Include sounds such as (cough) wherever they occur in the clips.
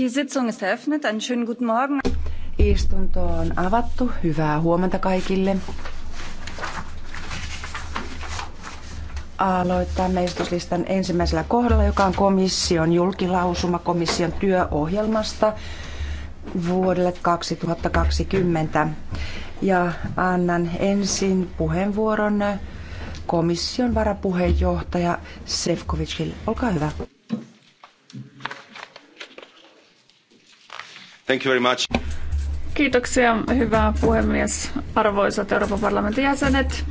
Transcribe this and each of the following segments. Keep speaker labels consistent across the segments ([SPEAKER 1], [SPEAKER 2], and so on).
[SPEAKER 1] Die Sitzung ist eröffnet. Einen schönen guten Morgen. Istunto on avattu. Hyvää huomenta kaikille. Aloitamme istuslistan ensimmäisellä kohdalla, joka on komission julkilausuma komission työohjelmasta vuodelle 2020. Ja annan ensin puheenvuoron komission varapuheenjohtaja
[SPEAKER 2] Sefcovicille. Olkaa hyvä. Thank you very much. Kiitoksia, hyvä puhemies, arvoisat Euroopan parlamentin jäsenet.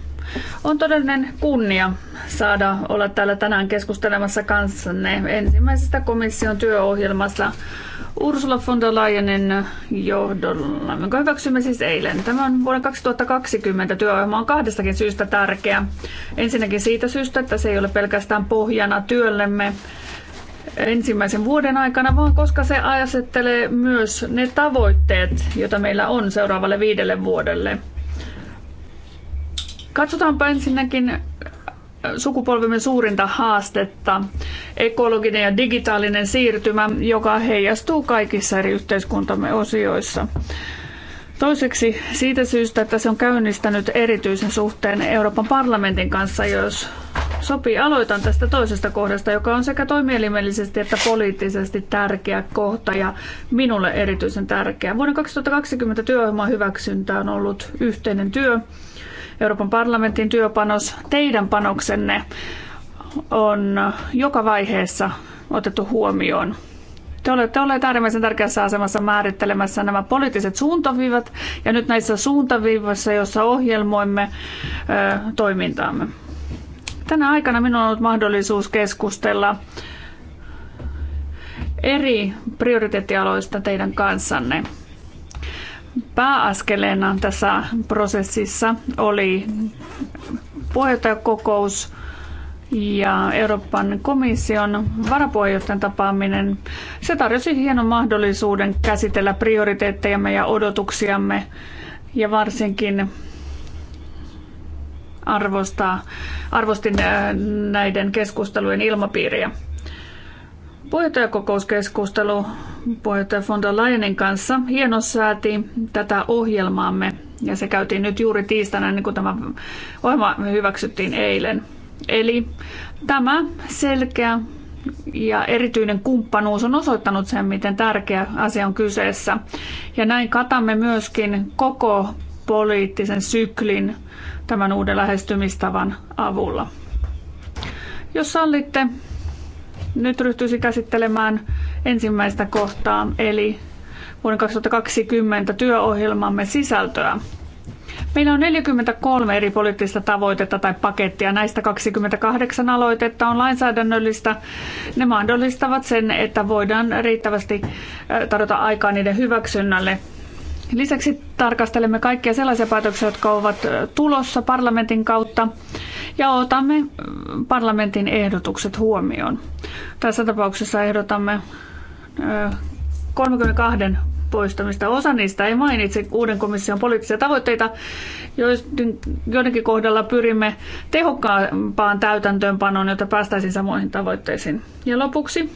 [SPEAKER 2] On todellinen kunnia saada olla täällä tänään keskustelemassa kanssanne ensimmäisestä komission työohjelmasta Ursula von der Leyenin johdolla, jonka hyväksymme siis eilen. Tämä on vuoden 2020 työohjelma on kahdestakin syystä tärkeä. Ensinnäkin siitä syystä, että se ei ole pelkästään pohjana työllemme, ensimmäisen vuoden aikana, vaan koska se asettelee myös ne tavoitteet, joita meillä on seuraavalle viidelle vuodelle. Katsotaanpa ensinnäkin äh, sukupolvemme suurinta haastetta, ekologinen ja digitaalinen siirtymä, joka heijastuu kaikissa eri yhteiskuntamme osioissa. Toiseksi siitä syystä, että se on käynnistänyt erityisen suhteen Euroopan parlamentin kanssa, jos sopii, aloitan tästä toisesta kohdasta, joka on sekä toimielimellisesti että poliittisesti tärkeä kohta ja minulle erityisen tärkeä. Vuoden 2020 työohjelman hyväksyntä on ollut yhteinen työ. Euroopan parlamentin työpanos, teidän panoksenne on joka vaiheessa otettu huomioon. Te olette olleet äärimmäisen tärkeässä asemassa määrittelemässä nämä poliittiset suuntaviivat ja nyt näissä suuntaviivoissa, joissa ohjelmoimme ö, toimintaamme. Tänä aikana minulla on ollut mahdollisuus keskustella eri prioriteettialoista teidän kanssanne. Pääaskeleena tässä prosessissa oli puheenjohtajakokous ja Euroopan komission varapuheenjohtajan tapaaminen. Se tarjosi hienon mahdollisuuden käsitellä prioriteettejamme ja odotuksiamme ja varsinkin arvostaa, arvostin äh, näiden keskustelujen ilmapiiriä. Puheenjohtajakokouskeskustelu puheenjohtaja von der Leyenin kanssa hienosääti tätä ohjelmaamme ja se käytiin nyt juuri tiistaina, niin kuin tämä ohjelma hyväksyttiin eilen. Eli tämä selkeä ja erityinen kumppanuus on osoittanut sen, miten tärkeä asia on kyseessä. Ja näin katamme myöskin koko poliittisen syklin tämän uuden lähestymistavan avulla. Jos sallitte, nyt ryhtyisin käsittelemään ensimmäistä kohtaa, eli vuoden 2020 työohjelmamme sisältöä. Meillä on 43 eri poliittista tavoitetta tai pakettia. Näistä 28 aloitetta on lainsäädännöllistä. Ne mahdollistavat sen, että voidaan riittävästi tarjota aikaa niiden hyväksynnälle Lisäksi tarkastelemme kaikkia sellaisia päätöksiä, jotka ovat tulossa parlamentin kautta ja otamme parlamentin ehdotukset huomioon. Tässä tapauksessa ehdotamme 32 poistamista. Osa niistä ei mainitse uuden komission poliittisia tavoitteita. Joidenkin kohdalla pyrimme tehokkaampaan täytäntöönpanoon, jotta päästäisiin samoihin tavoitteisiin. Ja lopuksi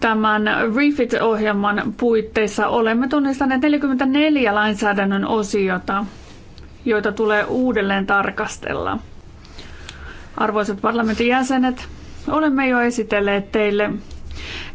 [SPEAKER 2] tämän Refit-ohjelman puitteissa olemme tunnistaneet 44 lainsäädännön osiota, joita tulee uudelleen tarkastella. Arvoisat parlamentin jäsenet, olemme jo esitelleet teille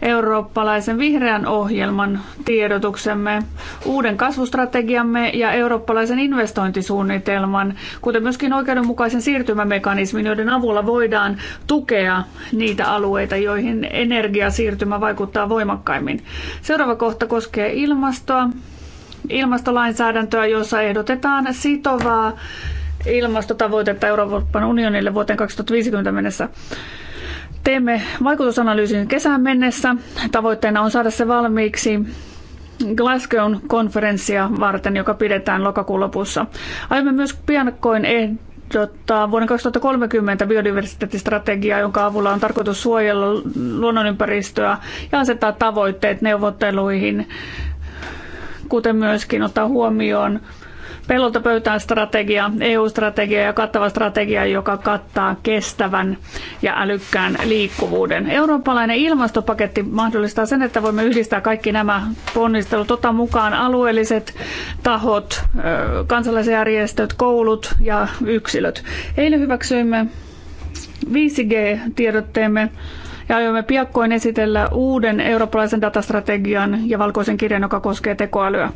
[SPEAKER 2] eurooppalaisen vihreän ohjelman tiedotuksemme, uuden kasvustrategiamme ja eurooppalaisen investointisuunnitelman, kuten myöskin oikeudenmukaisen siirtymämekanismin, joiden avulla voidaan tukea niitä alueita, joihin energiasiirtymä vaikuttaa voimakkaimmin. Seuraava kohta koskee ilmastoa, ilmastolainsäädäntöä, jossa ehdotetaan sitovaa ilmastotavoitetta Euroopan unionille vuoteen 2050 mennessä. Teemme vaikutusanalyysin kesään mennessä. Tavoitteena on saada se valmiiksi Glasgown konferenssia varten, joka pidetään lokakuun lopussa. Aiomme myös piankoin ehdottaa vuoden 2030 biodiversiteettistrategiaa, jonka avulla on tarkoitus suojella luonnonympäristöä ja asettaa tavoitteet neuvotteluihin, kuten myöskin ottaa huomioon pellolta pöytään strategia, EU-strategia ja kattava strategia, joka kattaa kestävän ja älykkään liikkuvuuden. Eurooppalainen ilmastopaketti mahdollistaa sen, että voimme yhdistää kaikki nämä ponnistelut, ottaa mukaan alueelliset tahot, kansalaisjärjestöt, koulut ja yksilöt. Eilen hyväksyimme 5G-tiedotteemme ja aiomme piakkoin esitellä uuden eurooppalaisen datastrategian ja valkoisen kirjan, joka koskee tekoälyä.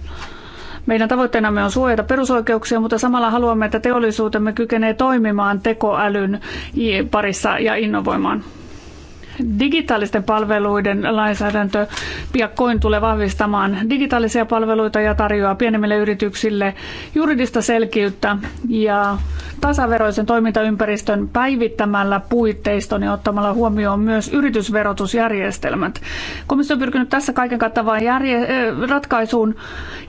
[SPEAKER 2] Meidän tavoitteenamme on suojata perusoikeuksia, mutta samalla haluamme, että teollisuutemme kykenee toimimaan tekoälyn parissa ja innovoimaan. Digitaalisten palveluiden lainsäädäntö piakkoin tulee vahvistamaan digitaalisia palveluita ja tarjoaa pienemmille yrityksille juridista selkeyttä ja tasaveroisen toimintaympäristön päivittämällä puitteiston ja ottamalla huomioon myös yritysverotusjärjestelmät. Komissio on pyrkinyt tässä kaiken kattavaan järje- ratkaisuun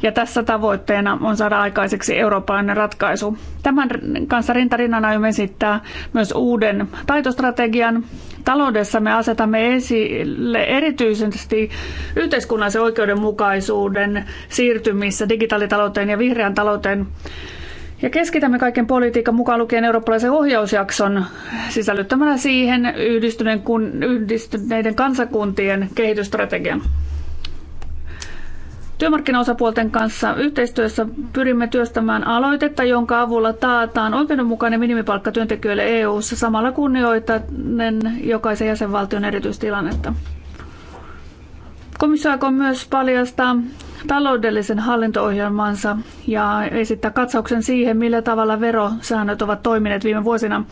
[SPEAKER 2] ja tässä tavoitteena on saada aikaiseksi eurooppalainen ratkaisu. Tämän kanssa rintarinnan aiomme esittää myös uuden taitostrategian, Taloudessa me asetamme esille erityisesti yhteiskunnallisen oikeudenmukaisuuden siirtymissä digitaalitalouteen ja vihreään talouteen. Ja keskitämme kaiken politiikan mukaan lukien eurooppalaisen ohjausjakson sisällyttämällä siihen yhdistyneiden kansakuntien kehitysstrategian. Työmarkkinaosapuolten kanssa yhteistyössä pyrimme työstämään aloitetta, jonka avulla taataan oikeudenmukainen minimipalkka työntekijöille EU-ssa samalla kunnioittaen jokaisen jäsenvaltion erityistilannetta. Komissio aikoo myös paljastaa taloudellisen hallinto-ohjelmansa ja esittää katsauksen siihen, millä tavalla verosäännöt ovat toimineet viime vuosina.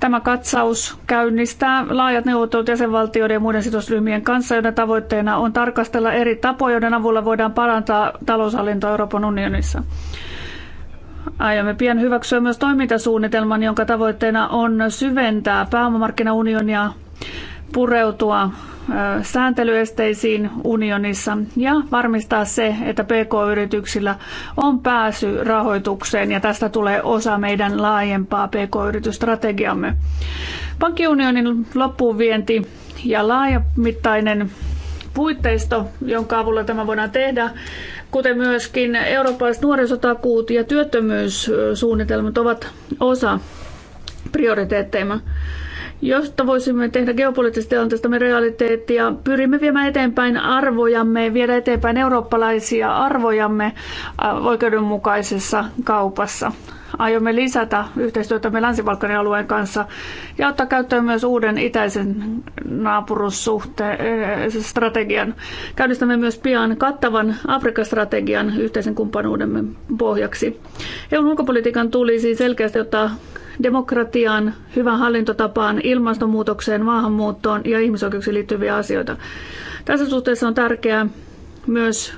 [SPEAKER 2] Tämä katsaus käynnistää laajat neuvottelut jäsenvaltioiden ja muiden sidosryhmien kanssa, joiden tavoitteena on tarkastella eri tapoja, joiden avulla voidaan parantaa taloushallintoa Euroopan unionissa. Aiomme pian hyväksyä myös toimintasuunnitelman, jonka tavoitteena on syventää pääomamarkkinaunionia pureutua sääntelyesteisiin unionissa ja varmistaa se, että PK-yrityksillä on pääsy rahoitukseen ja tästä tulee osa meidän laajempaa PK-yritysstrategiamme. Pankkiunionin loppuunvienti ja laajamittainen puitteisto, jonka avulla tämä voidaan tehdä, kuten myöskin eurooppalaiset nuorisotakuut ja työttömyyssuunnitelmat ovat osa prioriteetteimme josta voisimme tehdä geopoliittisesta tilanteestamme realiteettia. Pyrimme viemään eteenpäin arvojamme, viedä eteenpäin eurooppalaisia arvojamme oikeudenmukaisessa kaupassa. Aiomme lisätä yhteistyötämme länsi alueen kanssa ja ottaa käyttöön myös uuden itäisen naapurussuhteen Käynnistämme myös pian kattavan Afrikastrategian yhteisen kumppanuudemme pohjaksi. EUn ulkopolitiikan tulisi selkeästi ottaa demokratiaan, hyvän hallintotapaan, ilmastonmuutokseen, maahanmuuttoon ja ihmisoikeuksiin liittyviä asioita. Tässä suhteessa on tärkeää myös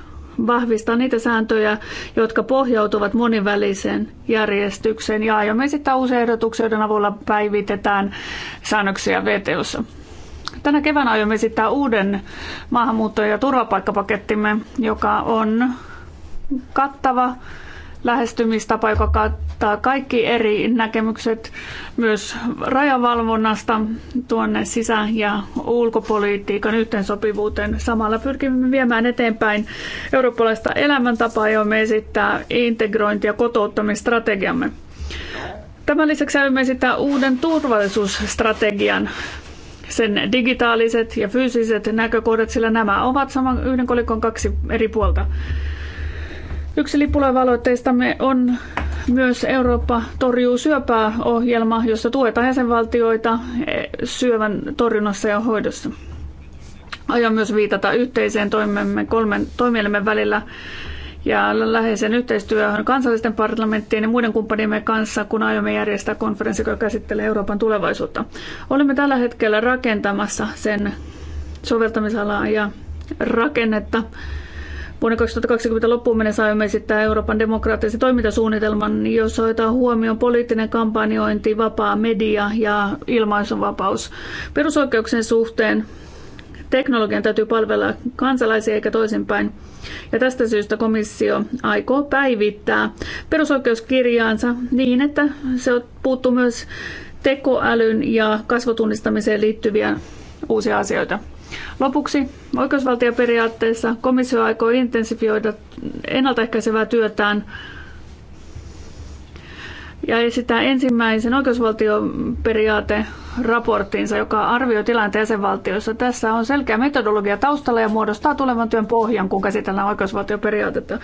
[SPEAKER 2] vahvistaa niitä sääntöjä, jotka pohjautuvat moniväliseen järjestykseen. Ja aiomme esittää uusia ehdotuksia, joiden avulla päivitetään säännöksiä VTOssa. Tänä keväänä aiomme esittää uuden maahanmuutto- ja turvapaikkapakettimme, joka on kattava lähestymistapa, joka kattaa kaikki eri näkemykset myös rajavalvonnasta tuonne sisä- ja ulkopolitiikan yhteensopivuuteen. Samalla pyrkimme viemään eteenpäin eurooppalaista elämäntapaa, johon me esittää integrointi- ja kotouttamistrategiamme. Tämän lisäksi haluamme esittää uuden turvallisuusstrategian, sen digitaaliset ja fyysiset näkökohdat, sillä nämä ovat saman yhden kolikon kaksi eri puolta. Yksi lipulevaloitteistamme on myös Eurooppa torjuu syöpää ohjelma, jossa tuetaan jäsenvaltioita eh, syövän torjunnassa ja hoidossa. Aion myös viitata yhteiseen toimemme kolmen toimielimen välillä ja läheisen yhteistyöhön kansallisten parlamenttien ja muiden kumppanimme kanssa, kun aiomme järjestää konferenssi, joka käsittelee Euroopan tulevaisuutta. Olemme tällä hetkellä rakentamassa sen soveltamisalaa ja rakennetta. Vuonna 2020 loppuun mennessä aiomme esittää Euroopan demokraattisen toimintasuunnitelman, jossa otetaan huomioon poliittinen kampanjointi, vapaa media ja ilmaisunvapaus. Perusoikeuksien suhteen teknologian täytyy palvella kansalaisia eikä toisinpäin. Ja tästä syystä komissio aikoo päivittää perusoikeuskirjaansa niin, että se puuttuu myös tekoälyn ja kasvotunnistamiseen liittyviä uusia asioita. Lopuksi oikeusvaltioperiaatteessa komissio aikoo intensifioida ennaltaehkäisevää työtään ja esittää ensimmäisen oikeusvaltioperiaateraporttinsa, joka arvioi tilanteen jäsenvaltioissa. Tässä on selkeä metodologia taustalla ja muodostaa tulevan työn pohjan, kun käsitellään oikeusvaltioperiaatetta.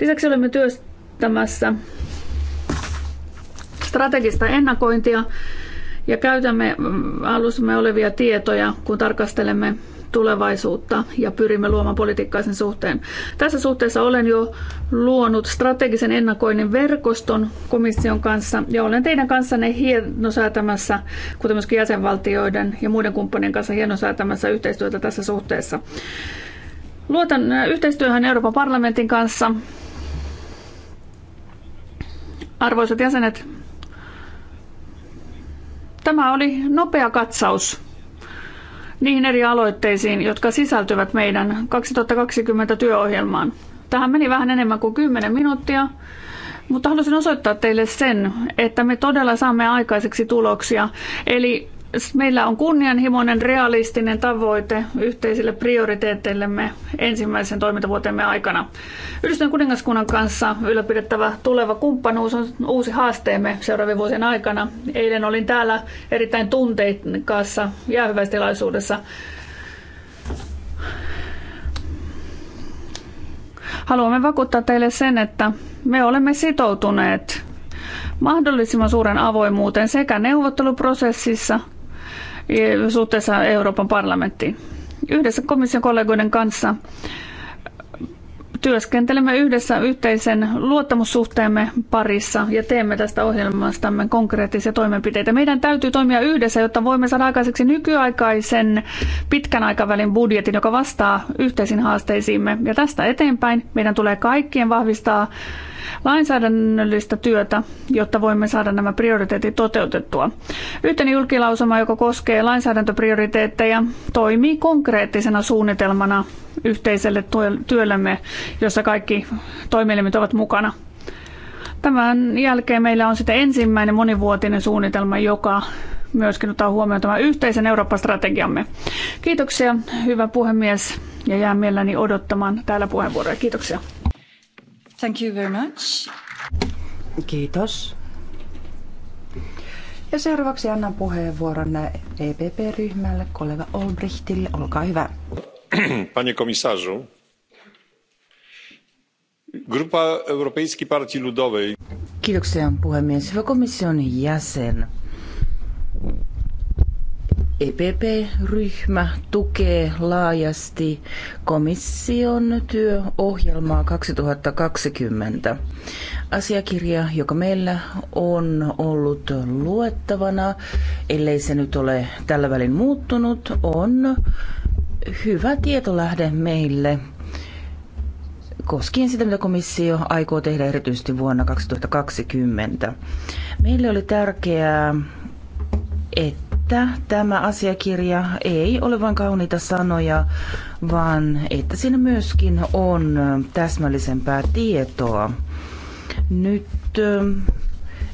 [SPEAKER 2] Lisäksi olemme työstämässä strategista ennakointia ja käytämme mm, alussamme olevia tietoja, kun tarkastelemme tulevaisuutta ja pyrimme luomaan politiikkaa sen suhteen. Tässä suhteessa olen jo luonut strategisen ennakoinnin verkoston komission kanssa ja olen teidän kanssanne hienosäätämässä, kuten myöskin jäsenvaltioiden ja muiden kumppanien kanssa hienosäätämässä yhteistyötä tässä suhteessa. Luotan äh, yhteistyöhön Euroopan parlamentin kanssa. Arvoisat jäsenet, Tämä oli nopea katsaus niihin eri aloitteisiin, jotka sisältyvät meidän 2020 työohjelmaan. Tähän meni vähän enemmän kuin 10 minuuttia, mutta halusin osoittaa teille sen, että me todella saamme aikaiseksi tuloksia. Eli Meillä on kunnianhimoinen realistinen tavoite yhteisille prioriteeteillemme ensimmäisen toimintavuotemme aikana. Yhdistyneen kuningaskunnan kanssa ylläpidettävä tuleva kumppanuus on uusi haasteemme seuraavien vuosien aikana. Eilen olin täällä erittäin kanssa jäähyväistilaisuudessa haluamme vakuuttaa teille sen, että me olemme sitoutuneet mahdollisimman suuren avoimuuteen sekä neuvotteluprosessissa suhteessa Euroopan parlamenttiin. Yhdessä komission kollegoiden kanssa työskentelemme yhdessä yhteisen luottamussuhteemme parissa ja teemme tästä ohjelmastamme konkreettisia toimenpiteitä. Meidän täytyy toimia yhdessä, jotta voimme saada aikaiseksi nykyaikaisen pitkän aikavälin budjetin, joka vastaa yhteisiin haasteisiimme. Ja tästä eteenpäin meidän tulee kaikkien vahvistaa lainsäädännöllistä työtä, jotta voimme saada nämä prioriteetit toteutettua. Yhteinen julkilausuma, joka koskee lainsäädäntöprioriteetteja, toimii konkreettisena suunnitelmana yhteiselle työllemme, jossa kaikki toimielimet ovat mukana. Tämän jälkeen meillä on sitten ensimmäinen monivuotinen suunnitelma, joka myöskin ottaa huomioon tämän yhteisen Eurooppa-strategiamme. Kiitoksia, hyvä puhemies, ja jään mielelläni odottamaan täällä puheenvuoroja. Kiitoksia. Thank you very much.
[SPEAKER 1] Kiitos. Ja seuraavaksi annan puheenvuoron EPP-ryhmälle kollega Olbrichtille. Olkaa hyvä.
[SPEAKER 3] Panie komisarzu, Grupa Europejskiej Partii Ludowej.
[SPEAKER 4] Kiitoksia puhemies. Hyvä komission jäsen. EPP-ryhmä tukee laajasti komission työohjelmaa 2020. Asiakirja, joka meillä on ollut luettavana, ellei se nyt ole tällä välin muuttunut, on hyvä tietolähde meille koskien sitä, mitä komissio aikoo tehdä erityisesti vuonna 2020. Meille oli tärkeää, että että tämä asiakirja ei ole vain kauniita sanoja, vaan että siinä myöskin on täsmällisempää tietoa. Nyt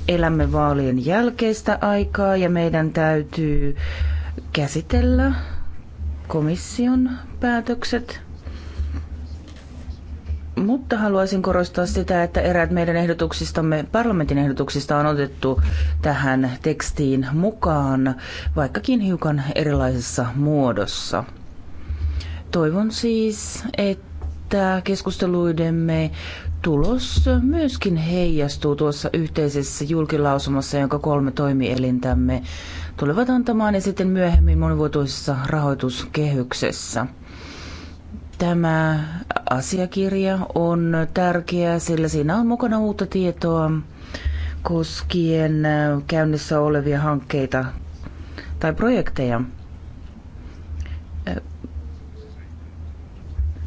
[SPEAKER 4] elämme vaalien jälkeistä aikaa ja meidän täytyy käsitellä komission päätökset mutta haluaisin korostaa sitä, että eräät meidän ehdotuksistamme, parlamentin ehdotuksista on otettu tähän tekstiin mukaan, vaikkakin hiukan erilaisessa muodossa. Toivon siis, että keskusteluidemme tulos myöskin heijastuu tuossa yhteisessä julkilausumassa, jonka kolme toimielintämme tulevat antamaan ja sitten myöhemmin monivuotisessa rahoituskehyksessä. Tämä asiakirja on tärkeä, sillä siinä on mukana uutta tietoa koskien käynnissä olevia hankkeita tai projekteja.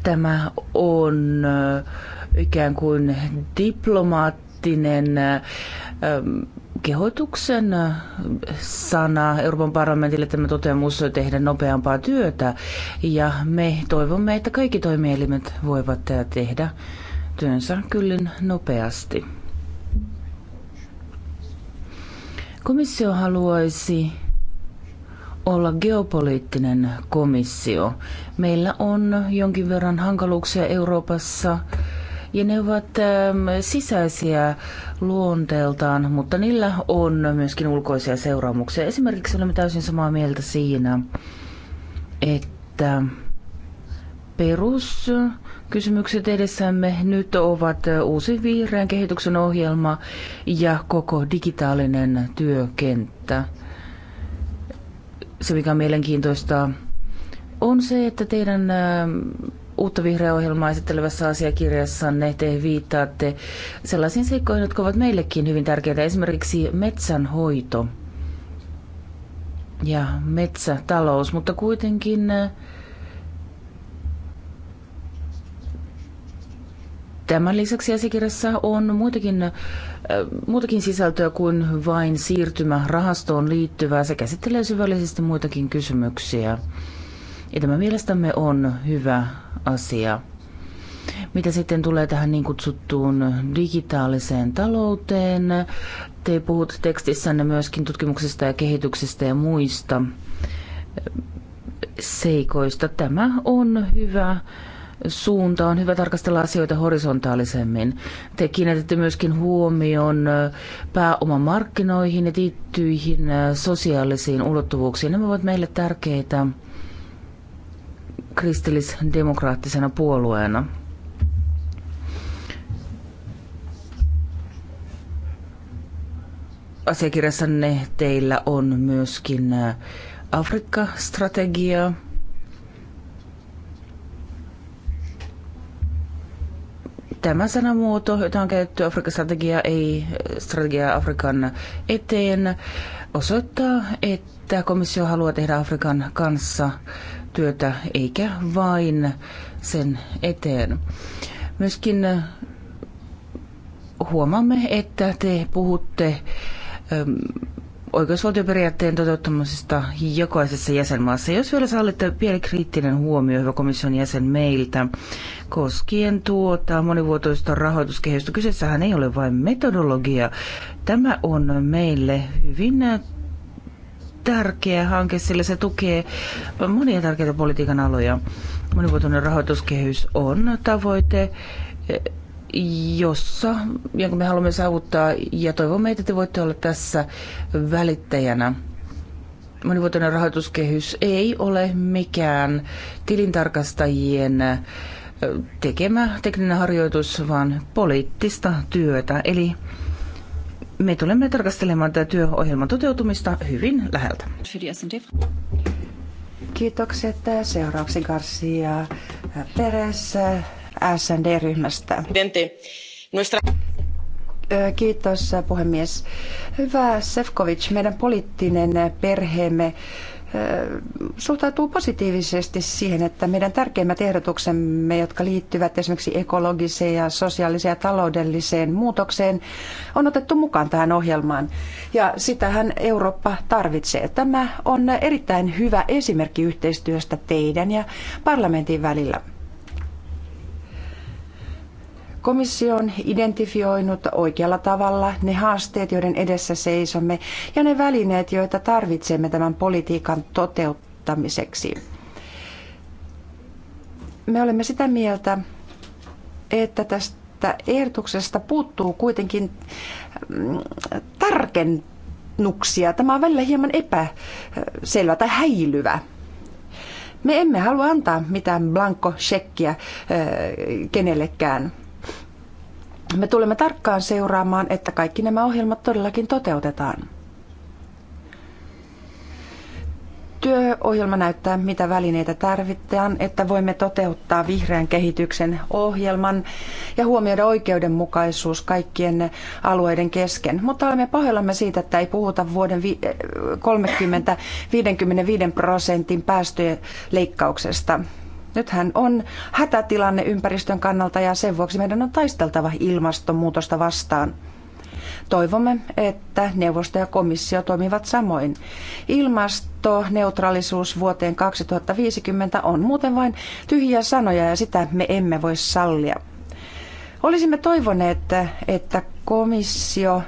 [SPEAKER 4] Tämä on ikään kuin diplomaattinen ähm, kehotuksen äh, sana Euroopan parlamentille tämä toteamus tehdä nopeampaa työtä. Ja me toivomme, että kaikki toimielimet voivat tehdä työnsä kyllin nopeasti. Komissio haluaisi olla geopoliittinen komissio. Meillä on jonkin verran hankaluuksia Euroopassa ja ne ovat ähm, sisäisiä luonteeltaan, mutta niillä on myöskin ulkoisia seuraamuksia. Esimerkiksi olemme täysin samaa mieltä siinä, että peruskysymykset edessämme nyt ovat uusi vihreän kehityksen ohjelma ja koko digitaalinen työkenttä. Se, mikä on mielenkiintoista, on se, että teidän ähm, uutta vihreä ohjelmaa esittelevässä asiakirjassanne te viittaatte sellaisiin seikkoihin, jotka ovat meillekin hyvin tärkeitä, esimerkiksi metsänhoito ja metsätalous, mutta kuitenkin eh, Tämän lisäksi asiakirjassa on muitakin, eh, muutakin sisältöä kuin vain siirtymä rahastoon liittyvää. Se käsittelee syvällisesti muitakin kysymyksiä. Ja tämä mielestämme on hyvä asia. Mitä sitten tulee tähän niin kutsuttuun digitaaliseen talouteen? Te puhut tekstissänne myöskin tutkimuksesta ja kehityksestä ja muista seikoista. Tämä on hyvä suunta. On hyvä tarkastella asioita horisontaalisemmin. Te kiinnitätte myöskin huomion pääomamarkkinoihin ja tiettyihin sosiaalisiin ulottuvuuksiin. Nämä ovat meille tärkeitä kristillisdemokraattisena puolueena. Asiakirjassanne teillä on myöskin äh, Afrikka-strategia. Tämä sanamuoto, jota on käytetty Afrikka-strategia, ei strategia Afrikan eteen, osoittaa, että komissio haluaa tehdä Afrikan kanssa työtä, eikä vain sen eteen. Myöskin huomaamme, että te puhutte oikeusvaltioperiaatteen toteuttamisesta jokaisessa jäsenmaassa. Jos vielä sallitte pieni kriittinen huomio, hyvä komission jäsen, meiltä koskien tuota monivuotoista rahoituskehystä. Kyseessähän ei ole vain metodologia. Tämä on meille hyvin tärkeä hanke, sillä se tukee monia tärkeitä politiikan aloja. Monivuotinen rahoituskehys on tavoite, jossa, jonka me haluamme saavuttaa, ja toivomme, että te voitte olla tässä välittäjänä. Monivuotinen rahoituskehys ei ole mikään tilintarkastajien tekemä tekninen harjoitus, vaan poliittista työtä. Eli me tulemme tarkastelemaan tätä työohjelman toteutumista hyvin läheltä. Kiitokset. Seuraavaksi Garcia
[SPEAKER 1] Perez SND-ryhmästä. Kiitos puhemies. Hyvä Sefcovic, meidän poliittinen perheemme suhtautuu positiivisesti siihen, että meidän tärkeimmät ehdotuksemme, jotka liittyvät esimerkiksi ekologiseen ja sosiaaliseen ja taloudelliseen muutokseen, on otettu mukaan tähän ohjelmaan. Ja sitähän Eurooppa tarvitsee. Tämä on erittäin hyvä esimerkki yhteistyöstä teidän ja parlamentin välillä. Komissio on identifioinut oikealla tavalla ne haasteet, joiden edessä seisomme, ja ne välineet, joita tarvitsemme tämän politiikan toteuttamiseksi. Me olemme sitä mieltä, että tästä ehdotuksesta puuttuu kuitenkin mm, tarkennuksia. Tämä on välillä hieman epäselvä tai häilyvä. Me emme halua antaa mitään blanko-shekkiä kenellekään. Me tulemme tarkkaan seuraamaan, että kaikki nämä ohjelmat todellakin toteutetaan. Työohjelma näyttää, mitä välineitä tarvitaan, että voimme toteuttaa vihreän kehityksen ohjelman ja huomioida oikeudenmukaisuus kaikkien alueiden kesken. Mutta olemme pahoillamme siitä, että ei puhuta vuoden 30-55 prosentin päästöjen leikkauksesta. Nythän on hätätilanne ympäristön kannalta ja sen vuoksi meidän on taisteltava ilmastonmuutosta vastaan. Toivomme, että neuvosto ja komissio toimivat samoin. Ilmastoneutraalisuus vuoteen 2050 on muuten vain tyhjiä sanoja ja sitä me emme voi sallia. Olisimme toivoneet, että komissio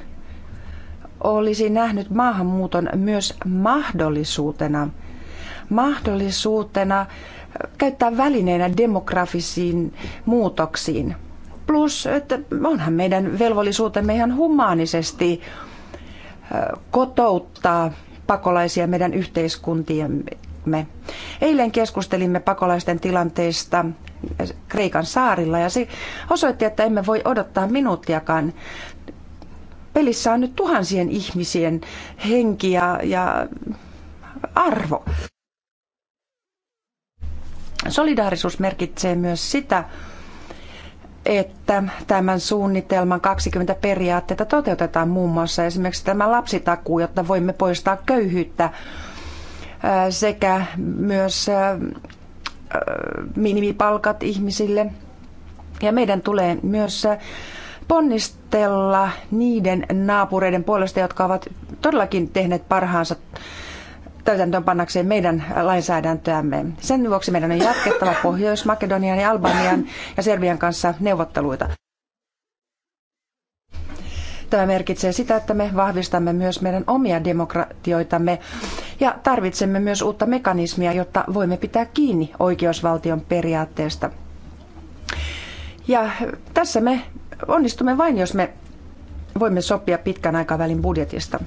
[SPEAKER 1] olisi nähnyt maahanmuuton myös mahdollisuutena. Mahdollisuutena käyttää välineenä demografisiin muutoksiin. Plus, että onhan meidän velvollisuutemme ihan humaanisesti kotouttaa pakolaisia meidän yhteiskuntiemme. Eilen keskustelimme pakolaisten tilanteesta Kreikan saarilla ja se osoitti, että emme voi odottaa minuuttiakaan. Pelissä on nyt tuhansien ihmisien henki ja, ja arvo. Solidaarisuus merkitsee myös sitä, että tämän suunnitelman 20 periaatteita toteutetaan muun muassa esimerkiksi tämä lapsitakuu, jotta voimme poistaa köyhyyttä äh, sekä myös äh, äh, minimipalkat ihmisille. Ja meidän tulee myös ponnistella niiden naapureiden puolesta, jotka ovat todellakin tehneet parhaansa täytäntöön pannakseen meidän lainsäädäntöämme. Sen vuoksi meidän on jatkettava Pohjois-Makedonian ja Albanian ja Serbian kanssa neuvotteluita. Tämä merkitsee sitä, että me vahvistamme myös meidän omia demokratioitamme ja tarvitsemme myös uutta mekanismia, jotta voimme pitää kiinni oikeusvaltion periaatteesta. Ja tässä me onnistumme vain, jos me voimme sopia pitkän aikavälin budjetista.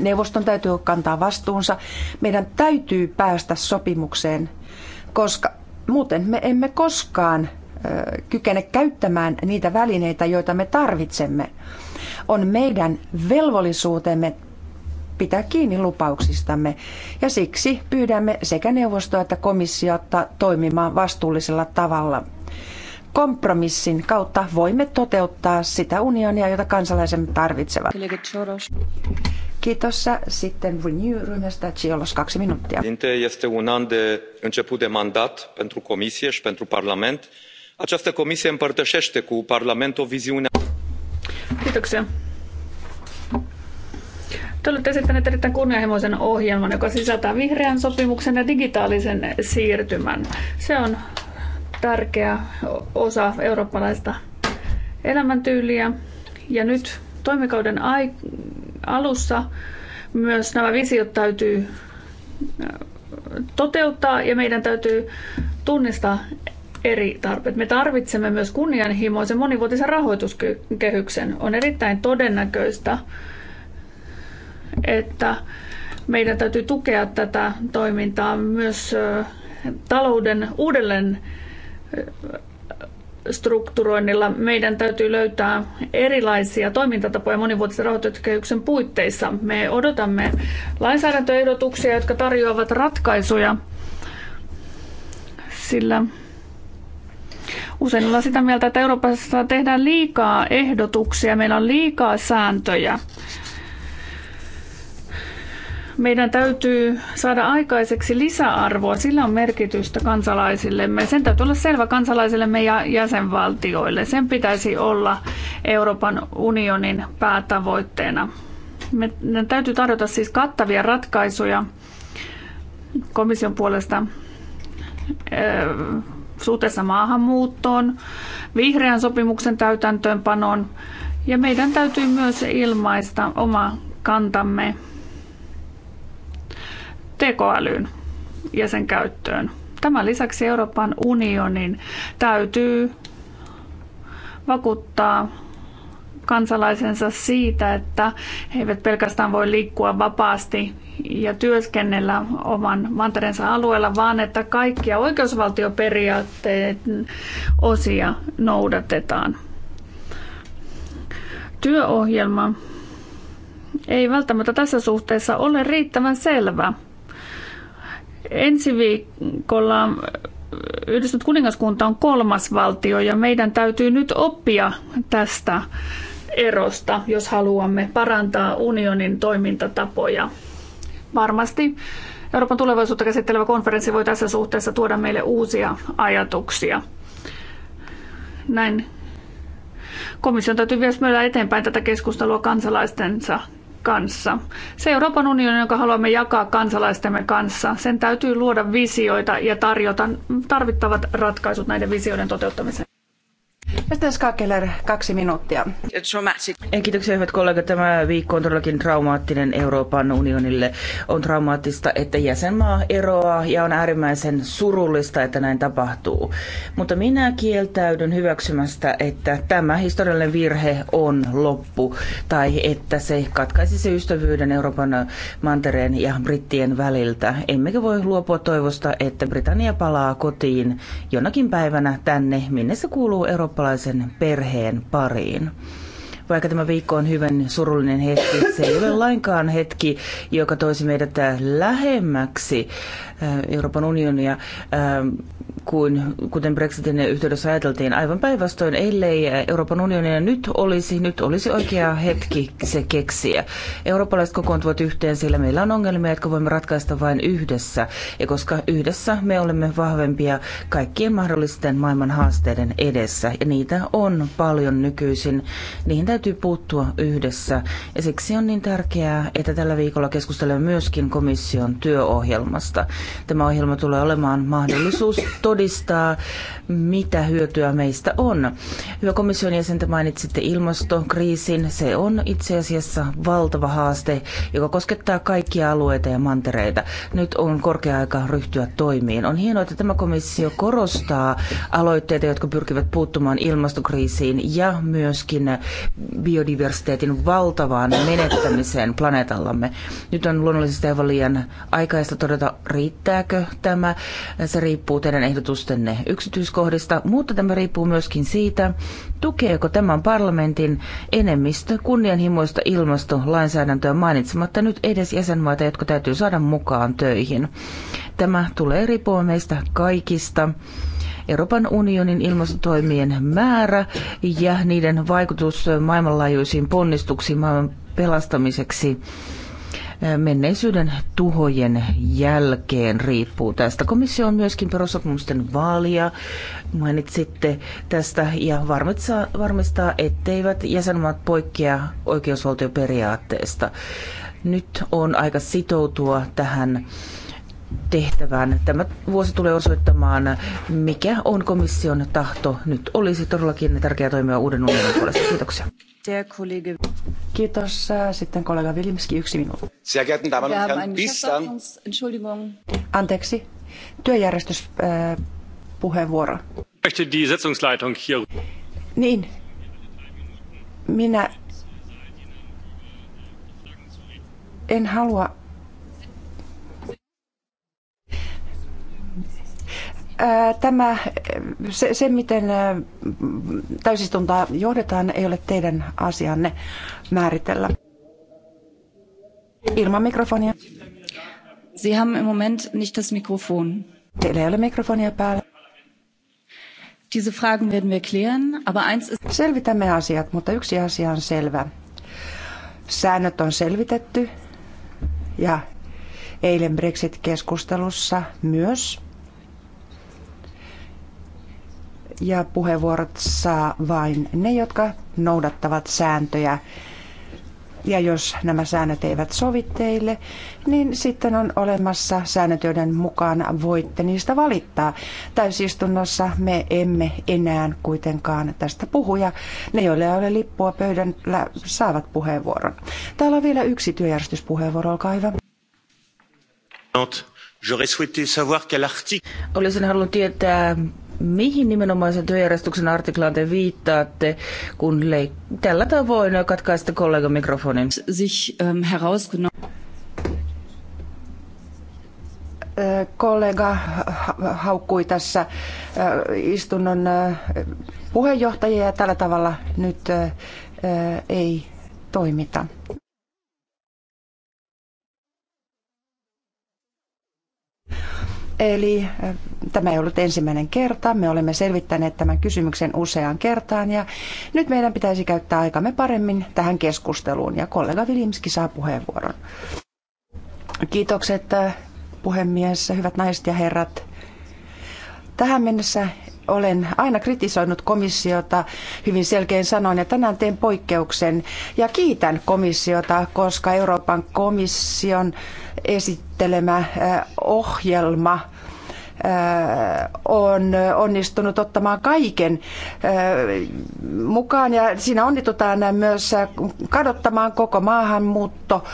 [SPEAKER 1] Neuvoston täytyy kantaa vastuunsa. Meidän täytyy päästä sopimukseen, koska muuten me emme koskaan kykene käyttämään niitä välineitä, joita me tarvitsemme. On meidän velvollisuutemme pitää kiinni lupauksistamme ja siksi pyydämme sekä neuvostoa että komissiota toimimaan vastuullisella tavalla. Kompromissin kautta voimme toteuttaa sitä unionia, jota kansalaisemme tarvitsevat. Kiitos. Sitten Renew-ryhmästä Chiolos kaksi minuuttia.
[SPEAKER 5] Este un an de început de mandat pentru Comisie și pentru Parlament. Această comisie împărtășește cu Parlament o viziune...
[SPEAKER 2] Kiitoksia. Te olette esittäneet erittäin kunnianhimoisen ohjelman, joka sisältää vihreän sopimuksen ja digitaalisen siirtymän. Se on tärkeä osa eurooppalaista elämäntyyliä. Ja nyt toimikauden ai- alussa. Myös nämä visiot täytyy äh, toteuttaa ja meidän täytyy tunnistaa eri tarpeet. Me tarvitsemme myös kunnianhimoisen monivuotisen rahoituskehyksen. On erittäin todennäköistä, että meidän täytyy tukea tätä toimintaa myös äh, talouden uudelleen äh, strukturoinnilla meidän täytyy löytää erilaisia toimintatapoja monivuotisen rahoituskehyksen puitteissa. Me odotamme lainsäädäntöehdotuksia, jotka tarjoavat ratkaisuja, sillä usein ollaan sitä mieltä, että Euroopassa tehdään liikaa ehdotuksia, meillä on liikaa sääntöjä meidän täytyy saada aikaiseksi lisäarvoa, sillä on merkitystä kansalaisillemme. Sen täytyy olla selvä kansalaisillemme ja jäsenvaltioille. Sen pitäisi olla Euroopan unionin päätavoitteena. Meidän täytyy tarjota siis kattavia ratkaisuja komission puolesta suhteessa maahanmuuttoon, vihreän sopimuksen täytäntöönpanoon ja meidän täytyy myös ilmaista oma kantamme tekoälyyn ja sen käyttöön. Tämän lisäksi Euroopan unionin täytyy vakuuttaa kansalaisensa siitä, että he eivät pelkästään voi liikkua vapaasti ja työskennellä oman mantereensa alueella, vaan että kaikkia oikeusvaltioperiaatteiden osia noudatetaan. Työohjelma ei välttämättä tässä suhteessa ole riittävän selvä – Ensi viikolla Yhdistynyt kuningaskunta on kolmas valtio ja meidän täytyy nyt oppia tästä erosta, jos haluamme parantaa unionin toimintatapoja. Varmasti Euroopan tulevaisuutta käsittelevä konferenssi voi tässä suhteessa tuoda meille uusia ajatuksia. Näin komission täytyy myös myydä eteenpäin tätä keskustelua kansalaistensa kanssa. Se Euroopan unioni, jonka haluamme jakaa kansalaistemme kanssa, sen täytyy luoda visioita ja tarjota tarvittavat ratkaisut näiden visioiden toteuttamiseen. Sitten Skakeler, kaksi minuuttia.
[SPEAKER 4] Kiitoksia hyvät kollegat. Tämä viikko on todellakin traumaattinen Euroopan unionille. On traumaattista, että jäsenmaa eroaa ja on äärimmäisen surullista, että näin tapahtuu. Mutta minä kieltäydyn hyväksymästä, että tämä historiallinen virhe on loppu tai että se katkaisisi ystävyyden Euroopan mantereen ja brittien väliltä. Emmekä voi luopua toivosta, että Britannia palaa kotiin jonakin päivänä tänne, minne se kuuluu Euroopan eurooppalaisen perheen pariin. Vaikka tämä viikko on hyvän surullinen hetki, se ei ole lainkaan hetki, joka toisi meidät lähemmäksi äh, Euroopan unionia. Ähm, kuin kuten Brexitin yhteydessä ajateltiin. Aivan päinvastoin, ellei Euroopan unionia nyt olisi, nyt olisi oikea hetki se keksiä. Eurooppalaiset kokoontuvat yhteen, sillä meillä on ongelmia, jotka voimme ratkaista vain yhdessä. Ja koska yhdessä me olemme vahvempia kaikkien mahdollisten maailman haasteiden edessä, ja niitä on paljon nykyisin, niihin täytyy puuttua yhdessä. Ja siksi on niin tärkeää, että tällä viikolla keskustelemme myöskin komission työohjelmasta. Tämä ohjelma tulee olemaan mahdollisuus (coughs) todistaa, mitä hyötyä meistä on. Hyvä komission jäsentä mainitsitte ilmastokriisin. Se on itse asiassa valtava haaste, joka koskettaa kaikkia alueita ja mantereita. Nyt on korkea aika ryhtyä toimiin. On hienoa, että tämä komissio korostaa aloitteita, jotka pyrkivät puuttumaan ilmastokriisiin ja myöskin biodiversiteetin valtavaan menettämiseen planeetallamme. Nyt on luonnollisesti aivan liian aikaista todeta, riittääkö tämä. Se riippuu teidän ehdotuksesta ehdotustenne yksityiskohdista, mutta tämä riippuu myöskin siitä, tukeeko tämän parlamentin enemmistö kunnianhimoista ilmastolainsäädäntöä mainitsematta nyt edes jäsenmaita, jotka täytyy saada mukaan töihin. Tämä tulee riippumaan meistä kaikista. Euroopan unionin ilmastotoimien määrä ja niiden vaikutus maailmanlaajuisiin ponnistuksiin maailman pelastamiseksi menneisyyden tuhojen jälkeen riippuu tästä. Komissio on myöskin perussopimusten vaalia, mainitsitte tästä, ja varmistaa, varmistaa etteivät jäsenmaat poikkea oikeusvaltioperiaatteesta. Nyt on aika sitoutua tähän tehtävään. Tämä vuosi tulee osoittamaan, mikä on komission tahto. Nyt olisi todellakin tärkeää toimia uuden unionin puolesta. Kiitoksia. Kiitos. Sitten kollega Vilimski, yksi minuutti.
[SPEAKER 1] Anteeksi. Työjärjestyspuheenvuoro. Äh, niin. Minä en halua tämä, se, se miten täysistuntaa johdetaan, ei ole teidän asianne määritellä. Ilman mikrofonia. Sie haben im Moment nicht das Mikrofon. Teillä ei ole mikrofonia päällä. Diese Fragen werden wir klären, aber eins ist... Selvitämme asiat, mutta yksi asia on selvä. Säännöt on selvitetty ja eilen Brexit-keskustelussa myös ja puheenvuorot saa vain ne, jotka noudattavat sääntöjä. Ja jos nämä säännöt eivät sovi teille, niin sitten on olemassa säännöt, joiden mukaan voitte niistä valittaa. Täysistunnossa me emme enää kuitenkaan tästä puhu ja ne, joille ei ole lippua pöydällä, saavat puheenvuoron. Täällä on vielä yksi työjärjestyspuheenvuoro, olkaa hyvä.
[SPEAKER 4] Olisin halunnut tietää, mihin nimenomaisen työjärjestyksen artiklaan te viittaatte, kun leik- tällä tavoin katkaisitte kollegan mikrofonin? Sich, ähm, herausgenommen.
[SPEAKER 1] Äh, kollega haukkui tässä äh, istunnon äh, puheenjohtajia ja tällä tavalla nyt ei toimita. Eli eh, tämä ei ollut ensimmäinen kerta. Me olemme selvittäneet tämän kysymyksen useaan kertaan ja nyt meidän pitäisi käyttää aikamme paremmin tähän keskusteluun ja kollega Vilimski saa puheenvuoron. Kiitokset eh, puhemies, hyvät naiset ja herrat. Tähän mennessä olen aina kritisoinut komissiota hyvin selkein sanoin ja tänään teen poikkeuksen ja kiitän komissiota, koska Euroopan komission esittelemä äh, ohjelma äh, on onnistunut ottamaan kaiken äh, mukaan ja siinä onnistutaan myös kadottamaan koko maahanmuutto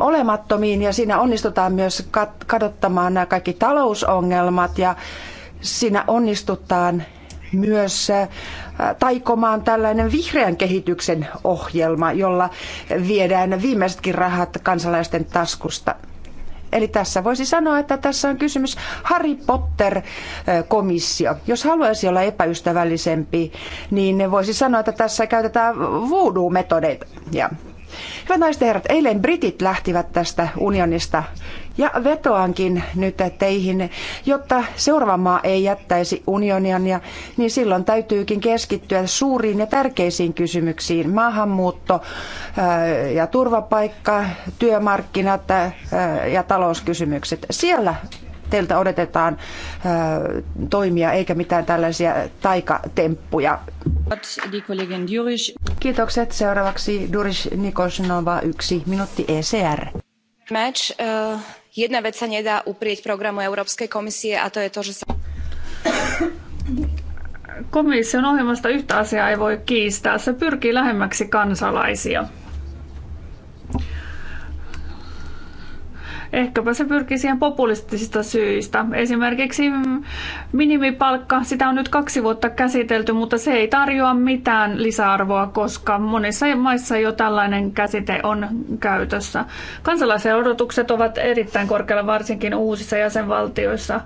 [SPEAKER 1] olemattomiin ja siinä onnistutaan myös kadottamaan nämä kaikki talousongelmat ja siinä onnistutaan myös äh, taikomaan tällainen vihreän kehityksen ohjelma, jolla viedään viimeisetkin rahat kansalaisten taskusta. Eli tässä voisi sanoa, että tässä on kysymys Harry Potter-komissio. Äh, Jos haluaisi olla epäystävällisempi, niin voisi sanoa, että tässä käytetään voodoo-metodeita. Hyvät naiset ja herrat, eilen britit lähtivät tästä unionista ja vetoankin nyt teihin, jotta seuraava maa ei jättäisi unionia, niin silloin täytyykin keskittyä suuriin ja tärkeisiin kysymyksiin. Maahanmuutto äh, ja turvapaikka, työmarkkinat äh, ja talouskysymykset. Siellä teiltä odotetaan äh, toimia eikä mitään tällaisia taikatemppuja. Kiitokset. Seuraavaksi Duris Nikosnova, yksi minuutti ECR.
[SPEAKER 6] Match, uh jedna vec sa nedá uprieť programu Európskej komisie a to je to, že sa...
[SPEAKER 2] Komission ohjelmasta yhtä asiaa ei voi kiistää. Se pyrkii lähemmäksi kansalaisia. Ehkäpä se pyrkii siihen populistisista syistä. Esimerkiksi minimipalkka, sitä on nyt kaksi vuotta käsitelty, mutta se ei tarjoa mitään lisäarvoa, koska monissa maissa jo tällainen käsite on käytössä. Kansalaisen odotukset ovat erittäin korkealla, varsinkin uusissa jäsenvaltioissa.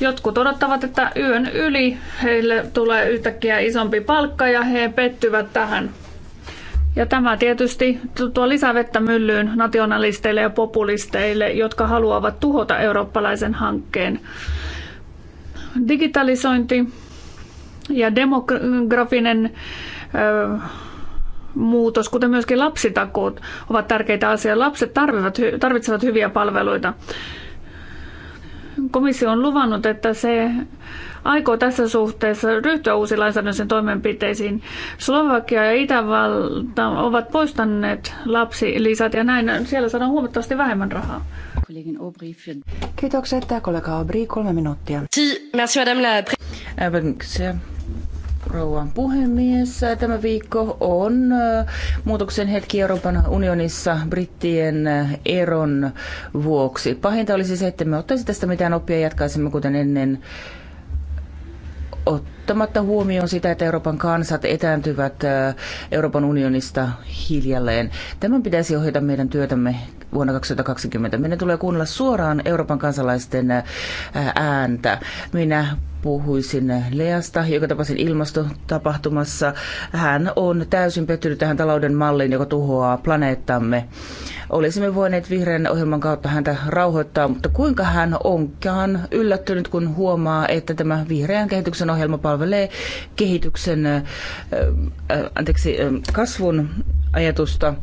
[SPEAKER 2] Jotkut odottavat, että yön yli heille tulee yhtäkkiä isompi palkka ja he pettyvät tähän. Ja tämä tietysti tuo lisävettä myllyyn nationalisteille ja populisteille, jotka haluavat tuhota eurooppalaisen hankkeen. Digitalisointi ja demografinen ö, muutos, kuten myöskin lapsitakuut, ovat tärkeitä asioita. Lapset tarvitsevat, tarvitsevat hyviä palveluita. Komissio on luvannut, että se aikoo tässä suhteessa ryhtyä uusiin lainsäädännöllisiin toimenpiteisiin. Slovakia ja Itävalta ovat poistaneet lapsilisät ja näin siellä saadaan huomattavasti vähemmän rahaa.
[SPEAKER 4] Kiitokset, kollega Aubry, kolme minuuttia. Merci, madame la... Kiitoksia, rouva puhemies. Tämä viikko on muutoksen hetki Euroopan unionissa brittien eron vuoksi. Pahinta olisi siis, se, että me ottaisi tästä mitään oppia ja jatkaisimme kuten ennen ottamatta huomioon sitä, että Euroopan kansat etääntyvät Euroopan unionista hiljalleen. Tämän pitäisi ohjata meidän työtämme vuonna 2020. Meidän tulee kuunnella suoraan Euroopan kansalaisten ääntä. Minä puhuisin Leasta, joka tapasin ilmastotapahtumassa. Hän on täysin pettynyt tähän talouden malliin, joka tuhoaa planeettamme. Olisimme voineet vihreän ohjelman kautta häntä rauhoittaa, mutta kuinka hän onkaan yllättynyt, kun huomaa, että tämä vihreän kehityksen ohjelma palvelee kehityksen, äh, anteeksi, kasvun ajatusta äh,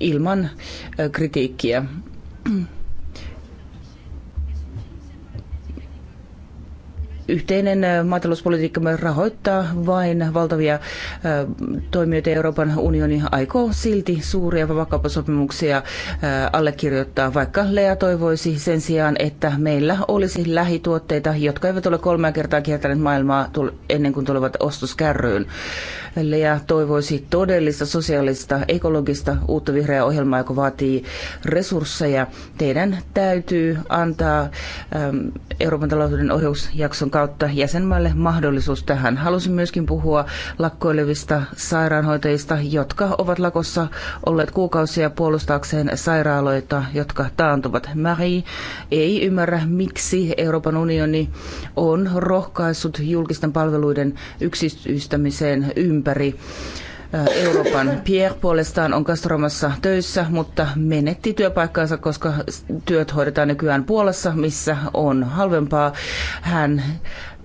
[SPEAKER 4] ilman äh, kritiikkiä. yhteinen maatalouspolitiikka rahoittaa vain valtavia toimijoita Euroopan unioni aikoo silti suuria vapakauppasopimuksia allekirjoittaa, vaikka Lea toivoisi sen sijaan, että meillä olisi lähituotteita, jotka eivät ole kolmea kertaa kiertäneet maailmaa ennen kuin tulevat ostoskärryyn. Lea toivoisi todellista sosiaalista, ekologista uutta vihreää ohjelmaa, joka vaatii resursseja. Teidän täytyy antaa Euroopan talouden ohjausjakson kautta jäsenmaille mahdollisuus tähän. Halusin myöskin puhua lakkoilevista sairaanhoitajista, jotka ovat lakossa olleet kuukausia puolustaakseen sairaaloita, jotka taantuvat. Marie ei ymmärrä, miksi Euroopan unioni on rohkaissut julkisten palveluiden yksityistämiseen ympäri Euroopan Pierre puolestaan on Kastromassa töissä, mutta menetti työpaikkaansa, koska työt hoidetaan nykyään Puolassa, missä on halvempaa. Hän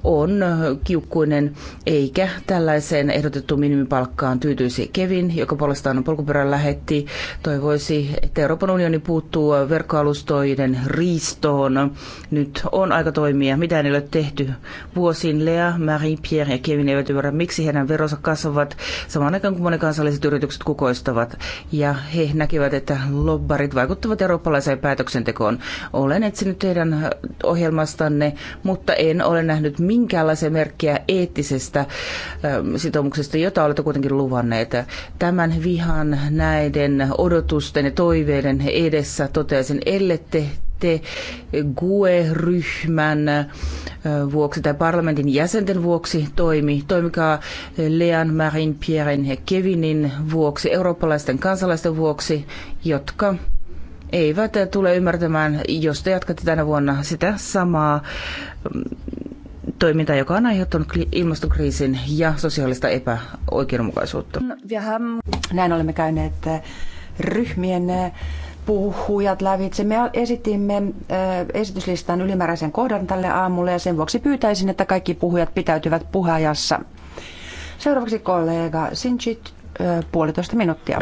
[SPEAKER 4] on äh, kiukkuinen eikä tällaiseen ehdotettuun minimipalkkaan tyytyisi Kevin, joka puolestaan polkuperän lähetti. Toivoisi, että Euroopan unioni puuttuu verkkoalustoiden riistoon. Nyt on aika toimia. Mitä ei ole tehty vuosin. Lea, Marie, Pierre ja Kevin eivät ymmärrä, miksi heidän veronsa kasvavat samaan aikaan kuin monikansalliset yritykset kukoistavat. Ja he näkevät, että lobbarit vaikuttavat eurooppalaiseen päätöksentekoon. Olen etsinyt teidän ohjelmastanne, mutta en ole nähnyt minkäänlaisia merkkejä eettisestä ähm, sitoumuksesta, jota olette kuitenkin luvanneet. Tämän vihan näiden odotusten ja toiveiden edessä toteaisin, ellette te GUE-ryhmän äh, vuoksi tai parlamentin jäsenten vuoksi toimi. Toimikaa Lean, Marin, Pierren ja Kevinin vuoksi, eurooppalaisten kansalaisten vuoksi, jotka eivät tule ymmärtämään, jos te jatkatte tänä vuonna sitä samaa mm, toimintaa, joka on aiheuttanut ilmastokriisin ja sosiaalista epäoikeudenmukaisuutta. No,
[SPEAKER 1] Näin olemme käyneet äh, ryhmien äh, puhujat lävitse. Me esitimme äh, esityslistan ylimääräisen kohdan tälle aamulle ja sen vuoksi pyytäisin, että kaikki puhujat pitäytyvät puheajassa. Seuraavaksi kollega Sinchit, puolitoista minuuttia.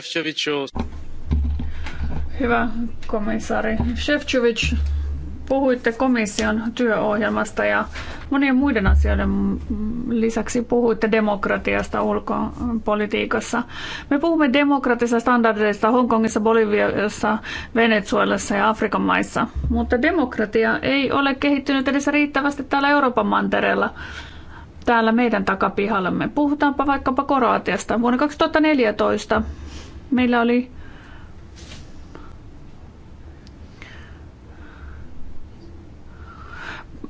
[SPEAKER 2] Hyvä komissaari Shevchovic, Puhuitte komission työohjelmasta ja monien muiden asioiden lisäksi puhuitte demokratiasta ulkopolitiikassa. Me puhumme demokratisista standardeista Hongkongissa, Boliviassa, Venezuelassa ja Afrikan maissa, mutta demokratia ei ole kehittynyt edes riittävästi täällä Euroopan mantereella täällä meidän takapihallamme. Puhutaanpa vaikkapa Kroatiasta. Vuonna 2014 meillä oli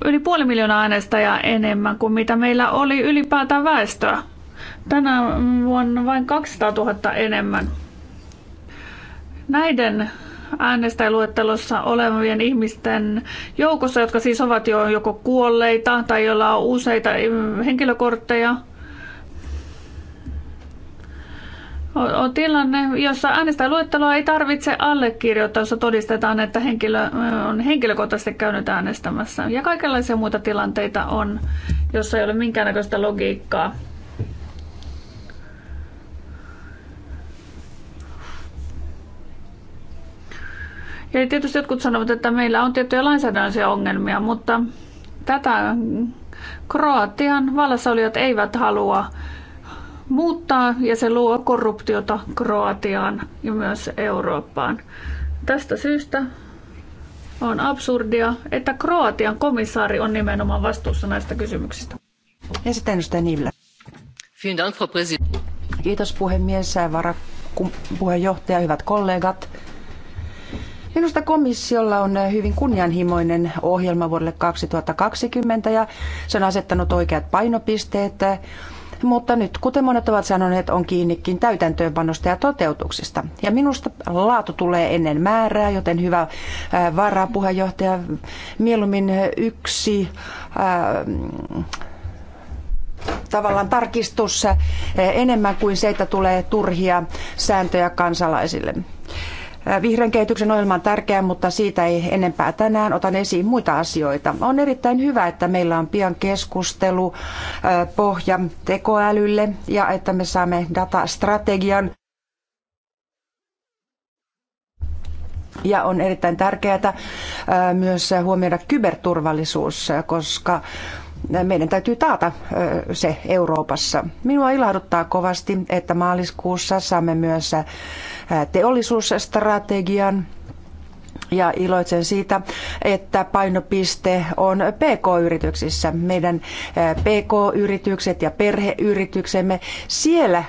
[SPEAKER 2] yli puoli miljoonaa äänestäjää enemmän kuin mitä meillä oli ylipäätään väestöä. Tänä vuonna vain 200 000 enemmän. Näiden äänestäjäluettelossa olevien ihmisten joukossa, jotka siis ovat jo joko kuolleita tai joilla on useita henkilökortteja – on tilanne, jossa äänestäjäluetteloa ei tarvitse allekirjoittaa, jossa todistetaan, että henkilö on henkilökohtaisesti käynyt äänestämässä. Ja kaikenlaisia muita tilanteita on, jossa ei ole minkäännäköistä logiikkaa. Ja tietysti jotkut sanovat, että meillä on tiettyjä lainsäädännöllisiä ongelmia, mutta tätä Kroatian vallassa vallassaolijat eivät halua muuttaa ja se luo korruptiota Kroatiaan ja myös Eurooppaan. Tästä syystä on absurdia, että Kroatian komissaari on nimenomaan vastuussa näistä kysymyksistä.
[SPEAKER 1] Ja sitten edustaja Niivillä. Kiitos puhemies, varapuheenjohtaja, hyvät kollegat. Minusta komissiolla on hyvin kunnianhimoinen ohjelma vuodelle 2020 ja se on asettanut oikeat painopisteet mutta nyt, kuten monet ovat sanoneet, on kiinnikin täytäntöönpanosta ja toteutuksesta. Ja minusta laatu tulee ennen määrää, joten hyvä varapuheenjohtaja, mieluummin yksi ää, tavallaan tarkistus enemmän kuin se, että tulee turhia sääntöjä kansalaisille. Vihreän kehityksen ohjelma on tärkeä, mutta siitä ei enempää tänään. Otan esiin muita asioita. On erittäin hyvä, että meillä on pian keskustelu pohja tekoälylle ja että me saamme datastrategian. Ja on erittäin tärkeää myös huomioida kyberturvallisuus, koska meidän täytyy taata se Euroopassa. Minua ilahduttaa kovasti, että maaliskuussa saamme myös teollisuusstrategian ja iloitsen siitä, että painopiste on PK-yrityksissä. Meidän PK-yritykset ja perheyrityksemme, siellä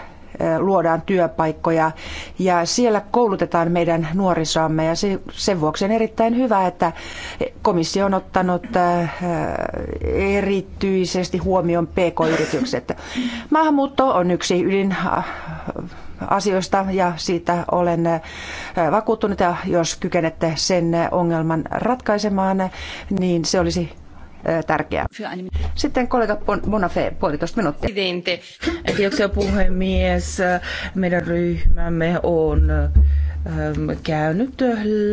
[SPEAKER 1] luodaan työpaikkoja ja siellä koulutetaan meidän nuorisoamme ja sen vuoksi on erittäin hyvä, että komissio on ottanut erityisesti huomioon PK-yritykset. Maahanmuutto on yksi ydin asioista ja siitä olen äh, vakuuttunut ja jos kykenette sen ongelman ratkaisemaan, niin se olisi äh, tärkeää. Sitten
[SPEAKER 4] kollega Bonafé, puolitoista minuuttia. Kiitoksia puhemies. Meidän ryhmämme on käynyt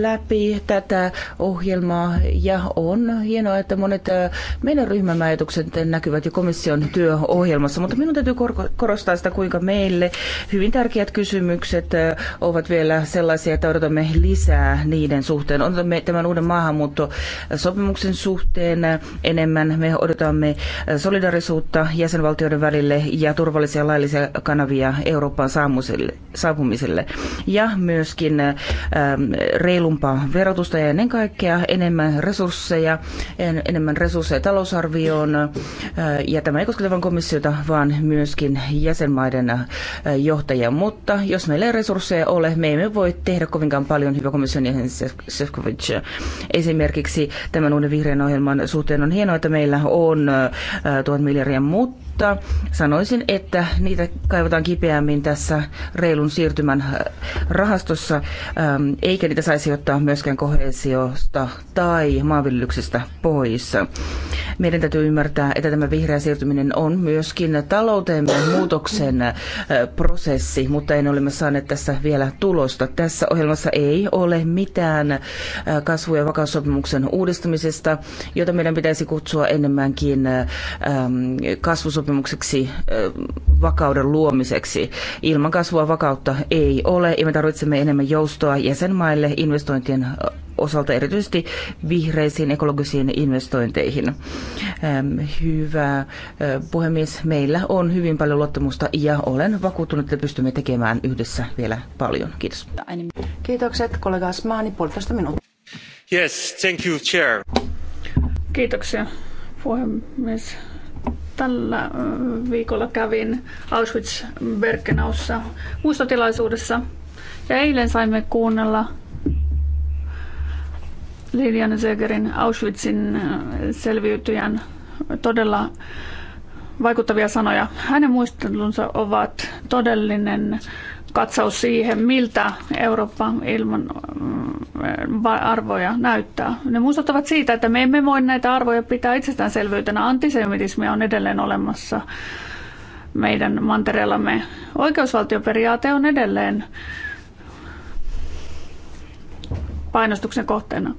[SPEAKER 4] läpi tätä ohjelmaa ja on hienoa, että monet meidän ryhmämme ajatukset näkyvät jo komission työohjelmassa, mutta minun täytyy korostaa sitä, kuinka meille hyvin tärkeät kysymykset ovat vielä sellaisia, että odotamme lisää niiden suhteen. Odotamme tämän uuden maahanmuuttosopimuksen suhteen enemmän. Me odotamme solidarisuutta jäsenvaltioiden välille ja turvallisia laillisia kanavia Eurooppaan saapumiselle ja myös myöskin reilumpaa verotusta ja ennen kaikkea enemmän resursseja, enemmän resursseja talousarvioon. Ja tämä ei kosketa vain komissiota, vaan myöskin jäsenmaiden johtajia. Mutta jos meillä ei resursseja ole, me emme voi tehdä kovinkaan paljon, hyvä komission jäsen Sefcovic. Esimerkiksi tämän uuden vihreän ohjelman suhteen on hienoa, että meillä on tuhat miljardia, mutta sanoisin, että niitä kaivataan kipeämmin tässä reilun siirtymän rahastossa eu ähm, eikä niitä saisi ottaa myöskään kohesiosta tai maanviljelyksestä pois. Meidän täytyy ymmärtää, että tämä vihreä siirtyminen on myöskin talouteemme muutoksen äh, prosessi, mutta en ole saaneet tässä vielä tulosta. Tässä ohjelmassa ei ole mitään äh, kasvu- ja vakaussopimuksen uudistamisesta, jota meidän pitäisi kutsua enemmänkin äh, ähm, kasvusopimukseksi vakauden luomiseksi. Ilman kasvua vakautta ei ole ja me tarvitsemme enemmän enemmän joustoa jäsenmaille investointien osalta erityisesti vihreisiin ekologisiin investointeihin. Ehm, hyvä eh, puhemies, meillä on hyvin paljon luottamusta ja olen vakuuttunut, että pystymme tekemään yhdessä vielä paljon. Kiitos.
[SPEAKER 1] Kiitokset kollega Asmaani, puolitoista minuuttia.
[SPEAKER 3] Yes, thank you, chair.
[SPEAKER 2] Kiitoksia puhemies. Tällä eh, viikolla kävin Auschwitz-Birkenaussa muistotilaisuudessa ja eilen saimme kuunnella Lilian Zegerin Auschwitzin äh, selviytyjän todella vaikuttavia sanoja. Hänen muistelunsa ovat todellinen katsaus siihen, miltä Eurooppa ilman äh, arvoja näyttää. Ne muistuttavat siitä, että me emme voi näitä arvoja pitää itsestäänselvyytenä. Antisemitismi on edelleen olemassa meidän mantereellamme. Oikeusvaltioperiaate on edelleen painostuksen kohteena.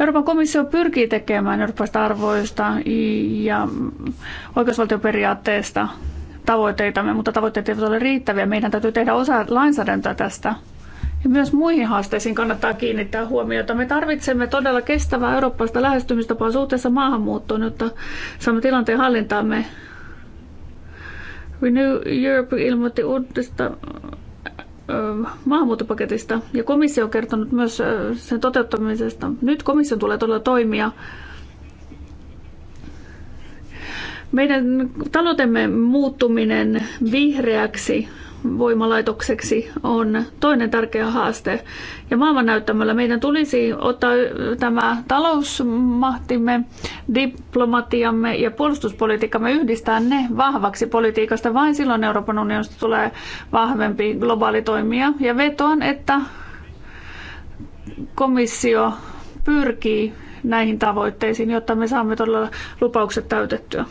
[SPEAKER 2] Euroopan komissio pyrkii tekemään eurooppalaisista arvoista ja oikeusvaltioperiaatteesta tavoitteitamme, mutta tavoitteet eivät ole riittäviä. Meidän täytyy tehdä osa lainsäädäntöä tästä. Ja myös muihin haasteisiin kannattaa kiinnittää huomiota. Me tarvitsemme todella kestävää eurooppalaista lähestymistapaa suhteessa maahanmuuttoon, jotta saamme tilanteen hallintaamme. Renew Europe ilmoitti uudesta maahanmuuttopaketista ja komissio on kertonut myös sen toteuttamisesta. Nyt komissio tulee todella toimia. Meidän taloutemme muuttuminen vihreäksi voimalaitokseksi on toinen tärkeä haaste. Ja maailmannäyttämällä meidän tulisi ottaa tämä talousmahtimme, diplomatiamme ja puolustuspolitiikkamme yhdistää ne vahvaksi politiikasta. Vain silloin Euroopan unionista tulee vahvempi globaali toimija. Ja vetoan, että komissio pyrkii näihin tavoitteisiin, jotta me saamme todella lupaukset täytettyä.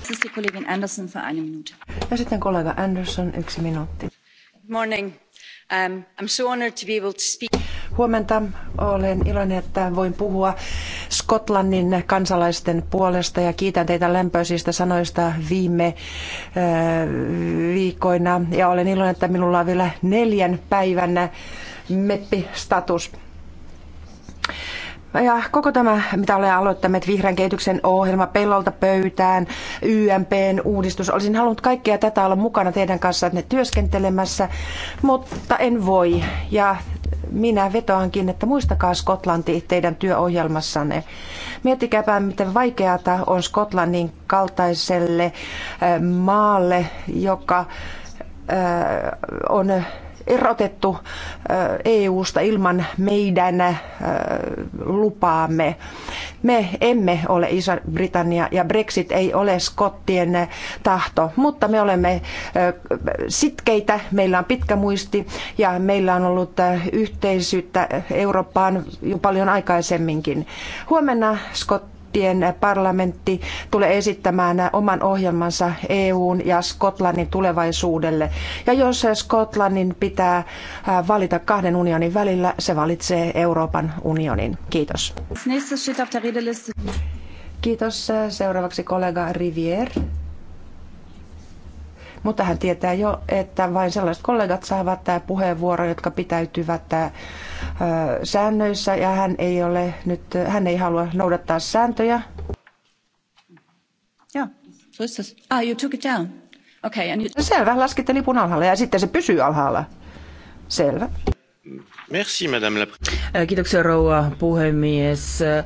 [SPEAKER 1] Ja sitten kollega Anderson, yksi minuutti.
[SPEAKER 6] Um,
[SPEAKER 1] Huomenta. Olen iloinen, että voin puhua Skotlannin kansalaisten puolesta ja kiitän teitä lämpöisistä sanoista viime eh, viikoina. Ja olen iloinen, että minulla on vielä neljän päivän meppistatus. Ja koko tämä, mitä olen aloittanut, vihreän kehityksen ohjelma, pellolta pöytään, YMPn uudistus, olisin halunnut kaikkea tätä olla mukana teidän ne työskentelemässä, mutta en voi. Ja minä vetoankin, että muistakaa Skotlanti teidän työohjelmassanne. Miettikääpä, miten vaikeata on Skotlannin kaltaiselle äh, maalle, joka äh, on erotettu EU-sta ilman meidän lupaamme. Me emme ole Iso-Britannia ja Brexit ei ole skottien tahto, mutta me olemme sitkeitä, meillä on pitkä muisti ja meillä on ollut yhteisyyttä Eurooppaan jo paljon aikaisemminkin. Huomenna Skot lähtien parlamentti tulee esittämään oman ohjelmansa EUn ja Skotlannin tulevaisuudelle. Ja jos Skotlannin pitää valita kahden unionin välillä, se valitsee Euroopan unionin. Kiitos. Kiitos. Seuraavaksi kollega Rivier mutta hän tietää jo, että vain sellaiset kollegat saavat tämä puheenvuoro, jotka pitäytyvät äh, säännöissä ja hän ei, ole nyt, hän ei halua noudattaa sääntöjä. Yeah. ah, you took it down. Okay, and you... Selvä, laskitte lipun alhaalle ja sitten se pysyy alhaalla.
[SPEAKER 4] Selvä.
[SPEAKER 6] Merci, madame la...
[SPEAKER 4] Äh, kiitoksia rouva puhemies. Äh,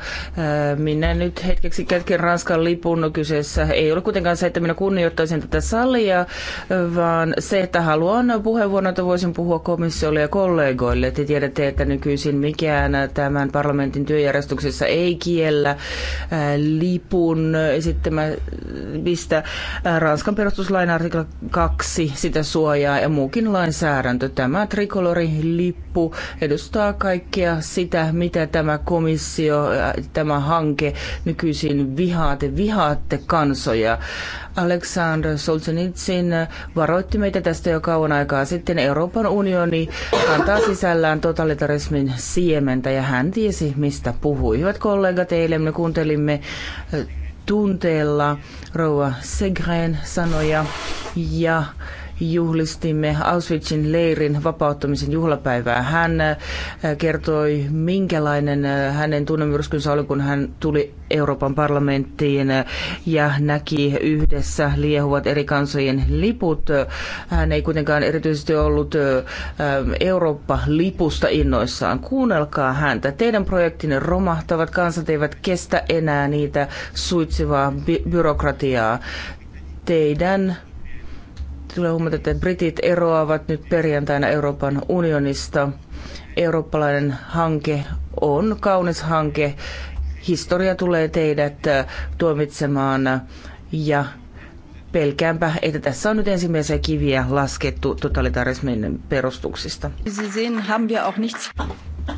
[SPEAKER 4] minä nyt hetkeksi kätken Ranskan lipun no, kyseessä. Ei ole kuitenkaan se, että minä kunnioittaisin tätä salia, vaan se, että haluan puheenvuoron, että voisin puhua komissiolle ja kollegoille. Te tiedätte, että nykyisin mikään tämän parlamentin työjärjestyksessä ei kiellä äh, lipun esittämistä. Ranskan perustuslain artikla 2 sitä suojaa ja muukin lainsäädäntö. Tämä trikolori lippu loppu edustaa kaikkea sitä, mitä tämä komissio, äh, tämä hanke nykyisin vihaatte. Vihaatte kansoja. Aleksandr Solzhenitsyn varoitti meitä tästä jo kauan aikaa sitten. Euroopan unioni kantaa sisällään totalitarismin siementä ja hän tiesi, mistä puhui. Hyvät kollegat, eilen me kuuntelimme äh, tunteella rouva Segren sanoja ja juhlistimme Auschwitzin leirin vapauttamisen juhlapäivää. Hän äh, kertoi, minkälainen äh, hänen tunnemyrskynsä oli, kun hän tuli Euroopan parlamenttiin äh, ja näki yhdessä liehuvat eri kansojen liput. Hän ei kuitenkaan erityisesti ollut Eurooppa-lipusta innoissaan. Kuunnelkaa häntä. Teidän projektinne romahtavat, kansat eivät kestä enää niitä suitsivaa by- byrokratiaa. Teidän tulee huomata, että britit eroavat nyt perjantaina Euroopan unionista. Eurooppalainen hanke on kaunis hanke. Historia tulee teidät äh, tuomitsemaan ja pelkäänpä, että tässä on nyt ensimmäisiä kiviä laskettu totalitarismin perustuksista.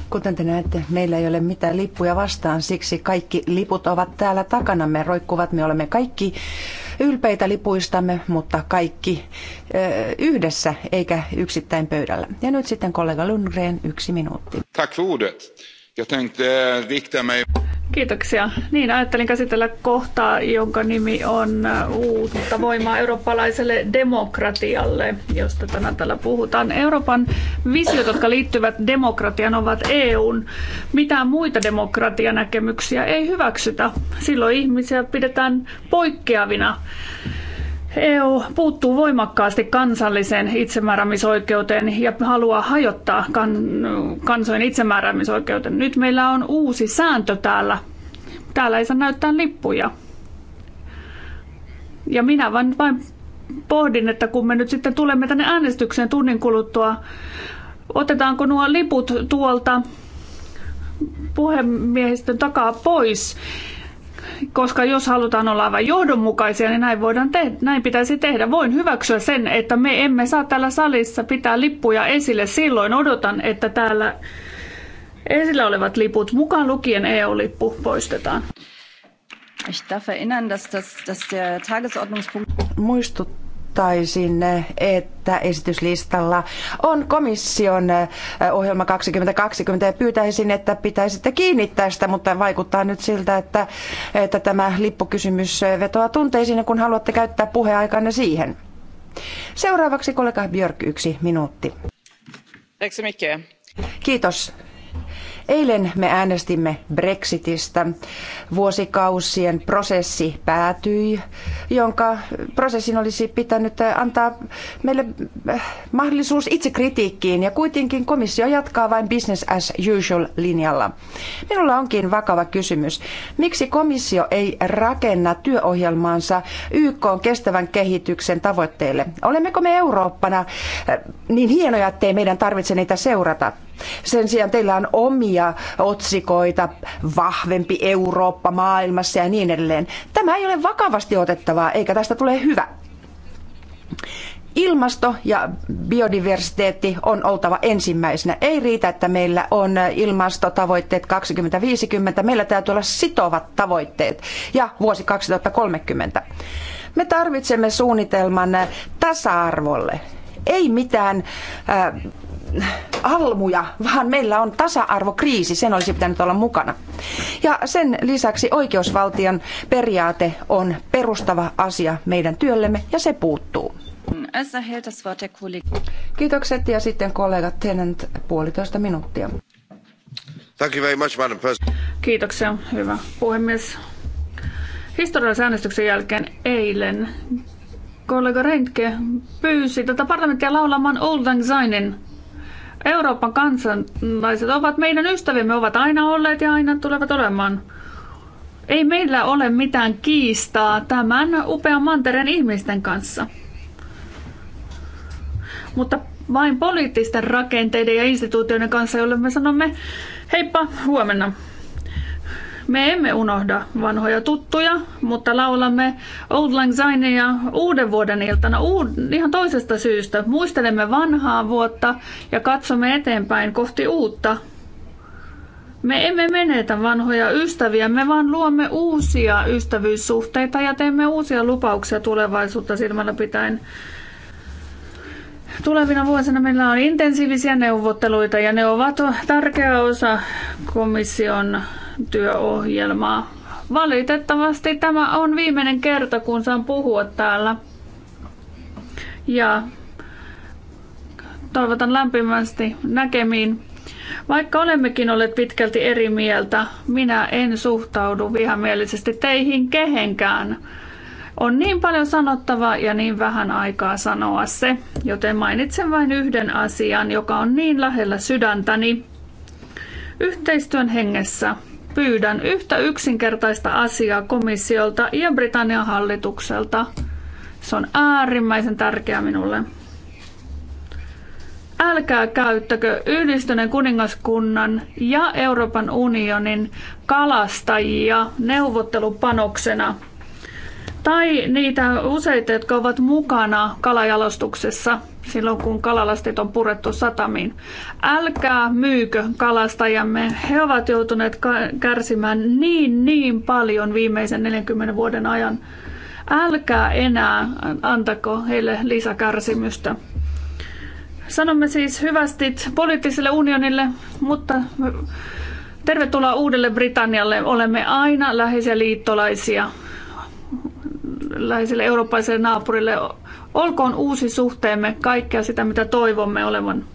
[SPEAKER 1] Kuten te näette, meillä ei ole mitään lippuja vastaan, siksi kaikki liput ovat täällä takanamme, roikkuvat. Me olemme kaikki ylpeitä lipuistamme, mutta kaikki ö, yhdessä eikä yksittäin pöydällä.
[SPEAKER 2] Ja nyt sitten kollega Lundgren, yksi minuutti.
[SPEAKER 6] Tack för ordet. Jag tänkte rikta mig...
[SPEAKER 2] Kiitoksia. Niin, ajattelin käsitellä kohtaa, jonka nimi on äh, uutta voimaa eurooppalaiselle demokratialle, josta tänään täällä puhutaan. Euroopan visiot, jotka liittyvät demokratian, ovat EUn. Mitään muita demokratianäkemyksiä ei hyväksytä. Silloin ihmisiä pidetään poikkeavina EU puuttuu voimakkaasti kansalliseen itsemääräämisoikeuteen ja haluaa hajottaa kansojen itsemääräämisoikeuden. Nyt meillä on uusi sääntö täällä. Täällä ei saa näyttää lippuja. Ja minä vain, vain pohdin, että kun me nyt sitten tulemme tänne äänestykseen tunnin kuluttua, otetaanko nuo liput tuolta puhemiehistön takaa pois koska jos halutaan olla aivan johdonmukaisia, niin näin, voidaan te- näin pitäisi tehdä. Voin hyväksyä sen, että me emme saa täällä salissa pitää lippuja esille. Silloin odotan, että täällä esillä olevat liput, mukaan lukien EU-lippu, poistetaan. Ich darf erinnern, dass das, dass der Tagesordnungspunkt...
[SPEAKER 1] Muistut ehdottaisin, että esityslistalla on komission ohjelma 2020 ja pyytäisin, että pitäisitte kiinni tästä, mutta vaikuttaa nyt siltä, että, että tämä lippukysymys vetoaa tunteisiin, kun haluatte käyttää puheaikanne siihen. Seuraavaksi kollega Björk yksi minuutti. Kiitos. Eilen me äänestimme Brexitistä. Vuosikausien prosessi päätyi, jonka prosessin olisi pitänyt äh, antaa meille äh, mahdollisuus itsekritiikkiin ja kuitenkin komissio jatkaa vain business as usual linjalla. Minulla onkin vakava kysymys. Miksi komissio ei rakenna työohjelmaansa YK on kestävän kehityksen tavoitteille? Olemmeko me Eurooppana äh, niin hienoja, ettei meidän tarvitse niitä seurata? Sen sijaan teillä on omia otsikoita, vahvempi Eurooppa maailmassa ja niin edelleen. Tämä ei ole vakavasti otettavaa, eikä tästä tule hyvä. Ilmasto ja biodiversiteetti on oltava ensimmäisenä. Ei riitä, että meillä on ilmastotavoitteet 2050, meillä täytyy olla sitovat tavoitteet ja vuosi 2030. Me tarvitsemme suunnitelman tasa-arvolle, ei mitään äh, almuja, vaan meillä on tasa-arvokriisi, sen olisi pitänyt olla mukana. Ja sen lisäksi oikeusvaltion periaate on perustava asia meidän työllemme ja se puuttuu. Kiitokset ja sitten kollega
[SPEAKER 2] Tennant puolitoista minuuttia.
[SPEAKER 3] Thank you very much, Madam Kiitoksia,
[SPEAKER 2] hyvä puhemies. Historiallisen äänestyksen jälkeen eilen kollega Rentke pyysi tätä parlamenttia laulamaan Old Lang Synen Euroopan kansalaiset ovat meidän ystävimme, ovat aina olleet ja aina tulevat olemaan. Ei meillä ole mitään kiistaa tämän upean mantereen ihmisten kanssa. Mutta vain poliittisten rakenteiden ja instituutioiden kanssa, jolle me sanomme heippa huomenna. Me emme unohda vanhoja tuttuja, mutta laulamme Old Lang Syneia uuden vuoden iltana uud- ihan toisesta syystä. Muistelemme vanhaa vuotta ja katsomme eteenpäin kohti uutta. Me emme menetä vanhoja ystäviä, me vaan luomme uusia ystävyyssuhteita ja teemme uusia lupauksia tulevaisuutta silmällä pitäen. Tulevina vuosina meillä on intensiivisiä neuvotteluita ja ne ovat tärkeä osa komission työohjelmaa. Valitettavasti tämä on viimeinen kerta, kun saan puhua täällä. Ja toivotan lämpimästi näkemiin. Vaikka olemmekin olleet pitkälti eri mieltä, minä en suhtaudu vihamielisesti teihin kehenkään. On niin paljon sanottavaa ja niin vähän aikaa sanoa se, joten mainitsen vain yhden asian, joka on niin lähellä sydäntäni. Yhteistyön hengessä pyydän yhtä yksinkertaista asiaa komissiolta ja Britannian hallitukselta. Se on äärimmäisen tärkeää minulle. Älkää käyttäkö yhdistyneen kuningaskunnan ja Euroopan unionin kalastajia neuvottelupanoksena tai niitä useita, jotka ovat mukana kalajalostuksessa – silloin, kun kalalastit on purettu satamiin. Älkää myykö kalastajamme. He ovat joutuneet kärsimään niin, niin paljon viimeisen 40 vuoden ajan. Älkää enää antako heille lisäkärsimystä. Sanomme siis hyvästit poliittiselle unionille, mutta tervetuloa uudelle Britannialle. Olemme aina läheisiä liittolaisia läheiselle eurooppalaiselle naapurille Olkoon uusi suhteemme kaikkea sitä, mitä toivomme olevan.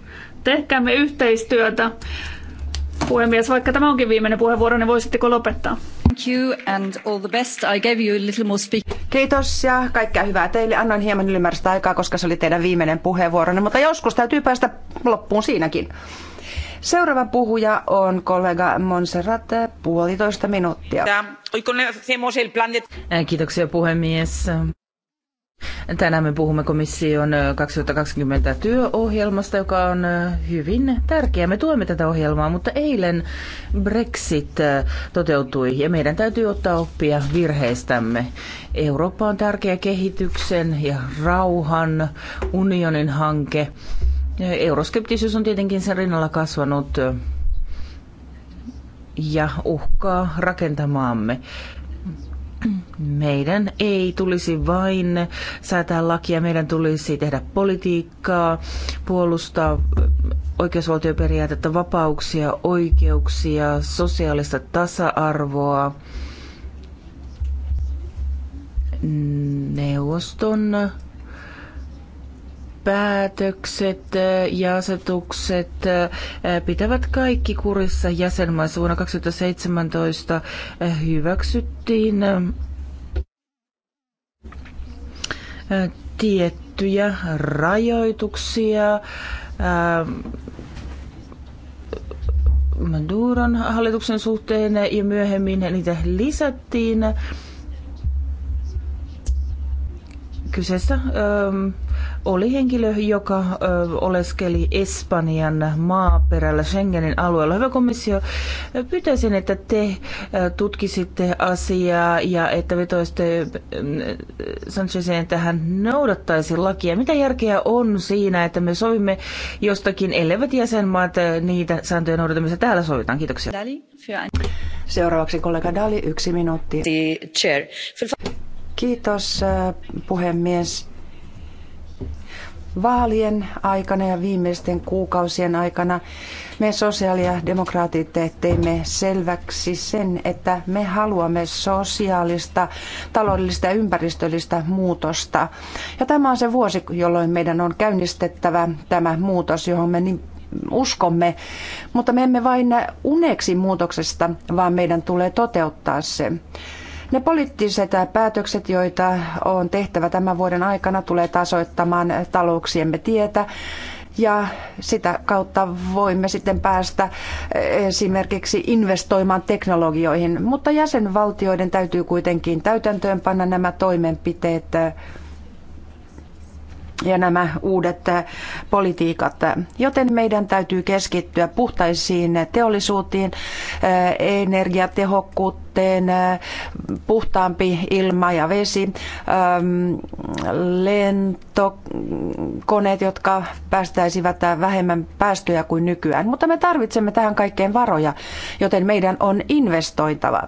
[SPEAKER 2] Tehkäämme yhteistyötä. Puhemies, vaikka tämä onkin viimeinen puheenvuoro, niin voisitteko lopettaa?
[SPEAKER 1] Kiitos ja kaikkea hyvää teille. Annoin hieman ylimääräistä aikaa, koska se oli teidän viimeinen puheenvuoronne, mutta joskus täytyy päästä loppuun siinäkin. Seuraava puhuja on kollega Monserrat. puolitoista
[SPEAKER 4] minuuttia. Kiitoksia puhemies. Tänään me puhumme komission 2020 työohjelmasta, joka on hyvin tärkeä. Me tuemme tätä ohjelmaa, mutta eilen Brexit toteutui ja meidän täytyy ottaa oppia virheistämme. Eurooppa on tärkeä kehityksen ja rauhan unionin hanke. Euroskeptisyys on tietenkin sen rinnalla kasvanut ja uhkaa rakentamaamme meidän ei tulisi vain säätää lakia, meidän tulisi tehdä politiikkaa, puolustaa oikeusvaltioperiaatetta, vapauksia, oikeuksia, sosiaalista tasa-arvoa, neuvoston päätökset äh, ja asetukset äh, pitävät kaikki kurissa jäsenmaissa. Vuonna 2017 äh, hyväksyttiin tiettyjä rajoituksia. Maduron hallituksen suhteen ja myöhemmin niitä lisättiin. Kyseessä ähm, oli henkilö, joka ö, oleskeli Espanjan maaperällä Schengenin alueella. Hyvä komissio, pyytäisin, että te ö, tutkisitte asiaa ja että vetoisitte Sanchezeen, että hän noudattaisi lakia. Mitä järkeä on siinä, että me sovimme jostakin, elevät jäsenmaat niitä sääntöjä noudattamista täällä sovitaan? Kiitoksia. Seuraavaksi kollega Dali, yksi minuutti. Kiitos
[SPEAKER 1] puhemies vaalien aikana ja viimeisten kuukausien aikana me sosiaali- ja demokraatit teimme selväksi sen, että me haluamme sosiaalista, taloudellista ja ympäristöllistä muutosta. Ja tämä on se vuosi, jolloin meidän on käynnistettävä tämä muutos, johon me niin uskomme, mutta me emme vain uneksi muutoksesta, vaan meidän tulee toteuttaa se. Ne poliittiset päätökset, joita on tehtävä tämän vuoden aikana, tulee tasoittamaan talouksiemme tietä ja sitä kautta voimme sitten päästä esimerkiksi investoimaan teknologioihin. Mutta jäsenvaltioiden täytyy kuitenkin täytäntöönpanna nämä toimenpiteet ja nämä uudet äh, politiikat. Joten meidän täytyy keskittyä puhtaisiin teollisuuteen, äh, energiatehokkuuteen, äh, puhtaampi ilma ja vesi, ähm, lentokoneet, jotka päästäisivät vähemmän päästöjä kuin nykyään. Mutta me tarvitsemme tähän kaikkeen varoja, joten meidän on investoitava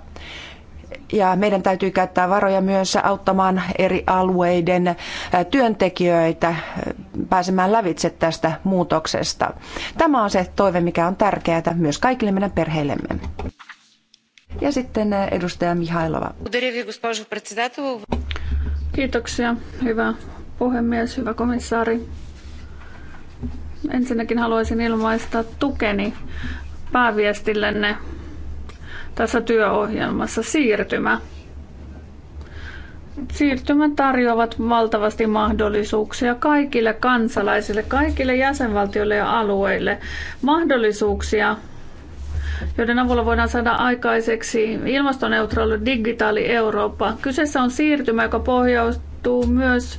[SPEAKER 1] ja meidän täytyy käyttää varoja myös auttamaan eri alueiden työntekijöitä pääsemään lävitse tästä muutoksesta. Tämä on se toive, mikä on tärkeää myös kaikille meidän perheillemme. Ja sitten edustaja Mihailova.
[SPEAKER 2] Kiitoksia, hyvä puhemies, hyvä komissaari. Ensinnäkin haluaisin ilmaista tukeni pääviestillenne tässä työohjelmassa siirtymä. Siirtymät tarjoavat valtavasti mahdollisuuksia kaikille kansalaisille, kaikille jäsenvaltioille ja alueille. Mahdollisuuksia, joiden avulla voidaan saada aikaiseksi ilmastoneutraali digitaali Eurooppa. Kyseessä on siirtymä, joka pohjautuu myös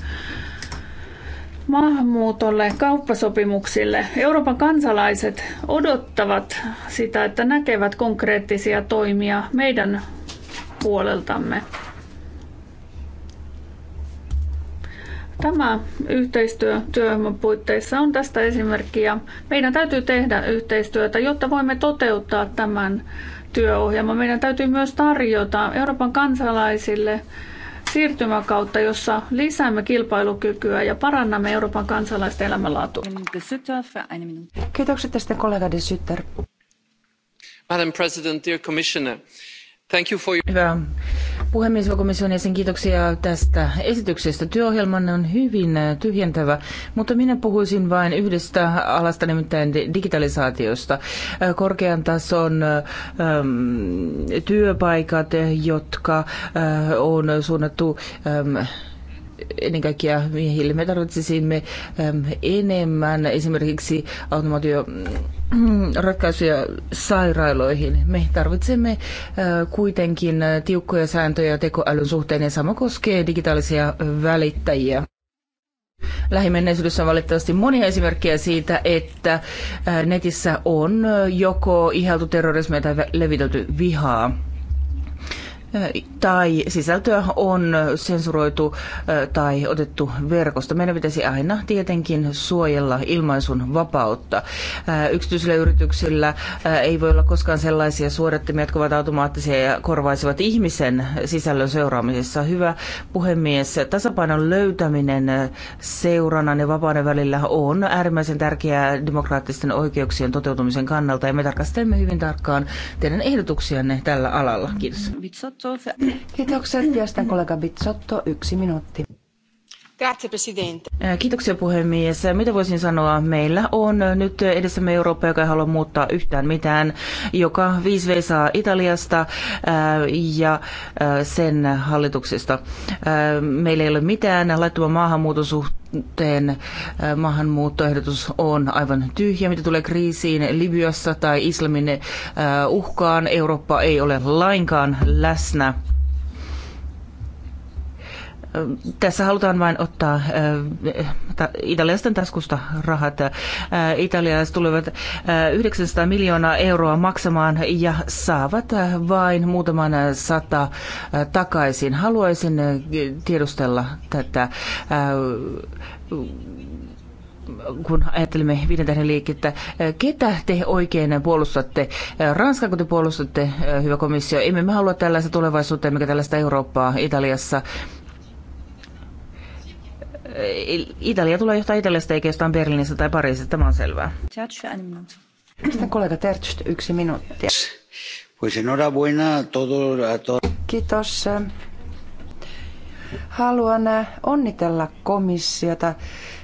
[SPEAKER 2] maahanmuutolle, kauppasopimuksille. Euroopan kansalaiset odottavat sitä, että näkevät konkreettisia toimia meidän puoleltamme. Tämä yhteistyö työhön puitteissa on tästä esimerkki ja meidän täytyy tehdä yhteistyötä, jotta voimme toteuttaa tämän työohjelman. Meidän täytyy myös tarjota Euroopan kansalaisille siirtymäkautta, jossa lisäämme kilpailukykyä ja parannamme Euroopan kansalaisten elämänlaatua. Kiitokset
[SPEAKER 4] tästä kollega de Sutter.
[SPEAKER 5] Madam President, dear Commissioner, thank you for your... Hyvä
[SPEAKER 4] Puhemies ja komission jäsen, kiitoksia tästä esityksestä. Työohjelmanne on hyvin tyhjentävä, mutta minä puhuisin vain yhdestä alasta, nimittäin digitalisaatiosta. Korkean tason ähm, työpaikat, jotka äh, on suunnattu ähm, ennen kaikkea miehille. Me tarvitsisimme ähm, enemmän esimerkiksi automaatio äh, ratkaisuja sairaaloihin. Me tarvitsemme äh, kuitenkin tiukkoja sääntöjä tekoälyn suhteen ja sama koskee digitaalisia välittäjiä. Lähimenneisyydessä on valitettavasti monia esimerkkejä siitä, että äh, netissä on joko ihailtu terrorismia tai levitelty vihaa tai sisältöä on sensuroitu tai otettu verkosta. Meidän pitäisi aina tietenkin suojella ilmaisun vapautta. Yksityisillä yrityksillä ei voi olla koskaan sellaisia suodattimia, jotka ovat automaattisia ja korvaisivat ihmisen sisällön seuraamisessa. Hyvä puhemies, tasapainon löytäminen seurannan ja vapauden välillä on äärimmäisen tärkeää demokraattisten oikeuksien toteutumisen kannalta ja me tarkastelemme hyvin tarkkaan teidän ehdotuksianne tällä alalla. Kiitos.
[SPEAKER 1] Bizzotto. Kiitokset. Ja sitten kollega Bizzotto, yksi minuutti.
[SPEAKER 4] Äh, kiitoksia puhemies. Äh, mitä voisin sanoa? Meillä on äh, nyt edessämme Eurooppa, joka ei halua muuttaa yhtään mitään, joka 5V saa Italiasta ja sen hallituksesta. Meillä ei ole mitään laittoman maahanmuuton suhteen. Maahanmuuttoehdotus on aivan tyhjä, mitä tulee kriisiin Libyassa tai islamin uhkaan. Eurooppa ei ole lainkaan läsnä tässä halutaan vain ottaa italialaisten taskusta rahat. Italialaiset tulevat 900 miljoonaa euroa maksamaan ja saavat vain muutaman sata takaisin. Haluaisin tiedustella tätä kun ajattelemme viiden tähden liikettä, ketä te oikein puolustatte? kun te puolustatte, hyvä komissio? Emme me halua tällaista tulevaisuutta, mikä tällaista Eurooppaa Italiassa. Äh, Italia tulee johtaa Italiasta eikä jostain Berliinistä tai Pariisista, tämä on selvää.
[SPEAKER 7] Sitten
[SPEAKER 1] kollega Tertst, yksi minuutti.
[SPEAKER 3] Pues enhorabuena todo, a todo.
[SPEAKER 1] Kiitos. Haluan äh, onnitella komissiota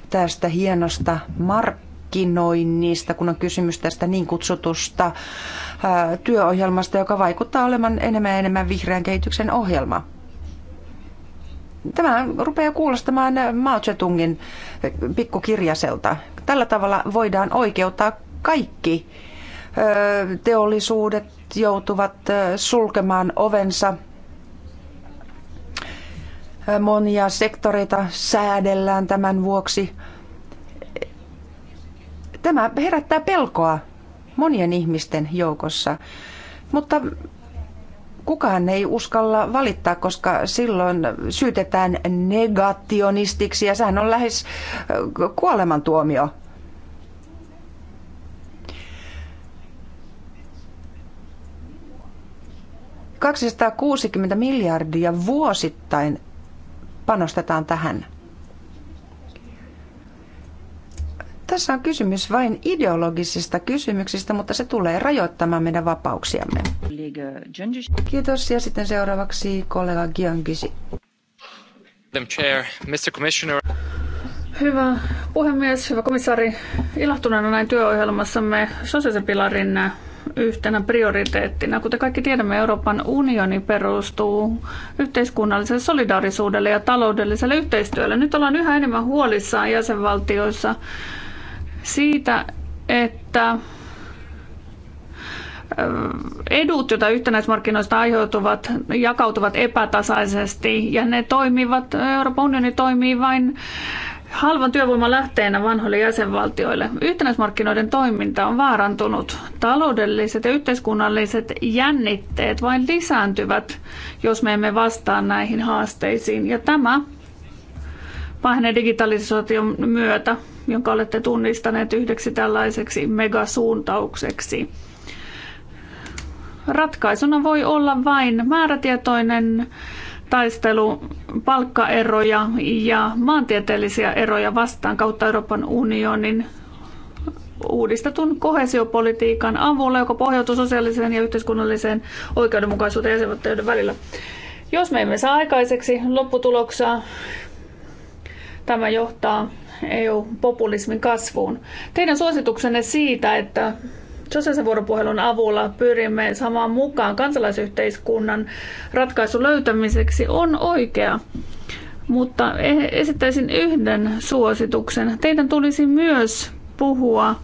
[SPEAKER 1] tästä hienosta markkinoinnista, kun on kysymys tästä niin kutsutusta äh, työohjelmasta, joka vaikuttaa olevan enemmän ja enemmän vihreän kehityksen ohjelma. Tämä rupeaa kuulostamaan Mao Zedongin pikkukirjaselta. Tällä tavalla voidaan oikeuttaa kaikki teollisuudet joutuvat sulkemaan ovensa. Monia sektoreita säädellään tämän vuoksi. Tämä herättää pelkoa monien ihmisten joukossa. Mutta kukaan ei uskalla valittaa, koska silloin syytetään negationistiksi ja sehän on lähes äh, kuolemantuomio. ...260 miljardia vuosittain panostetaan tähän – Tässä on kysymys vain ideologisista kysymyksistä, mutta se tulee rajoittamaan meidän vapauksiamme. Kiitos ja
[SPEAKER 2] sitten seuraavaksi kollega Giangisi. Hyvä puhemies, hyvä komissaari. Ilahtuneena näin työohjelmassamme sosiaalisen pilarin yhtenä prioriteettina. Kuten kaikki tiedämme, Euroopan unioni perustuu yhteiskunnalliselle solidaarisuudelle ja taloudelliselle yhteistyölle. Nyt ollaan yhä enemmän huolissaan jäsenvaltioissa siitä, että äh, edut, joita yhtenäismarkkinoista aiheutuvat, jakautuvat epätasaisesti ja ne toimivat, Euroopan unioni toimii vain halvan työvoiman lähteenä vanhoille jäsenvaltioille. Yhtenäismarkkinoiden toiminta on vaarantunut. Taloudelliset ja yhteiskunnalliset jännitteet vain lisääntyvät, jos me emme vastaa näihin haasteisiin. Ja tämä pahenee digitalisaation myötä jonka olette tunnistaneet yhdeksi tällaiseksi megasuuntaukseksi. Ratkaisuna voi olla vain määrätietoinen taistelu palkkaeroja ja maantieteellisiä eroja vastaan kautta Euroopan unionin uudistetun kohesiopolitiikan avulla, joka pohjautuu sosiaaliseen ja yhteiskunnalliseen oikeudenmukaisuuteen jäsenvaltioiden välillä. Jos me emme saa aikaiseksi lopputuloksia, tämä johtaa EU-populismin kasvuun. Teidän suosituksenne siitä, että sosiaalisen vuoropuhelun avulla pyrimme samaan mukaan kansalaisyhteiskunnan ratkaisun löytämiseksi, on oikea. Mutta e- esittäisin yhden suosituksen. Teidän tulisi myös puhua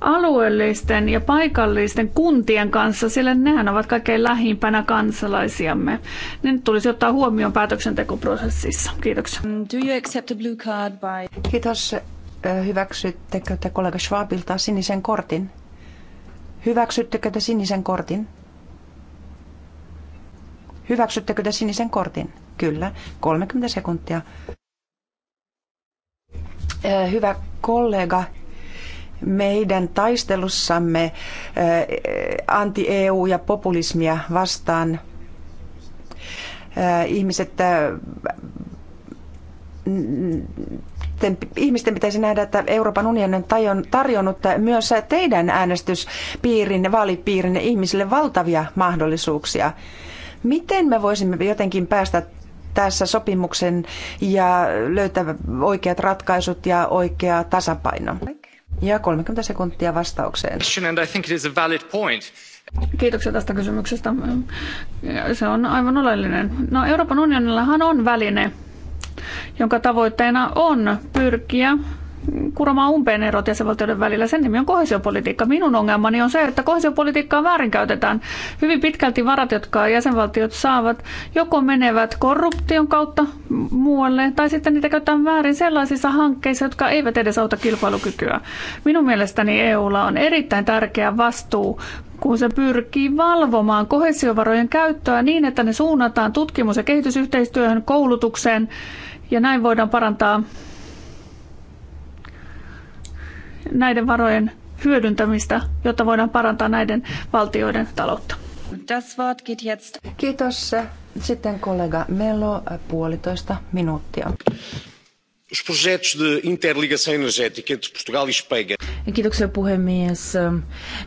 [SPEAKER 2] alueellisten ja paikallisten kuntien kanssa, sillä nehän ovat kaikkein lähimpänä kansalaisiamme. Ne nyt tulisi ottaa huomioon päätöksentekoprosessissa. Kiitoksia. Do you accept a blue
[SPEAKER 1] card by... Kiitos. Hyväksyttekö te kollega Schwabilta sinisen kortin? Hyväksyttekö te sinisen kortin? Hyväksyttekö te sinisen kortin? Kyllä, 30 sekuntia. Hyvä kollega, meidän taistelussamme eh, anti-EU ja populismia vastaan eh, ihmiset eh, ihmisten pitäisi nähdä, että Euroopan unioni on tarjonnut myös teidän äänestyspiirinne, vaalipiirinne ihmisille valtavia mahdollisuuksia. Miten me voisimme jotenkin päästä tässä sopimuksen ja löytää oikeat ratkaisut ja oikea tasapaino? Ja 30 sekuntia vastaukseen.
[SPEAKER 2] Kiitoksia tästä kysymyksestä. Se on aivan oleellinen. No, Euroopan unionillahan on väline, jonka tavoitteena on pyrkiä kuromaan umpeen erot jäsenvaltioiden välillä. Sen nimi on kohesiopolitiikka. Minun ongelmani on se, että kohesiopolitiikkaa väärinkäytetään. Hyvin pitkälti varat, jotka jäsenvaltiot saavat, joko menevät korruption kautta muualle, tai sitten niitä käytetään väärin sellaisissa hankkeissa, jotka eivät edes auta kilpailukykyä. Minun mielestäni EUlla on erittäin tärkeä vastuu kun se pyrkii valvomaan kohesiovarojen käyttöä niin, että ne suunnataan tutkimus- ja kehitysyhteistyöhön, koulutukseen ja näin voidaan parantaa näiden varojen hyödyntämistä, jotta voidaan parantaa näiden valtioiden taloutta. Kiitos.
[SPEAKER 1] Sitten kollega Melo, puolitoista minuuttia.
[SPEAKER 3] Os projetos de interligação energética entre Portugal e Espanha.
[SPEAKER 4] Kiitoksia puhemies.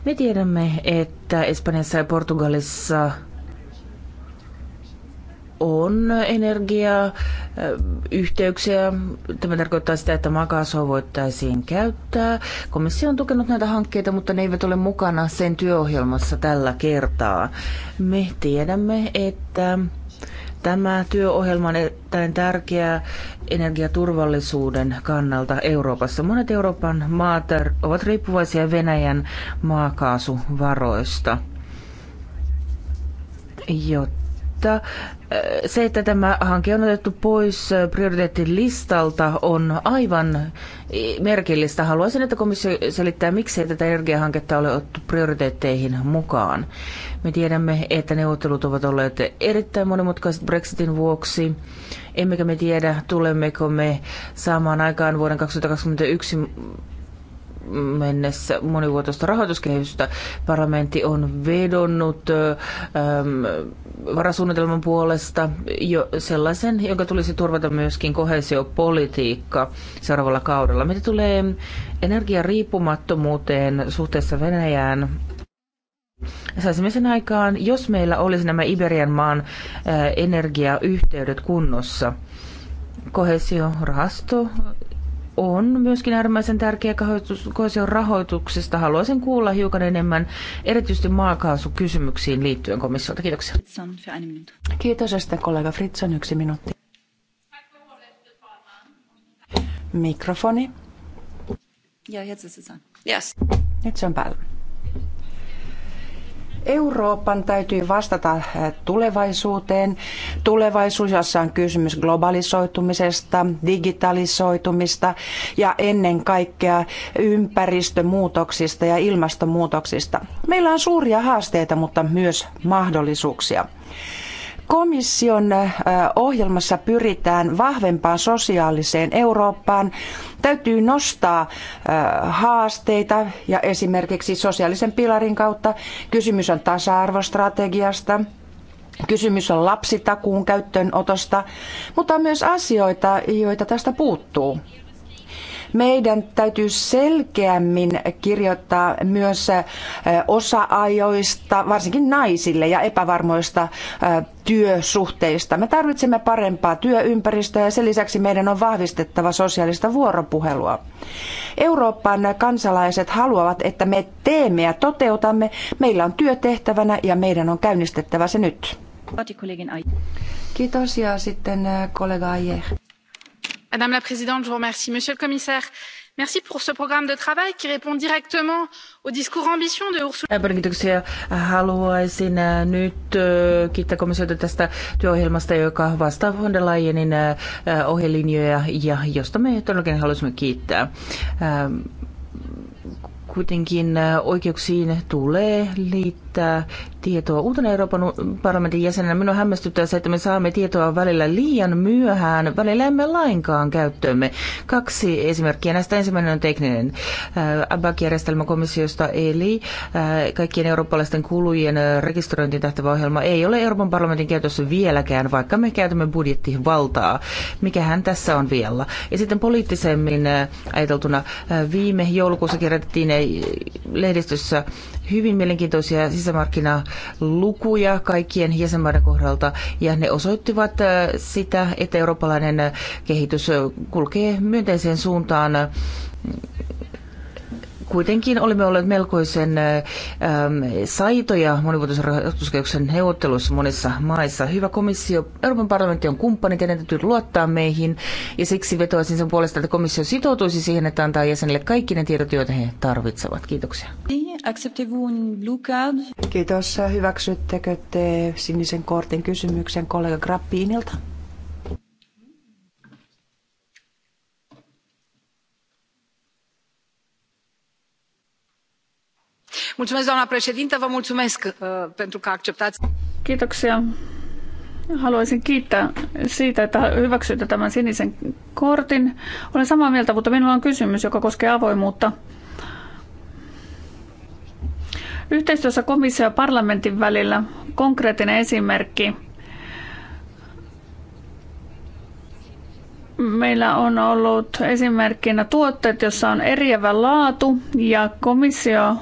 [SPEAKER 4] Me tiedämme, että Espanjassa ja Portugalissa on energia-yhteyksiä. Tämä tarkoittaa sitä, että maakaasua voittaisiin käyttää. Komissio on tukenut näitä hankkeita, mutta ne eivät ole mukana sen työohjelmassa tällä kertaa. Me tiedämme, että tämä työohjelma on erittäin tärkeä energiaturvallisuuden kannalta Euroopassa. Monet Euroopan maat ovat riippuvaisia Venäjän maakaasuvaroista. Jotta mutta äh, se, että tämä hanke on otettu pois äh, prioriteettilistalta, on aivan äh, merkillistä. Haluaisin, että komissio selittää, miksei tätä energiahanketta ole otettu prioriteetteihin mukaan. Me tiedämme, että neuvottelut ovat olleet erittäin monimutkaiset Brexitin vuoksi. Emmekä me tiedä, tulemmeko me saamaan aikaan vuoden 2021 mennessä monivuotoista rahoituskehitystä. Parlamentti on vedonnut äm, varasuunnitelman puolesta jo sellaisen, jonka tulisi turvata myöskin kohesiopolitiikka seuraavalla kaudella. Mitä tulee energiariippumattomuuteen suhteessa Venäjään, saisimme sen aikaan, jos meillä olisi nämä Iberian maan äh, energiayhteydet kunnossa. Kohesiorahasto on myöskin äärimmäisen tärkeä kohesion rahoituksesta. Haluaisin kuulla hiukan enemmän erityisesti maakaasukysymyksiin liittyen komissiolta. Kiitoksia. Kiitos ja sitten kollega Fritson yksi minuutti.
[SPEAKER 1] Mikrofoni.
[SPEAKER 4] Ja, jetzt ist es an.
[SPEAKER 1] Yes. Nyt se on päällä. Euroopan täytyy vastata eh, tulevaisuuteen. Tulevaisuus, jossa on kysymys globalisoitumisesta, digitalisoitumista ja ennen kaikkea ympäristömuutoksista ja ilmastonmuutoksista. Meillä on suuria haasteita, mutta myös mahdollisuuksia komission ohjelmassa pyritään vahvempaan sosiaaliseen Eurooppaan, täytyy nostaa haasteita ja esimerkiksi sosiaalisen pilarin kautta kysymys on tasa-arvostrategiasta, Kysymys on lapsitakuun käyttöönotosta, mutta on myös asioita, joita tästä puuttuu. Meidän täytyy selkeämmin kirjoittaa myös osa-ajoista, varsinkin naisille ja epävarmoista työsuhteista. Me tarvitsemme parempaa työympäristöä ja sen lisäksi meidän on vahvistettava sosiaalista vuoropuhelua. Euroopan kansalaiset haluavat, että me teemme ja toteutamme. Meillä on työtehtävänä ja meidän on käynnistettävä se nyt. Kiitos ja sitten kollega Ayer
[SPEAKER 5] madame la présidente
[SPEAKER 2] monsieur le commissaire merci pour ce programme de travail qui répond directement au discours
[SPEAKER 4] ambitieux de ursula. Paljon kiitoksia. Haluaisin äh, nyt äh, kiittää komissiota tästä työohjelmasta, joka vastaa von der Leyenin äh, ohjelinjoja ja josta me todellakin haluaisimme kiittää ähm, kuitenkin oikeuksiin tulee liittyä välittää tietoa. Uutena Euroopan parlamentin jäsenenä minua hämmästyttää se, että me saamme tietoa välillä liian myöhään, välillä emme lainkaan käyttöömme. Kaksi esimerkkiä. Näistä ensimmäinen on tekninen. Äh, ABAC-järjestelmä komissiosta, eli äh, kaikkien eurooppalaisten kulujen äh, rekisteröintiin tähtävä ohjelma ei ole Euroopan parlamentin käytössä vieläkään, vaikka me käytämme budjettivaltaa. Mikähän tässä on vielä? Ja sitten poliittisemmin ajateltuna viime joulukuussa kirjoitettiin lehdistössä hyvin mielenkiintoisia sisämarkkinalukuja kaikkien jäsenmaiden kohdalta, ja ne osoittivat äh, sitä, että eurooppalainen äh, kehitys äh, kulkee myönteiseen suuntaan kuitenkin olemme olleet melkoisen saitoja monivuotisen rahoituskehyksen neuvotteluissa monissa maissa. Hyvä komissio, Euroopan parlamentti on kumppani, teidän täytyy luottaa meihin ja siksi vetoaisin sen puolesta, että komissio sitoutuisi siihen, että antaa jäsenille kaikki ne tiedot, joita he tarvitsevat. Kiitoksia.
[SPEAKER 1] Kiitos. Hyväksyttekö te sinisen kortin kysymyksen kollega Grappinilta?
[SPEAKER 6] doamnă președintă vă mulțumesc uh, pentru că acceptați.
[SPEAKER 2] Kiitoksia. Haluaisin kiittää siitä, että hyväksytte tämän sinisen kortin. Olen samaa mieltä, mutta minulla on kysymys, joka koskee avoimuutta. Yhteistyössä komissio ja parlamentin välillä konkreettinen esimerkki. Meillä on ollut esimerkkinä tuotteet, joissa on eriävä laatu ja komissio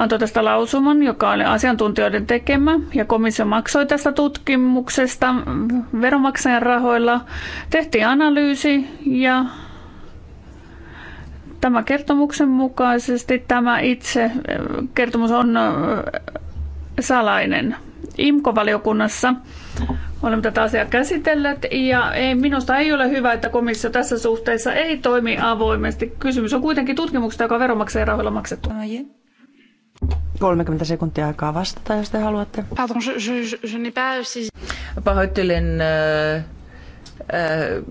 [SPEAKER 2] antoi tästä lausuman, joka oli asiantuntijoiden tekemä, ja komissio maksoi tästä tutkimuksesta veronmaksajan rahoilla. Tehtiin analyysi ja tämä kertomuksen mukaisesti tämä itse äh, kertomus on äh, salainen. IMKO-valiokunnassa olemme tätä asiaa käsitelleet ja ei, minusta ei ole hyvä, että komissio tässä suhteessa ei toimi avoimesti. Kysymys on kuitenkin tutkimuksesta, joka on veronmaksajien rahoilla maksettu.
[SPEAKER 1] 30 sekuntia aikaa vastata, jos te haluatte. Pardon, je, je,
[SPEAKER 4] je n'ai pas saisi. Pahoittelen, äh, äh,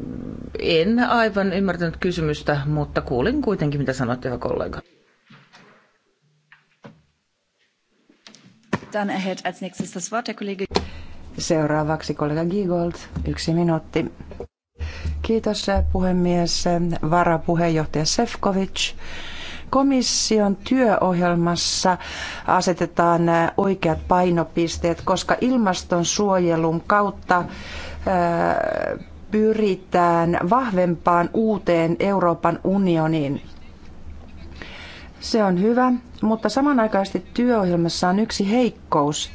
[SPEAKER 4] en aivan ymmärtänyt kysymystä, mutta kuulin kuitenkin, mitä sanoitte, hyvä kollega.
[SPEAKER 1] Dann erhält als nächstes das Wort der Kollege. Seuraavaksi kollega Giegold, yksi minuutti. Kiitos äh, puhemies, varapuheenjohtaja Sefcovic. Komission työohjelmassa asetetaan oikeat painopisteet, koska ilmastonsuojelun kautta pyritään vahvempaan uuteen Euroopan unioniin. Se on hyvä, mutta samanaikaisesti työohjelmassa on yksi heikkous.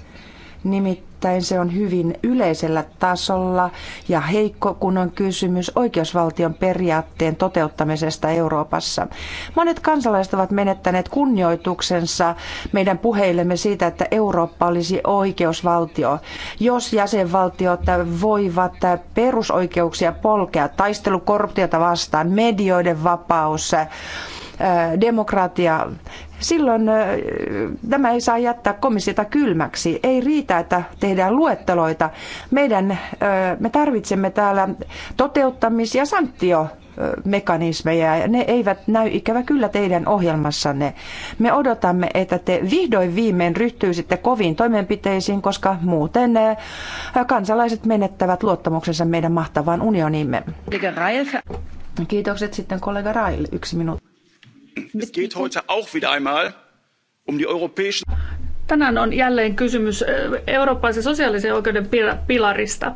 [SPEAKER 1] Nimittäin se on hyvin yleisellä tasolla ja heikko, kun on kysymys oikeusvaltion periaatteen toteuttamisesta Euroopassa. Monet kansalaiset ovat menettäneet kunnioituksensa meidän puheillemme siitä, että Eurooppa olisi oikeusvaltio. Jos jäsenvaltiot voivat perusoikeuksia polkea, taistelu korruptiota vastaan, medioiden vapaus, demokratia. Silloin tämä ei saa jättää komissiota kylmäksi. Ei riitä, että tehdään luetteloita. Meidän, me tarvitsemme täällä toteuttamis- ja sanktio mekanismeja ja ne eivät näy ikävä kyllä teidän ohjelmassanne. Me odotamme, että te vihdoin viimein ryhtyisitte koviin toimenpiteisiin, koska muuten kansalaiset menettävät luottamuksensa meidän mahtavaan unioniimme.
[SPEAKER 2] Kiitokset sitten kollega Rail, yksi minuutti
[SPEAKER 5] es geht heute auch wieder einmal um die europäischen.
[SPEAKER 2] Tänään on jälleen kysymys eurooppalaisen sosiaalisen oikeuden pilarista.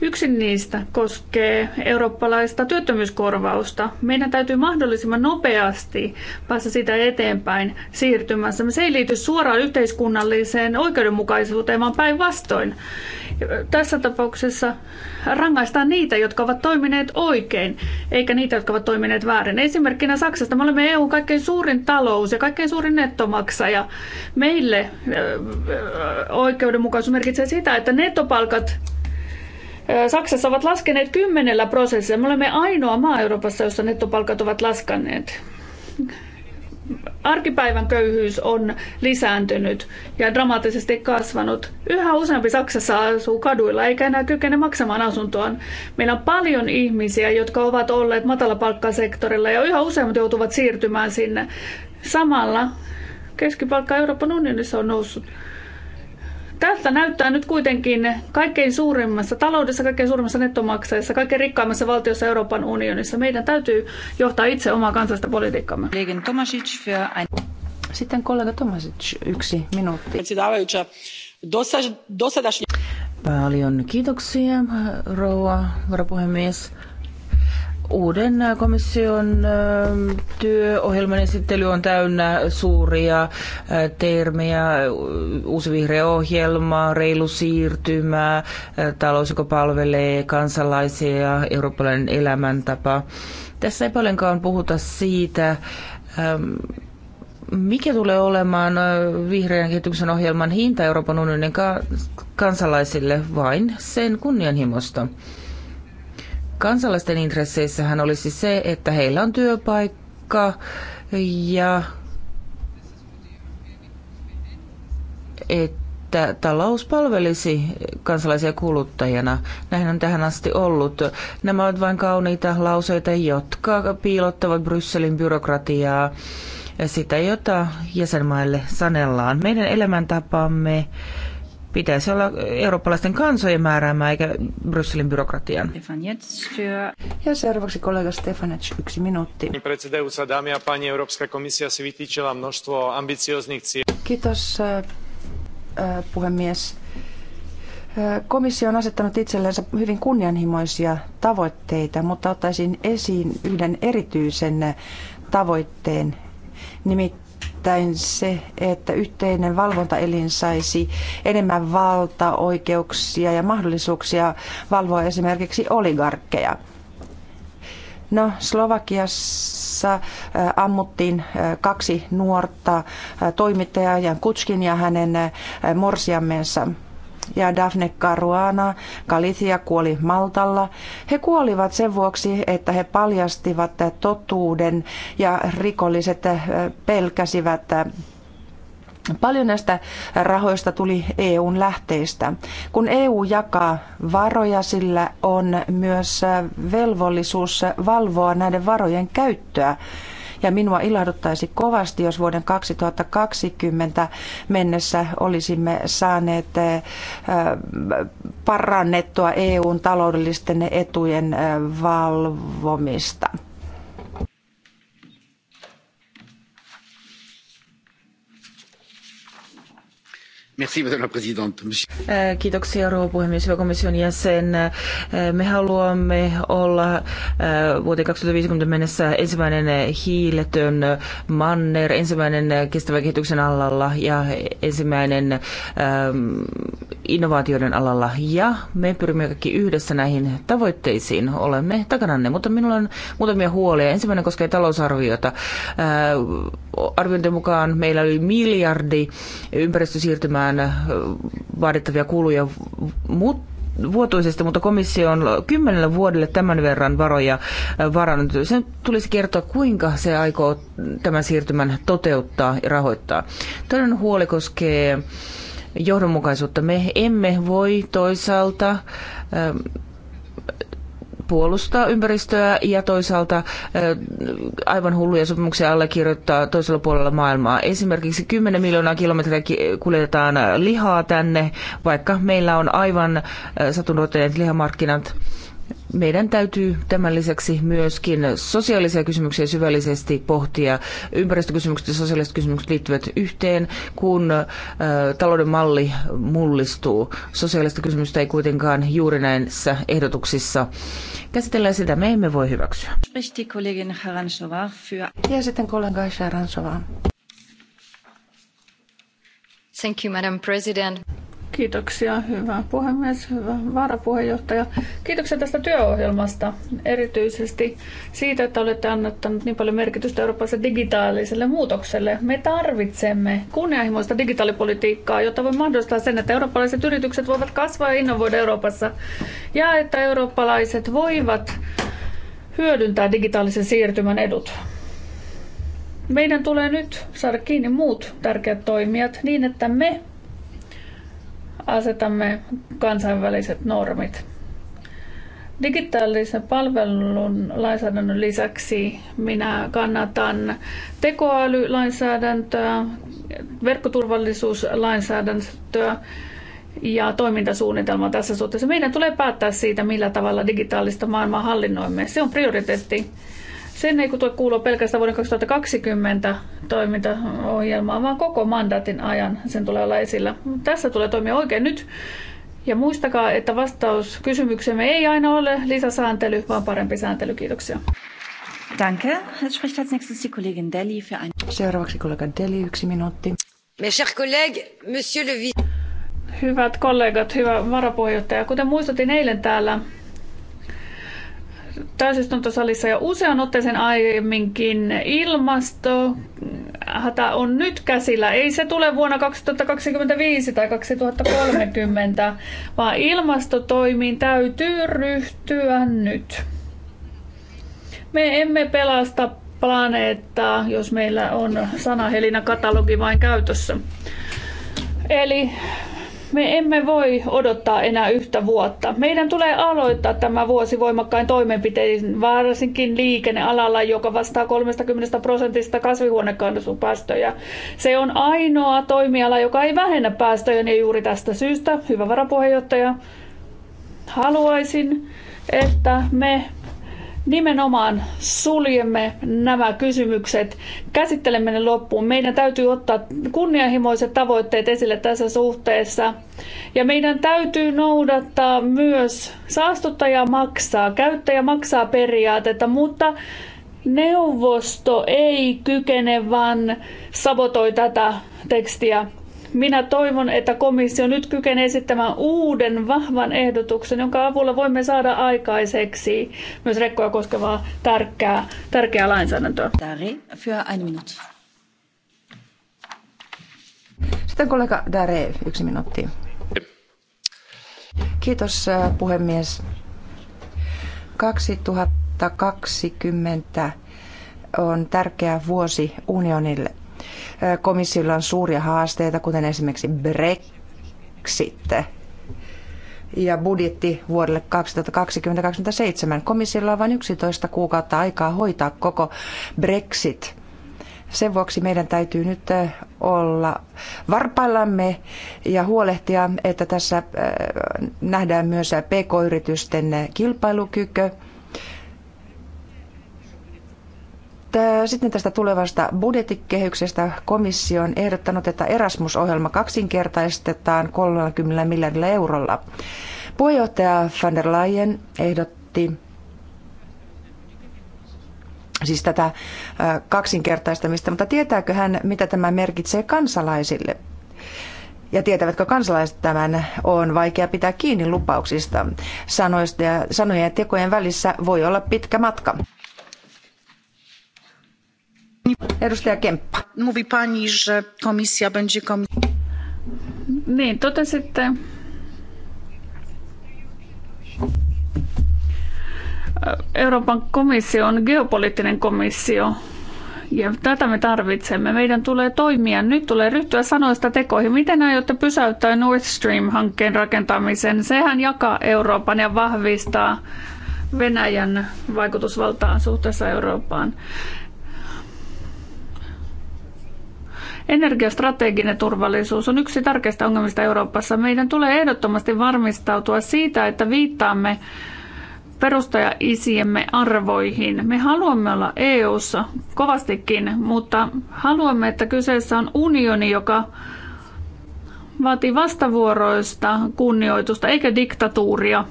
[SPEAKER 2] Yksi niistä koskee eurooppalaista työttömyyskorvausta. Meidän täytyy mahdollisimman nopeasti päästä sitä eteenpäin siirtymässä. Se ei liity suoraan yhteiskunnalliseen oikeudenmukaisuuteen, vaan päinvastoin. Tässä tapauksessa rangaistaan niitä, jotka ovat toimineet oikein, eikä niitä, jotka ovat toimineet väärin. Esimerkkinä Saksasta me olemme EU kaikkein suurin talous ja kaikkein suurin nettomaksaja. Meille oikeudenmukaisuus merkitsee sitä, että nettopalkat Saksassa ovat laskeneet kymmenellä prosessilla. Me olemme ainoa maa Euroopassa, jossa nettopalkat ovat laskaneet. Arkipäivän köyhyys on lisääntynyt ja dramaattisesti kasvanut. Yhä useampi Saksassa asuu kaduilla eikä enää kykene maksamaan asuntoaan. Meillä on paljon ihmisiä, jotka ovat olleet matalapalkkasektorilla ja yhä useammat joutuvat siirtymään sinne. Samalla keskipalkka Euroopan unionissa on noussut. Tältä näyttää nyt kuitenkin kaikkein suurimmassa taloudessa, kaikkein suurimmassa nettomaksajassa, kaikkein rikkaimmassa valtiossa Euroopan unionissa. Meidän täytyy johtaa itse omaa kansallista politiikkaamme.
[SPEAKER 4] Sitten kollega Tomasic, yksi minuutti. Paljon kiitoksia, rouva varapuhemies uuden äh, komission ähm, työohjelman esittely on täynnä suuria äh, termejä, äh, uusi vihreä ohjelma, reilu siirtymä, talous, joka palvelee kansalaisia, eurooppalainen elämäntapa. Tässä ei paljonkaan puhuta siitä, ähm, mikä tulee olemaan vihreän kehityksen ohjelman hinta Euroopan unionin kansalaisille vain sen kunnianhimosta kansalaisten intresseissähän olisi se, että heillä on työpaikka ja että talous palvelisi kansalaisia kuluttajana. Näin on tähän asti ollut. Nämä ovat vain kauniita lauseita, jotka piilottavat Brysselin byrokratiaa sitä, jota jäsenmaille sanellaan. Meidän elämäntapamme pitäisi olla eurooppalaisten kansojen määräämää eikä Brysselin byrokratian. Ja seuraavaksi kollega Stefanec, yksi minuutti.
[SPEAKER 1] Kiitos eh, eh, puhemies. Eh, komissio on asettanut itsellensä hyvin kunnianhimoisia tavoitteita, mutta ottaisin esiin yhden erityisen tavoitteen, nimittäin nimittäin se, että yhteinen valvontaelin saisi enemmän valtaoikeuksia ja mahdollisuuksia valvoa esimerkiksi oligarkkeja. No, Slovakiassa ammuttiin kaksi nuorta toimittajaa, Jan Kutskin ja hänen morsiammensa ja Daphne Caruana Galicia kuoli Maltalla. He kuolivat sen vuoksi, että he paljastivat totuuden ja rikolliset eh, pelkäsivät eh, Paljon näistä rahoista tuli EUn lähteistä. Kun EU jakaa varoja, sillä on myös eh, velvollisuus valvoa näiden varojen käyttöä ja minua ilahduttaisi kovasti, jos vuoden 2020 mennessä olisimme saaneet eh, parannettua EUn taloudellisten etujen eh, valvomista.
[SPEAKER 4] Äh, kiitoksia rouva puhemies, hyvä komission jäsen. Äh, me haluamme olla äh, vuoteen 2050 mennessä ensimmäinen hiiletön manner, ensimmäinen kestävän kehityksen alalla ja ensimmäinen ähm, innovaatioiden alalla. Ja me pyrimme kaikki yhdessä näihin tavoitteisiin. Olemme takananne, mutta minulla on muutamia huolia. Ensimmäinen koskee talousarviota. Arviointien mukaan meillä oli miljardi ympäristösiirtymää vähentämään vaadittavia kuluja vuotuisesti, mutta komissio on kymmenellä vuodelle tämän verran varoja varannut. Sen tulisi kertoa, kuinka se aikoo tämän siirtymän toteuttaa ja rahoittaa. Toinen huoli koskee johdonmukaisuutta. Me emme voi toisaalta puolustaa ympäristöä ja toisaalta aivan hulluja sopimuksia allekirjoittaa toisella puolella maailmaa. Esimerkiksi 10 miljoonaa kilometriä kuljetetaan lihaa tänne, vaikka meillä on aivan satunnoitteet lihamarkkinat meidän täytyy tämän lisäksi myöskin sosiaalisia kysymyksiä syvällisesti pohtia. Ympäristökysymykset ja sosiaaliset kysymykset liittyvät yhteen, kun ä, talouden malli mullistuu. Sosiaalista kysymystä ei kuitenkaan juuri näissä ehdotuksissa käsitellään sitä. Me emme voi hyväksyä.
[SPEAKER 6] Ja
[SPEAKER 1] sitten kollega Sharansova.
[SPEAKER 6] Thank you, Madam President. Kiitoksia, hyvä
[SPEAKER 2] puhemies, hyvä varapuheenjohtaja. Kiitoksia tästä työohjelmasta, erityisesti siitä, että olette annettanut niin paljon merkitystä Euroopassa digitaaliselle muutokselle. Me tarvitsemme kunnianhimoista digitaalipolitiikkaa, jotta voi mahdollistaa sen, että eurooppalaiset yritykset voivat kasvaa ja innovoida Euroopassa ja että eurooppalaiset voivat hyödyntää digitaalisen siirtymän edut. Meidän tulee nyt saada kiinni muut tärkeät toimijat niin, että me asetamme kansainväliset normit. Digitaalisen palvelun lainsäädännön lisäksi minä kannatan tekoälylainsäädäntöä, verkkoturvallisuuslainsäädäntöä ja toimintasuunnitelma tässä suhteessa. Meidän tulee päättää siitä, millä tavalla digitaalista maailmaa hallinnoimme. Se on prioriteetti sen ei kuulu kuulua pelkästään vuoden 2020 toimintaohjelmaa, vaan koko mandaatin ajan sen tulee olla esillä. Tässä tulee toimia oikein nyt. Ja muistakaa, että vastaus kysymyksemme ei aina ole lisäsääntely, vaan parempi sääntely. Kiitoksia. Danke. Jetzt spricht als nächstes die Kollegin Deli für ein...
[SPEAKER 1] Seuraavaksi kollega Deli, yksi minuutti.
[SPEAKER 2] Mes chers collègues, monsieur le Hyvät kollegat, hyvä varapuheenjohtaja. Kuten muistutin eilen täällä, täysistuntosalissa jo usean otteeseen aiemminkin. Ilmasto hata on nyt käsillä. Ei se tule vuonna 2025 tai 2030, vaan ilmastotoimiin täytyy ryhtyä nyt. Me emme pelasta planeettaa, jos meillä on sanahelinä katalogi vain käytössä. Eli me emme voi odottaa enää yhtä vuotta. Meidän tulee aloittaa tämä vuosi voimakkain toimenpitein, varsinkin liikennealalla, joka vastaa 30 prosentista kasvihuonekaasupäästöjä. Se on ainoa toimiala, joka ei vähennä päästöjä, ja juuri tästä syystä, hyvä varapuheenjohtaja, haluaisin, että me nimenomaan suljemme nämä kysymykset, käsittelemme ne loppuun. Meidän täytyy ottaa kunnianhimoiset tavoitteet esille tässä suhteessa. Ja meidän täytyy noudattaa myös saastuttaja maksaa, käyttäjä maksaa periaatetta, mutta neuvosto ei kykene vaan sabotoi tätä tekstiä minä toivon, että komissio nyt kykenee esittämään uuden vahvan ehdotuksen, jonka avulla voimme saada aikaiseksi myös rekkoja koskevaa tärkeää, tärkeää lainsäädäntöä.
[SPEAKER 1] Sitten kollega Dare, yksi minuutti. Kiitos äh, puhemies. 2020 on tärkeä vuosi unionille. Komissiolla on suuria haasteita, kuten esimerkiksi Brexit ja budjetti vuodelle 2020-2027. Komissiolla on vain 11 kuukautta aikaa hoitaa koko Brexit. Sen vuoksi meidän täytyy nyt olla varpaillamme ja huolehtia, että tässä nähdään myös pk-yritysten kilpailukyky – Äh, sitten tästä tulevasta budjettikehyksestä komissio on ehdottanut, että Erasmus-ohjelma kaksinkertaistetaan 30 miljardilla eurolla. Puheenjohtaja van der Leyen ehdotti siis tätä äh, kaksinkertaistamista, mutta tietääkö hän, mitä tämä merkitsee kansalaisille? Ja tietävätkö kansalaiset tämän, on vaikea pitää kiinni lupauksista. Sanoista ja, sanojen ja tekojen välissä voi olla pitkä matka.
[SPEAKER 2] Edustaja Kemppa. Mówi pani, że komisja będzie Niin, totesitte, Euroopan komissio on geopoliittinen komissio ja tätä me tarvitsemme. Meidän tulee toimia. Nyt tulee ryhtyä sanoista tekoihin. Miten aiotte pysäyttää Nord Stream-hankkeen rakentamisen? Sehän jakaa Euroopan ja vahvistaa Venäjän vaikutusvaltaa suhteessa Eurooppaan. Energiastrateginen turvallisuus on yksi tärkeistä ongelmista Euroopassa. Meidän tulee ehdottomasti varmistautua siitä, että viittaamme perustajaisiemme arvoihin. Me haluamme olla EU:ssa kovastikin, mutta haluamme, että kyseessä on unioni, joka vaatii vastavuoroista kunnioitusta eikä diktatuuria.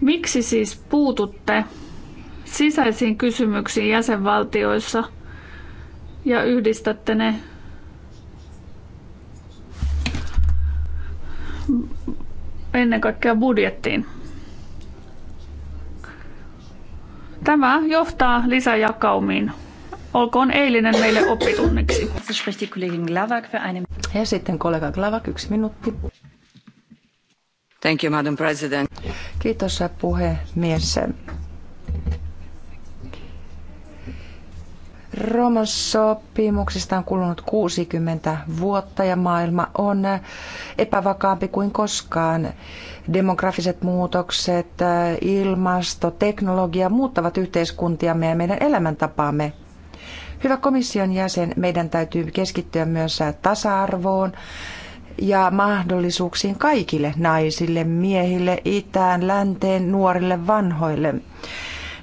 [SPEAKER 2] Miksi siis puututte sisäisiin kysymyksiin jäsenvaltioissa ja yhdistätte ne ennen kaikkea budjettiin. Tämä johtaa lisäjakaumiin. Olkoon eilinen meille oppitunniksi. Ja sitten kollega Glavak, yksi minuutti.
[SPEAKER 6] Thank you, Madam President.
[SPEAKER 1] Kiitos puhemies. Roman sopimuksesta on kulunut 60 vuotta ja maailma on epävakaampi kuin koskaan. Demografiset muutokset, ilmasto, teknologia muuttavat yhteiskuntiamme ja meidän elämäntapaamme. Hyvä komission jäsen, meidän täytyy keskittyä myös tasa-arvoon ja mahdollisuuksiin kaikille naisille, miehille, itään, länteen, nuorille, vanhoille.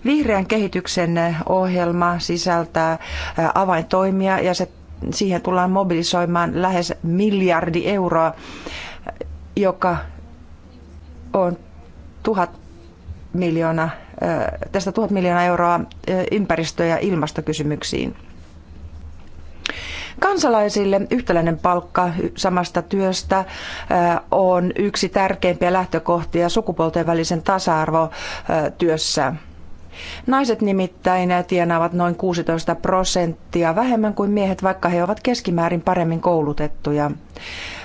[SPEAKER 1] Vihreän kehityksen eh, ohjelma sisältää eh, avaintoimia ja se, siihen tullaan mobilisoimaan lähes miljardi euroa, eh, joka on tuhat miljoonaa, tästä tuhat miljoonaa euroa ympäristö- ja ilmastokysymyksiin. Kansalaisille yhtäläinen palkka samasta työstä on yksi tärkeimpiä lähtökohtia sukupuolten välisen tasa-arvo työssä. Naiset nimittäin tienaavat noin 16 prosenttia vähemmän kuin miehet, vaikka he ovat keskimäärin paremmin koulutettuja.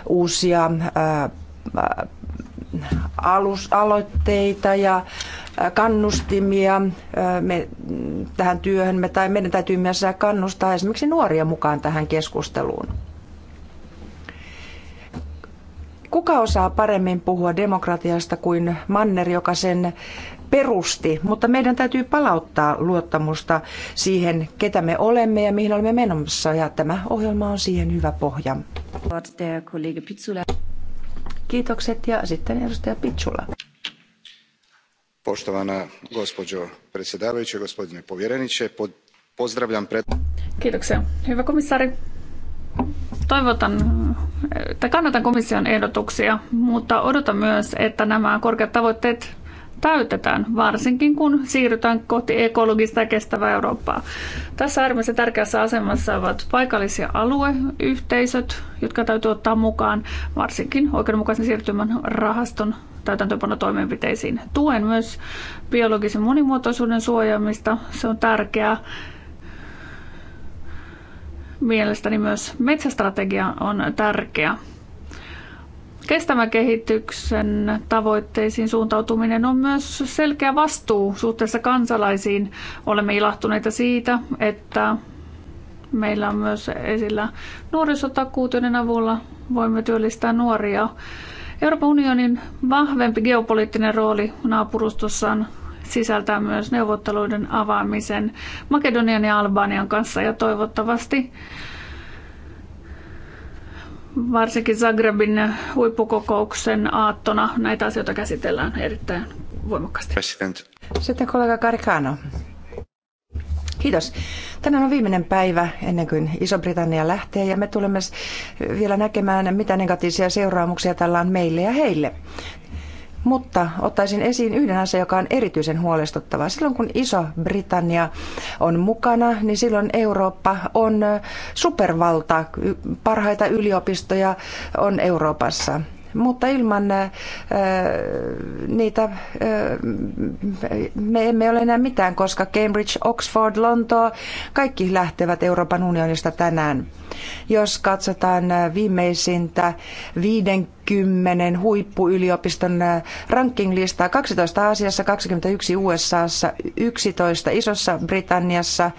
[SPEAKER 1] Uusia ää, äh, äh, alusaloitteita ja äh, kannustimia me, tähän työhön, me, tai meidän täytyy myös kannustaa esimerkiksi nuoria mukaan tähän keskusteluun. Kuka osaa paremmin puhua demokratiasta kuin Manner, joka sen perusti, mutta meidän täytyy palauttaa luottamusta siihen, ketä me olemme ja mihin olemme menossa, ja tämä ohjelma on siihen hyvä pohja. Kiitokset ja sitten edustaja
[SPEAKER 6] Pitsula.
[SPEAKER 3] Poštovana gospođo predsjedavajuća, gospodine
[SPEAKER 6] povjereniče, pod, pozdravljam pred...
[SPEAKER 2] Kiitoksia. Hyvä komissaari. Toivotan, että kannatan komission ehdotuksia, mutta odotan myös, että nämä korkeat tavoitteet täytetään, varsinkin kun siirrytään kohti ekologista ja kestävää Eurooppaa. Tässä äärimmäisen tärkeässä asemassa ovat paikallisia alueyhteisöt, jotka täytyy ottaa mukaan, varsinkin oikeudenmukaisen siirtymän rahaston toimenpiteisiin. Tuen myös biologisen monimuotoisuuden suojaamista, se on tärkeää. Mielestäni myös metsästrategia on tärkeä Kestävän kehityksen tavoitteisiin suuntautuminen on myös selkeä vastuu suhteessa kansalaisiin. Olemme ilahtuneita siitä, että meillä on myös esillä nuorisotakuut, joiden avulla voimme työllistää nuoria. Euroopan unionin vahvempi geopoliittinen rooli naapurustossaan sisältää myös neuvotteluiden avaamisen Makedonian ja Albanian kanssa ja toivottavasti varsinkin Zagrebin huippukokouksen aattona näitä asioita käsitellään erittäin voimakkaasti.
[SPEAKER 8] President.
[SPEAKER 1] Sitten kollega Karikano. Kiitos. Tänään on viimeinen päivä ennen kuin Iso-Britannia lähtee ja me tulemme vielä näkemään, mitä negatiivisia seuraamuksia tällä on meille ja heille. Mutta ottaisin esiin yhden asian, joka on erityisen huolestuttava. Silloin kun Iso-Britannia on mukana, niin silloin Eurooppa on supervalta. Parhaita yliopistoja on Euroopassa mutta ilman äh, niitä äh, me emme ole enää mitään, koska Cambridge, Oxford, Lontoa, kaikki lähtevät Euroopan unionista tänään. Jos katsotaan äh, viimeisintä 50 huippuyliopiston rankinglistaa, 12 Aasiassa, 21 USAssa, 11 Isossa Britanniassa,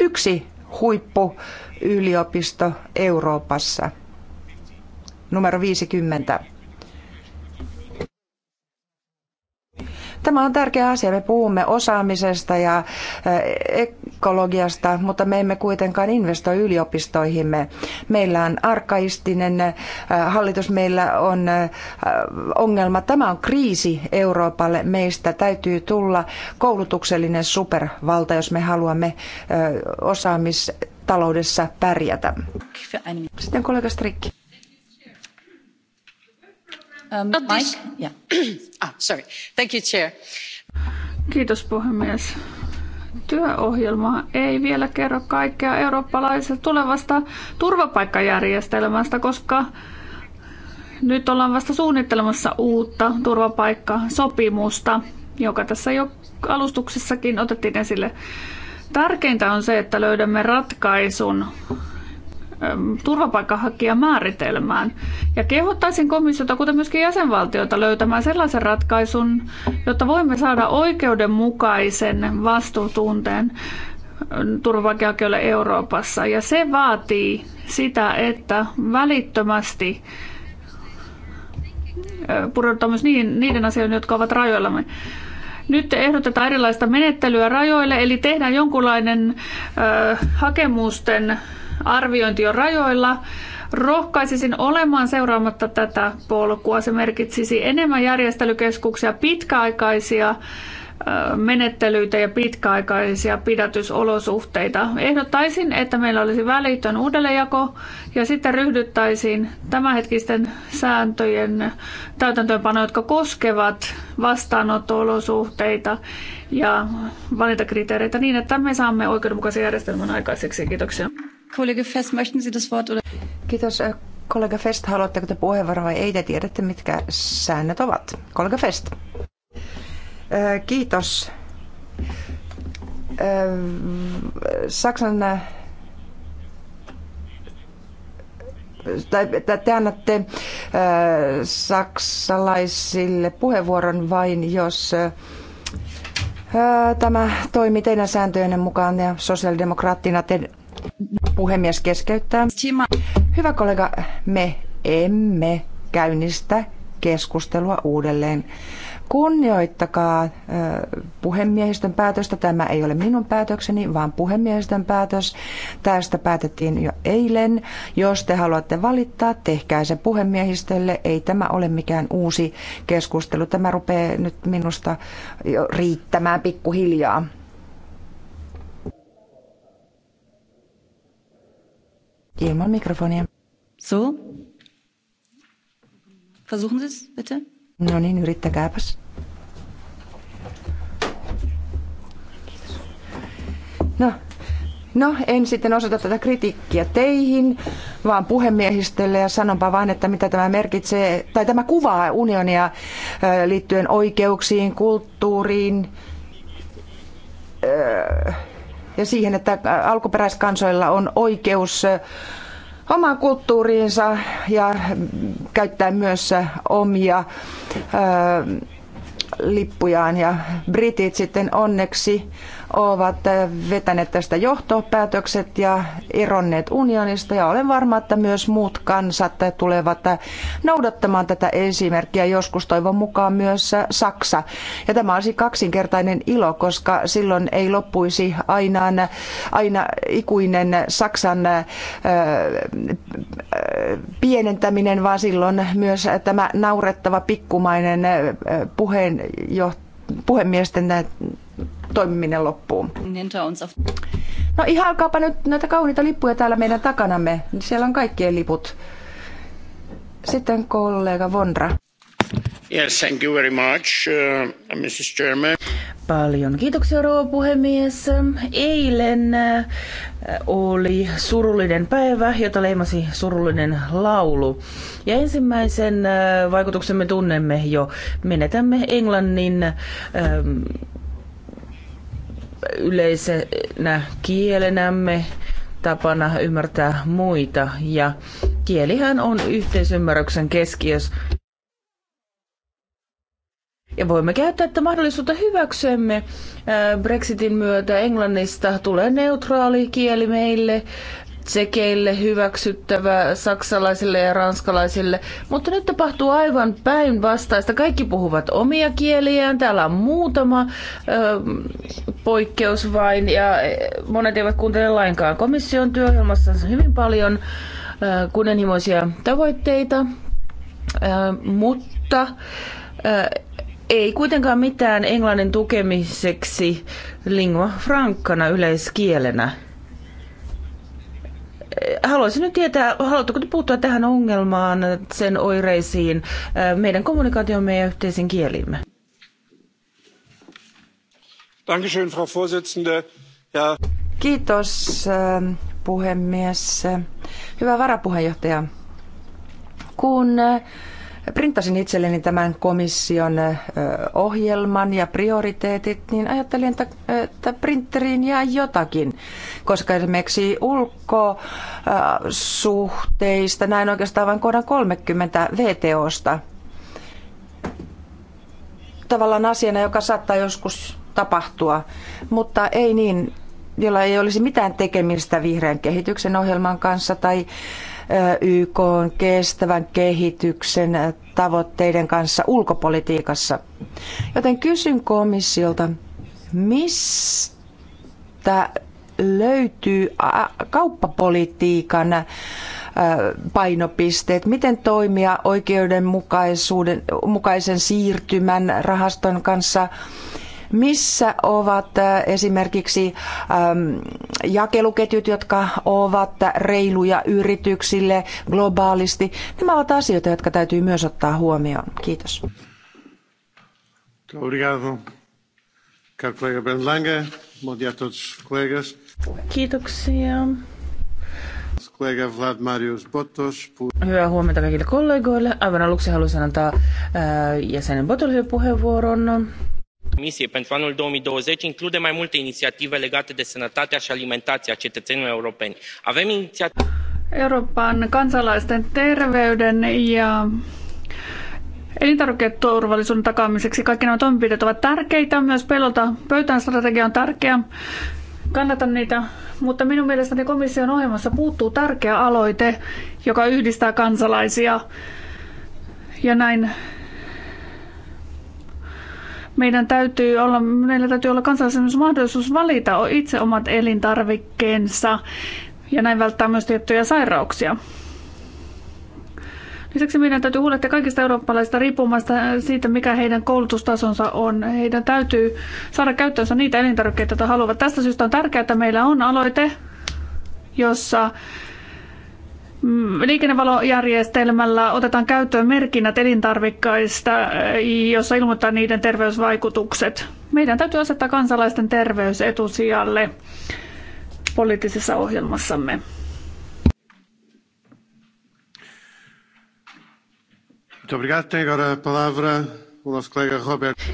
[SPEAKER 1] yksi huippuyliopisto Euroopassa. Numero 50 Tämä on tärkeä asia. Me puhumme osaamisesta ja eh, ekologiasta, mutta me emme kuitenkaan investoi yliopistoihimme. Meillä on arkaistinen eh, hallitus, meillä on eh, ongelma. Tämä on kriisi Euroopalle. Meistä täytyy tulla koulutuksellinen supervalta, jos me haluamme osaamistaloudessa pärjätä. Sitten
[SPEAKER 2] kollega Strikki. Um, (clears throat) ah, Kiitos puhemies. Työohjelma ei vielä kerro kaikkea eurooppalaisesta tulevasta turvapaikkajärjestelmästä, koska nyt ollaan vasta suunnittelemassa uutta turvapaikkasopimusta, joka tässä jo alustuksessakin otettiin esille. Tärkeintä on se, että löydämme ratkaisun Ähm, turvapaikanhakijamääritelmään. Ja kehottaisin komissiota, kuten myöskin jäsenvaltioita, löytämään sellaisen ratkaisun, jotta voimme saada oikeudenmukaisen vastuutunteen ähm, turvapaikanhakijoille Euroopassa. Ja se vaatii sitä, että välittömästi äh, pureudutaan myös niiden, niiden asioihin, jotka ovat rajoillamme. Nyt ehdotetaan erilaista menettelyä rajoille, eli tehdään jonkunlainen ö, äh, hakemusten arviointi on rajoilla. Rohkaisisin olemaan seuraamatta tätä polkua. Se merkitsisi enemmän järjestelykeskuksia, pitkäaikaisia menettelyitä ja pitkäaikaisia pidätysolosuhteita. Ehdottaisin, että meillä olisi välitön uudelleenjako ja sitten ryhdyttäisiin tämänhetkisten sääntöjen täytäntöönpanoja, jotka koskevat vastaanottoolosuhteita ja valintakriteereitä niin, että me saamme oikeudenmukaisen järjestelmän aikaiseksi. Kiitoksia. Kollega Fest, möchten Sie das Wort? Oder?
[SPEAKER 1] Kiitos. Äh, kollega Fest, haluatteko te puheenvuoroa vai ei? Te tiedätte, mitkä säännöt ovat. Kollega Fest. Äh, kiitos. Äh, Saksan tai te annatte saksalaisille puheenvuoron vain, jos tämä toimii teidän sääntöjenne mukaan ja sosiaalidemokraattina te Puhemies keskeyttää. Hyvä kollega, me emme käynnistä keskustelua uudelleen. Kunnioittakaa puhemiehistön päätöstä. Tämä ei ole minun päätökseni, vaan puhemiehistön päätös. Tästä päätettiin jo eilen. Jos te haluatte valittaa, tehkää se puhemiehistölle. Ei tämä ole mikään uusi keskustelu. Tämä rupeaa nyt minusta riittämään pikkuhiljaa. ilman mikrofonia. So?
[SPEAKER 4] Versuchen Sie es, bitte.
[SPEAKER 1] No niin, yrittäkääpäs. No, No, en sitten osoita tätä kritiikkiä teihin, vaan puhemiehistölle ja sanonpa vain, että mitä tämä merkitsee, tai tämä kuvaa unionia liittyen oikeuksiin, kulttuuriin, öö ja siihen, että alkuperäiskansoilla on oikeus omaan kulttuuriinsa ja käyttää myös omia lippujaan. Ja britit sitten onneksi ovat vetäneet tästä johtopäätökset ja eronneet unionista ja olen varma, että myös muut kansat tulevat noudattamaan tätä esimerkkiä, joskus toivon mukaan myös Saksa. Ja tämä olisi kaksinkertainen ilo, koska silloin ei loppuisi aina, aina ikuinen Saksan pienentäminen, vaan silloin myös tämä naurettava pikkumainen puheenjohtaja puhemiesten toimiminen loppuu. No ihailkaapa nyt näitä kauniita lippuja täällä meidän takanamme. Siellä on kaikkien liput.
[SPEAKER 4] Sitten kollega Vondra.
[SPEAKER 3] Yes, thank you very much, uh, Mrs. Chairman.
[SPEAKER 4] Paljon kiitoksia, rouva puhemies. Eilen uh, oli surullinen päivä, jota leimasi surullinen laulu. Ja ensimmäisen uh, vaikutuksemme tunnemme jo. Menetämme Englannin ähm, yleisenä kielenämme tapana ymmärtää muita ja kielihän on yhteisymmärryksen keskiös. Ja voimme käyttää tätä mahdollisuutta hyväksemme. Äh, Brexitin myötä Englannista tulee neutraali kieli meille tsekeille hyväksyttävä, saksalaisille ja ranskalaisille. Mutta nyt tapahtuu aivan päinvastaista. Kaikki puhuvat omia kieliään. Täällä on muutama ö, poikkeus vain ja e, monet eivät kuuntele lainkaan. Komission työohjelmassa on hyvin paljon ö, kunnianhimoisia tavoitteita, ö, mutta ö, ei kuitenkaan mitään englannin tukemiseksi lingua frankkana yleiskielenä. Haluaisin nyt tietää, haluatteko te puuttua tähän ongelmaan, sen oireisiin, äh, meidän kommunikaatioon, meidän yhteisiin kielimme?
[SPEAKER 3] Dankeschön, Frau Vorsitzende. Ja...
[SPEAKER 1] Kiitos ähm, puhemies. Hyvä varapuheenjohtaja. Kun äh, printtasin itselleni tämän komission ohjelman ja prioriteetit, niin ajattelin, että, että printeriin jää jotakin, koska esimerkiksi ulkosuhteista, näin oikeastaan vain kohdan 30 VTOsta, tavallaan asiana, joka saattaa joskus tapahtua, mutta ei niin, jolla ei olisi mitään tekemistä vihreän kehityksen ohjelman kanssa tai YK on kestävän kehityksen tavoitteiden kanssa ulkopolitiikassa. Joten kysyn komissiolta, mistä löytyy kauppapolitiikan painopisteet, miten toimia oikeudenmukaisuuden mukaisen siirtymän rahaston kanssa – missä ovat äh, esimerkiksi ähm, jakeluketjut, jotka ovat reiluja yrityksille globaalisti? Nämä ovat asioita, jotka täytyy myös ottaa huomioon. Kiitos.
[SPEAKER 4] Kiitoksia. Hyvää huomenta kaikille kollegoille. Aivan aluksi haluaisin antaa äh, jäsenen Botolille puheenvuoron
[SPEAKER 5] comisiei pentru anul două mii douăzeci include mai multe inițiative legate de sănătatea și alimentația cetățenilor europeni. avem inițiative.
[SPEAKER 2] Euroopan kansalaisten terveyden ja elintarviketurvallisuuden takaamiseksi kaikki nämä toimenpiteet ovat tärkeitä. Myös pelota pöytään strategia on tärkeä. Kannatan niitä, mutta minun mielestäni komission ohjelmassa puuttuu tärkeä aloite, joka yhdistää kansalaisia ja näin meidän täytyy olla, meillä täytyy olla kansalaisilla mahdollisuus valita itse omat elintarvikkeensa ja näin välttää myös tiettyjä sairauksia. Lisäksi meidän täytyy huolehtia kaikista eurooppalaisista riippumasta siitä, mikä heidän koulutustasonsa on. Heidän täytyy saada käyttöönsä niitä elintarvikkeita, joita haluavat. Tästä syystä on tärkeää, että meillä on aloite, jossa liikennevalojärjestelmällä otetaan käyttöön merkinnät elintarvikkeista, jossa ilmoittaa niiden terveysvaikutukset. Meidän täytyy asettaa kansalaisten terveys etusijalle poliittisessa ohjelmassamme.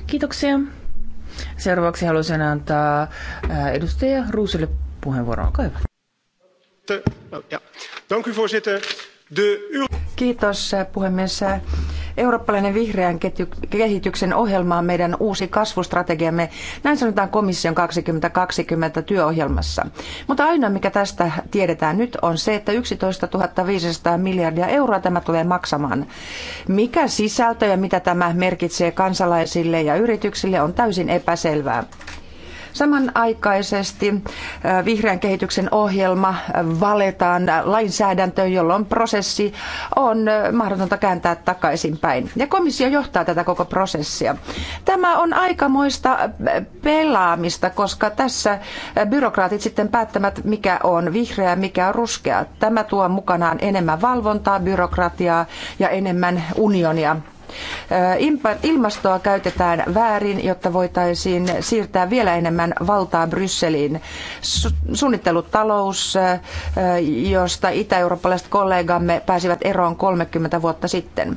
[SPEAKER 4] Kiitoksia. Seuraavaksi haluaisin antaa edustaja Ruusille puheenvuoron. Olkaa hyvä.
[SPEAKER 3] Oh,
[SPEAKER 1] Kiitos eh, puhemies. Eh, eurooppalainen vihreän kehityksen ohjelma on meidän uusi kasvustrategiamme, näin sanotaan komission 2020 työohjelmassa. Mutta ainoa, mikä tästä tiedetään nyt, on se, että 11 500 miljardia euroa tämä tulee maksamaan. Mikä sisältö ja mitä tämä merkitsee kansalaisille ja yrityksille on täysin epäselvää. Samanaikaisesti vihreän kehityksen ohjelma valetaan lainsäädäntöön, jolloin prosessi on mahdotonta kääntää takaisinpäin. Ja komissio johtaa tätä koko prosessia. Tämä on aikamoista pelaamista, koska tässä byrokraatit sitten päättävät, mikä on vihreä, mikä on ruskea. Tämä tuo mukanaan enemmän valvontaa, byrokratiaa ja enemmän unionia Ilmastoa käytetään väärin, jotta voitaisiin siirtää vielä enemmän valtaa Brysseliin. Suunnittelutalous, josta itä-eurooppalaiset kollegamme pääsivät eroon 30 vuotta sitten.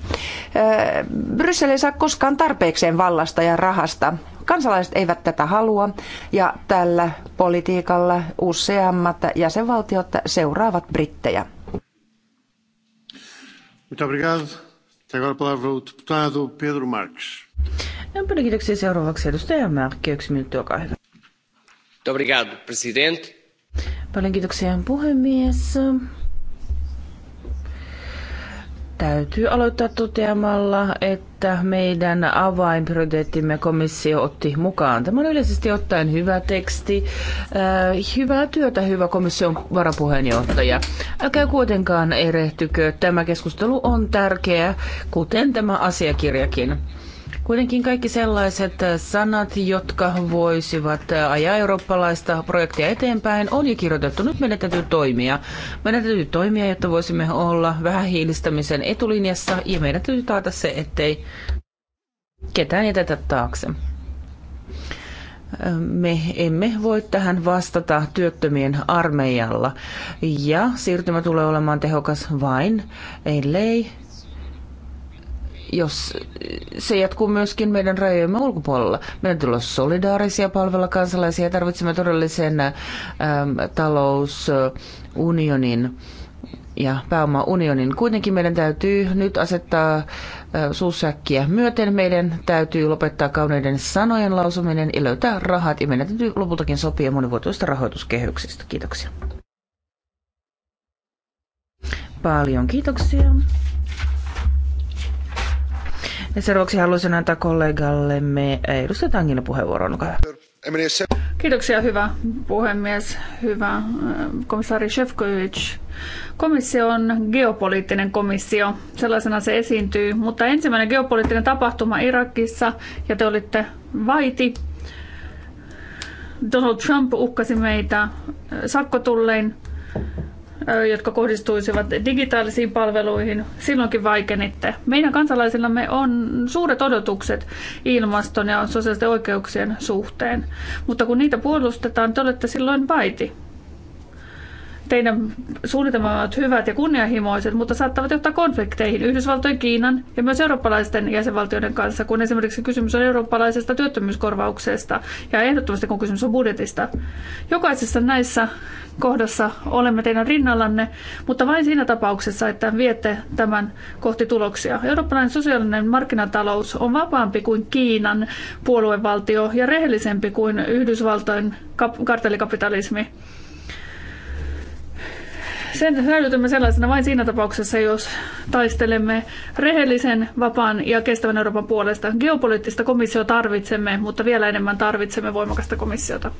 [SPEAKER 1] Bryssel ei saa koskaan tarpeekseen vallasta ja rahasta. Kansalaiset eivät tätä halua ja tällä politiikalla useammat jäsenvaltiot seuraavat brittejä.
[SPEAKER 3] Muito obrigado. Ja agora a palavra o deputado Pedro Marques.
[SPEAKER 4] Paljon kiitoksia. Seuraavaksi edustaja Märkki, yksi minuutti, olkaa hyvä.
[SPEAKER 3] Obrigado, president.
[SPEAKER 4] Paljon kiitoksia puhemies. Täytyy aloittaa toteamalla, että meidän avainprojektimme komissio otti mukaan. Tämä on yleisesti ottaen hyvä teksti. Äh, hyvää työtä, hyvä komission varapuheenjohtaja. Älkää kuitenkaan erehtykö. Tämä keskustelu on tärkeä, kuten tämä asiakirjakin. Kuitenkin kaikki sellaiset äh, sanat, jotka voisivat äh, ajaa eurooppalaista projektia eteenpäin, on jo kirjoitettu. Nyt meidän täytyy toimia. Meidän täytyy toimia, jotta voisimme olla vähähiilistämisen etulinjassa ja meidän täytyy taata se, ettei ketään jätetä taakse. Äh, me emme voi tähän vastata työttömien armeijalla ja siirtymä tulee olemaan tehokas vain, ellei jos se jatkuu myöskin meidän rajojemme ulkopuolella. Meidän tulee olla solidaarisia palvella kansalaisia ja tarvitsemme todellisen äm, talousunionin ja pääomaunionin. Kuitenkin meidän täytyy nyt asettaa äh, suussäkkiä myöten. Meidän täytyy lopettaa kauneiden sanojen lausuminen ja löytää rahat. Ja meidän täytyy lopultakin sopia monivuotoista rahoituskehyksistä. Kiitoksia. Paljon kiitoksia. Ja seuraavaksi haluaisin antaa kollegallemme eh, edustaja Tangille puheenvuoron.
[SPEAKER 2] Kiitoksia, hyvä puhemies, hyvä eh, komissaari Shevkovic. Komissio on geopoliittinen komissio, sellaisena se esiintyy, mutta ensimmäinen geopoliittinen tapahtuma Irakissa, ja te olitte vaiti, Donald Trump uhkasi meitä eh, sakkotullein jotka kohdistuisivat digitaalisiin palveluihin, silloinkin vaikenitte. Meidän kansalaisillamme on suuret odotukset ilmaston ja sosiaalisten oikeuksien suhteen, mutta kun niitä puolustetaan, te olette silloin vaiti. Teidän suunnitelmat ovat hyvät ja kunnianhimoiset, mutta saattavat johtaa konflikteihin Yhdysvaltojen, Kiinan ja myös eurooppalaisten jäsenvaltioiden kanssa, kun esimerkiksi kysymys on eurooppalaisesta työttömyyskorvauksesta ja ehdottomasti kun kysymys on budjetista. Jokaisessa näissä kohdassa olemme teidän rinnallanne, mutta vain siinä tapauksessa, että viette tämän kohti tuloksia. Eurooppalainen sosiaalinen markkinatalous on vapaampi kuin Kiinan puoluevaltio ja rehellisempi kuin Yhdysvaltojen kartellikapitalismi. Sen säilytämme sellaisena vain siinä tapauksessa, jos taistelemme rehellisen, vapaan ja kestävän Euroopan puolesta. Geopoliittista komissiota tarvitsemme, mutta vielä enemmän tarvitsemme voimakasta komissiota.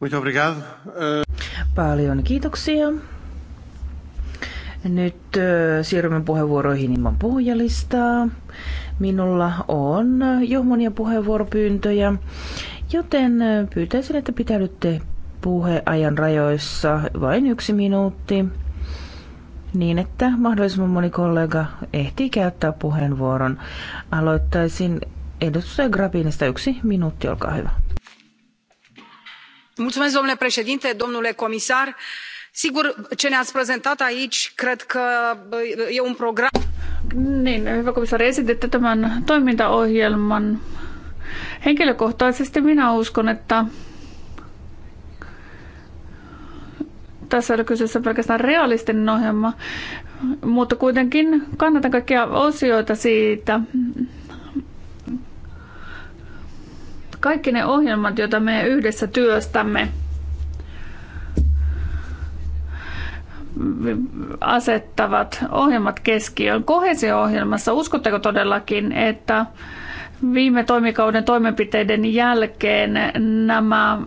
[SPEAKER 3] Muito obrigado.
[SPEAKER 4] Paljon kiitoksia. Nyt siirrymme puheenvuoroihin ilman puhujalistaa. Minulla on jo monia puheenvuoropyyntöjä Joten pyytäisin, että pitäydytte puheajan rajoissa vain yksi minuutti, niin että mahdollisimman moni kollega ehtii käyttää puheenvuoron. Aloittaisin edustaja Grabinista yksi minuutti, olkaa hyvä.
[SPEAKER 8] Mulțumesc, domnule președinte, domnule comisar. Sigur, ce ne-ați prezentat aici, cred că e un
[SPEAKER 2] program... Niin, hyvä komissaari, esititte tämän toimintaohjelman Henkilökohtaisesti minä uskon, että tässä oli kyseessä pelkästään realistinen ohjelma, mutta kuitenkin kannatan kaikkia osioita siitä. Kaikki ne ohjelmat, joita me yhdessä työstämme, asettavat ohjelmat keskiöön. Kohesio-ohjelmassa, uskotteko todellakin, että viime toimikauden toimenpiteiden jälkeen nämä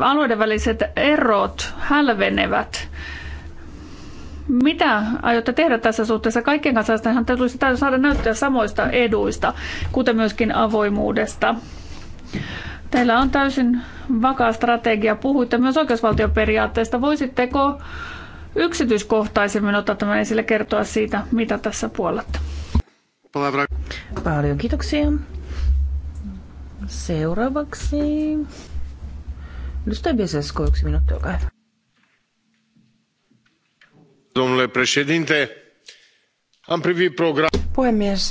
[SPEAKER 2] alueiden väliset erot hälvenevät. Mitä aiotte tehdä tässä suhteessa? Kaikkien kanssa tulisi saada näyttöä samoista eduista, kuten myöskin avoimuudesta. Teillä on täysin vakaa strategia. Puhuitte myös oikeusvaltioperiaatteesta. Voisitteko yksityiskohtaisemmin ottaa tämän esille kertoa siitä, mitä tässä
[SPEAKER 4] puoletta? Paljon kiitoksia. Seuraavaksi edustaja Biesesko, yksi minuutti, olkaa hyvä.
[SPEAKER 3] Domnule președinte, am privit program...
[SPEAKER 1] Puhemies,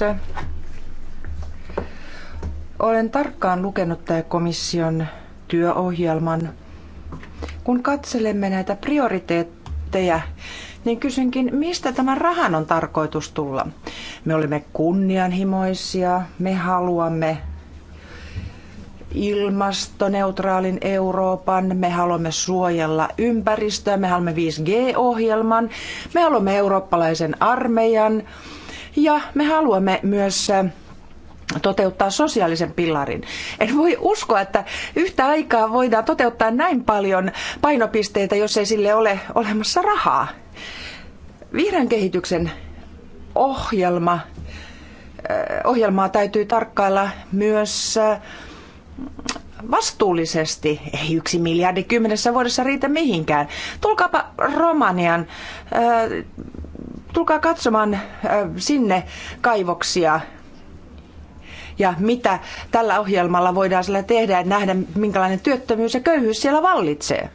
[SPEAKER 1] olen tarkkaan lukenut tämän komission työohjelman. Kun katselemme näitä prioriteetteja, niin kysynkin, mistä tämän rahan on tarkoitus tulla? Me olemme kunnianhimoisia, me haluamme ilmastoneutraalin Euroopan, me haluamme suojella ympäristöä, me haluamme 5G-ohjelman, me haluamme eurooppalaisen armeijan ja me haluamme myös äh, toteuttaa sosiaalisen pilarin. En voi uskoa, että yhtä aikaa voidaan toteuttaa näin paljon painopisteitä, jos ei sille ole olemassa rahaa. Vihreän kehityksen ohjelma, äh, ohjelmaa täytyy tarkkailla myös äh, vastuullisesti. Ei yksi miljardi kymmenessä vuodessa riitä mihinkään. Tulkaapa Romanian, äh, tulkaa katsomaan äh, sinne kaivoksia ja mitä tällä ohjelmalla voidaan sillä tehdä, että nähdä minkälainen työttömyys ja köyhyys siellä vallitsee.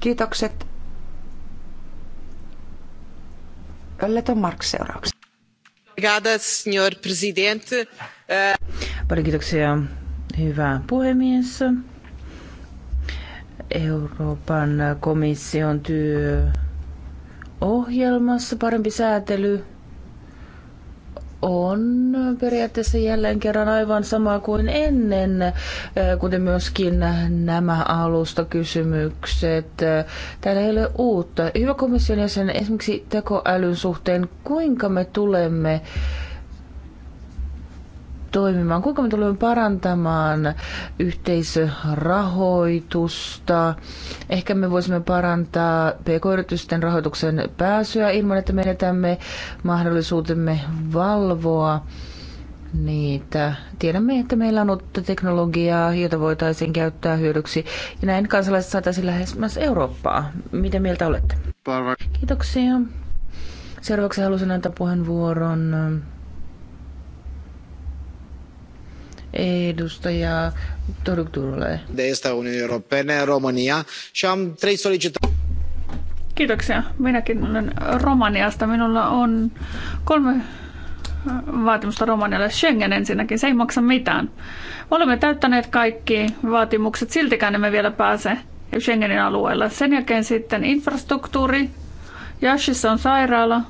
[SPEAKER 1] Kiitokset.
[SPEAKER 5] Ölleton
[SPEAKER 4] Marks seuraavaksi. Eh, Paljon kiitoksia, hyvä puhemies. Euroopan komission työohjelmassa parempi säätely on periaatteessa jälleen kerran aivan sama kuin ennen, eh, kuten myöskin nämä alustakysymykset. Täällä ei ole uutta. Hyvä komission jäsen, esimerkiksi tekoälyn suhteen, kuinka me tulemme toimimaan? Kuinka me tulemme parantamaan yhteisrahoitusta? Ehkä me voisimme parantaa pk-yritysten rahoituksen pääsyä ilman, että menetämme mahdollisuutemme valvoa niitä. Tiedämme, että meillä on uutta teknologiaa, jota voitaisiin käyttää hyödyksi. Ja näin kansalaiset saataisiin lähemmäs Eurooppaa. Mitä mieltä olette? Kiitoksia. Seuraavaksi halusin antaa puheenvuoron edustaja Toruk Turulle.
[SPEAKER 6] Deistä Unionin Romania. Și trei solicitări.
[SPEAKER 2] Kiitoksia. Minäkin olen Romaniasta. Minulla on kolme äh, vaatimusta Romanialle. Schengen ensinnäkin, se ei maksa mitään. Olemme täyttäneet kaikki vaatimukset, siltikään emme vielä pääse Schengenin alueella. Sen jälkeen sitten infrastruktuuri. Jashissa on sairaala,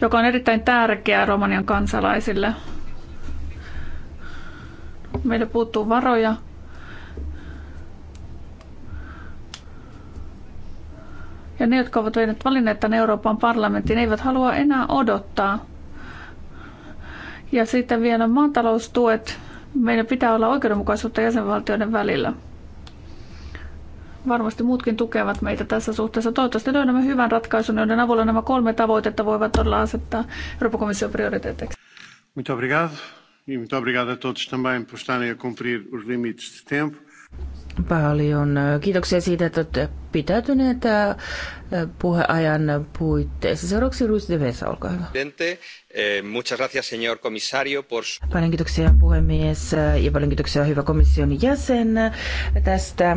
[SPEAKER 2] joka on erittäin tärkeä Romanian kansalaisille. Meillä puuttuu varoja. Ja ne, jotka ovat meidät valinneet tämän Euroopan parlamentin, eivät halua enää odottaa. Ja sitten vielä maataloustuet. Meidän pitää olla oikeudenmukaisuutta jäsenvaltioiden välillä. Varmasti muutkin tukevat meitä tässä suhteessa. Toivottavasti löydämme hyvän ratkaisun, joiden avulla nämä kolme tavoitetta voivat todella asettaa Euroopan komission prioriteeteiksi.
[SPEAKER 3] Muito obrigado. E muito obrigado a todos também por estarem a cumprir os limites de tempo.
[SPEAKER 4] Paljon eh, kiitoksia siitä, että olette pitäytyneet eh, eh, puheajan puitteissa. Seuraavaksi Ruiz de Vesa, olkaa hyvä.
[SPEAKER 5] Muchas gracias, señor comisario, por...
[SPEAKER 4] Paljon kiitoksia puhemies ja paljon kiitoksia hyvä komission jäsen tästä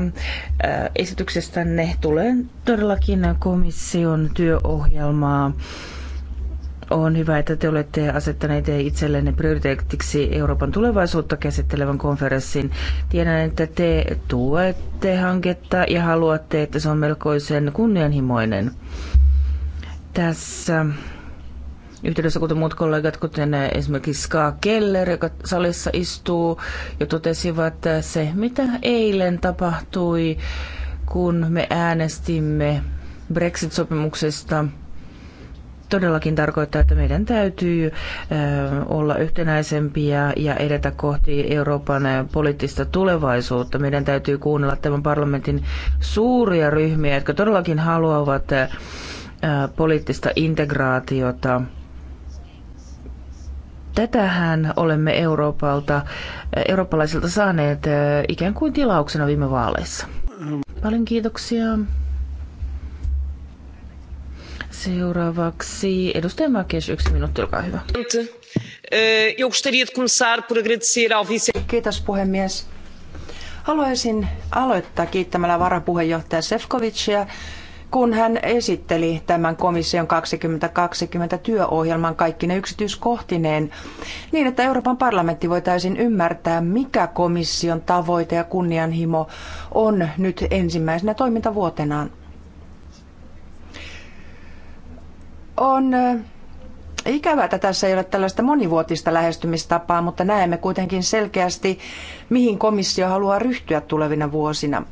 [SPEAKER 4] esityksestänne. Tulee todellakin komission työohjelmaa on hyvä, että te olette asettaneet itsellenne prioriteettiksi Euroopan tulevaisuutta käsittelevän konferenssin. Tiedän, että te tuette hanketta ja haluatte, että se on melkoisen kunnianhimoinen. Tässä yhteydessä, kuten muut kollegat, kuten esimerkiksi Ska Keller, joka salissa istuu, jo totesivat se, mitä eilen tapahtui, kun me äänestimme Brexit-sopimuksesta – todellakin tarkoittaa, että meidän täytyy olla yhtenäisempiä ja edetä kohti Euroopan poliittista tulevaisuutta. Meidän täytyy kuunnella tämän parlamentin suuria ryhmiä, jotka todellakin haluavat poliittista integraatiota. Tätähän olemme Euroopalta, eurooppalaisilta saaneet ikään kuin tilauksena viime vaaleissa. Paljon kiitoksia. Seuraavaksi edustaja Makes, yksi minuutti, olkaa hyvä.
[SPEAKER 1] Kiitos puhemies. Haluaisin aloittaa kiittämällä varapuheenjohtaja Sefcovicia, kun hän esitteli tämän komission 2020 työohjelman kaikkine yksityiskohtineen, niin että Euroopan parlamentti voitaisiin ymmärtää, mikä komission tavoite ja kunnianhimo on nyt ensimmäisenä toimintavuotenaan. On ikävää, että tässä ei ole tällaista monivuotista lähestymistapaa, mutta näemme kuitenkin selkeästi, mihin komissio haluaa ryhtyä tulevina vuosina.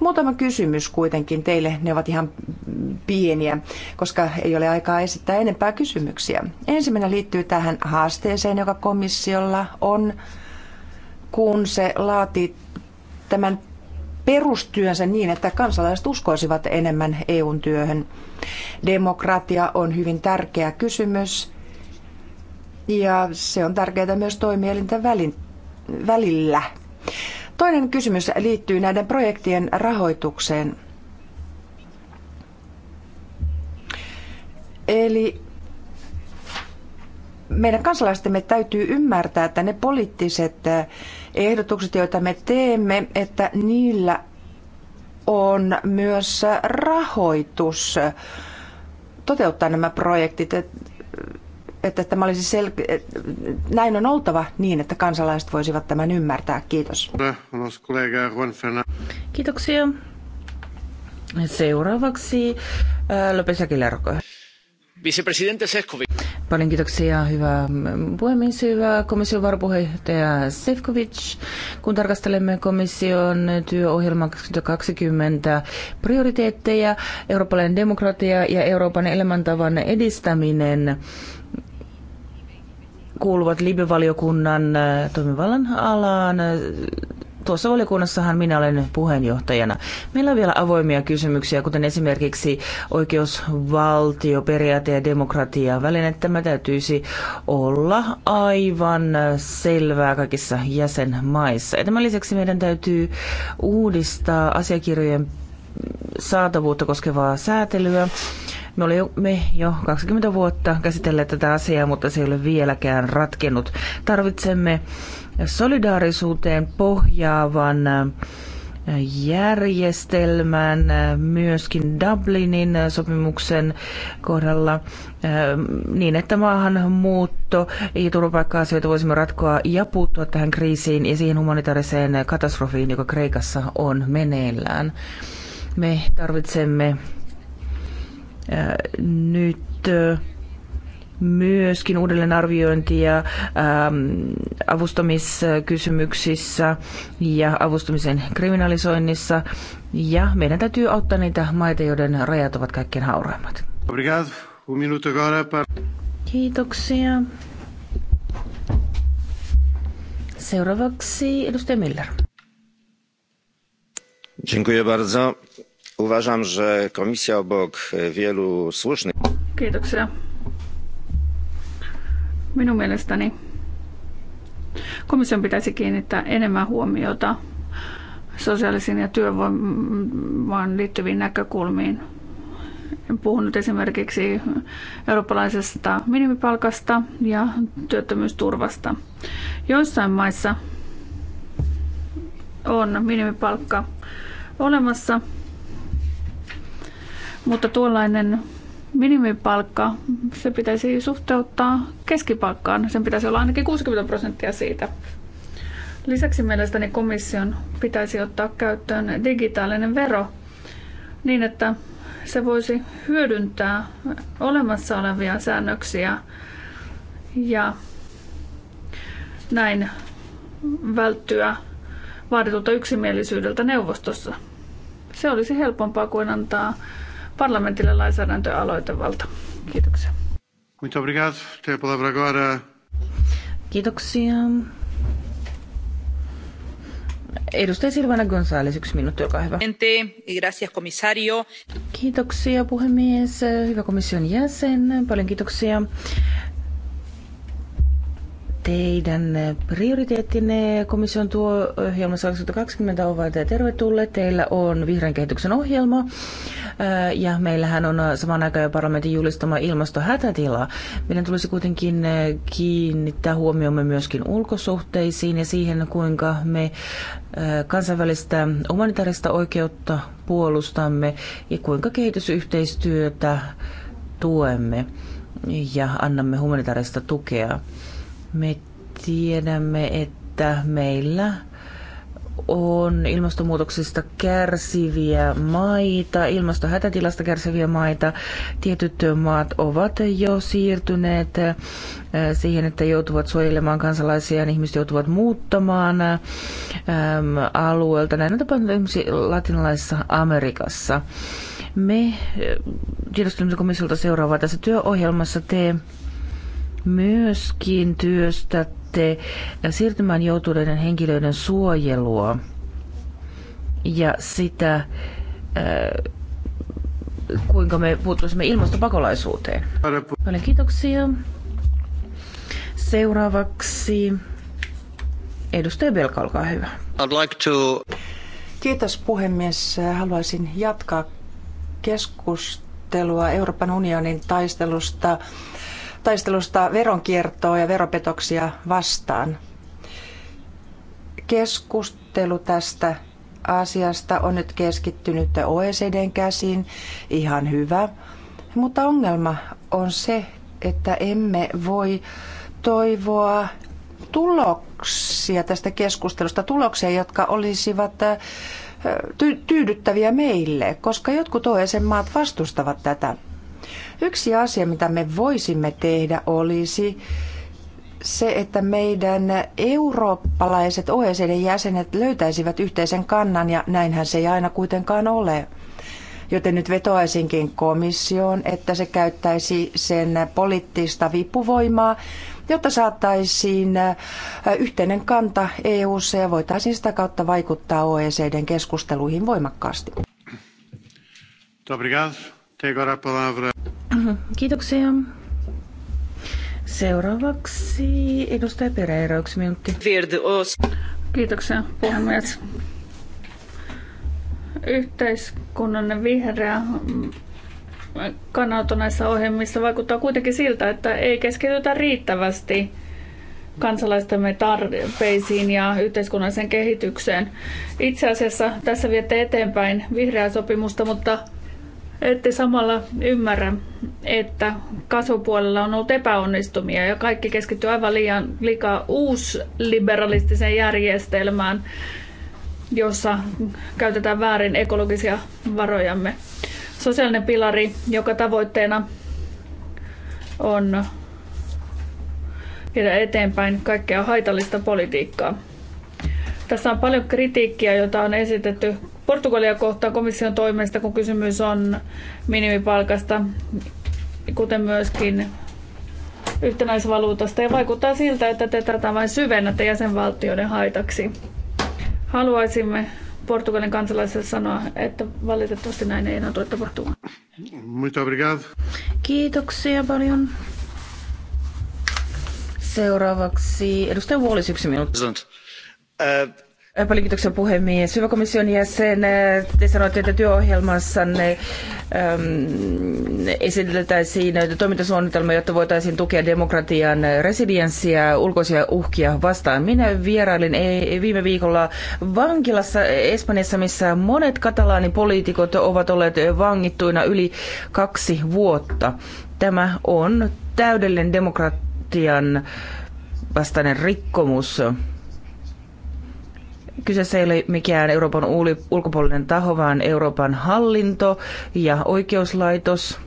[SPEAKER 1] Muutama kysymys kuitenkin teille, ne ovat ihan pieniä, koska ei ole aikaa esittää enempää kysymyksiä. Ensimmäinen liittyy tähän haasteeseen, joka komissiolla on, kun se laatii tämän perustyönsä niin, että kansalaiset uskoisivat enemmän EUn työhön. Demokratia on hyvin tärkeä kysymys ja se on tärkeää myös toimielinten välillä. Toinen kysymys liittyy näiden projektien rahoitukseen. Eli meidän kansalaistemme täytyy ymmärtää, että ne poliittiset eh, ehdotukset, joita me teemme, että niillä on myös rahoitus toteuttaa nämä projektit, että tämä olisi sel- näin on oltava niin,
[SPEAKER 4] että kansalaiset voisivat tämän ymmärtää. Kiitos. Kiitoksia. Seuraavaksi eh, Lopes Aguilar.
[SPEAKER 6] Vicepresidente Sefcovic.
[SPEAKER 4] Paljon kiitoksia, hyvä puhemies, hyvä komission varapuheenjohtaja Sefcovic. Kun tarkastelemme komission työohjelman 2020 prioriteetteja, eurooppalainen demokratia ja Euroopan elämäntavan edistäminen kuuluvat Libyvaliokunnan toimivallan alaan tuossa valiokunnassahan minä olen puheenjohtajana. Meillä on vielä avoimia kysymyksiä, kuten esimerkiksi oikeusvaltio, periaate ja demokratia. Välinen tämä täytyisi olla aivan selvää kaikissa jäsenmaissa. Ja tämän lisäksi meidän täytyy uudistaa asiakirjojen saatavuutta koskevaa säätelyä. Me olemme jo 20 vuotta käsitelleet tätä asiaa, mutta se ei ole vieläkään ratkennut. Tarvitsemme solidaarisuuteen pohjaavan äh, järjestelmän, äh, myöskin Dublinin äh, sopimuksen kohdalla niin, että maahanmuutto ja turvapaikka-asioita voisimme ratkoa ja puuttua tähän kriisiin ja siihen humanitaariseen katastrofiin, joka Kreikassa on meneillään. Me tarvitsemme nyt myöskin uudelleenarviointia ähm, avustamiskysymyksissä ja avustamisen kriminalisoinnissa. Ja meidän täytyy auttaa niitä maita, joiden rajat ovat kaikkein hauraimmat. Kiitoksia. Seuraavaksi edustaja Miller.
[SPEAKER 3] Dziękuję bardzo. Uważam, że komisja obok wielu słusznych...
[SPEAKER 2] Kiitoksia Minun mielestäni komission pitäisi kiinnittää enemmän huomiota sosiaalisiin ja työvoimaan liittyviin näkökulmiin. En puhunut esimerkiksi eurooppalaisesta minimipalkasta ja työttömyysturvasta. Joissain maissa on minimipalkka olemassa, mutta tuollainen minimipalkka, se pitäisi suhteuttaa keskipalkkaan. Sen pitäisi olla ainakin 60 prosenttia siitä. Lisäksi mielestäni komission pitäisi ottaa käyttöön digitaalinen vero niin, että se voisi hyödyntää olemassa olevia säännöksiä ja näin välttyä vaaditulta yksimielisyydeltä neuvostossa. Se olisi helpompaa kuin antaa parlamentille lainsäädäntöaloitevalta.
[SPEAKER 3] Kiitoksia. Muito obrigado. Tenho a palavra agora.
[SPEAKER 4] Kiitoksia. Edustaja Silvana González, yksi minuutti, olkaa hyvä.
[SPEAKER 5] Gracias, komissario.
[SPEAKER 4] Kiitoksia puhemies, hyvä komission jäsen, paljon kiitoksia Teidän prioriteettinne komission tuo ohjelma 2020 ovat tervetulleet. Teillä on vihreän kehityksen ohjelma äh, ja meillähän on saman aikaan jo parlamentin julistama ilmastohätätila. Meidän tulisi kuitenkin äh, kiinnittää huomiomme myöskin ulkosuhteisiin ja siihen, kuinka me äh, kansainvälistä humanitaarista oikeutta puolustamme ja kuinka kehitysyhteistyötä tuemme ja annamme humanitaarista tukea. Me tiedämme, että meillä on ilmastonmuutoksesta kärsiviä maita, ilmastohätätilasta kärsiviä maita. Tietyt maat ovat jo siirtyneet äh, siihen, että joutuvat suojelemaan kansalaisia, niin ihmiset joutuvat muuttamaan ähm, alueelta. Näin on tapahtunut esimerkiksi latinalaisessa Amerikassa. Me äh, komissiolta seuraavaa tässä työohjelmassa teemme myöskin työstätte siirtymään joutuneiden henkilöiden suojelua ja sitä, äh, kuinka me puuttuisimme ilmastopakolaisuuteen. Paljon kiitoksia. Seuraavaksi edustaja Belka, olkaa hyvä.
[SPEAKER 3] I'd like to...
[SPEAKER 4] Kiitos puhemies.
[SPEAKER 1] Haluaisin jatkaa keskustelua Euroopan unionin taistelusta taistelusta veronkiertoa ja veropetoksia vastaan. Keskustelu tästä asiasta on nyt keskittynyt OECDn käsiin, ihan hyvä. Mutta ongelma on se, että emme voi toivoa tuloksia tästä keskustelusta, tuloksia, jotka olisivat äh, tyydyttäviä meille, koska jotkut OECD-maat vastustavat tätä. Yksi asia, mitä me voisimme tehdä, olisi se, että meidän eurooppalaiset OECD-jäsenet löytäisivät yhteisen kannan, ja näinhän se ei aina kuitenkaan ole. Joten nyt vetoaisinkin komissioon, että se käyttäisi sen poliittista vipuvoimaa, jotta saataisiin äh, yhteinen kanta EU:ssa ja voitaisiin sitä kautta vaikuttaa OECDn keskusteluihin voimakkaasti.
[SPEAKER 3] Dobrigado.
[SPEAKER 4] Kiitoksia. Seuraavaksi edustaja Pereira, yksi minuutti. Kiitoksia puhemies.
[SPEAKER 2] Yhteiskunnan vihreä kannalta näissä ohjelmissa vaikuttaa kuitenkin siltä, että ei keskitytä riittävästi kansalaistemme tarpeisiin ja yhteiskunnalliseen kehitykseen. Itse asiassa tässä viette eteenpäin vihreää sopimusta, mutta ette samalla ymmärrä, että kasvupuolella on ollut epäonnistumia ja kaikki keskittyy aivan liian liikaa uusliberalistiseen järjestelmään, jossa käytetään väärin ekologisia varojamme. Sosiaalinen pilari, joka tavoitteena on viedä eteenpäin kaikkea haitallista politiikkaa. Tässä on paljon kritiikkiä, jota on esitetty Portugalia kohtaan komission toimesta, kun kysymys on minimipalkasta, kuten myöskin yhtenäisvaluutasta, ja vaikuttaa siltä, että te tätä vain syvennätte jäsenvaltioiden haitaksi. Haluaisimme Portugalin kansalaisille sanoa,
[SPEAKER 4] että valitettavasti näin ei enää tule tapahtumaan.
[SPEAKER 3] Muito obrigado.
[SPEAKER 4] Kiitoksia paljon. Seuraavaksi edustaja Vuolis, yksi minuutti. Uh, Paljon kiitoksia puhemies. Hyvä komission jäsen, eh, te sanoitte, että työohjelmassanne äm, ehm, esiteltäisiin toimintasuunnitelma, jotta voitaisiin tukea demokratian resilienssiä ulkoisia uhkia vastaan. Minä vierailin e, viime viikolla vankilassa Espanjassa, missä monet katalaanipoliitikot ovat olleet vangittuina yli kaksi vuotta. Tämä on täydellinen demokratian vastainen rikkomus. Kyseessä ei ole mikään Euroopan ulkopuolinen taho, vaan Euroopan hallinto ja oikeuslaitos.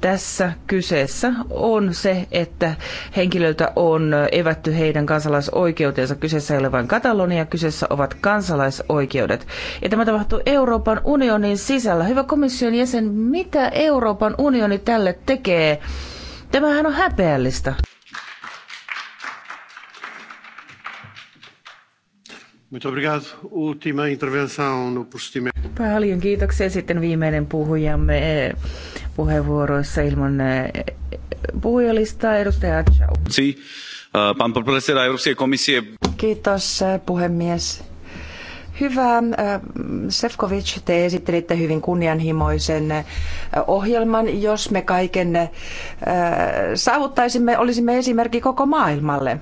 [SPEAKER 4] Tässä kyseessä on se, että henkilöltä on evätty heidän kansalaisoikeutensa. Kyseessä ei ole vain Katalonia, kyseessä ovat kansalaisoikeudet. Ja tämä tapahtuu Euroopan unionin sisällä. Hyvä komission jäsen, mitä Euroopan unioni tälle tekee? Tämähän on häpeällistä. No Paljon kiitoksia. Sitten viimeinen puhujamme eh, puheenvuoroissa ilman eh, puhujalistaa, edustaja eh, Achau.
[SPEAKER 1] Kiitos puhemies. Hyvä. Sefcovic, te esittelitte hyvin kunnianhimoisen ohjelman. Jos me kaiken saavuttaisimme, olisimme esimerkki koko maailmalle.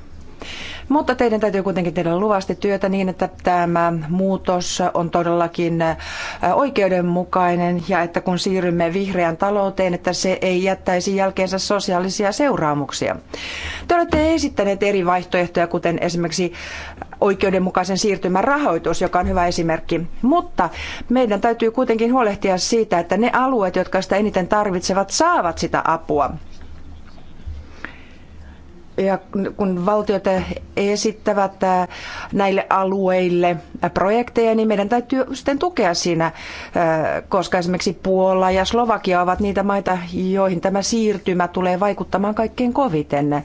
[SPEAKER 1] Mutta teidän täytyy kuitenkin tehdä luvasti työtä niin, että tämä muutos on todellakin äh, oikeudenmukainen ja että kun siirrymme vihreään talouteen, että se ei jättäisi jälkeensä sosiaalisia seuraamuksia. Te olette esittäneet eri vaihtoehtoja, kuten esimerkiksi oikeudenmukaisen siirtymän rahoitus, joka on hyvä esimerkki. Mutta meidän täytyy kuitenkin huolehtia siitä, että ne alueet, jotka sitä eniten tarvitsevat, saavat sitä apua ja kun valtiot esittävät äh, näille alueille projekteja, niin meidän täytyy sitten tukea siinä, äh, koska esimerkiksi Puola ja Slovakia ovat niitä maita, joihin tämä siirtymä tulee vaikuttamaan kaikkein koviten äh,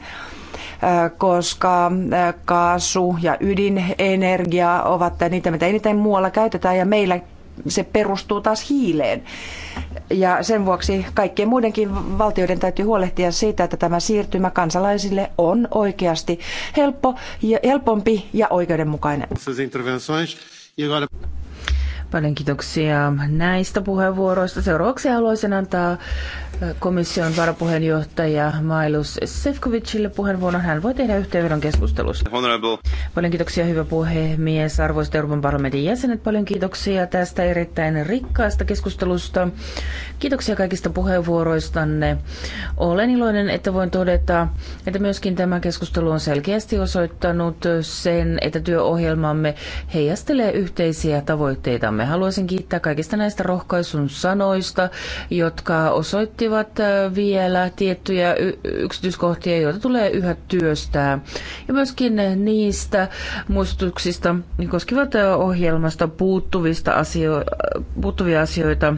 [SPEAKER 1] koska kaasu ja ydinenergia ovat niitä, mitä eniten muualla käytetään ja meillä se perustuu taas hiileen. Ja sen vuoksi kaikkien muidenkin valtioiden täytyy huolehtia siitä, että tämä siirtymä kansalaisille on oikeasti helppo, ja, helpompi
[SPEAKER 4] ja oikeudenmukainen. Paljon kiitoksia näistä puheenvuoroista. Seuraavaksi haluaisin antaa komission varapuheenjohtaja Mailus Sefkovicille puheenvuoron. Hän voi tehdä yhteenvedon keskustelussa. Honorable. Paljon kiitoksia, hyvä puhemies. Arvoisat Euroopan parlamentin jäsenet, paljon kiitoksia tästä erittäin rikkaasta keskustelusta. Kiitoksia kaikista puheenvuoroistanne. Olen iloinen, että voin todeta, että myöskin tämä keskustelu on selkeästi osoittanut sen, että työohjelmamme heijastelee yhteisiä tavoitteitamme maamme. Haluaisin kiittää kaikista näistä rohkaisun sanoista, jotka osoittivat äh, vielä tiettyjä yksityiskohtia, joita tulee yhä työstää. Ja myöskin niistä muistutuksista koskivat äh, ohjelmasta puuttuvista asio- puuttuvia asioita,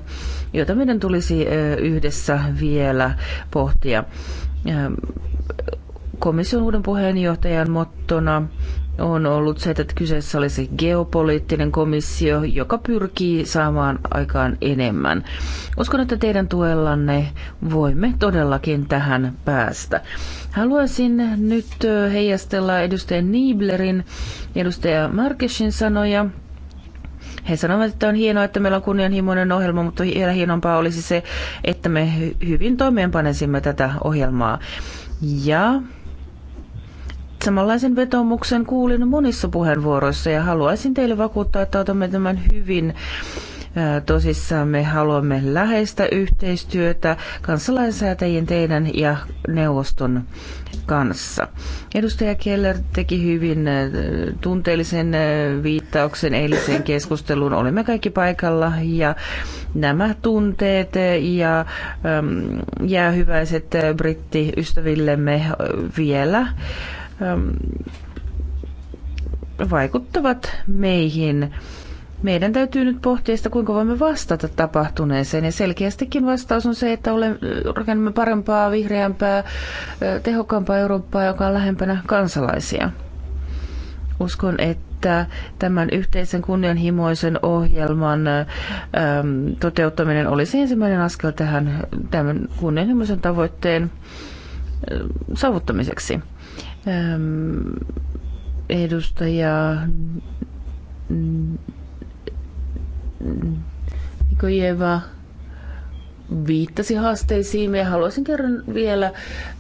[SPEAKER 4] joita meidän tulisi äh, yhdessä vielä pohtia ähm, komission uuden puheenjohtajan mottona on ollut se, että kyseessä olisi geopoliittinen komissio, joka pyrkii saamaan aikaan enemmän. Uskon, että teidän tuellanne voimme todellakin tähän päästä. Haluaisin nyt heijastella edustaja Nieblerin, edustaja Markesin sanoja. He sanovat, että on hienoa, että meillä on kunnianhimoinen ohjelma, mutta vielä hienompaa olisi se, että me hyvin toimeenpanesimme tätä ohjelmaa. Ja Samanlaisen vetomuksen kuulin monissa puheenvuoroissa ja haluaisin teille vakuuttaa, että otamme tämän hyvin äh, tosissaan me haluamme läheistä yhteistyötä kansalaisäätäjien teidän ja neuvoston kanssa. Edustaja Keller teki hyvin äh, tunteellisen äh, viittauksen eiliseen keskusteluun. Olimme kaikki paikalla ja nämä tunteet ja jäähyväiset brittiystävillemme vielä Ähm, vaikuttavat meihin. Meidän täytyy nyt pohtia sitä, kuinka voimme vastata tapahtuneeseen. Ja selkeästikin vastaus on se, että olemme, rakennamme parempaa, vihreämpää, tehokkaampaa Eurooppaa, joka on lähempänä kansalaisia. Uskon, että tämän yhteisen kunnianhimoisen ohjelman äm, toteuttaminen olisi ensimmäinen askel tähän tämän kunnianhimoisen tavoitteen saavuttamiseksi. Ähm, edustaja Nikojeva viittasi haasteisiin. Ja haluaisin kerran vielä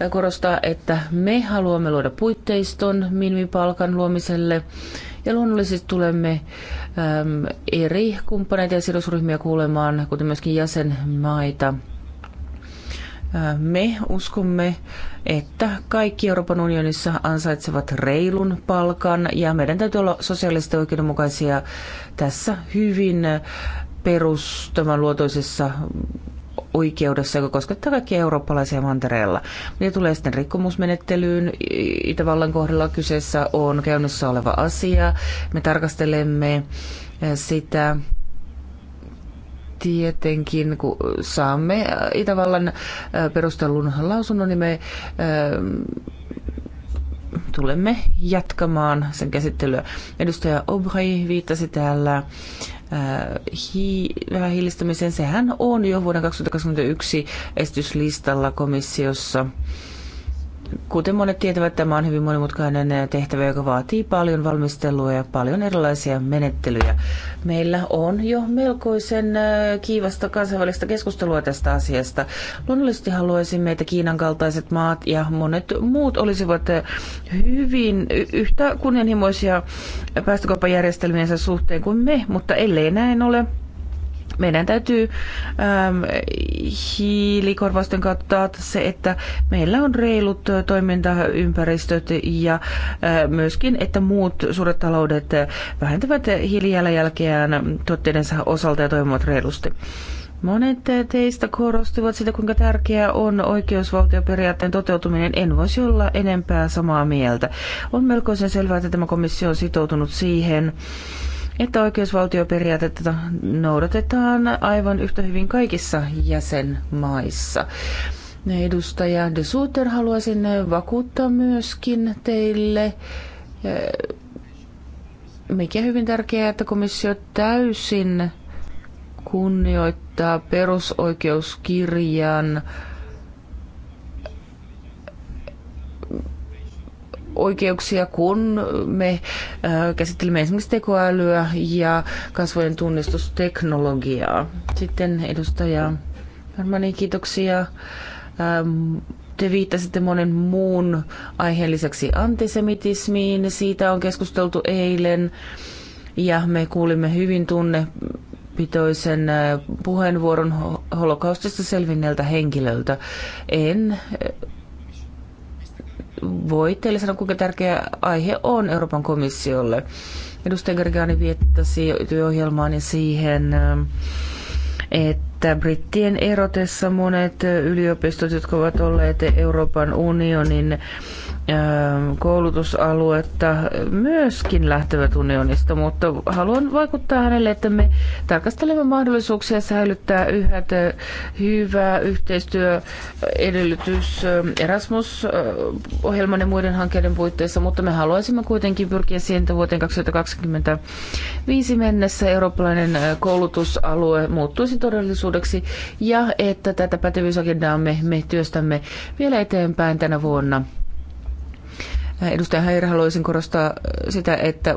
[SPEAKER 4] korostaa, että me haluamme luoda puitteiston minimipalkan luomiselle. Ja luonnollisesti tulemme äm, eri kumppaneita ja sidosryhmiä kuulemaan, kuten myöskin jäsenmaita. Me uskomme, että kaikki Euroopan unionissa ansaitsevat reilun palkan ja meidän täytyy olla sosiaalisesti oikeudenmukaisia tässä hyvin perustavan luotoisessa oikeudessa, joka koskettaa kaikkia eurooppalaisia mantereella. Mitä tulee sitten rikkomusmenettelyyn, Itävallan kohdalla kyseessä on käynnissä oleva asia. Me tarkastelemme sitä, tietenkin, kun saamme äh, Itävallan äh, perustelun lausunnon, niin me äh, tulemme jatkamaan sen käsittelyä. Edustaja Obrey viittasi täällä vähän hiilistämiseen. Sehän on jo vuoden 2021 esityslistalla komissiossa. Kuten monet tietävät, tämä on hyvin monimutkainen tehtävä, joka vaatii paljon valmistelua ja paljon erilaisia menettelyjä. Meillä on jo melkoisen äh, kiivasta kansainvälistä keskustelua tästä asiasta. Luonnollisesti haluaisimme, että Kiinan kaltaiset maat ja monet muut olisivat äh, hyvin yhtä kunnianhimoisia päästökauppajärjestelmiensä suhteen kuin me, mutta ellei näin ole, meidän täytyy äm, hiilikorvausten kautta taata se, että meillä on reilut äh, toimintaympäristöt ja ä, äh, myöskin, että muut suuret taloudet äh, vähentävät hiilijalanjälkeään tuotteidensa osalta ja toimivat reilusti. Monet teistä korostivat sitä, kuinka tärkeää on oikeusvaltioperiaatteen toteutuminen. En voisi olla enempää samaa mieltä. On melkoisen selvää, että tämä komissio on sitoutunut siihen, että oikeusvaltioperiaatetta noudatetaan aivan yhtä hyvin kaikissa jäsenmaissa. Edustaja De Suter haluaisin vakuuttaa myöskin teille, eh, mikä on hyvin tärkeää, että komissio täysin kunnioittaa perusoikeuskirjan oikeuksia, kun me äh, käsittelemme esimerkiksi tekoälyä ja kasvojen tunnistusteknologiaa. Sitten edustaja Armani, kiitoksia. Ähm, te viittasitte monen muun aiheen lisäksi antisemitismiin. Siitä on keskusteltu eilen ja me kuulimme hyvin tunne pitoisen äh, puheenvuoron holokaustista selvinneeltä henkilöltä. En äh, voi teille sanoa, kuinka tärkeä aihe on Euroopan komissiolle. Edustaja Gergani viittasi työohjelmaan ja siihen, että brittien erotessa monet yliopistot, jotka ovat olleet Euroopan unionin Ähm, koulutusaluetta myöskin lähtevät unionista, mutta haluan vaikuttaa hänelle, että me tarkastelemme mahdollisuuksia säilyttää yhä hyvä yhteistyöedellytys Erasmus-ohjelman ja muiden hankkeiden puitteissa, mutta me haluaisimme kuitenkin pyrkiä siihen, että vuoteen 2025 mennessä eurooppalainen koulutusalue muuttuisi todellisuudeksi ja että tätä pätevyysagendaamme me työstämme vielä eteenpäin tänä vuonna. Edustaja Häirä, haluaisin korostaa sitä, että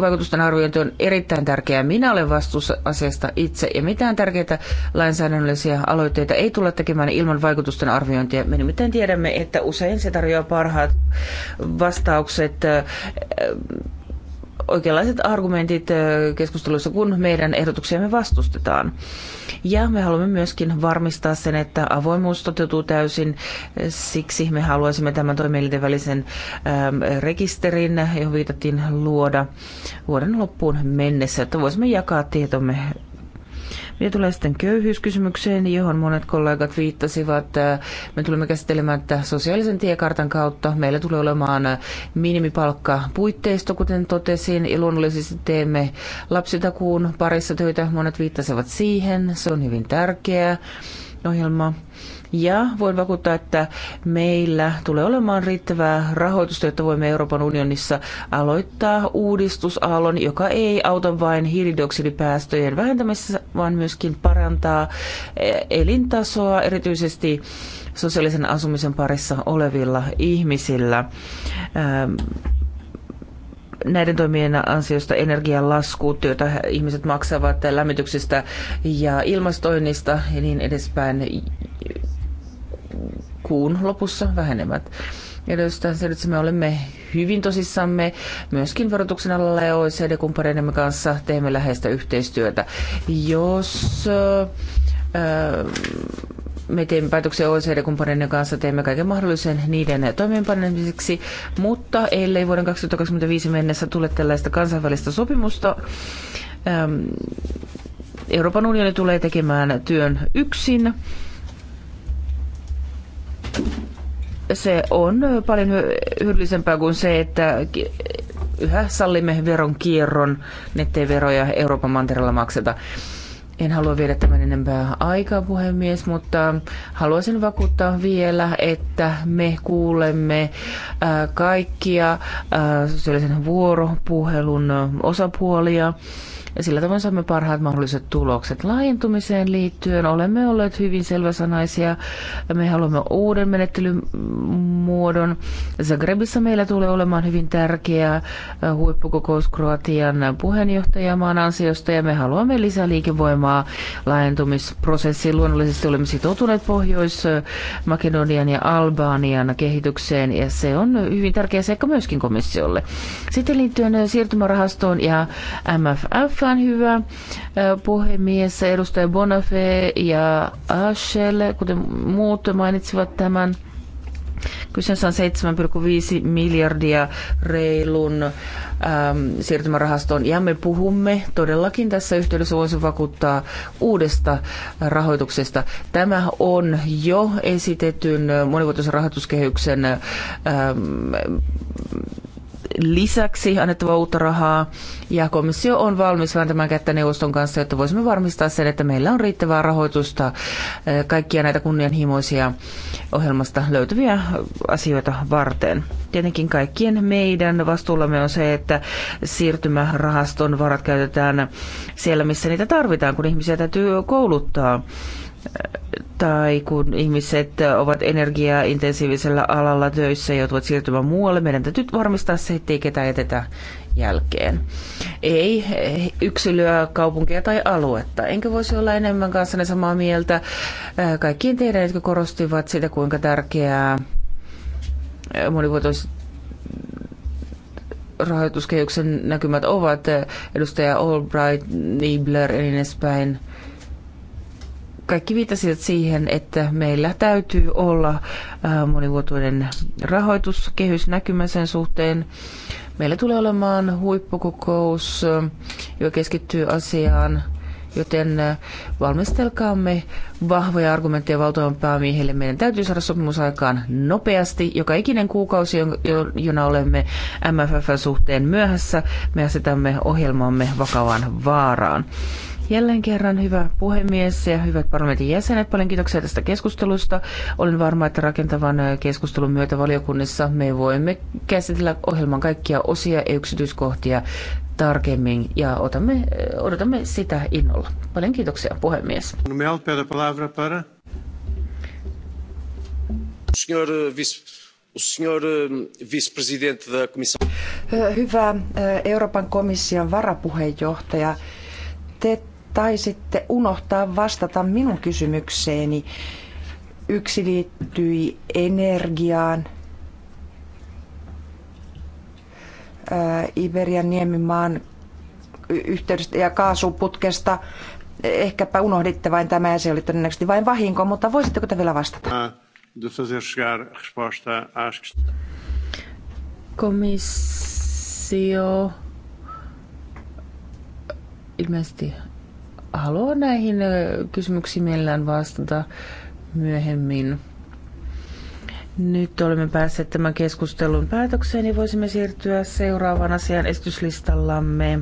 [SPEAKER 4] vaikutusten arviointi on erittäin tärkeää. Minä olen vastuussa asiasta itse ja mitään tärkeitä lainsäädännöllisiä aloitteita ei tule tekemään ilman vaikutusten arviointia. Me nimittäin tiedämme, että usein se tarjoaa parhaat vastaukset äh, oikeanlaiset argumentit keskusteluissa, kun meidän ehdotuksiamme vastustetaan. Ja me haluamme myöskin varmistaa sen, että avoimuus toteutuu täysin. Siksi me haluaisimme tämän toimielinten välisen rekisterin, johon viitattiin luoda vuoden loppuun mennessä, että voisimme jakaa tietomme mitä tulee sitten köyhyyskysymykseen, johon monet kollegat viittasivat, me tulemme käsittelemään että sosiaalisen tiekartan kautta. Meillä tulee olemaan puitteisto, kuten totesin, ja luonnollisesti teemme lapsitakuun parissa töitä. Monet viittasivat siihen, se on hyvin tärkeä ohjelma. Ja voin vakuuttaa, että meillä tulee olemaan riittävää rahoitusta, jotta voimme Euroopan unionissa aloittaa uudistusaallon, joka ei auta vain hiilidioksidipäästöjen vähentämisessä, vaan myöskin parantaa e, elintasoa, erityisesti sosiaalisen asumisen parissa olevilla ihmisillä ähm, näiden toimien ansiosta energian laskut, joita ihmiset maksavat lämmityksestä ja ilmastoinnista ja niin edespäin, kuun lopussa vähenevät. Ja jostain se, että me olemme hyvin tosissamme myöskin verotuksen alalla ja OECD-kumppaneidemme kanssa teemme läheistä yhteistyötä. Jos ää, äh, me teemme päätöksiä OECD-kumppaneiden kanssa, teemme kaiken mahdollisen niiden toimeenpanemiseksi, mutta ellei vuoden 2025 mennessä tule tällaista kansainvälistä sopimusta, ää, ähm, Euroopan unioni tulee tekemään työn yksin se on paljon hyödyllisempää kuin se, että yhä sallimme veron kierron, ettei veroja Euroopan mantereella makseta. En halua viedä tämän enempää aikaa, puhemies, mutta haluaisin vakuuttaa vielä, että me kuulemme kaikkia sosiaalisen vuoropuhelun osapuolia ja sillä tavoin saamme parhaat mahdolliset tulokset. Laajentumiseen liittyen olemme olleet hyvin selväsanaisia. Me haluamme uuden menettelymuodon. Zagrebissa meillä tulee olemaan hyvin tärkeä äh, huippukokous Kroatian puheenjohtajamaan ansiosta ja me haluamme lisää liikevoimaa laajentumisprosessiin. Luonnollisesti olemme sitoutuneet Pohjois-Makedonian ja Albanian kehitykseen ja se on hyvin tärkeä seikka myöskin komissiolle. Sitten liittyen äh, siirtymärahastoon ja MFF Olkaan hyvä äh, puhemies. Edustaja Bonafé ja Ashel, kuten muut mainitsivat tämän. Kyseessä on 7,5 miljardia reilun äm, siirtymärahastoon ja me puhumme todellakin tässä yhteydessä voisin vakuuttaa uudesta rahoituksesta. Tämä on jo esitetyn monivuotisen rahoituskehyksen äm, lisäksi annettava uutta rahaa ja komissio on valmis vääntämään kättä neuvoston kanssa, jotta voisimme varmistaa sen, että meillä on riittävää rahoitusta eh, kaikkia näitä kunnianhimoisia ohjelmasta löytyviä asioita varten. Tietenkin kaikkien meidän vastuullamme on se, että siirtymärahaston varat käytetään siellä, missä niitä tarvitaan, kun ihmisiä täytyy kouluttaa tai kun ihmiset ovat energiaintensiivisellä alalla töissä ja joutuvat siirtymään muualle, meidän täytyy varmistaa se, ettei ketä jätetä jälkeen. Ei yksilöä, kaupunkia tai aluetta. Enkä voisi olla enemmän kanssanne samaa mieltä kaikkiin teidän, jotka korostivat sitä, kuinka tärkeää monivuotoiset rahoituskehyksen näkymät ovat. Edustaja Albright, Niebler ja niin edespäin kaikki viitasivat siihen, että meillä täytyy olla monivuotuinen rahoituskehys näkymänsä suhteen. Meillä tulee olemaan huippukokous, joka keskittyy asiaan, joten valmistelkaamme vahvoja argumentteja valtavan päämiehelle. Meidän täytyy saada sopimus aikaan nopeasti. Joka ikinen kuukausi, jona olemme mff suhteen myöhässä, me asetamme ohjelmamme vakavaan vaaraan. Jälleen kerran hyvä puhemies ja hyvät parlamentin jäsenet, paljon kiitoksia tästä keskustelusta. Olen varma, että rakentavan keskustelun myötä valiokunnissa me voimme käsitellä ohjelman kaikkia osia ja yksityiskohtia tarkemmin ja otamme, odotamme sitä innolla. Paljon kiitoksia
[SPEAKER 3] puhemies.
[SPEAKER 6] vice
[SPEAKER 3] eh, Hyvä eh,
[SPEAKER 1] Euroopan komission varapuheenjohtaja, te tai sitten unohtaa vastata minun kysymykseeni. Yksi liittyi energiaan. Äh, Iberian niemimaan yhteydestä ja kaasuputkesta. Ehkäpä unohditte vain tämä ja se oli todennäköisesti vain vahinko, mutta voisitteko te vielä vastata?
[SPEAKER 3] Ah,
[SPEAKER 4] Komissio ilmeisesti haluaa näihin kysymyksiin mielellään vastata myöhemmin. Nyt olemme päässeet tämän keskustelun päätökseen, niin voisimme siirtyä seuraavaan asian esityslistallamme.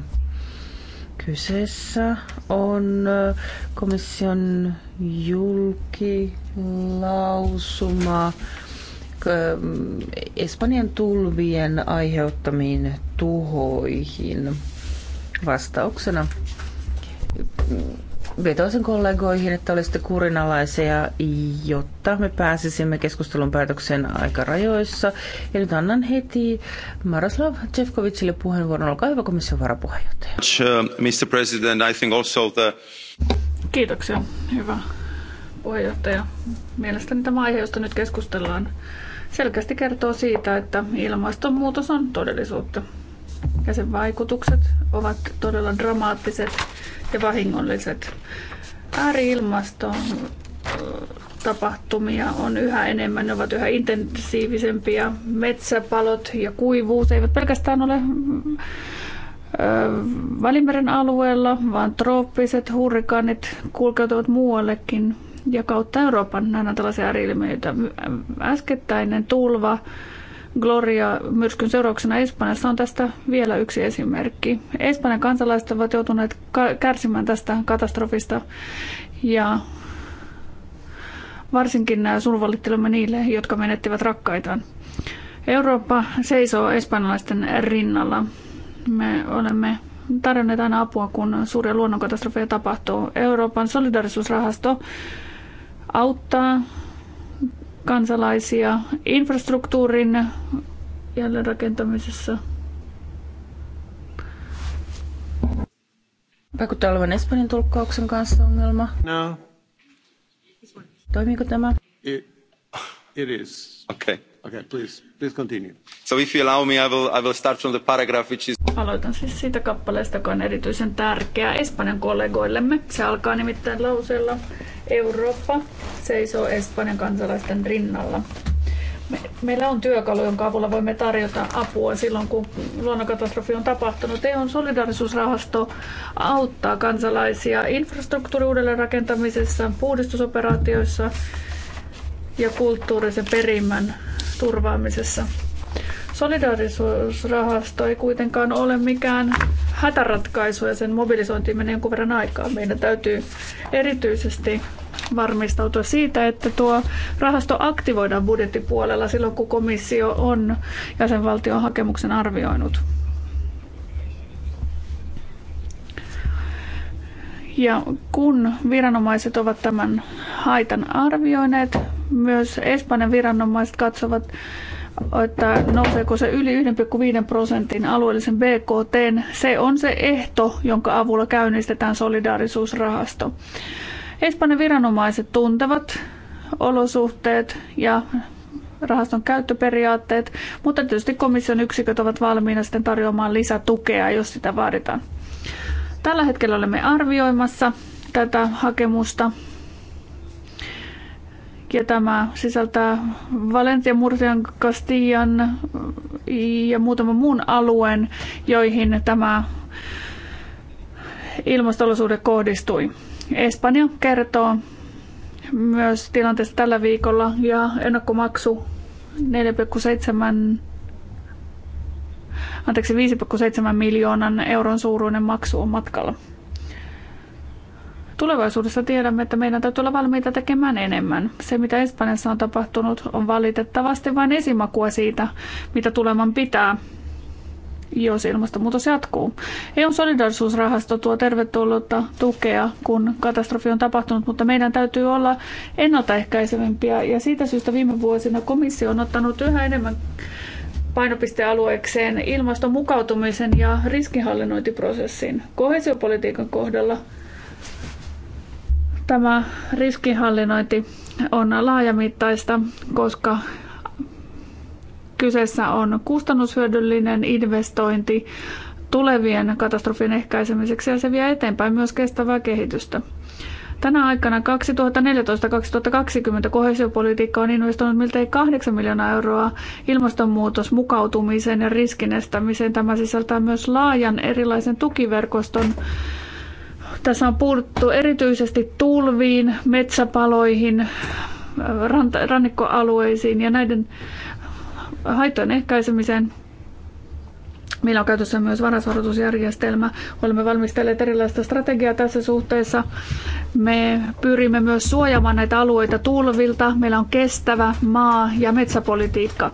[SPEAKER 4] Kyseessä on komission julkilausuma Espanjan tulvien aiheuttamiin tuhoihin vastauksena vetoisin kollegoihin, että olisitte kurinalaisia, jotta me pääsisimme keskustelun päätökseen aikarajoissa. Ja nyt annan heti Maroslav Tsefkovicille puheenvuoron. Olkaa hyvä komission varapuheenjohtaja.
[SPEAKER 5] Mr. Uh, President, I think also the...
[SPEAKER 2] Kiitoksia, hyvä puheenjohtaja. Mielestäni tämä aihe, josta nyt keskustellaan, selkeästi kertoo siitä, että ilmastonmuutos on todellisuutta. Ja sen vaikutukset ovat todella dramaattiset ja vahingolliset. ääriilmaston tapahtumia on yhä enemmän, ne ovat yhä intensiivisempiä. Metsäpalot ja kuivuus eivät pelkästään ole Välimeren alueella, vaan trooppiset hurrikaanit kulkeutuvat muuallekin ja kautta Euroopan nähdään tällaisia ääriilmiöitä. Äskettäinen tulva Gloria-myrskyn seurauksena Espanjassa on tästä vielä yksi esimerkki. Espanjan kansalaiset ovat joutuneet kärsimään tästä katastrofista ja varsinkin nämä survallittelemme niille, jotka menettivät rakkaitaan. Eurooppa seisoo espanjalaisten rinnalla. Me olemme tarjonneet aina apua, kun suuria luonnonkatastrofeja tapahtuu. Euroopan solidarisuusrahasto auttaa kansalaisia infrastruktuurin jälleenrakentamisessa.
[SPEAKER 4] Vaikuttaa olevan Espanjan tulkkauksen kanssa ongelma.
[SPEAKER 3] No. Toimiiko tämä? It, it is.
[SPEAKER 5] Okay please, continue. So if you allow me, I will, I will start from the paragraph which is...
[SPEAKER 2] Aloitan siis siitä kappaleesta, joka on erityisen tärkeä Espanjan kollegoillemme. Se alkaa nimittäin lauseella Eurooppa seisoo Espanjan kansalaisten rinnalla. Me, meillä on työkalu, jonka avulla voimme tarjota apua silloin, kun luonnonkatastrofi on tapahtunut. EUn solidarisuusrahasto auttaa kansalaisia infrastruktuurin rakentamisessa, puhdistusoperaatioissa, ja kulttuurisen perimän turvaamisessa. Solidaarisuusrahasto ei kuitenkaan ole mikään hätäratkaisu ja sen mobilisointi menee jonkun verran aikaa. Meidän täytyy erityisesti varmistautua siitä, että tuo rahasto aktivoidaan budjettipuolella silloin, kun komissio on jäsenvaltion hakemuksen arvioinut. Ja kun viranomaiset ovat tämän haitan arvioineet, myös Espanjan viranomaiset katsovat, että nouseeko se yli 1,5 prosentin alueellisen BKT. Se on se ehto, jonka avulla käynnistetään solidaarisuusrahasto. Espanjan viranomaiset tuntevat olosuhteet ja rahaston käyttöperiaatteet, mutta tietysti komission yksiköt ovat valmiina sitten tarjoamaan lisätukea, jos sitä vaaditaan. Tällä hetkellä olemme arvioimassa tätä hakemusta. Ja tämä sisältää Valencia, Murcian, Castillan ja muutaman muun alueen, joihin tämä ilmastolosuhde kohdistui. Espanja kertoo myös tilanteesta tällä viikolla ja ennakkomaksu 4,7 anteeksi, 5,7 miljoonan euron suuruinen maksu on matkalla. Tulevaisuudessa tiedämme, että meidän täytyy olla valmiita tekemään enemmän. Se, mitä Espanjassa on tapahtunut, on valitettavasti vain esimakua siitä, mitä tuleman pitää, jos ilmastonmuutos jatkuu. EUn solidarisuusrahasto tuo tervetullutta tukea, kun katastrofi on tapahtunut, mutta meidän täytyy olla ennaltaehkäisevämpiä. Ja siitä syystä viime vuosina komissio on ottanut yhä enemmän painopistealueekseen ilmaston mukautumisen ja riskinhallinnointiprosessin. Kohesiopolitiikan kohdalla tämä riskinhallinnointi on laajamittaista, koska kyseessä on kustannushyödyllinen investointi tulevien katastrofien ehkäisemiseksi ja se vie eteenpäin myös kestävää kehitystä. Tänä aikana 2014-2020 kohesiopolitiikka on investoinut miltei 8 miljoonaa euroa ilmastonmuutos mukautumiseen ja riskin estämiseen. Tämä sisältää myös laajan erilaisen tukiverkoston. Tässä on puuttu erityisesti tulviin, metsäpaloihin, rannikkoalueisiin ja näiden haittojen ehkäisemiseen. Meillä on käytössä myös varasvaroitusjärjestelmä. Olemme valmistelleet erilaista strategiaa tässä suhteessa. Me pyrimme myös suojaamaan näitä alueita tulvilta. Meillä on kestävä maa- ja metsäpolitiikka.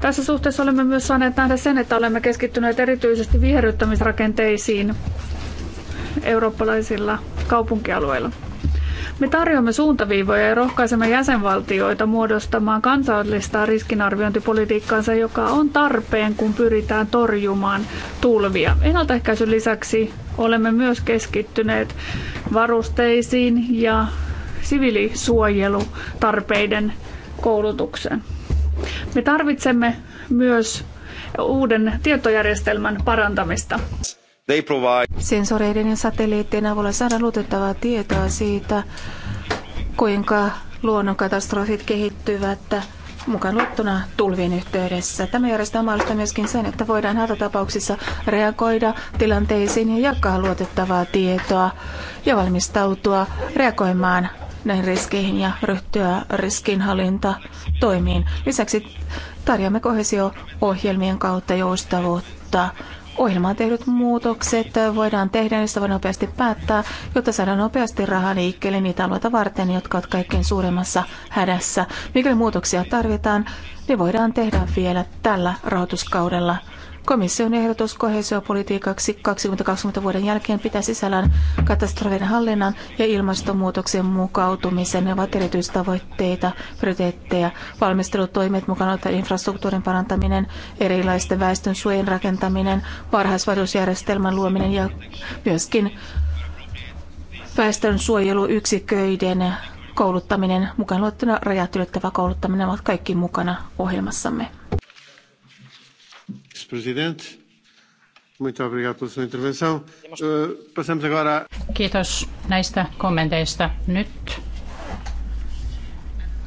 [SPEAKER 2] Tässä suhteessa olemme myös saaneet nähdä sen, että olemme keskittyneet erityisesti viherryttämisrakenteisiin eurooppalaisilla kaupunkialueilla. Me tarjoamme suuntaviivoja ja rohkaisemme jäsenvaltioita muodostamaan kansallista riskinarviointipolitiikkaansa, joka on tarpeen, kun pyritään torjumaan tulvia. Ennaltaehkäisyn lisäksi olemme myös keskittyneet varusteisiin ja siviilisuojelutarpeiden koulutukseen. Me tarvitsemme myös uuden tietojärjestelmän parantamista.
[SPEAKER 5] They provide...
[SPEAKER 8] Sensoreiden ja satelliittien avulla saadaan luotettavaa tietoa siitä, kuinka luonnonkatastrofit kehittyvät mukaan luettuna tulvien yhteydessä. Tämä järjestää mahdollista myöskin sen, että voidaan hätätapauksissa reagoida tilanteisiin ja jakaa luotettavaa tietoa ja valmistautua reagoimaan näihin riskeihin ja ryhtyä riskinhallintatoimiin. Lisäksi tarjoamme kohesio-ohjelmien kautta joustavuutta Ohjelmaan tehdyt muutokset voidaan tehdä, niistä voi nopeasti päättää, jotta saadaan nopeasti rahaa liikkeelle niitä alueita varten, jotka ovat kaikkein suuremmassa hädässä. Mikäli muutoksia tarvitaan, ne voidaan tehdä vielä tällä rahoituskaudella. Komission ehdotus kohesiopolitiikaksi 2020 vuoden jälkeen pitää sisällään katastrofin hallinnan ja ilmastonmuutoksen mukautumisen. Ne ovat erityistavoitteita, prioriteetteja, valmistelutoimet mukaan ottaen infrastruktuurin parantaminen, erilaisten väestön suojen rakentaminen, varhaisvaroitusjärjestelmän luominen ja myöskin väestön kouluttaminen, mukaan luettuna rajat ylittävä kouluttaminen, ovat kaikki mukana
[SPEAKER 7] ohjelmassamme
[SPEAKER 3] presidente. Muito obrigado pela sua intervenção. Eh, passamos agora...
[SPEAKER 7] Kiitos näistä kommenteista. Nyt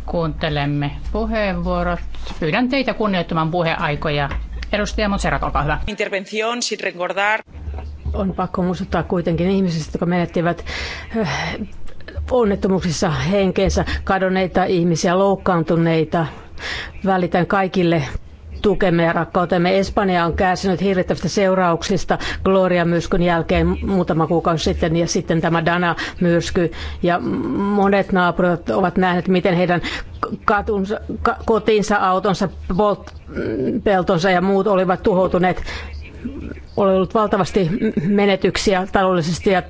[SPEAKER 7] kuuntelemme puheenvuorot. Pyydän teitä kunnioittamaan puheaikoja. Edustaja Monserrat, olkaa hyvä.
[SPEAKER 5] Intervención sin recordar.
[SPEAKER 9] On pakko muistuttaa kuitenkin ihmisistä, jotka menettivät eh, onnettomuuksissa henkensä, kadonneita ihmisiä, loukkaantuneita. Välitän kaikille tukemme ja rakkautemme. Espanja on kärsinyt hirvittävistä seurauksista Gloria-myrskyn jälkeen muutama kuukausi sitten ja sitten tämä Dana-myrsky. Ja monet naapurit ovat nähneet, miten heidän katunsa, kotinsa, autonsa, polt, peltonsa ja muut olivat tuhoutuneet on ollut valtavasti menetyksiä taloudellisesti ja,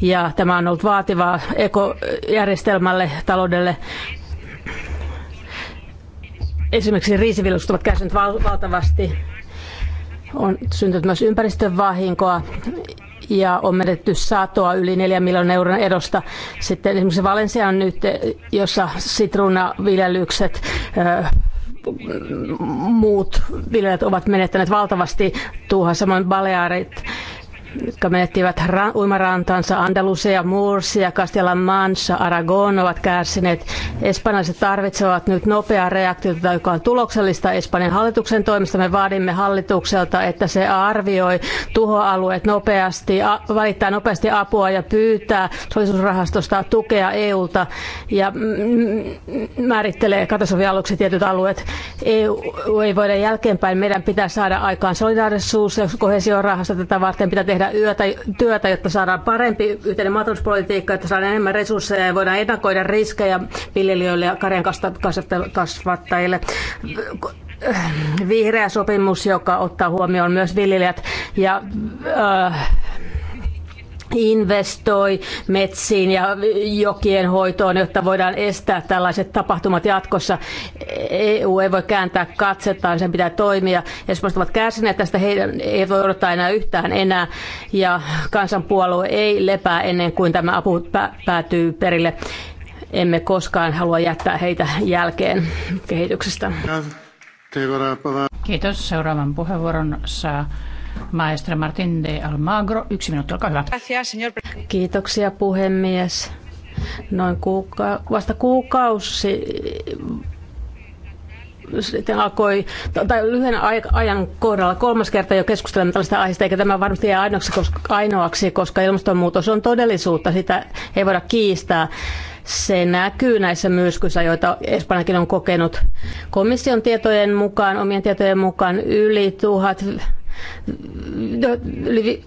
[SPEAKER 9] ja tämä on ollut vaativaa ekojärjestelmälle, taloudelle, esimerkiksi riisiviljelykset ovat kärsineet val- valtavasti. On syntynyt myös ympäristövahinkoa ja on menetetty satoa yli 4 miljoonan euron edosta. Sitten esimerkiksi Valencia on nyt, jossa sitruunaviljelykset muut viljelijät ovat menettäneet valtavasti tuohon, samoin Balearit jotka menettivät uimarantansa, Andalusia, Mursia, Castellan Mansa, Aragon ovat kärsineet. Espanjalaiset tarvitsevat nyt nopeaa reaktiota, joka on tuloksellista Espanjan hallituksen toimista. Me vaadimme hallitukselta, että se arvioi tuhoalueet nopeasti, a- välittää nopeasti apua ja pyytää solidarisuusrahastosta tukea EUlta ja määrittelee katastrofialueeksi tietyt alueet. EU ei voida jälkeenpäin. Meidän pitää saada aikaan solidaarisuus ja kohesiorahasta tätä varten pitää tehdä tehdä yötä, työtä, jotta saadaan parempi yhteinen maatalouspolitiikka, että saadaan enemmän resursseja ja voidaan ennakoida riskejä viljelijöille ja karjan kasvattajille. Vihreä sopimus, joka ottaa huomioon myös viljelijät ja äh, investoi metsiin ja jokien hoitoon, jotta voidaan estää tällaiset tapahtumat jatkossa. EU e ei voi kääntää katsetaan, sen pitää toimia. Espanjat ovat kärsineet tästä, heidän ei voi odottaa enää yhtään enää. Ja kansanpuolue ei lepää ennen kuin tämä apu päätyy perille.
[SPEAKER 7] Emme koskaan halua jättää heitä jälkeen kehityksestä. Kiitos. Seuraavan puheenvuoron saa Maestra Martín de Almagro, yksi minuutti, olkaa hyvä. Kiitoksia puhemies.
[SPEAKER 9] Noin kuuka- vasta kuukausi sitten alkoi, tai lyhyen ajan kohdalla kolmas kerta jo keskustelemme tällaista aiheesta, eikä tämä varmasti jää ainoaksi, koska, ainoaksi, koska ilmastonmuutos on todellisuutta, sitä ei voida kiistää. Se näkyy näissä myrskyissä, joita Espanjakin on kokenut. Komission tietojen mukaan, omien tietojen mukaan yli tuhat No, yli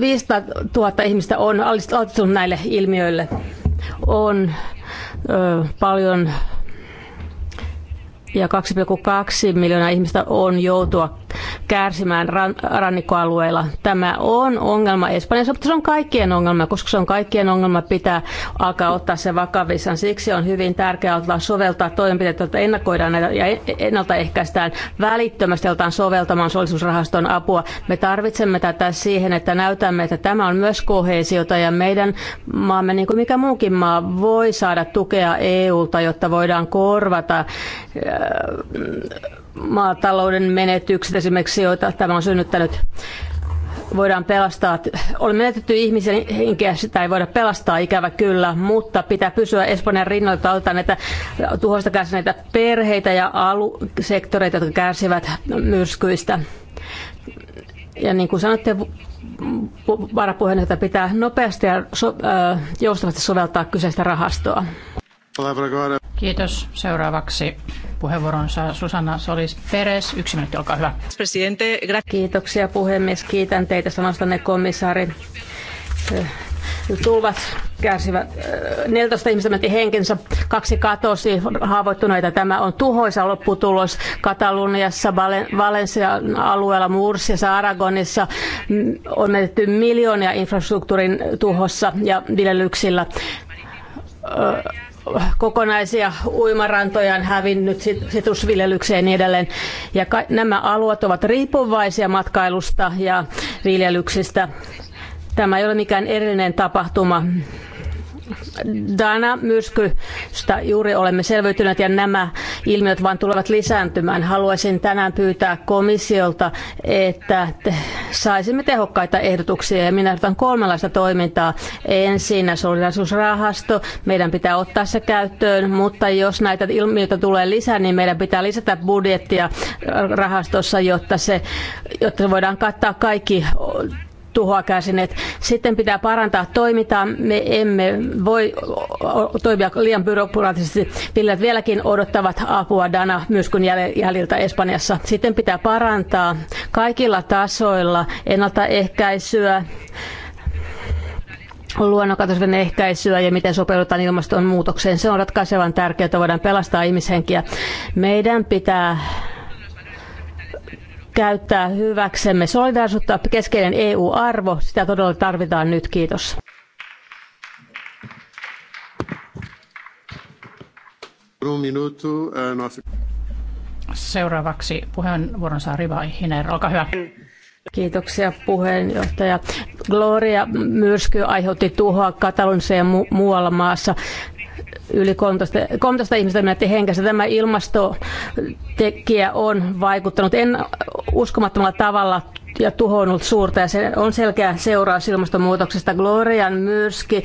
[SPEAKER 9] 500 000 ihmistä on altistunut näille ilmiöille. On ö, paljon ja 2,2 miljoonaa ihmistä on joutua kärsimään ran- rannikkoalueilla. Tämä on ongelma Espanjassa, mutta se on kaikkien ongelma, koska se on kaikkien ongelma, pitää alkaa ottaa se vakavissaan. Siksi on hyvin tärkeää ottaa soveltaa toimenpiteitä, että ennakoidaan näitä ja ennaltaehkäistään välittömästi otetaan soveltamaan solidisuusrahaston apua. Me tarvitsemme tätä siihen, että näytämme, että tämä on myös kohesiota ja meidän maamme, niin kuin mikä muukin maa, voi saada tukea EUlta, jotta voidaan korvata maatalouden menetykset esimerkiksi, joita tämä on synnyttänyt, voidaan pelastaa. On menetetty ihmisen henkeä, sitä ei voida pelastaa ikävä kyllä, mutta pitää pysyä Espanjan rinnalla että autetaan näitä tuhoista kärsineitä perheitä ja alusektoreita, jotka kärsivät myrskyistä. Ja niin kuin sanoitte, varapuheenjohtaja pitää nopeasti ja so, äh, joustavasti soveltaa kyseistä rahastoa. Kiitos. Seuraavaksi puheenvuoron saa Susanna
[SPEAKER 7] Solis Peres. Yksi minuutti, olkaa hyvä.
[SPEAKER 9] Kiitoksia puhemies. Kiitän teitä sanostanne komissaari. Äh, tulvat kärsivät. 14 äh, ihmistä menti henkensä, kaksi katosi haavoittuneita. Tämä on tuhoisa lopputulos Kataloniassa, Valensian alueella, Mursiassa, Aragonissa. Mm, on menetetty miljoonia infrastruktuurin tuhossa ja viljelyksillä. Öö kokonaisia uimarantoja on hävinnyt sitrusviljelykseen ja niin edelleen. Ja ka- nämä alueet ovat riippuvaisia matkailusta ja viljelyksistä. Tämä ei ole mikään erillinen tapahtuma. Dana myrskystä juuri olemme selviytyneet ja nämä ilmiöt vain tulevat lisääntymään. Haluaisin tänään pyytää komissiolta, että saisimme tehokkaita ehdotuksia ja minä ehdotan kolmenlaista toimintaa. Ensin solidarisuusrahasto, meidän pitää ottaa se käyttöön, mutta jos näitä ilmiöitä tulee lisää, niin meidän pitää lisätä budjettia rahastossa, jotta se, jotta se voidaan kattaa kaikki tuhoa kärsineet. Sitten pitää parantaa toimintaa. Me emme voi toimia liian byrokraattisesti. Viljelijät vieläkin odottavat apua Dana kun jäljiltä Espanjassa. Sitten pitää parantaa kaikilla tasoilla ennaltaehkäisyä luonnonkatosven ehkäisyä ja miten sopeudutaan ilmastonmuutokseen. Se on ratkaisevan tärkeää, että voidaan pelastaa ihmishenkiä. Meidän pitää käyttää hyväksemme solidaarisuutta, keskeinen EU-arvo. Sitä todella tarvitaan nyt. Kiitos.
[SPEAKER 3] Eh, no
[SPEAKER 7] Seuraavaksi puheenvuoron saa Riva Hiner, olkaa hyvä. Kiitoksia puheenjohtaja.
[SPEAKER 9] Gloria myrsky aiheutti tuhoa Katalonissa ja mu- muualla maassa yli 13, 13 ihmistä menetti henkensä. Tämä ilmastotekijä on vaikuttanut en uskomattomalla tavalla ja tuhonnut suurta ja se on selkeä seuraus ilmastonmuutoksesta. Glorian myrski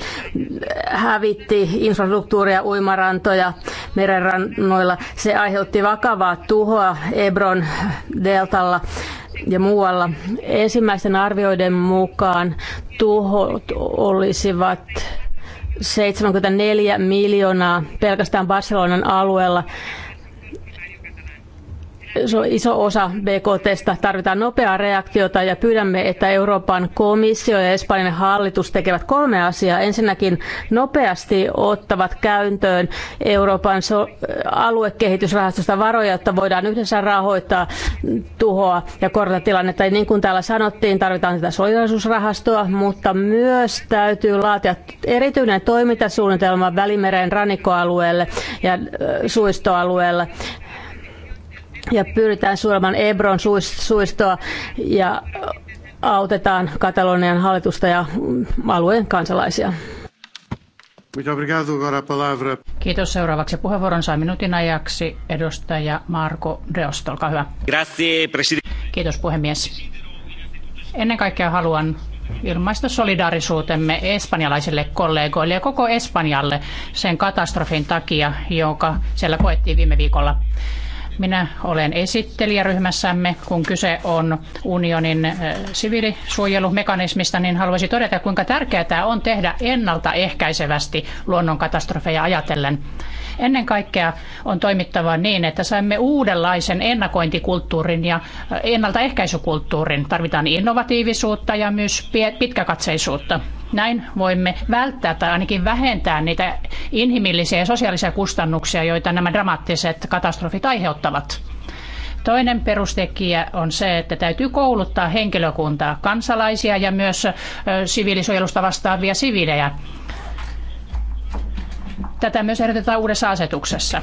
[SPEAKER 9] hävitti infrastruktuuria, uimarantoja merenrannoilla. Se aiheutti vakavaa tuhoa Ebron deltalla ja muualla. Ensimmäisten arvioiden mukaan tuhot olisivat 74 miljoonaa pelkästään Barcelonan alueella iso osa BKTstä. Tarvitaan nopeaa reaktiota ja pyydämme, että Euroopan komissio ja Espanjan hallitus tekevät kolme asiaa. Ensinnäkin nopeasti ottavat käyntöön Euroopan aluekehitysrahastosta varoja, jotta voidaan yhdessä rahoittaa tuhoa ja korjata tilannetta. Ja niin kuin täällä sanottiin, tarvitaan sitä solidaisuusrahastoa, mutta myös täytyy laatia erityinen toimintasuunnitelma Välimeren rannikkoalueelle ja suistoalueelle ja pyritään suojelemaan Ebron suistoa ja autetaan
[SPEAKER 7] Katalonian hallitusta ja alueen kansalaisia. Kiitos. Seuraavaksi puheenvuoron sai minuutin ajaksi edustaja Marko Deost. Olkaa hyvä. Kiitos puhemies. Ennen kaikkea haluan ilmaista solidaarisuutemme espanjalaisille kollegoille ja koko Espanjalle sen katastrofin takia, joka siellä koettiin viime viikolla. Minä olen esittelijäryhmässämme, kun kyse on unionin eh, siviilisuojelumekanismista, niin haluaisin todeta, kuinka tärkeää on tehdä ennaltaehkäisevästi luonnonkatastrofeja ajatellen. Ennen kaikkea on toimittava niin, että saamme uudenlaisen ennakointikulttuurin ja eh, ennaltaehkäisykulttuurin. Tarvitaan innovatiivisuutta ja myös pitkäkatseisuutta. Näin voimme välttää tai ainakin vähentää niitä inhimillisiä ja sosiaalisia kustannuksia, joita nämä dramaattiset katastrofit aiheuttavat. Toinen perustekijä on se, että täytyy kouluttaa henkilökuntaa, kansalaisia ja myös siviilisuojelusta vastaavia siviilejä. Tätä myös ehdotetaan uudessa asetuksessa.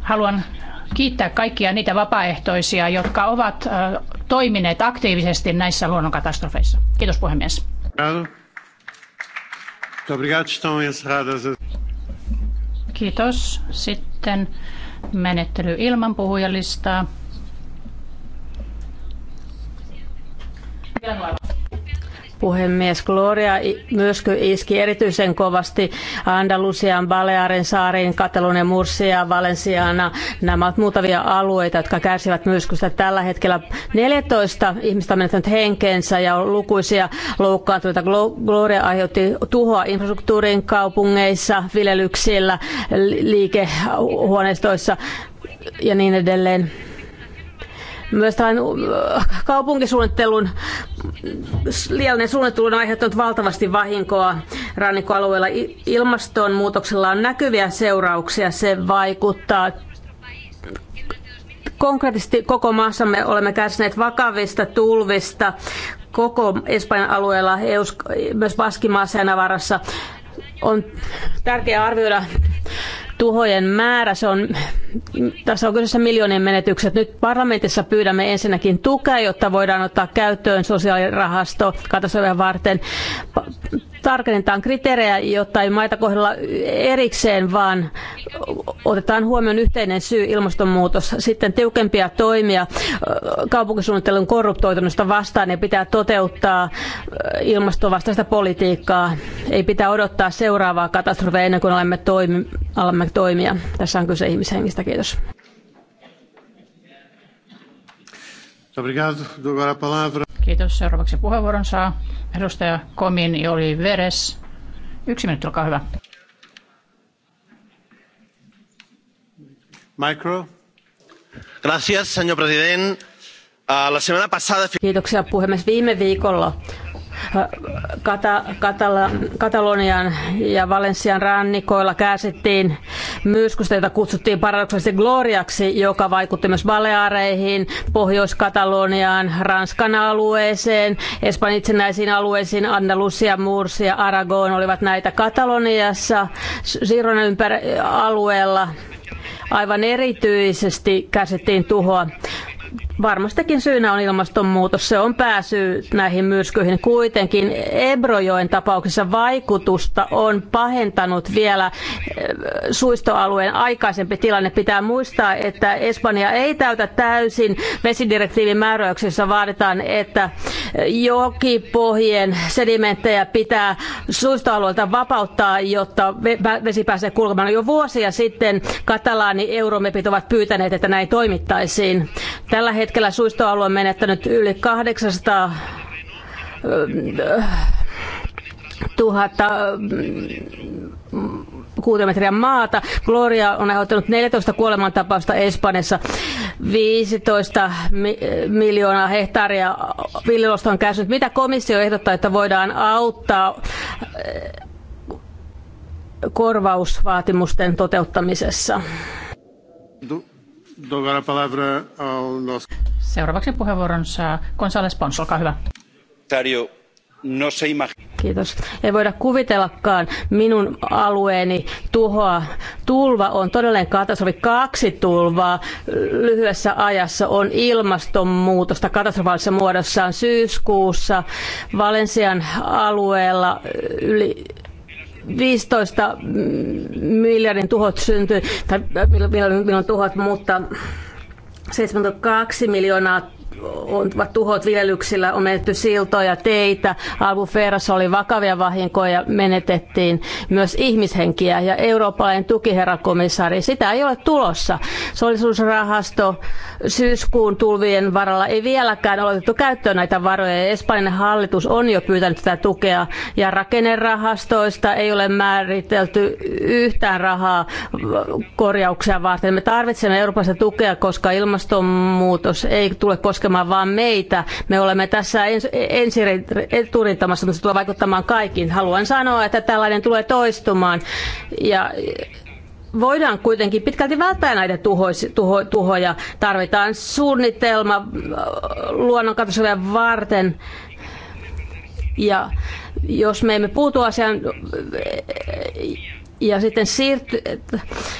[SPEAKER 7] Haluan kiittää kaikkia niitä vapaaehtoisia, jotka ovat toimineet aktiivisesti näissä luonnonkatastrofeissa. Kiitos puhemies. Kiitos. Sitten menettely ilman puhujalistaa
[SPEAKER 9] puhemies. Gloria myösky iski erityisen kovasti Andalusian, Balearen saariin, Katalonian, Mursia, Valensiana. Nämä ovat muutamia alueita, jotka kärsivät myrskystä tällä hetkellä. 14 ihmistä on menettänyt henkeensä ja on lukuisia loukkaantuneita. Gloria aiheutti tuhoa infrastruktuurin kaupungeissa, viljelyksillä, liikehuoneistoissa ja niin edelleen myös tämän kaupunkisuunnittelun liiallinen suunnittelu on aiheuttanut valtavasti vahinkoa rannikkoalueella. Ilmastonmuutoksella on näkyviä seurauksia. Se vaikuttaa konkreettisesti koko maassamme olemme kärsineet vakavista tulvista koko Espanjan alueella, myös Baskimaassa ja Navarassa on tärkeää arvioida tuhojen määrä, se on, tässä on kyseessä miljoonien menetykset. Nyt parlamentissa pyydämme ensinnäkin tukea, jotta voidaan ottaa käyttöön sosiaalirahasto katastrofia varten. Tarkennetaan kriteerejä, jotta ei maita kohdella erikseen, vaan otetaan huomioon yhteinen syy ilmastonmuutos. Sitten tiukempia toimia kaupunkisuunnittelun korruptoitumista vastaan ja pitää toteuttaa ilmastovastaista politiikkaa. Ei pitää odottaa seuraavaa seuraavaa katastrofea ennen kuin olemme toimi, alamme toimia. Tässä on kyse ihmishengistä. Kiitos.
[SPEAKER 3] Kiitos. Seuraavaksi
[SPEAKER 7] puheenvuoron saa edustaja Komin Joli Veres. Yksi minuutti, olkaa hyvä.
[SPEAKER 3] Micro. Gracias, señor presidente, ah, la semana
[SPEAKER 9] pasada... Kiitoksia puhemies. Viime viikolla Kata, Katala, Katalonian ja Valensian rannikoilla käsittiin myrskystä, jota kutsuttiin paradoksaalisesti Gloriaksi, joka vaikutti myös Baleareihin, Pohjois-Kataloniaan, Ranskan alueeseen, Espanjan itsenäisiin alueisiin, Andalusia, Mursia, Aragon olivat näitä Kataloniassa, Siron ympär- alueella aivan erityisesti käsittiin tuhoa. Varmastikin syynä on ilmastonmuutos. Se on pääsy näihin myrskyihin. Kuitenkin Ebrojoen tapauksessa vaikutusta on pahentanut vielä eh, suistoalueen aikaisempi tilanne. Pitää muistaa, että Espanja ei täytä täysin vesidirektiivin määräyksissä vaaditaan, että jokipohjien sedimenttejä pitää suistoalueelta vapauttaa, jotta vesi pääsee kulkemaan. Jo vuosia sitten katalaani euromepit ovat pyytäneet, että näin toimittaisiin. Tällä hetkellä suistoalue on menettänyt yli 800 tuhatta kuutiometriä maata. Gloria on aiheuttanut 14 kuolemantapausta Espanjassa. 15 mi- miljoonaa hehtaaria viljelosta on kärsinyt. Mitä komissio ehdottaa, että voidaan auttaa korvausvaatimusten toteuttamisessa?
[SPEAKER 7] Seuraavaksi puheenvuoron saa González Pons, olkaa hyvä. No Kiitos. Ei voida kuvitellakaan minun
[SPEAKER 9] alueeni tuhoa. Tulva on todellinen katastrofi. Kaksi tulvaa lyhyessä ajassa on ilmastonmuutosta katastrofaalisessa muodossaan syyskuussa. Valensian alueella yli 15 miljardin tuhot syntyi, tai milloin tuhot, mutta 72 miljoonaa on tuhot viljelyksillä, on menetty siltoja, teitä, albuferas oli vakavia vahinkoja, menetettiin myös ihmishenkiä ja eurooppalainen tukiherrakomissaari, sitä ei ole tulossa. Solisuusrahasto syyskuun tulvien varalla ei vieläkään ole otettu käyttöön näitä varoja ja Espanjan hallitus on jo pyytänyt tätä tukea ja rakennerahastoista ei ole määritelty yhtään rahaa korjauksia varten. Me tarvitsemme Euroopassa tukea, koska ilmastonmuutos ei tule koskaan koskemaan vain meitä. Me olemme tässä ensirintamassa, mutta se tulee vaikuttamaan kaikkiin. Haluan sanoa, että tällainen tulee toistumaan. Ja voidaan kuitenkin pitkälti välttää näitä tuhoja. Tarvitaan suunnitelma äh, luonnonkatastrofeja varten. Ja jos me emme puutu asiaan äh, ja sitten siirty,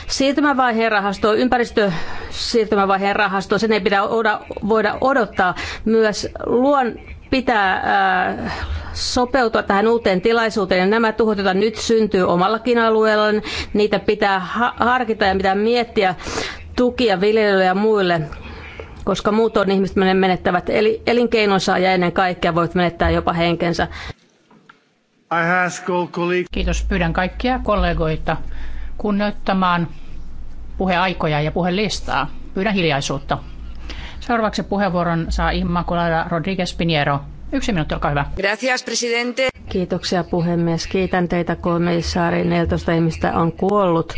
[SPEAKER 9] siirtymävaiheen rahasto, ympäristö siirtymävaiheen rahasto, sen ei pidä oda, voida odottaa. Myös luon pitää äh, sopeutua tähän uuteen tilaisuuteen. Ja nämä tuhot, joita nyt syntyy omallakin alueella, niitä pitää ha- harkita ja pitää miettiä tukia viljelyille ja muille koska muutoin ihmiset menettävät elinkeinonsa ja ennen kaikkea voivat menettää
[SPEAKER 7] jopa henkensä. Kiitos. Pyydän kaikkia kollegoita kunnioittamaan puheaikoja ja puhelistaa. Pyydän hiljaisuutta. Seuraavaksi puheenvuoron saa Immaculada Rodriguez Piniero. Yksi minuutti, olkaa
[SPEAKER 5] hyvä.
[SPEAKER 9] Gracias, presidente. Kiitoksia puhemies. Kiitän teitä komissaari. 14 ihmistä on kuollut.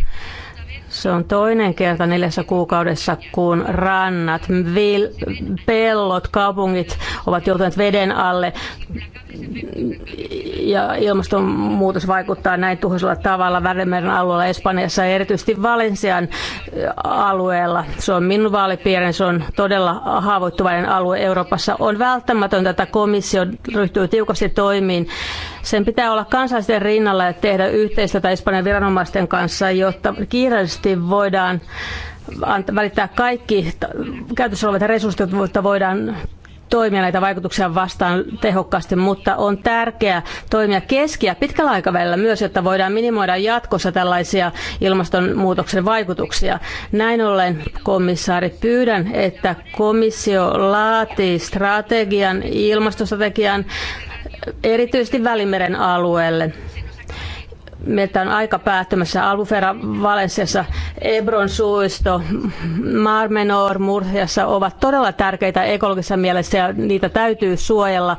[SPEAKER 9] Se on toinen kerta neljässä kuukaudessa, kun rannat, vil, pellot, kaupungit ovat joutuneet veden alle ja ilmastonmuutos vaikuttaa näin tuhoisella tavalla Välimeren alueella Espanjassa ja erityisesti Valensian äh, alueella. Se on minun vaalipiirini, se on todella haavoittuvainen alue Euroopassa. On välttämätöntä, että komissio ryhtyy tiukasti toimiin. Sen pitää olla kansallisten rinnalla ja tehdä yhteistyötä Espanjan viranomaisten kanssa, jotta kiireellisesti voidaan välittää kaikki käytössä olevat resurssit, jotta voidaan toimia näitä vaikutuksia vastaan tehokkaasti, mutta on tärkeää toimia keski- ja pitkällä aikavälillä myös, jotta voidaan minimoida jatkossa tällaisia ilmastonmuutoksen vaikutuksia. Näin ollen, komissaari, pyydän, että komissio laatii strategian, ilmastostrategian erityisesti Välimeren alueelle meiltä on aika päättymässä Albufera Valensiassa, Ebron suisto, Marmenor Murhiassa ovat todella tärkeitä ekologisessa mielessä ja niitä täytyy suojella.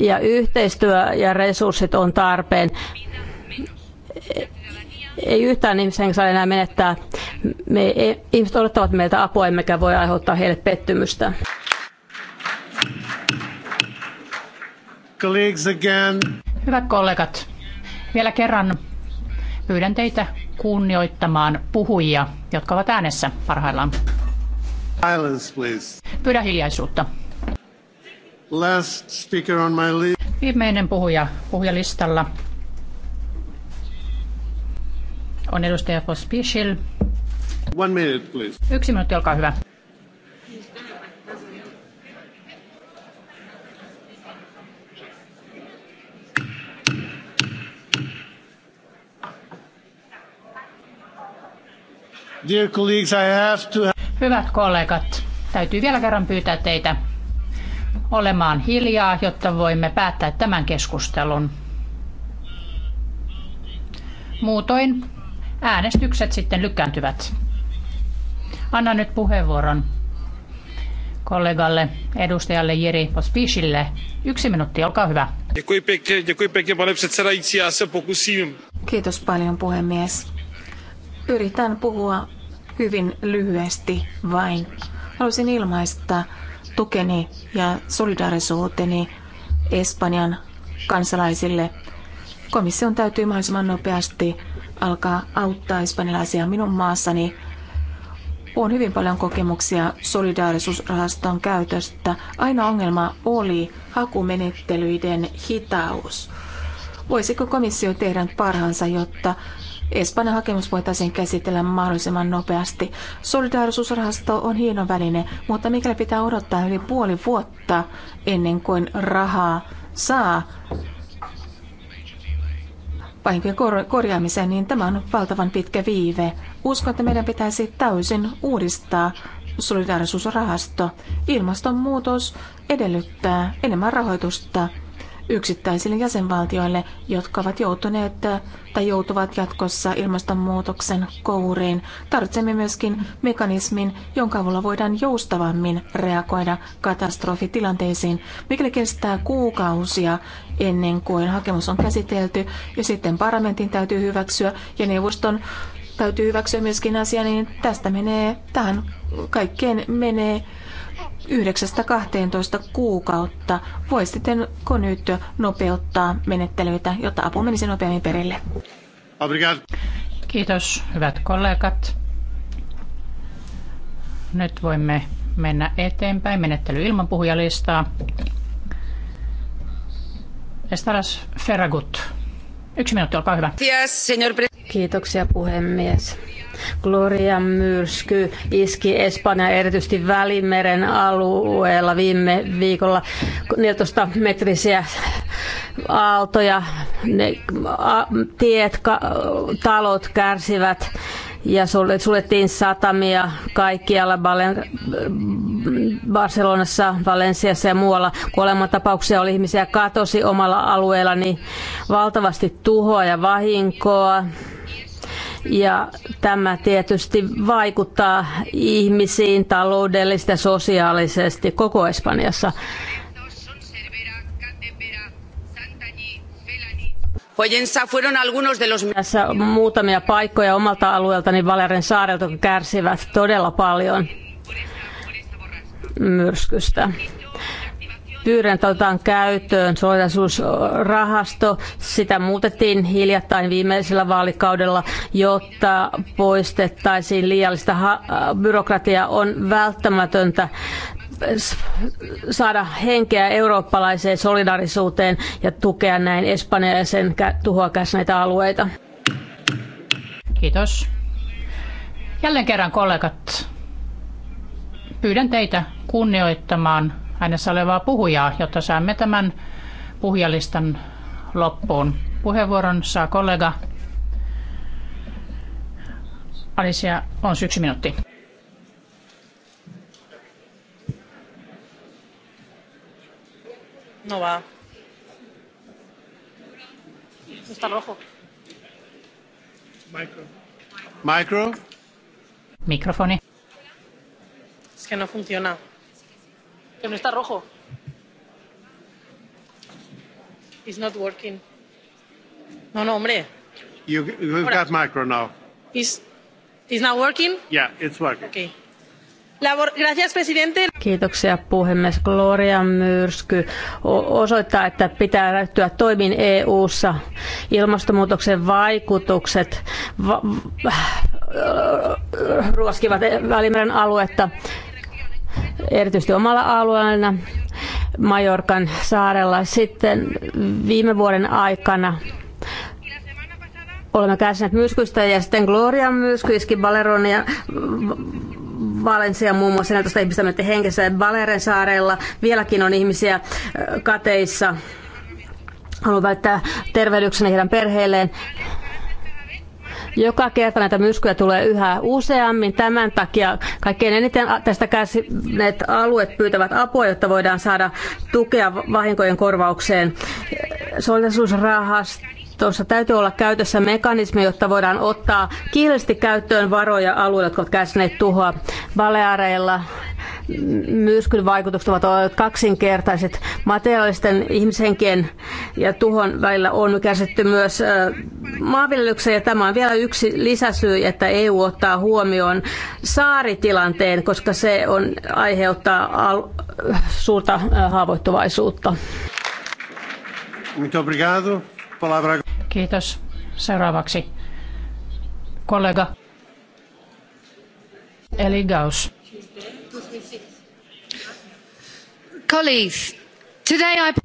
[SPEAKER 9] Ja yhteistyö ja resurssit on tarpeen. Ei yhtään ihmisen saa enää menettää. Me, e- ihmiset odottavat meiltä apua, emmekä
[SPEAKER 7] voi aiheuttaa heille pettymystä.
[SPEAKER 3] again.
[SPEAKER 7] Hyvät kollegat, vielä kerran pyydän teitä kunnioittamaan puhujia, jotka ovat äänessä parhaillaan.
[SPEAKER 3] Silence, please.
[SPEAKER 7] Pyydä hiljaisuutta.
[SPEAKER 3] Last speaker on
[SPEAKER 7] my list. Viimeinen puhuja puhujalistalla on edustaja Pospisil.
[SPEAKER 3] One minute, please.
[SPEAKER 7] Yksi minuutti, olkaa hyvä.
[SPEAKER 3] Dear colleagues, I have to... Hyvät
[SPEAKER 7] kollegat, täytyy vielä kerran pyytää teitä olemaan hiljaa, jotta voimme päättää tämän keskustelun. Muutoin äänestykset sitten lykkääntyvät. Anna nyt puheenvuoron kollegalle, edustajalle Jiri Pospisille. Yksi minuutti, olkaa hyvä.
[SPEAKER 3] Děkuji pěkně, děkuji pěkně, pane předsedající. Já se pokusím.
[SPEAKER 7] Kiitos paljon,
[SPEAKER 8] puhemies. Yritän puhua hyvin lyhyesti vain. Haluaisin ilmaista tukeni ja solidaarisuuteni Espanjan kansalaisille. Komission täytyy mahdollisimman nopeasti alkaa auttaa espanjalaisia minun maassani. On hyvin paljon kokemuksia solidaarisuusrahaston käytöstä. Aina ongelma oli hakumenettelyiden hitaus. Voisiko komissio tehdä parhaansa, jotta Espanjan hakemus voitaisiin käsitellä mahdollisimman nopeasti. Solidaarisuusrahasto on hieno väline, mutta mikäli pitää odottaa yli puoli vuotta ennen kuin rahaa saa vahinkojen kor- korjaamiseen, niin tämä on valtavan pitkä viive. Uskon, että meidän pitäisi täysin uudistaa solidaarisuusrahasto. Ilmastonmuutos edellyttää enemmän rahoitusta yksittäisille jäsenvaltioille, jotka ovat joutuneet äh, tai joutuvat jatkossa ilmastonmuutoksen kouriin. Tarvitsemme myöskin mekanismin, jonka avulla voidaan joustavammin reagoida katastrofitilanteisiin, mikäli kestää kuukausia ennen kuin hakemus on käsitelty ja sitten parlamentin täytyy hyväksyä ja neuvoston täytyy hyväksyä myöskin asia, niin tästä menee, tähän kaikkeen menee 9-12 kuukautta. Voi sitten nyt nopeuttaa menettelyitä, jotta apu menisi nopeammin perille.
[SPEAKER 7] Kiitos, hyvät kollegat. Nyt voimme mennä eteenpäin. Menettely ilman puhujalistaa. Estaras Ferragut. Yksi minuutti, olkaa hyvä.
[SPEAKER 9] Kiitoksia puhemies. Gloria myrsky iski Espanja erityisesti Välimeren alueella viime viikolla 14 metrisiä aaltoja. Ne tiet, talot kärsivät ja suljettiin satamia kaikkialla Balen, Barcelonassa, Valensiassa ja muualla. Kuolemantapauksia oli ihmisiä katosi omalla alueella niin valtavasti tuhoa ja vahinkoa. Ja tämä tietysti vaikuttaa ihmisiin taloudellisesti ja sosiaalisesti koko Espanjassa. Tässä muutamia paikkoja omalta alueeltani Valerin saarelta kärsivät todella paljon myrskystä. Pyydän, otetaan käyttöön solidaisuusrahasto. Sitä muutettiin hiljattain viimeisellä vaalikaudella, jotta poistettaisiin liiallista byrokratiaa. On välttämätöntä saada henkeä eurooppalaiseen solidarisuuteen ja tukea näin Espanjaa ja sen tuhoa näitä alueita.
[SPEAKER 7] Kiitos. Jälleen kerran kollegat, pyydän teitä kunnioittamaan äänessä olevaa puhujaa, jotta saamme tämän puhujalistan loppuun. Puheenvuoron saa kollega Alicia on yksi minuutti. No vaan. mikrofoni. rojo. Micro. Micro. Es que no funciona. Que no está rojo. It's not working. No, no, hombre.
[SPEAKER 3] You, you've Ahora. got micro now. Is, is not working? Yeah, it's working. Okay.
[SPEAKER 9] Kiitoksia puhemies. Gloria Myrsky osoittaa, että pitää ryhtyä toimiin EU-ssa. Ilmastonmuutoksen vaikutukset va- äh, ruoskivat Välimeren aluetta erityisesti omalla alueella Majorkan saarella. Sitten viime vuoden aikana olemme kärsineet myrskyistä ja sitten Gloria myrsky Baleron ja Valencia muun muassa 14 ihmistä menette henkensä. Baleren saarella vieläkin on ihmisiä äh, kateissa. Haluan välttää terveydyksenä heidän perheelleen. Joka kerta näitä myrskyjä tulee yhä useammin. Tämän takia kaikkein eniten tästä kärsineet alueet pyytävät apua, jotta voidaan saada tukea vahinkojen korvaukseen. Solidarisuusrahasto Tuossa täytyy olla käytössä mekanismi, jotta voidaan ottaa kiireesti käyttöön varoja alueilla, jotka ovat kärsineet tuhoa. Baleareilla myrskyn vaikutukset ovat olleet kaksinkertaiset. Materiaalisten ihmishenkien ja tuhon välillä on käsitty myös maanviljelykseen tämä on vielä yksi lisäsyy, että EU ottaa huomioon saaritilanteen, koska se on, aiheuttaa al- suurta haavoittuvaisuutta.
[SPEAKER 3] Muito obrigado. Palavra...
[SPEAKER 7] Kiitos. Seuraavaksi kollega Eli Gauss. Colleagues,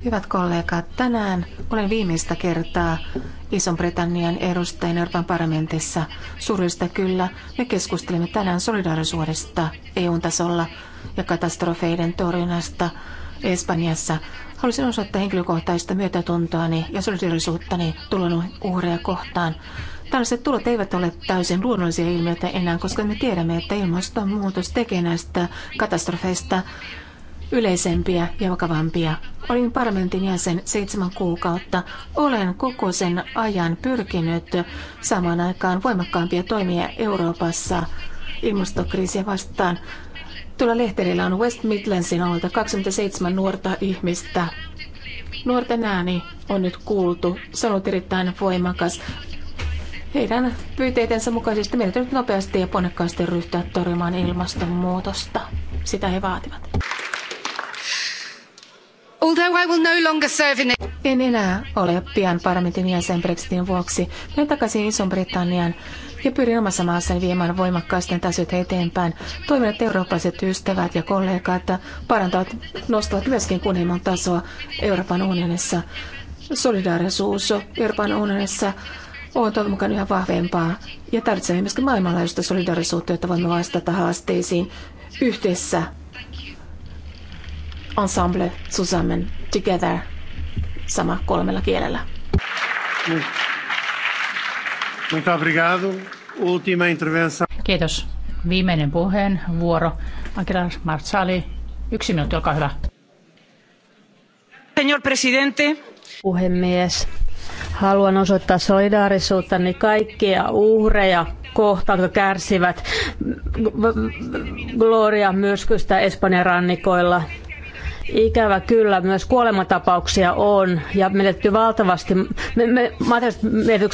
[SPEAKER 7] Hyvät kollegat,
[SPEAKER 8] tänään olen viimeistä kertaa Ison-Britannian edustajan Euroopan parlamentissa. Surullista kyllä, me keskustelimme tänään solidaarisuudesta eu tasolla ja katastrofeiden torjunnasta Espanjassa. Haluaisin osoittaa henkilökohtaista myötätuntoani ja solidarisuuttani tulon uhreja kohtaan. Tällaiset tulot eivät ole täysin luonnollisia ilmiöitä enää, koska me tiedämme, että ilmastonmuutos tekee näistä katastrofeista yleisempiä ja vakavampia. Olin parlamentin jäsen seitsemän kuukautta. Olen koko sen ajan pyrkinyt samaan aikaan voimakkaampia toimia Euroopassa ilmastokriisiä vastaan. Tuolla lehterillä on West Midlandsin alta 27 nuorta ihmistä. Nuorten ääni on nyt kuultu. Se on ollut erittäin voimakas. Heidän pyyteitensä mukaisesti meidän nyt nopeasti ja ponnekkaasti ryhtyä torjumaan ilmastonmuutosta. Sitä he vaativat. Although I will no longer serve in... En enää ole pian parlamentin jäsen Brexitin vuoksi. Menen takaisin Ison-Britannian ja pyrin omassa maassani viemään voimakkaasti asioita eteenpäin. Toivon, että eurooppalaiset ystävät ja kollegat parantavat, nostavat myöskin kunnianhimon tasoa Euroopan unionissa. Solidaarisuus Euroopan unionissa on toivon mukaan yhä vahvempaa ja tarvitsemme myöskin maailmanlaajuista solidaarisuutta, jotta voimme vastata haasteisiin yhdessä. Ensemble, zusammen, together,
[SPEAKER 7] sama kolmella kielellä.
[SPEAKER 3] Kiitos. Muito obrigado. intervenção. Kiitos.
[SPEAKER 7] Viimeinen puheen vuoro. Aguilar Marsali, yksi minuutti, olkaa hyvä.
[SPEAKER 3] Señor presidente.
[SPEAKER 9] Puhemies, haluan osoittaa solidaarisuutta niin kaikkia uhreja kohtaan, jotka kärsivät Gloria myrskystä Espanjan rannikoilla Ikävä kyllä, myös kuolematapauksia on ja menetetty valtavasti, me, me,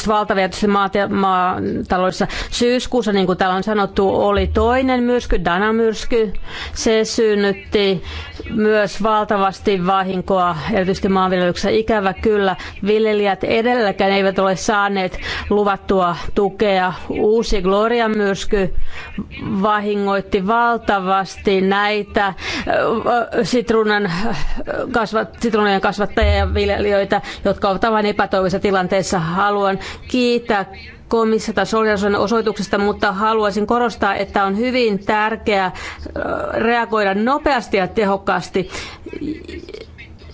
[SPEAKER 9] valtavia tietysti maataloudessa. Syyskuussa, niin kuin täällä on sanottu, oli toinen myrsky, Dana-myrsky. Se synnytti myös valtavasti vahinkoa, erityisesti maanviljelyksessä. Ikävä kyllä, viljelijät edelläkään eivät ole saaneet luvattua tukea. Uusi Gloria-myrsky vahingoitti valtavasti näitä sitruunan on äh, kasvat, sitruunojen kasvattajia ja viljelijöitä, jotka ovat aivan epätoivoisessa tilanteessa. Haluan kiittää komissiota solidarisuuden osoituksesta, mutta haluaisin korostaa, että on hyvin tärkeää äh, reagoida nopeasti ja tehokkaasti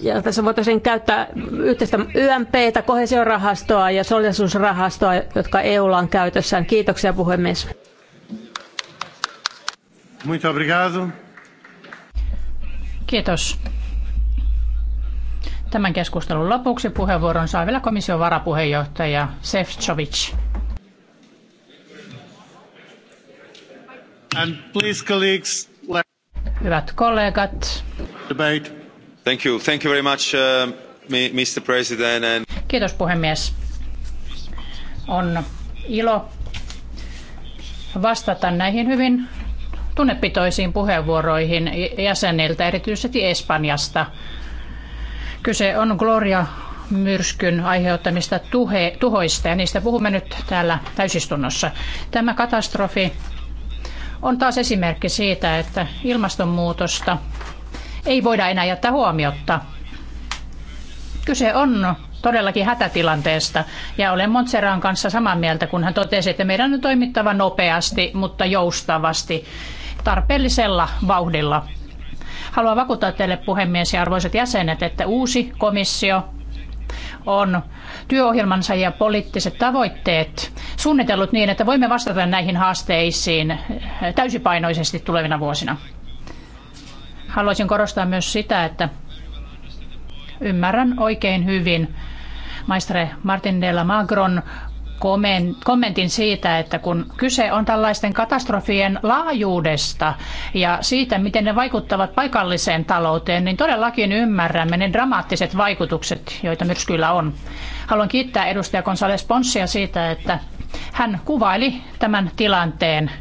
[SPEAKER 9] ja tässä voitaisiin käyttää yhteistä YMPtä, kohesiorahastoa ja solidaisuusrahastoa, jotka EUlla on käytössään.
[SPEAKER 7] Kiitoksia puhemies.
[SPEAKER 3] Muito obrigado.
[SPEAKER 7] Kiitos. Tämän keskustelun lopuksi puheenvuoron saa vielä komission varapuheenjohtaja Sefcovic.
[SPEAKER 3] And please, colleagues, let...
[SPEAKER 7] Hyvät kollegat.
[SPEAKER 5] Debate. Thank you. Thank you very much, uh, Mr. President. And...
[SPEAKER 7] Kiitos puhemies. On ilo vastata näihin hyvin tunnepitoisiin puheenvuoroihin jäseniltä, erityisesti Espanjasta. Kyse on Gloria myrskyn aiheuttamista tuhe, tuhoista ja niistä puhumme nyt täällä täysistunnossa. Tämä katastrofi on taas esimerkki siitä, että ilmastonmuutosta ei voida enää jättää huomiotta. Kyse on todellakin hätätilanteesta ja olen Montserran kanssa samaa mieltä, kun hän totesi, että meidän on toimittava nopeasti, mutta joustavasti tarpeellisella vauhdilla. Haluan vakuuttaa teille puhemies ja arvoisat jäsenet, että uusi komissio on työohjelmansa ja poliittiset tavoitteet suunnitellut niin, että voimme vastata näihin haasteisiin täysipainoisesti tulevina vuosina. Haluaisin korostaa myös sitä, että ymmärrän oikein hyvin maistre Martin de la Magron kommentin siitä, että kun kyse on tällaisten katastrofien laajuudesta ja siitä, miten ne vaikuttavat paikalliseen talouteen, niin todellakin ymmärrämme ne dramaattiset vaikutukset, joita myrskyillä on. Haluan kiittää edustaja Gonzales Ponssia siitä, että hän kuvaili tämän tilanteen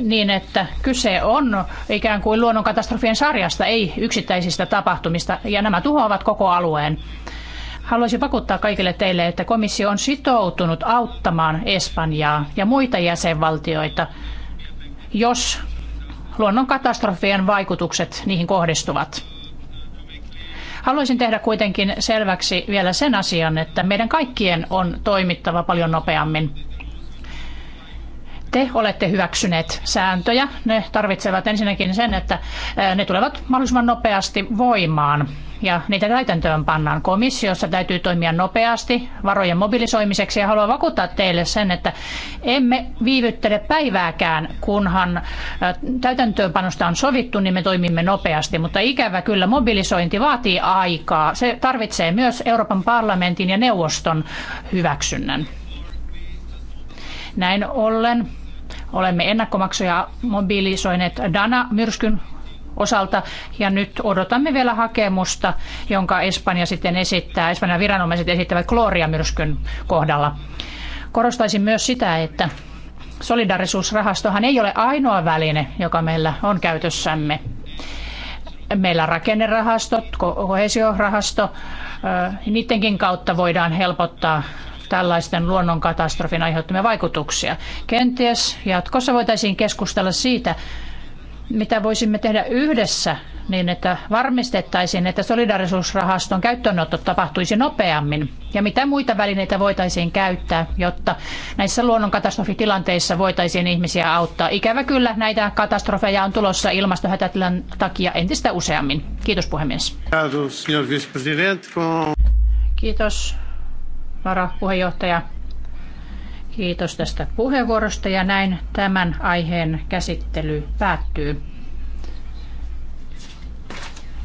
[SPEAKER 7] niin, että kyse on ikään kuin luonnonkatastrofien sarjasta, ei yksittäisistä tapahtumista, ja nämä tuhoavat koko alueen. Haluaisin vakuuttaa kaikille teille, että komissio on sitoutunut auttamaan Espanjaa ja muita jäsenvaltioita, jos luonnonkatastrofien vaikutukset niihin kohdistuvat. Haluaisin tehdä kuitenkin selväksi vielä sen asian, että meidän kaikkien on toimittava paljon nopeammin te olette hyväksyneet sääntöjä. Ne tarvitsevat ensinnäkin sen, että ne tulevat mahdollisimman nopeasti voimaan ja niitä täytäntöön pannaan. Komissiossa täytyy toimia nopeasti varojen mobilisoimiseksi ja haluan vakuuttaa teille sen, että emme viivyttele päivääkään, kunhan täytäntöönpanosta on sovittu, niin me toimimme nopeasti. Mutta ikävä kyllä mobilisointi vaatii aikaa. Se tarvitsee myös Euroopan parlamentin ja neuvoston hyväksynnän. Näin ollen olemme ennakkomaksuja mobilisoineet Dana-myrskyn osalta ja nyt odotamme vielä hakemusta, jonka Espanja sitten esittää, Espanjan viranomaiset esittävät Gloria-myrskyn kohdalla. Korostaisin myös sitä, että solidarisuusrahastohan ei ole ainoa väline, joka meillä on käytössämme. Meillä on rakennerahastot, kohesiorahasto, niidenkin kautta voidaan helpottaa tällaisten luonnonkatastrofin aiheuttamia vaikutuksia. Kenties jatkossa voitaisiin keskustella siitä, mitä voisimme tehdä yhdessä niin, että varmistettaisiin, että solidarisuusrahaston käyttöönotto tapahtuisi nopeammin ja mitä muita välineitä voitaisiin käyttää, jotta näissä luonnonkatastrofitilanteissa voitaisiin ihmisiä auttaa. Ikävä kyllä näitä katastrofeja on tulossa ilmastohätätilan takia entistä useammin. Kiitos puhemies. Kiitos varapuheenjohtaja. Kiitos tästä puheenvuorosta ja näin tämän aiheen käsittely päättyy.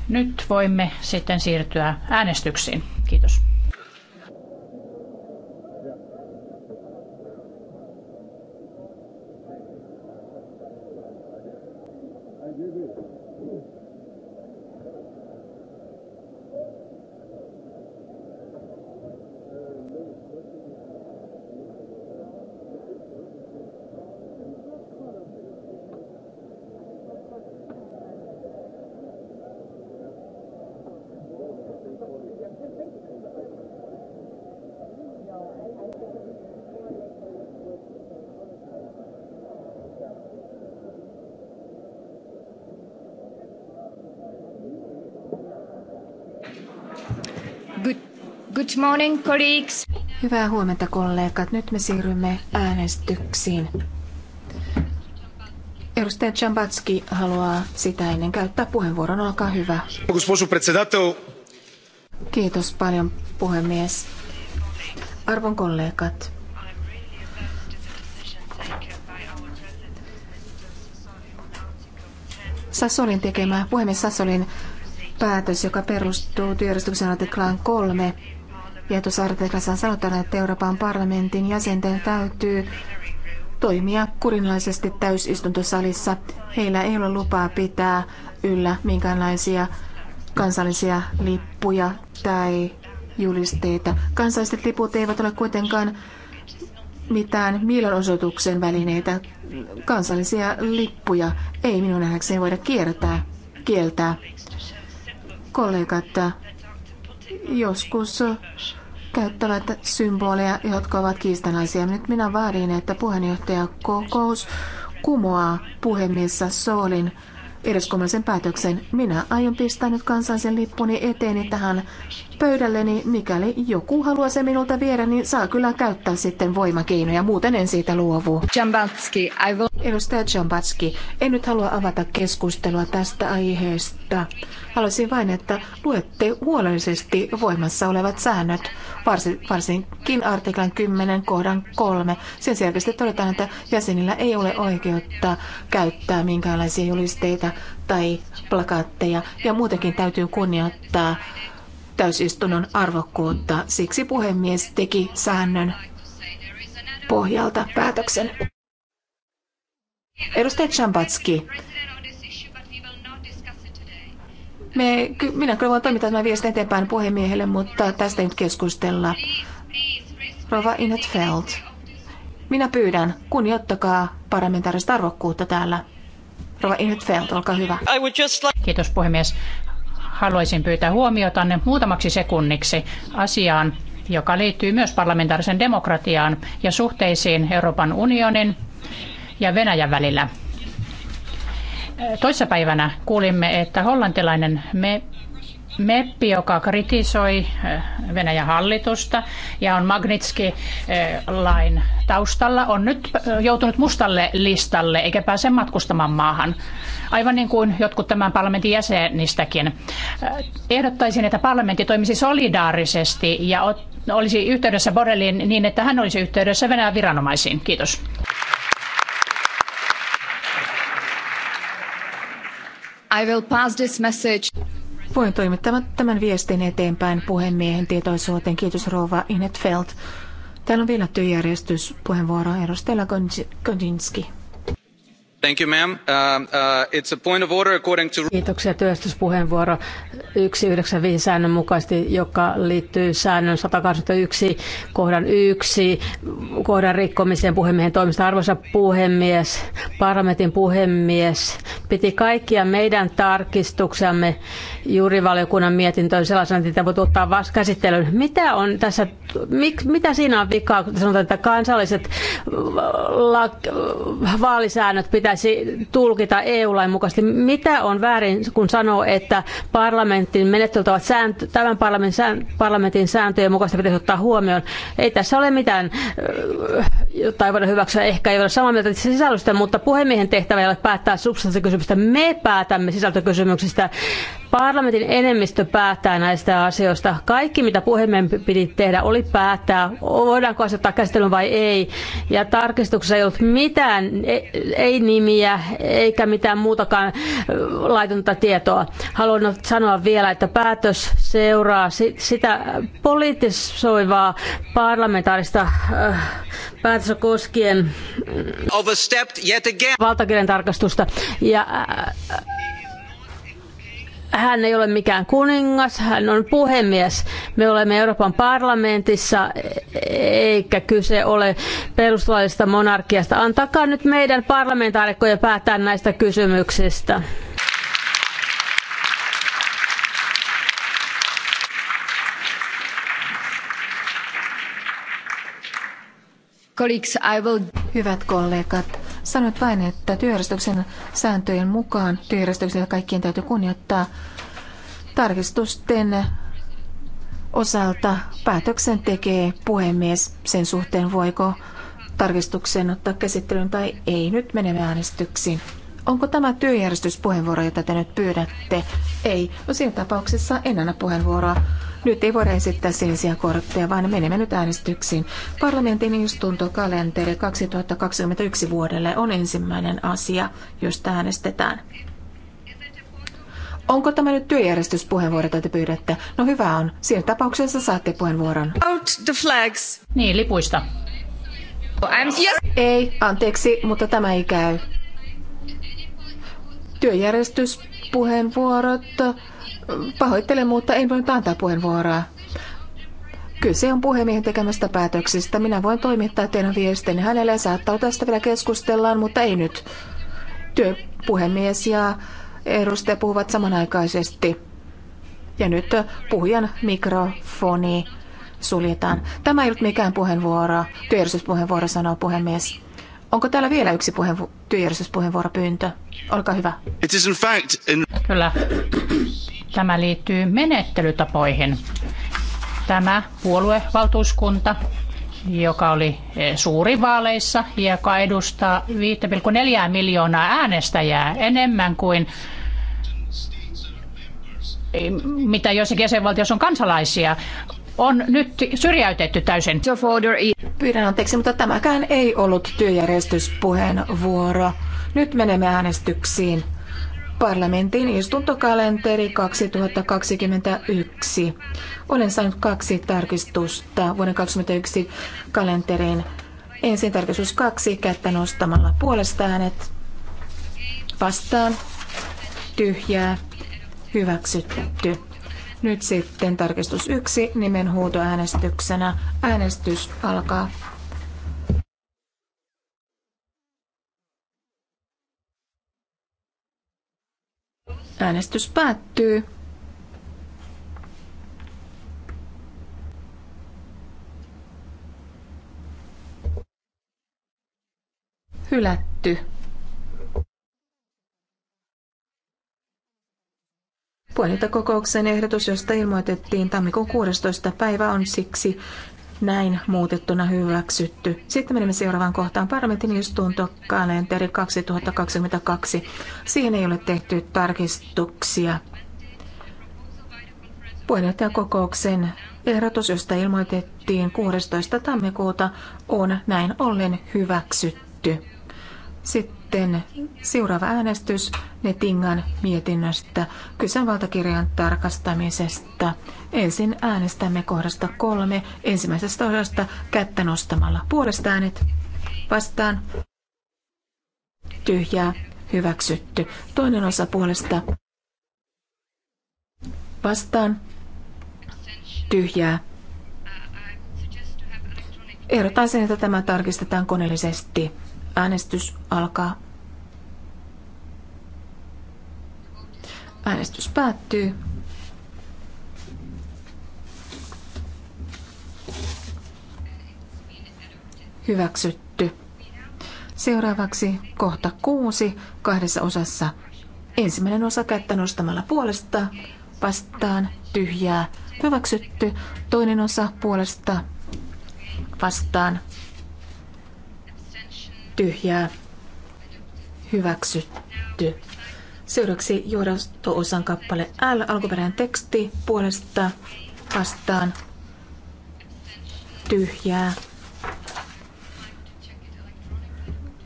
[SPEAKER 7] Nyt voimme sitten siirtyä äänestyksiin. Kiitos.
[SPEAKER 8] Good morning, colleagues. Hyvää huomenta, kollegat. Nyt me siirrymme äänestyksiin. Edustaja Chambatski haluaa sitä ennen käyttää puheenvuoron. Olkaa hyvä. Kiitos paljon, puhemies. Arvon kollegat, Sassolin tekemä, puhemies Sassolin päätös, joka perustuu työjärjestyksen artiklaan kolme, ja on sanotaan, että Euroopan parlamentin jäsenten täytyy toimia kurinalaisesti täysistuntosalissa. Heillä ei ole lupaa pitää yllä minkäänlaisia kansallisia lippuja tai julisteita. Kansalliset liput eivät ole kuitenkaan mitään mielenosoituksen välineitä. Kansallisia lippuja ei minun nähdäkseni voida kiertää, kieltää. Kollegat joskus käyttävät symboleja, jotka ovat kiistanaisia. Nyt minä vaadin, että kokous kumoaa puhemiessa Soolin eriskummallisen päätöksen. Minä aion pistää nyt kansallisen lippuni eteeni tähän pöydälleni. Mikäli joku haluaa se minulta viedä, niin saa kyllä käyttää sitten voimakeinoja. Muuten en siitä luovu. Jambatski, I will... Edustaja Jambatski, en nyt halua avata keskustelua tästä aiheesta. Haluaisin vain, että luette huolellisesti voimassa olevat säännöt, varsinkin artiklan 10 kohdan 3. Sen selkeästi todetaan, että jäsenillä ei ole oikeutta käyttää minkäänlaisia julisteita tai plakaatteja, ja muutenkin täytyy kunnioittaa täysistunnon arvokkuutta. Siksi puhemies teki säännön pohjalta päätöksen. Edustaja Chambatski, me, minä kyllä voin toimittaa tämän viestin eteenpäin puhemiehelle, mutta tästä ei nyt keskustella. Rova Inetfeld, minä
[SPEAKER 7] pyydän, kunnioittakaa parlamentaarista arvokkuutta täällä. Rova Inetfeld, olkaa hyvä. Kiitos puhemies. Haluaisin pyytää huomiotanne muutamaksi sekunniksi asiaan, joka liittyy myös parlamentaarisen demokratiaan ja suhteisiin Euroopan unionin ja Venäjän välillä toissapäivänä kuulimme, että hollantilainen me Meppi, joka kritisoi Venäjän hallitusta ja on Magnitski-lain taustalla, on nyt joutunut mustalle listalle eikä pääse matkustamaan maahan. Aivan niin kuin jotkut tämän parlamentin jäsenistäkin. Ehdottaisin, että parlamentti toimisi solidaarisesti ja olisi yhteydessä Borelliin niin, että hän olisi yhteydessä Venäjän viranomaisiin. Kiitos.
[SPEAKER 8] I will pass this message. Voin toimittaa tämän viestin eteenpäin puhemiehen tietoisuuteen. Kiitos Rova Inetfeld. Täällä on vielä työjärjestyspuheenvuoro. Edustaja
[SPEAKER 9] Kondinski.
[SPEAKER 8] Thank you, ma'am. Uh,
[SPEAKER 9] uh, Kiitoksia työstyspuheenvuoro 195 säännön mukaisesti, joka liittyy säännön 181 kohdan 1 kohdan rikkomiseen puhemiehen toimista. Arvoisa puhemies, parlamentin puhemies, piti kaikkia meidän tarkistuksiamme juurivaliokunnan mietintöön sellaisena, että niitä voi ottaa vasta käsittelyyn. Mitä, on tässä, mik, mitä siinä on vikaa, kun sanotaan, että kansalliset äh, la, vaalisäännöt pitää pitäisi tulkita EU-lain mukaisesti. Mitä on väärin, kun sanoo, että parlamentin menettelyt ovat sääntö, tämän parlamentin, sään, parlamentin sääntöjen mukaisesti pitäisi ottaa huomioon? Ei tässä ole mitään, äh, tai voida hyväksyä, ehkä ei ole samaa mieltä sisällöstä, mutta puhemiehen tehtävä ei ole päättää substanssikysymyksistä. Me päätämme sisältökysymyksistä Parlamentin enemmistö päättää näistä asioista. Kaikki, mitä puhemme piti tehdä, oli päättää, voidaanko asettaa käsittelyyn vai ei. Ja tarkistuksessa ei ollut mitään, e, ei nimiä, eikä mitään muutakaan laitonta tietoa. Haluan sanoa vielä, että päätös seuraa sitä politisoivaa parlamentaarista päätöstä koskien valtakirjan tarkastusta. Ja hän ei ole mikään kuningas, hän on puhemies. Me olemme Euroopan parlamentissa, eikä kyse ole perustuslaillisesta monarkiasta. Antakaa nyt meidän parlamentaarikkojen päättää näistä kysymyksistä.
[SPEAKER 8] I will... Hyvät kollegat, sanoit vain, että työjärjestyksen sääntöjen mukaan työjärjestyksellä kaikkien täytyy kunnioittaa tarkistusten osalta päätöksen tekee puhemies sen suhteen, voiko tarkistuksen ottaa käsittelyyn tai ei. Nyt menemme äänestyksiin. Onko tämä työjärjestyspuheenvuoro, jota te nyt pyydätte? Ei. No siinä tapauksessa en anna puheenvuoroa nyt ei voida esittää sinisiä kortteja, vaan menemme nyt äänestyksiin. Parlamentin istuntokalenteri 2021 vuodelle on ensimmäinen asia, josta äänestetään. Onko tämä nyt työjärjestyspuheenvuoro, jota te pyydätte? No hyvä on. Siinä tapauksessa saatte puheenvuoron.
[SPEAKER 7] Out the flags. Niin, lipuista. Yes.
[SPEAKER 8] Ei, anteeksi, mutta tämä ei käy. Työjärjestyspuheenvuorot Pahoittelen, mutta en voinut antaa puheenvuoroa. Kyse on puhemiehen tekemästä päätöksestä. Minä voin toimittaa teidän viestin hänelle ja saattaa tästä vielä keskustellaan, mutta ei nyt. Työpuhemies ja edustaja puhuvat samanaikaisesti. Ja nyt puhujan mikrofoni suljetaan. Tämä ei ollut mikään puheenvuoro. Työjärjestyspuheenvuoro sanoo puhemies. Onko täällä vielä yksi puheenvu- työjärjestyspuheenvuoropyyntö? Olkaa hyvä.
[SPEAKER 6] It is in fact
[SPEAKER 7] in... Kyllä. Tämä liittyy menettelytapoihin. Tämä puoluevaltuuskunta, joka oli eh, suuri vaaleissa ja joka edustaa 5,4 miljoonaa äänestäjää enemmän kuin mitä joissakin jäsenvaltioissa on kansalaisia, on nyt syrjäytetty täysin. Pyydän anteeksi, mutta tämäkään ei ollut
[SPEAKER 8] työjärjestyspuheenvuoro. Nyt menemme äänestyksiin. Parlamentin istuntokalenteri 2021. Olen saanut kaksi tarkistusta vuoden 2021 kalenteriin. Ensin tarkistus kaksi kättä nostamalla puolesta äänet vastaan tyhjää hyväksytty. Nyt sitten tarkistus yksi nimenhuutoäänestyksenä. Äänestys alkaa. Äänestys päättyy. Hylätty. Puolintakokouksen ehdotus, josta ilmoitettiin tammikuun 16. päivä, on siksi näin muutettuna hyväksytty. Sitten menemme seuraavaan kohtaan. Parlamentin istunto kalenteri 2022. Siihen ei ole tehty tarkistuksia. Puheenjohtajakokouksen ehdotus, josta ilmoitettiin 16. tammikuuta, on näin ollen hyväksytty. Sitten sitten seuraava äänestys Netingan mietinnöstä kyse valtakirjan tarkastamisesta. Ensin äänestämme kohdasta kolme ensimmäisestä osasta kättä nostamalla puolesta äänet vastaan. Tyhjää hyväksytty. Toinen osa puolesta vastaan. Tyhjää Ehdotan sen, että tämä tarkistetaan koneellisesti. Äänestys alkaa. Äänestys päättyy. Hyväksytty. Seuraavaksi kohta kuusi kahdessa osassa. Ensimmäinen osa kättä nostamalla puolesta vastaan tyhjää. Hyväksytty. Toinen osa puolesta vastaan tyhjää hyväksytty. Seuraavaksi johdanto osan kappale L, alkuperäinen teksti puolesta vastaan tyhjää.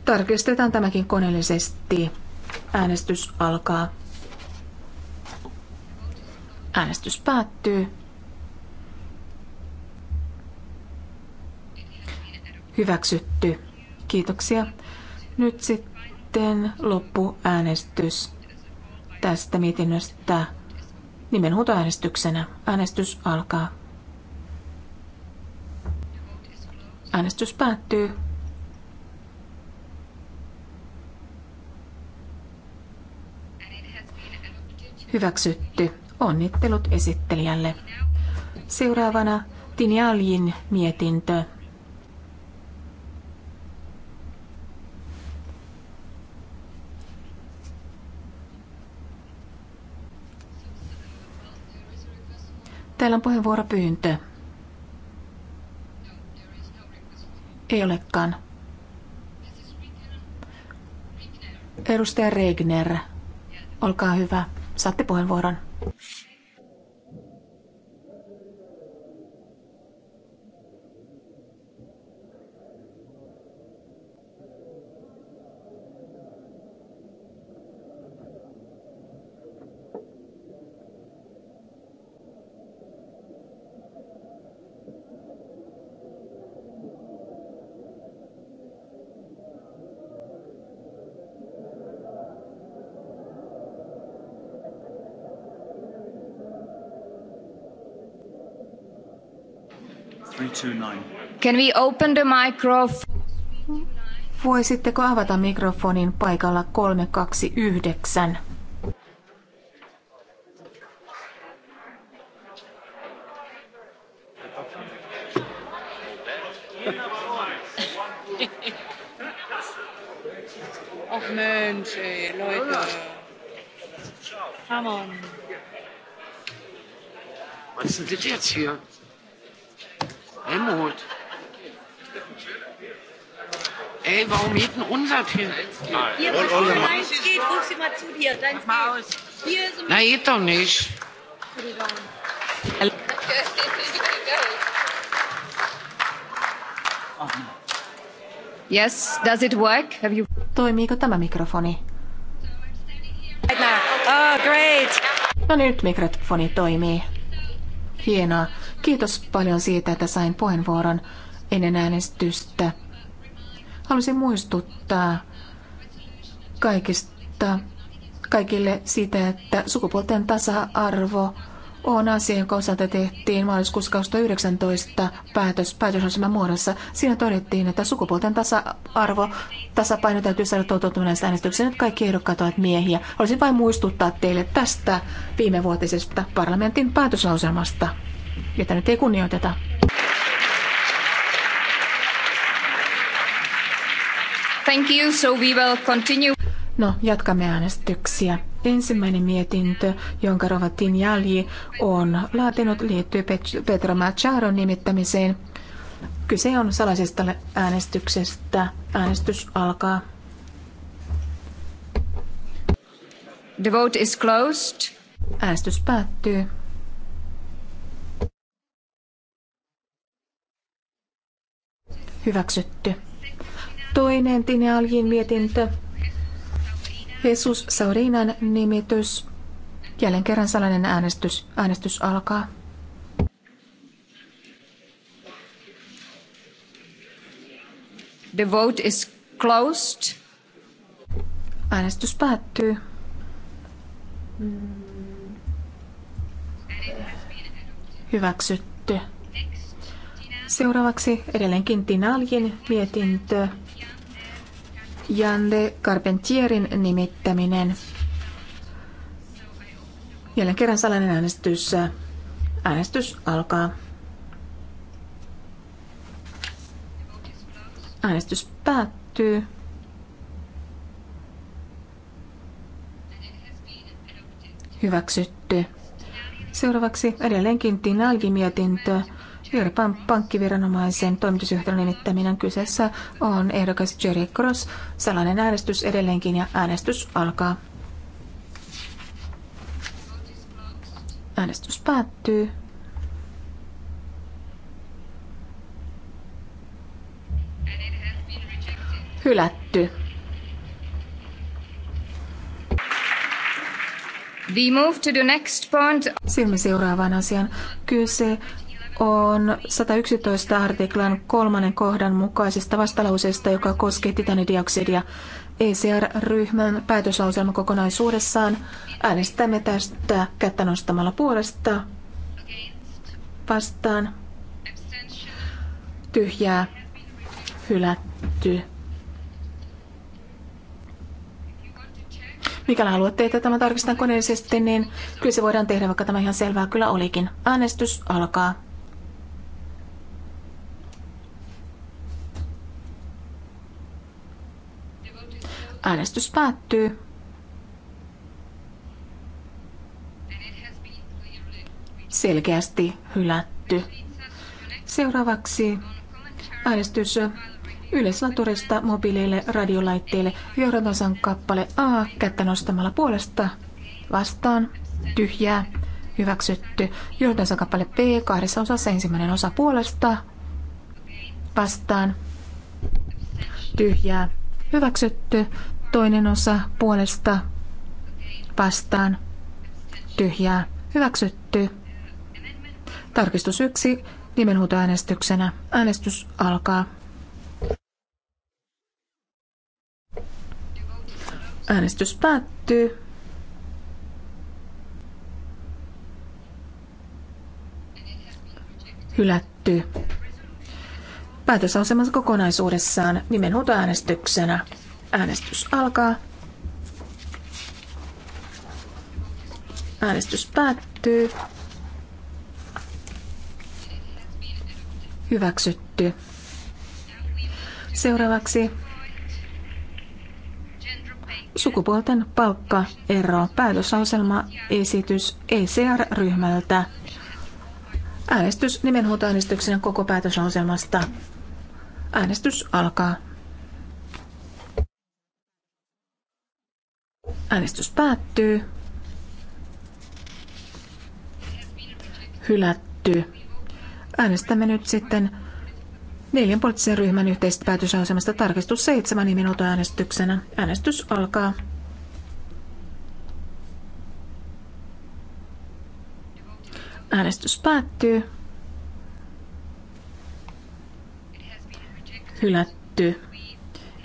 [SPEAKER 8] Tarkistetaan tämäkin koneellisesti. Äänestys alkaa. Äänestys päättyy. Hyväksytty. Kiitoksia. Nyt sitten loppuäänestys tästä mietinnöstä nimenhuutoäänestyksenä. Äänestys alkaa. Äänestys päättyy. Hyväksytty. Onnittelut esittelijälle. Seuraavana Tinialjin mietintö Täällä on puheenvuoropyyntö. Ei olekaan. Edustaja Regner, olkaa hyvä. Saatte puheenvuoron. Can we open the microphone? Voisitteko avata mikrofonin paikalla 329?
[SPEAKER 5] Ach Mensch, Leute.
[SPEAKER 6] Come on. Was ist denn das jetzt hier?
[SPEAKER 5] warum unser Unsatz Hier, was Olga, meins geht, ruf sie mal zu dir. Deins mal aus. Hier ist Na, geht doch nicht.
[SPEAKER 8] Yes, does it work? Have you... Toimiiko tämä mikrofoni?
[SPEAKER 3] Oh, great.
[SPEAKER 8] No niin, nyt mikrofoni toimii. Hienoa. Kiitos paljon siitä, että sain puheenvuoron ennen äänestystä. Haluaisin muistuttaa kaikista, kaikille siitä, että sukupuolten tasa-arvo on asia, jonka osalta tehtiin maaliskuussa 2019 päätös, päätösasema muodossa. Siinä todettiin, että sukupuolten tasa-arvo, tasapaino täytyy saada toteutumaan näistä äänestyksistä. Nyt kaikki ehdokkaat ovat miehiä. Olisin vain muistuttaa teille tästä viimevuotisesta parlamentin päätöslauselmasta, jota nyt ei kunnioiteta. Thank you, so we will continue. No, jatkamme äänestyksiä. Ensimmäinen mietintö, jonka Rovatin Jali on laatinut, liittyy Petra Macharon nimittämiseen. Kyse on salaisesta äänestyksestä. Äänestys alkaa. The vote is closed. Äänestys päättyy. Hyväksytty. Toinen Tine mietintö. Jesus Saurinan nimitys. Jälleen kerran salainen äänestys. Äänestys alkaa. The vote is closed. Äänestys päättyy. Hyväksytty. Seuraavaksi edelleenkin Tinaljin mietintö de Carpentierin nimittäminen. Jälleen kerran salainen äänestys. Äänestys alkaa. Äänestys päättyy. Hyväksytty. Seuraavaksi edelleenkin tinalgi mietintö Euroopan pankkiviranomaisen toimitusjohtajan nimittäminen kyseessä on ehdokas Jerry Cross. Salainen äänestys edelleenkin ja äänestys alkaa. Äänestys päättyy. Hylätty. We move to the next point. Silmi seuraavaan asiaan. Kyse on 111 artiklan kolmannen kohdan mukaisesta vastalauseesta, joka koskee titanidioksidia. ECR-ryhmän päätöslauselma kokonaisuudessaan äänestämme tästä kättä nostamalla puolesta vastaan tyhjää hylätty. Mikäli haluatte, että tämä tarkistetaan koneellisesti, niin kyllä se voidaan tehdä, vaikka tämä ihan selvää kyllä olikin. Äänestys alkaa. Äänestys päättyy. Selkeästi hylätty. Seuraavaksi äänestys yleislaturista mobiileille radiolaitteille johdantosan kappale A kättä nostamalla puolesta vastaan tyhjää hyväksytty. Johdantosan kappale B kahdessa osassa ensimmäinen osa puolesta vastaan tyhjää Hyväksytty toinen osa puolesta vastaan tyhjää. Hyväksytty. Tarkistus yksi nimenhuutoäänestyksenä. Äänestys alkaa. Äänestys päättyy. Hylätty. Päätösasemassa kokonaisuudessaan nimenhuutoäänestyksenä. Äänestys alkaa. Äänestys päättyy. Hyväksytty. Seuraavaksi sukupuolten palkkaero päätösauselma esitys ECR-ryhmältä. Äänestys nimenhuutoäänestyksen koko päätöslauselmasta. Äänestys alkaa. Äänestys päättyy. Hylätty. Äänestämme nyt sitten neljän poliittisen ryhmän yhteistä päätösasemasta tarkistus seitsemän äänestyksenä. Äänestys alkaa. Äänestys päättyy. hylätty,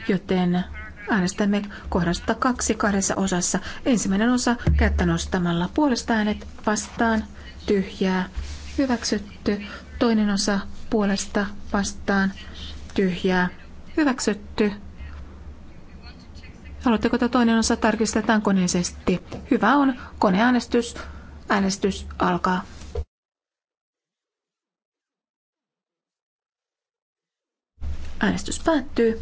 [SPEAKER 8] joten äänestämme kohdasta kaksi kahdessa osassa. Ensimmäinen osa kättä nostamalla puolesta äänet vastaan, tyhjää, hyväksytty. Toinen osa puolesta vastaan, tyhjää, hyväksytty. Haluatteko, että toinen osa tarkistetaan koneisesti? Hyvä on. Koneäänestys. Äänestys alkaa. Äänestys päättyy.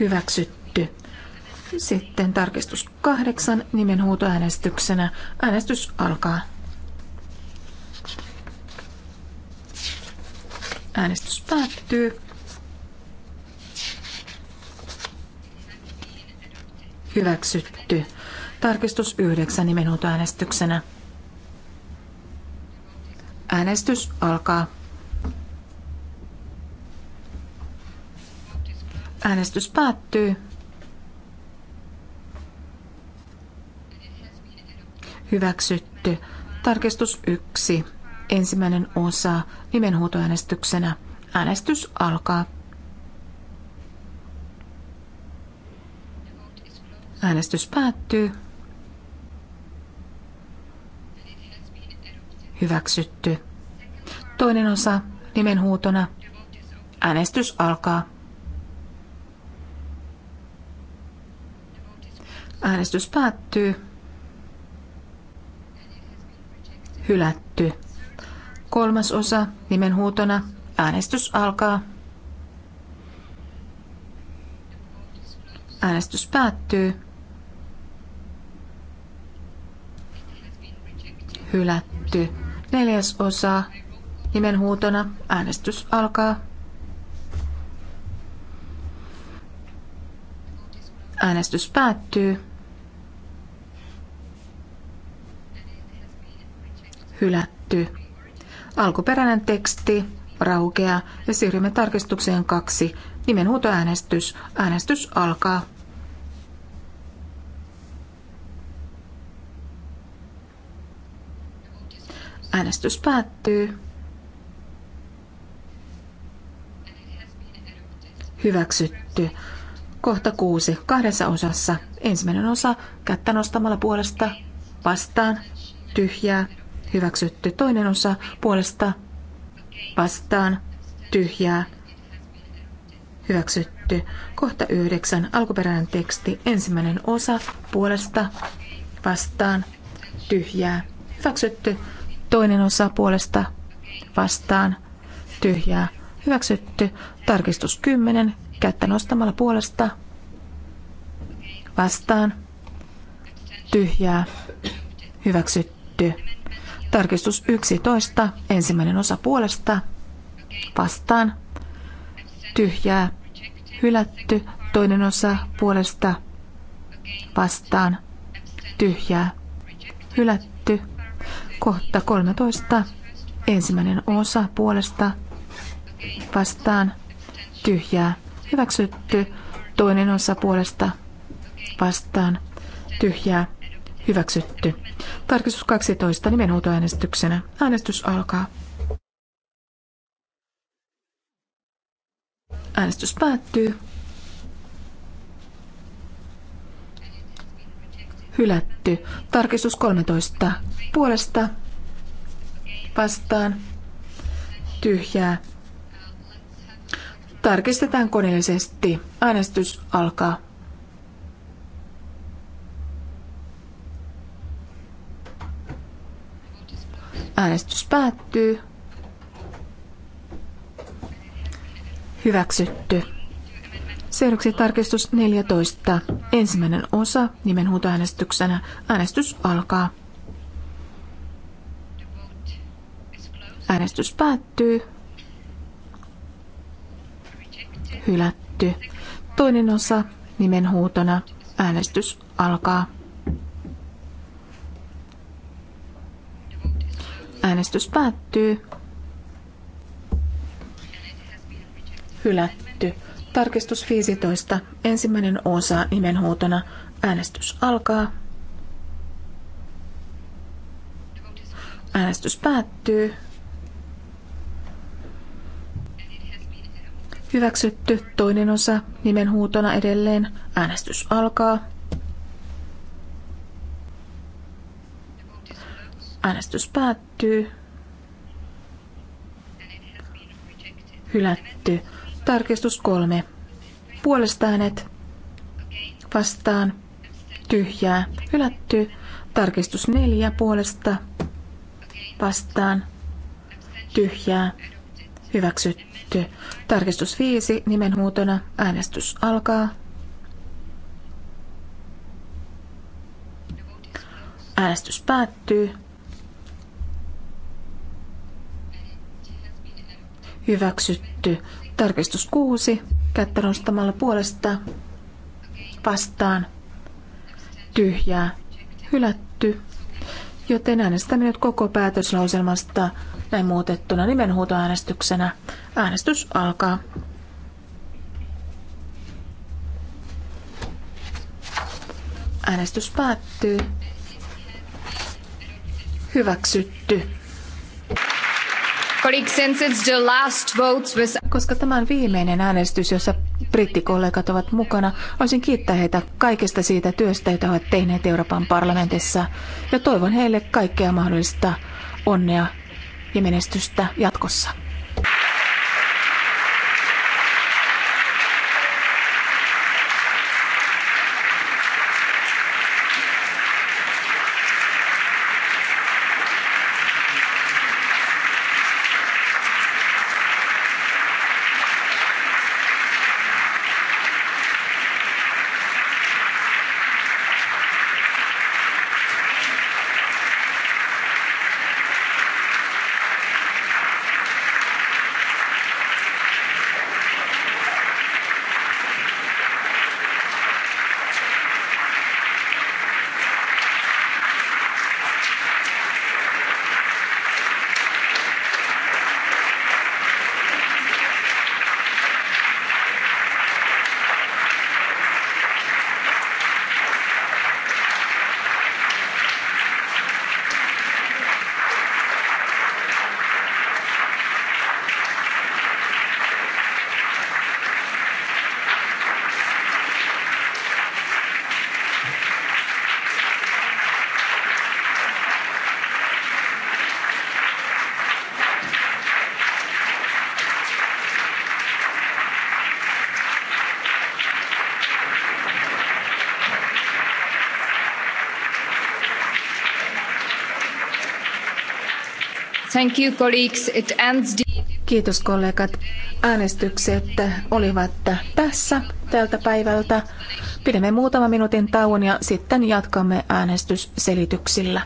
[SPEAKER 8] Hyväksytty. Sitten tarkistus kahdeksan nimenhuutoäänestyksenä. Äänestys alkaa. Äänestys päättyy. Hyväksytty. Tarkistus yhdeksän nimenhuutoäänestyksenä. Äänestys alkaa. Äänestys päättyy. Hyväksytty. Tarkistus 1. Ensimmäinen osa nimenhuutoäänestyksenä. Äänestys alkaa. Äänestys päättyy. Hyväksytty. Toinen osa nimenhuutona. Äänestys alkaa. Äänestys päättyy. Hylätty. Kolmas osa nimenhuutona. Äänestys alkaa. Äänestys päättyy. Hylätty. Neljäs osa nimenhuutona. Äänestys alkaa. Äänestys päättyy. Hylätty. Alkuperäinen teksti Raukea ja siirrymme tarkistukseen kaksi. Nimenhuutoäänestys. Äänestys alkaa. Äänestys päättyy. Hyväksytty. Kohta kuusi. Kahdessa osassa. Ensimmäinen osa kättä nostamalla puolesta vastaan tyhjää hyväksytty. Toinen osa puolesta vastaan tyhjää hyväksytty. Kohta yhdeksän. Alkuperäinen teksti. Ensimmäinen osa puolesta vastaan tyhjää hyväksytty. Toinen osa puolesta vastaan tyhjää hyväksytty. Tarkistus 10 kättä nostamalla puolesta vastaan tyhjää hyväksytty. Tarkistus 11, ensimmäinen osa puolesta vastaan tyhjää hylätty, toinen osa puolesta vastaan tyhjää hylätty. Kohta 13, ensimmäinen osa puolesta vastaan tyhjää hyväksytty, toinen osa puolesta vastaan tyhjää hyväksytty. Tarkistus 12 nimenhuutoäänestyksenä. Äänestys alkaa. Äänestys päättyy. Hylätty. Tarkistus 13. Puolesta vastaan tyhjää Tarkistetaan koneellisesti. Äänestys alkaa. Äänestys päättyy. Hyväksytty. Seuraavaksi tarkistus 14. Ensimmäinen osa nimenhuutoäänestyksenä. Äänestys alkaa. Äänestys päättyy hylätty. Toinen osa nimenhuutona äänestys alkaa. Äänestys päättyy. Hylätty. Tarkistus 15. Ensimmäinen osa nimenhuutona. Äänestys alkaa. Äänestys päättyy. Hyväksytty toinen osa nimenhuutona edelleen. Äänestys alkaa. Äänestys päättyy. Hylätty. Tarkistus kolme. Puolesta äänet. Vastaan. Tyhjää. Hylätty. Tarkistus neljä puolesta. Vastaan. Tyhjää. Hyväksytty tehty. Tarkistus 5 nimenhuutona. Äänestys alkaa. Äänestys päättyy. Hyväksytty. Tarkistus 6. Kättä nostamalla puolesta vastaan. Tyhjää. Hylätty. Joten äänestämme nyt koko päätöslauselmasta näin muutettuna nimenhuutoäänestyksenä. Äänestys alkaa. Äänestys päättyy. Hyväksytty. Koska tämä on viimeinen äänestys, jossa brittikollegat ovat mukana, olisin kiittää heitä kaikesta siitä työstä, jota ovat tehneet Euroopan parlamentissa, ja toivon heille kaikkea mahdollista onnea ja menestystä jatkossa. Thank you, colleagues. It ends Kiitos kollegat. Äänestykset olivat tässä tältä päivältä. Pidämme muutaman minuutin tauon ja sitten jatkamme äänestysselityksillä.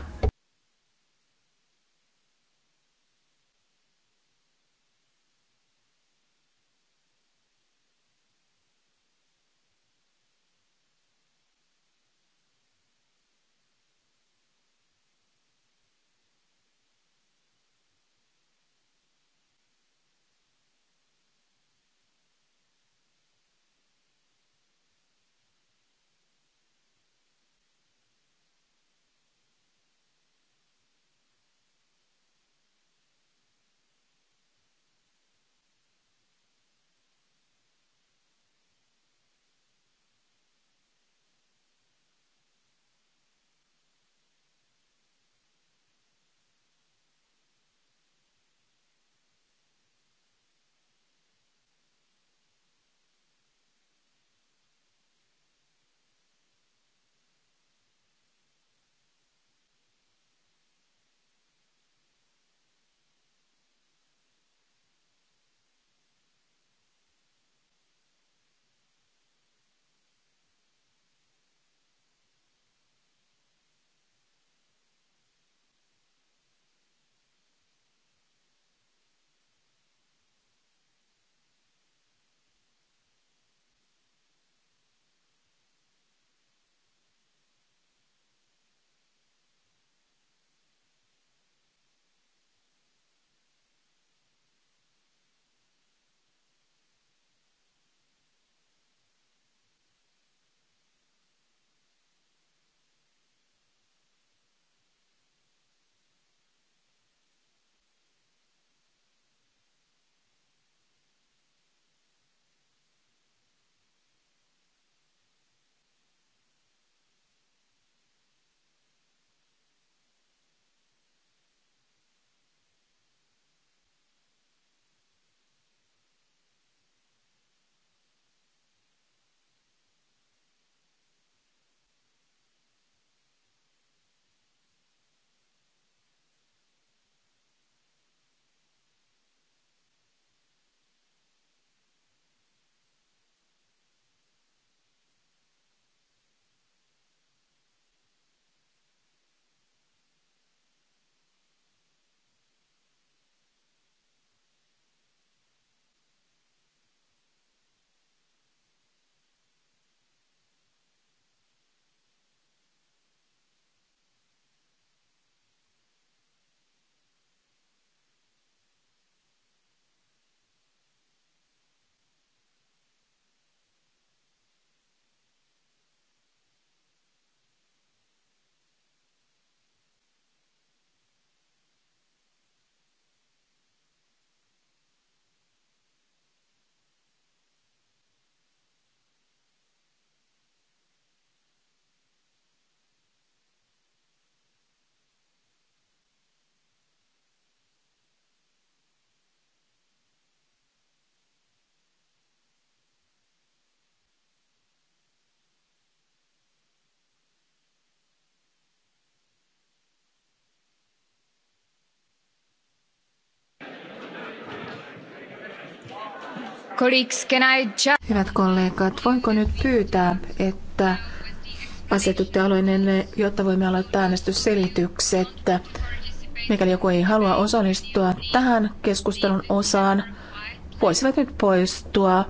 [SPEAKER 8] Hyvät kollegat, voinko nyt pyytää, että asetutte aloinen, jotta voimme aloittaa äänestysselitykset. Mikäli joku ei halua osallistua tähän keskustelun osaan, voisivat nyt poistua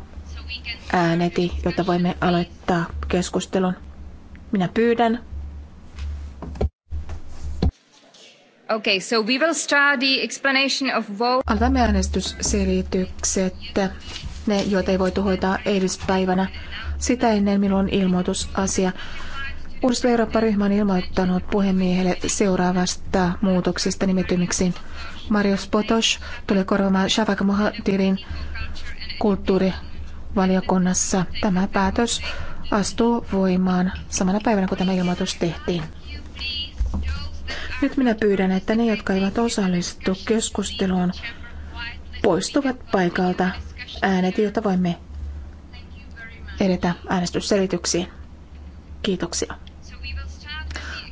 [SPEAKER 8] ääneti, jotta voimme aloittaa keskustelun. Minä pyydän.
[SPEAKER 6] Okay, so we will start the explanation of
[SPEAKER 8] vote. Aloitamme äänestysselitykset ne, joita ei voitu hoitaa eilispäivänä. Sitä ennen minulla on ilmoitusasia. Uudistus Eurooppa-ryhmä on ilmoittanut puhemiehelle seuraavasta muutoksesta nimetymiksi. Marius Potos tulee korvaamaan Shavak Mohadirin kulttuurivaliokunnassa. Tämä päätös astuu voimaan samana päivänä, kun tämä ilmoitus tehtiin. Nyt minä pyydän, että ne, jotka eivät osallistu keskusteluun, poistuvat paikalta äänet, jotta voimme edetä äänestysselityksiin. Kiitoksia.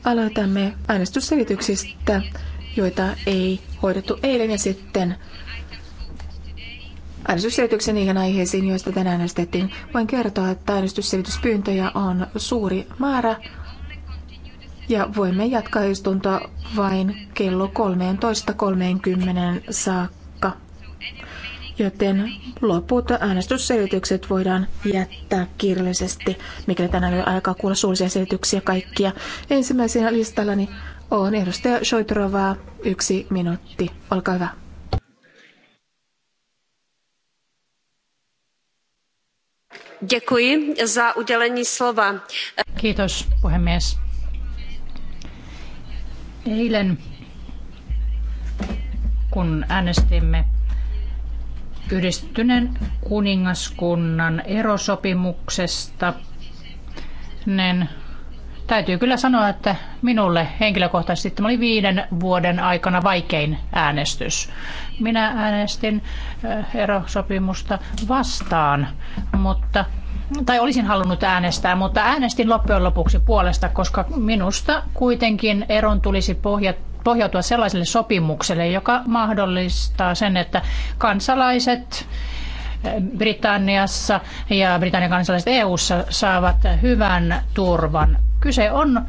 [SPEAKER 8] Aloitamme äänestysselityksistä, joita ei hoidettu eilen ja sitten äänestysselityksen niihin aiheisiin, joista tänään äänestettiin. Voin kertoa, että äänestysselityspyyntöjä on suuri määrä ja voimme jatkaa istuntoa vain kello 13.30 saakka joten loput äänestysselitykset voidaan jättää kirjallisesti, mikäli tänään ei ole aikaa kuulla suullisia selityksiä kaikkia. Ensimmäisenä listallani on edustaja Shoitrovaa, yksi minuutti. Olkaa hyvä.
[SPEAKER 9] Děkuji za slova.
[SPEAKER 7] Kiitos puhemies. Eilen kun äänestimme yhdistyneen kuningaskunnan erosopimuksesta, niin täytyy kyllä sanoa, että minulle henkilökohtaisesti tämä oli viiden vuoden aikana vaikein äänestys. Minä äänestin eh, erosopimusta vastaan, mutta tai olisin halunnut äänestää, mutta äänestin loppujen lopuksi puolesta, koska minusta kuitenkin eron tulisi pohja pohjautua sellaiselle sopimukselle, joka mahdollistaa sen, että kansalaiset eh, Britanniassa ja Britannian kansalaiset EU:ssa saavat hyvän turvan. Kyse on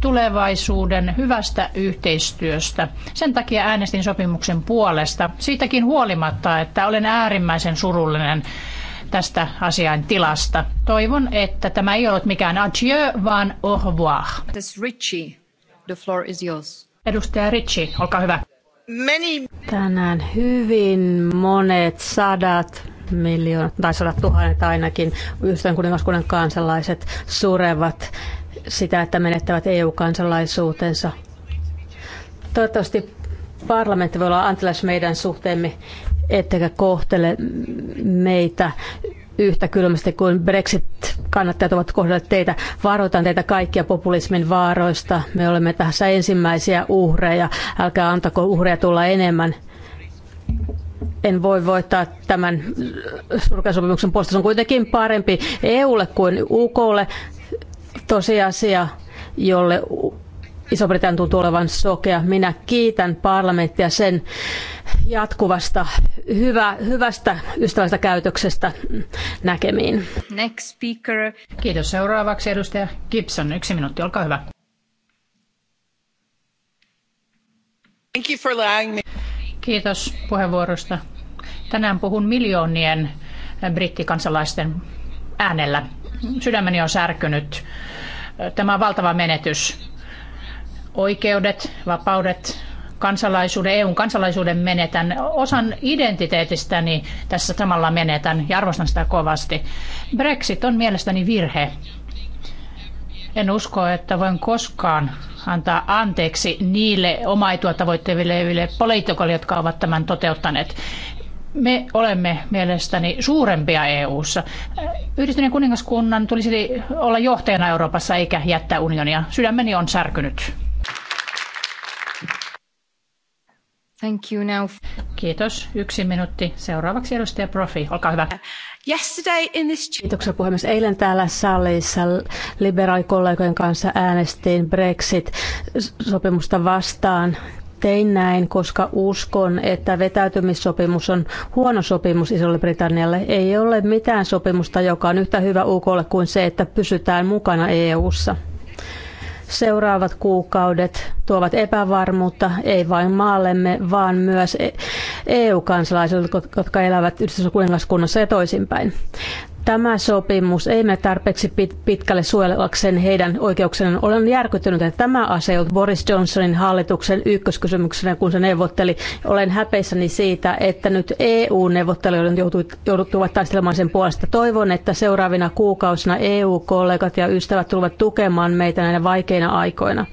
[SPEAKER 7] tulevaisuuden hyvästä yhteistyöstä. Sen takia äänestin sopimuksen puolesta. Siitäkin huolimatta, että olen äärimmäisen surullinen tästä asian tilasta. Toivon, että tämä ei ollut mikään adieu, vaan au revoir. The floor is yours. Edustaja Ritchie, olkaa hyvä. Many... Tänään
[SPEAKER 9] hyvin monet sadat miljoonat, tai sadat tuhannet ainakin, yhdistön kuningaskunnan kansalaiset surevat sitä, että menettävät EU-kansalaisuutensa. Toivottavasti parlamentti voi olla antelias meidän suhteemme ettekä kohtele meitä yhtä kylmästi kuin Brexit-kannattajat ovat kohdelleet teitä. Varoitan teitä kaikkia populismin vaaroista. Me olemme tässä ensimmäisiä uhreja. Älkää antako uhreja tulla enemmän. En voi voittaa tämän surkasopimuksen puolesta. Se on kuitenkin parempi EUlle kuin UKlle. Tosiasia, jolle Iso-Britannia tuntuu olevan sokea. Minä kiitän parlamenttia sen jatkuvasta hyvä, hyvästä ystävästä käytöksestä näkemiin.
[SPEAKER 7] Next speaker. Kiitos. Seuraavaksi edustaja Gibson. Yksi minuutti, olkaa hyvä. Thank you for allowing me. Kiitos puheenvuorosta. Tänään puhun miljoonien eh, brittikansalaisten äänellä. Sydämeni on särkynyt. Tämä on valtava menetys oikeudet, vapaudet, kansalaisuuden, EUn kansalaisuuden menetän, osan identiteetistäni tässä samalla menetän ja arvostan sitä kovasti. Brexit on mielestäni virhe. En usko, että voin koskaan antaa anteeksi niille omaitua tavoitteville poliitikoille, jotka ovat tämän toteuttaneet me olemme mielestäni suurempia EU-ssa. Yhdistyneen kuningaskunnan tulisi olla johtajana Euroopassa eikä jättää unionia. Sydämeni on särkynyt. Thank you now. Kiitos. Yksi minuutti. Seuraavaksi edustaja Profi. Olkaa hyvä. Yesterday in this... Kiitoksia puhemies.
[SPEAKER 9] Eilen täällä salissa liberaalikollegojen kanssa äänestiin Brexit-sopimusta vastaan. Tein näin, koska uskon, että vetäytymissopimus on huono sopimus Isolle Britannialle. Ei ole mitään sopimusta, joka on yhtä hyvä UKlle kuin se, että pysytään mukana EU:ssa. Seuraavat kuukaudet tuovat epävarmuutta ei vain maallemme, vaan myös EU-kansalaisille, e jotka elävät yhdessä kuningaskunnassa ja toisinpäin. Tämä sopimus ei mene tarpeeksi pitkälle suojellakseen heidän oikeuksiaan. Olen järkyttynyt, että tämä asia on Boris Johnsonin hallituksen ykköskysymyksenä, kun se neuvotteli. Olen häpeissäni siitä, että nyt EU-neuvottelijoiden jouduttuvat taistelemaan sen puolesta. Toivon, että seuraavina kuukausina EU-kollegat ja ystävät tulevat tukemaan meitä näinä vaikeina aikoina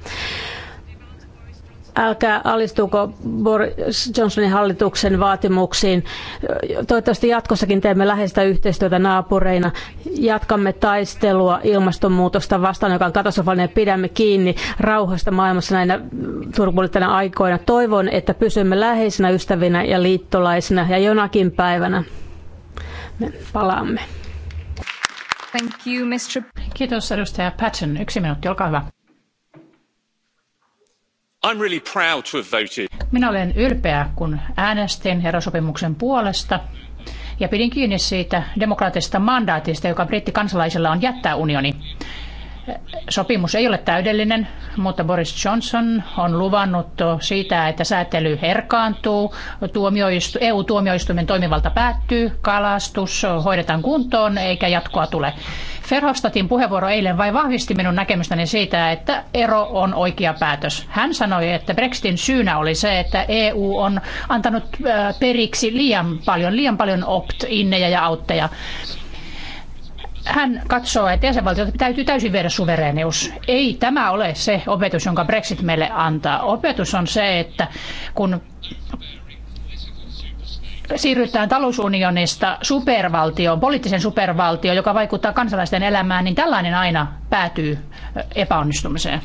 [SPEAKER 9] älkää alistuko Boris Johnsonin hallituksen vaatimuksiin. Toivottavasti jatkossakin teemme läheistä yhteistyötä naapureina. Jatkamme taistelua ilmastonmuutosta vastaan, joka on katastrofaalinen. Pidämme kiinni rauhasta maailmassa näinä turbulenttina aikoina. Toivon, että pysymme läheisinä ystävinä ja liittolaisina ja jonakin päivänä me palaamme.
[SPEAKER 7] Thank you, Mr. Kiitos edustaja Patchen. Yksi minuutti, olkaa hyvä.
[SPEAKER 1] I'm really proud to have voted.
[SPEAKER 7] Minä olen ylpeä, kun äänestin erosopimuksen puolesta ja pidin kiinni siitä demokraattisesta mandaatista, joka brittikansalaisilla on jättää unioni. Sopimus ei ole täydellinen, mutta Boris Johnson on luvannut siitä, että säätely herkaantuu, tuomioistu, EU-tuomioistuimen toimivalta päättyy, kalastus hoidetaan kuntoon eikä jatkoa tule. Verhofstadtin puheenvuoro eilen vain vahvisti minun näkemystäni siitä, että ero on oikea päätös. Hän sanoi, että Brexitin syynä oli se, että EU on antanut äh, periksi liian paljon, liian paljon opt-inneja ja autteja hän katsoo, että jäsenvaltiot täytyy täysin viedä suvereenius. Ei tämä ole se opetus, jonka Brexit meille antaa. Opetus on se, että kun siirrytään talousunionista supervaltioon, poliittisen supervaltioon, joka vaikuttaa kansalaisten elämään, niin tällainen aina päätyy epäonnistumiseen.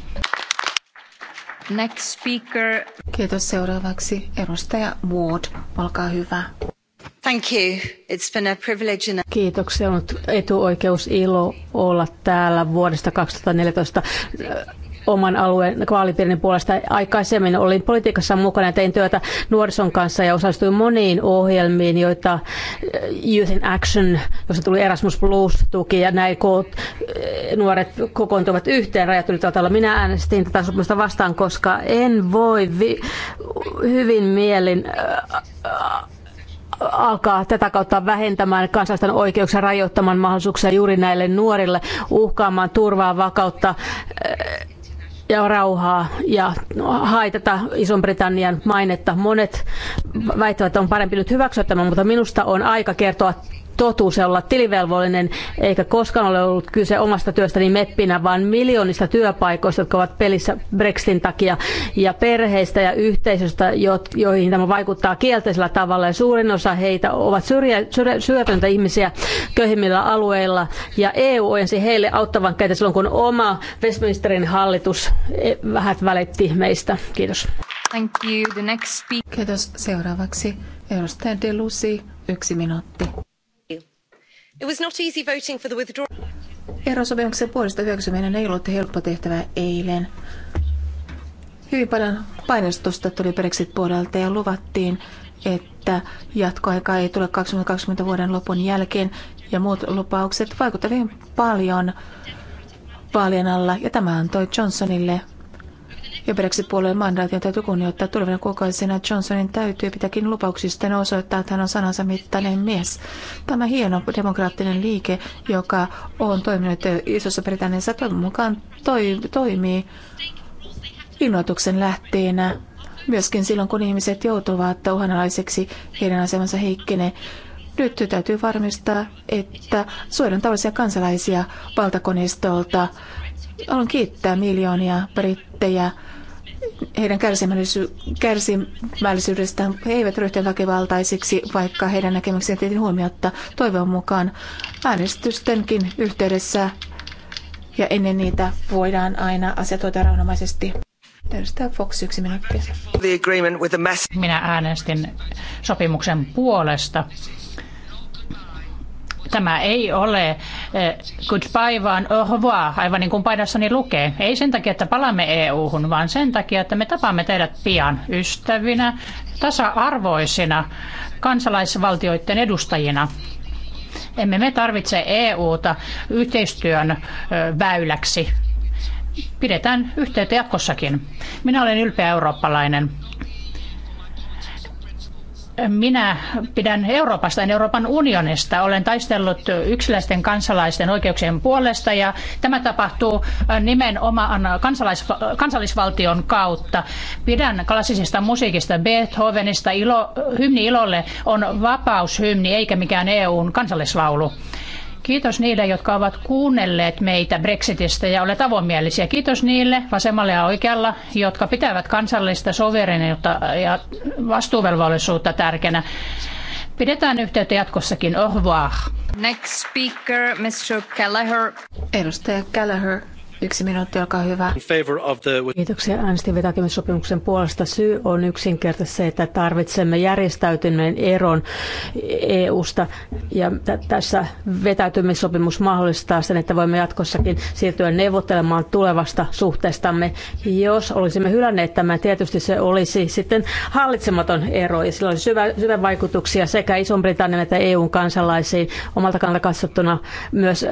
[SPEAKER 8] Next speaker. Kiitos seuraavaksi. Edustaja Ward, olkaa hyvä.
[SPEAKER 9] Kiitoksia. On ollut etuoikeus ilo olla täällä vuodesta 2014 äh, oman alueen vaalipiirin puolesta. Aikaisemmin olin politiikassa mukana ja tein työtä nuorison kanssa ja osallistuin moniin ohjelmiin, joita äh, Youth in Action, jossa tuli Erasmus Plus tuki ja näin koot, äh, nuoret kokoontuivat yhteen rajat ylittävällä Minä äänestin tätä sopimusta vastaan, koska en voi vi- hyvin mielin äh, äh, alkaa tätä kautta vähentämään kansalaisten oikeuksia, rajoittamaan mahdollisuuksia juuri näille nuorille, uhkaamaan turvaa, vakautta eh, ja rauhaa ja haitata Ison-Britannian mainetta. Monet väittävät, että on parempi nyt hyväksyä tämä, mutta minusta on aika kertoa totuus ja olla tilivelvollinen, eikä koskaan ole ollut kyse omasta työstäni niin meppinä, vaan miljoonista työpaikoista, jotka ovat pelissä Brexitin takia, ja perheistä ja yhteisöstä, joihin tämä vaikuttaa kielteisellä tavalla, ja suurin osa heitä ovat syrjä, syrjä, syötöntä ihmisiä köyhimmillä alueilla, ja EU ojensi heille auttavan käytä silloin, kun oma Westminsterin hallitus e, vähät välitti meistä. Kiitos.
[SPEAKER 8] Thank you. The next speaker. Kiitos. Seuraavaksi edustaja Delusi,
[SPEAKER 9] yksi minuutti.
[SPEAKER 8] It was not easy voting for the withdrawal. Erosopimuksen puolesta hyväksyminen ei ollut helppo tehtävä eilen. Hyvin paljon painostusta tuli Brexit puolelta ja luvattiin, että jatkoaika ei tule 2020 vuoden lopun jälkeen ja muut lupaukset vaikuttavat paljon vaalien alla ja tämä antoi Johnsonille ja puolueen mandaatin täytyy kunnioittaa tulevina kuukausina. Johnsonin täytyy pitäkin lupauksista osoittaa, että hän on sanansa mittainen mies. Tämä hieno demokraattinen liike, joka on toiminut Isossa Britanniassa, toivon mukaan toi, toimii innoituksen lähteenä. Myöskin silloin, kun ihmiset joutuvat uhanalaiseksi, heidän asemansa heikkenee. Nyt täytyy varmistaa, että suojelun tavallisia kansalaisia valtakoneistolta. Haluan kiittää miljoonia brittejä heidän kärsivällisyydestään. He eivät ryhty väkivaltaisiksi, vaikka heidän näkemyksensä tietenkin huomiotta toivon mukaan äänestystenkin yhteydessä ja ennen niitä voidaan aina asiat hoitaa rauhanomaisesti.
[SPEAKER 7] Fox, yksi minuutti. Minä äänestin sopimuksen puolesta Tämä ei ole eh, goodbye, vaan au revoir, aivan niin kuin paidassani lukee. Ei sen takia, että palaamme EU-hun, vaan sen takia, että me tapaamme teidät pian ystävinä, tasa-arvoisina, kansalaisvaltioiden edustajina. Emme me tarvitse EU-ta yhteistyön eh, väyläksi. Pidetään yhteyttä jatkossakin. Minä olen ylpeä eurooppalainen minä pidän Euroopasta ja Euroopan unionista. Olen taistellut yksilöisten kansalaisten oikeuksien puolesta ja tämä tapahtuu nimenomaan kansalais, kansallisvaltion kautta. Pidän klassisesta musiikista, Beethovenista, ilo, hymni ilolle on vapaushymni eikä mikään EUn kansallislaulu. Kiitos niille, jotka ovat kuunnelleet meitä Brexitistä ja olleet avomielisiä. Kiitos niille vasemmalla ja oikealla, jotka pitävät kansallista sovereeniutta ja vastuuvelvollisuutta tärkeänä. Pidetään yhteyttä jatkossakin. Au revoir.
[SPEAKER 6] Next speaker, Mr.
[SPEAKER 9] Gallagher. Edustaja Gallagher. Yksi minuutti, olkaa hyvä. Kiitoksia. Äänestin vetäkemissopimuksen puolesta. Syy on yksinkertaisesti se, että tarvitsemme järjestäytyneen eron EU-sta. Ja tässä vetäytymissopimus mahdollistaa sen, että voimme jatkossakin siirtyä neuvottelemaan tulevasta suhteestamme. Jos olisimme hylänneet tämän, tietysti se olisi sitten hallitsematon ero. Ja sillä olisi syvä, syvä vaikutuksia sekä Ison-Britannian että EUn kansalaisiin, omalta kannalta katsottuna myös e,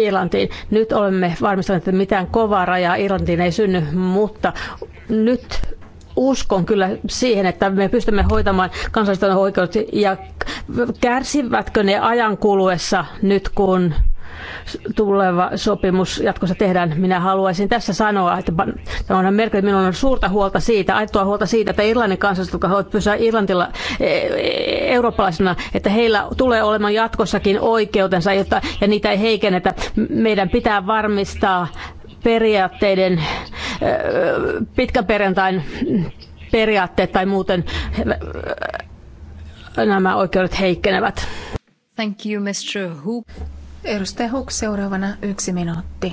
[SPEAKER 9] Irlantiin. Nyt olemme varmasti muistan, että mitään kovaa rajaa Irlantiin ei synny, mutta nyt uskon kyllä siihen, että me pystymme hoitamaan kansallisten oikeudet ja kärsivätkö ne ajan kuluessa nyt kun tuleva sopimus jatkossa tehdään. Minä haluaisin tässä sanoa, että tämä on merkki, että minulla on suurta huolta siitä, aitoa huolta siitä, että Irlannin kansalaiset, jotka haluavat pysyä Irlantilla e- e- eurooppalaisena, että heillä tulee olemaan jatkossakin oikeutensa jotta, ja niitä ei heikennetä. Meidän pitää varmistaa periaatteiden e- pitkän perjantain periaatteet tai muuten nämä oikeudet heikkenevät. Thank
[SPEAKER 8] you, Mr.
[SPEAKER 9] Hook. Edustaja
[SPEAKER 8] Hook seuraavana yksi minuutti.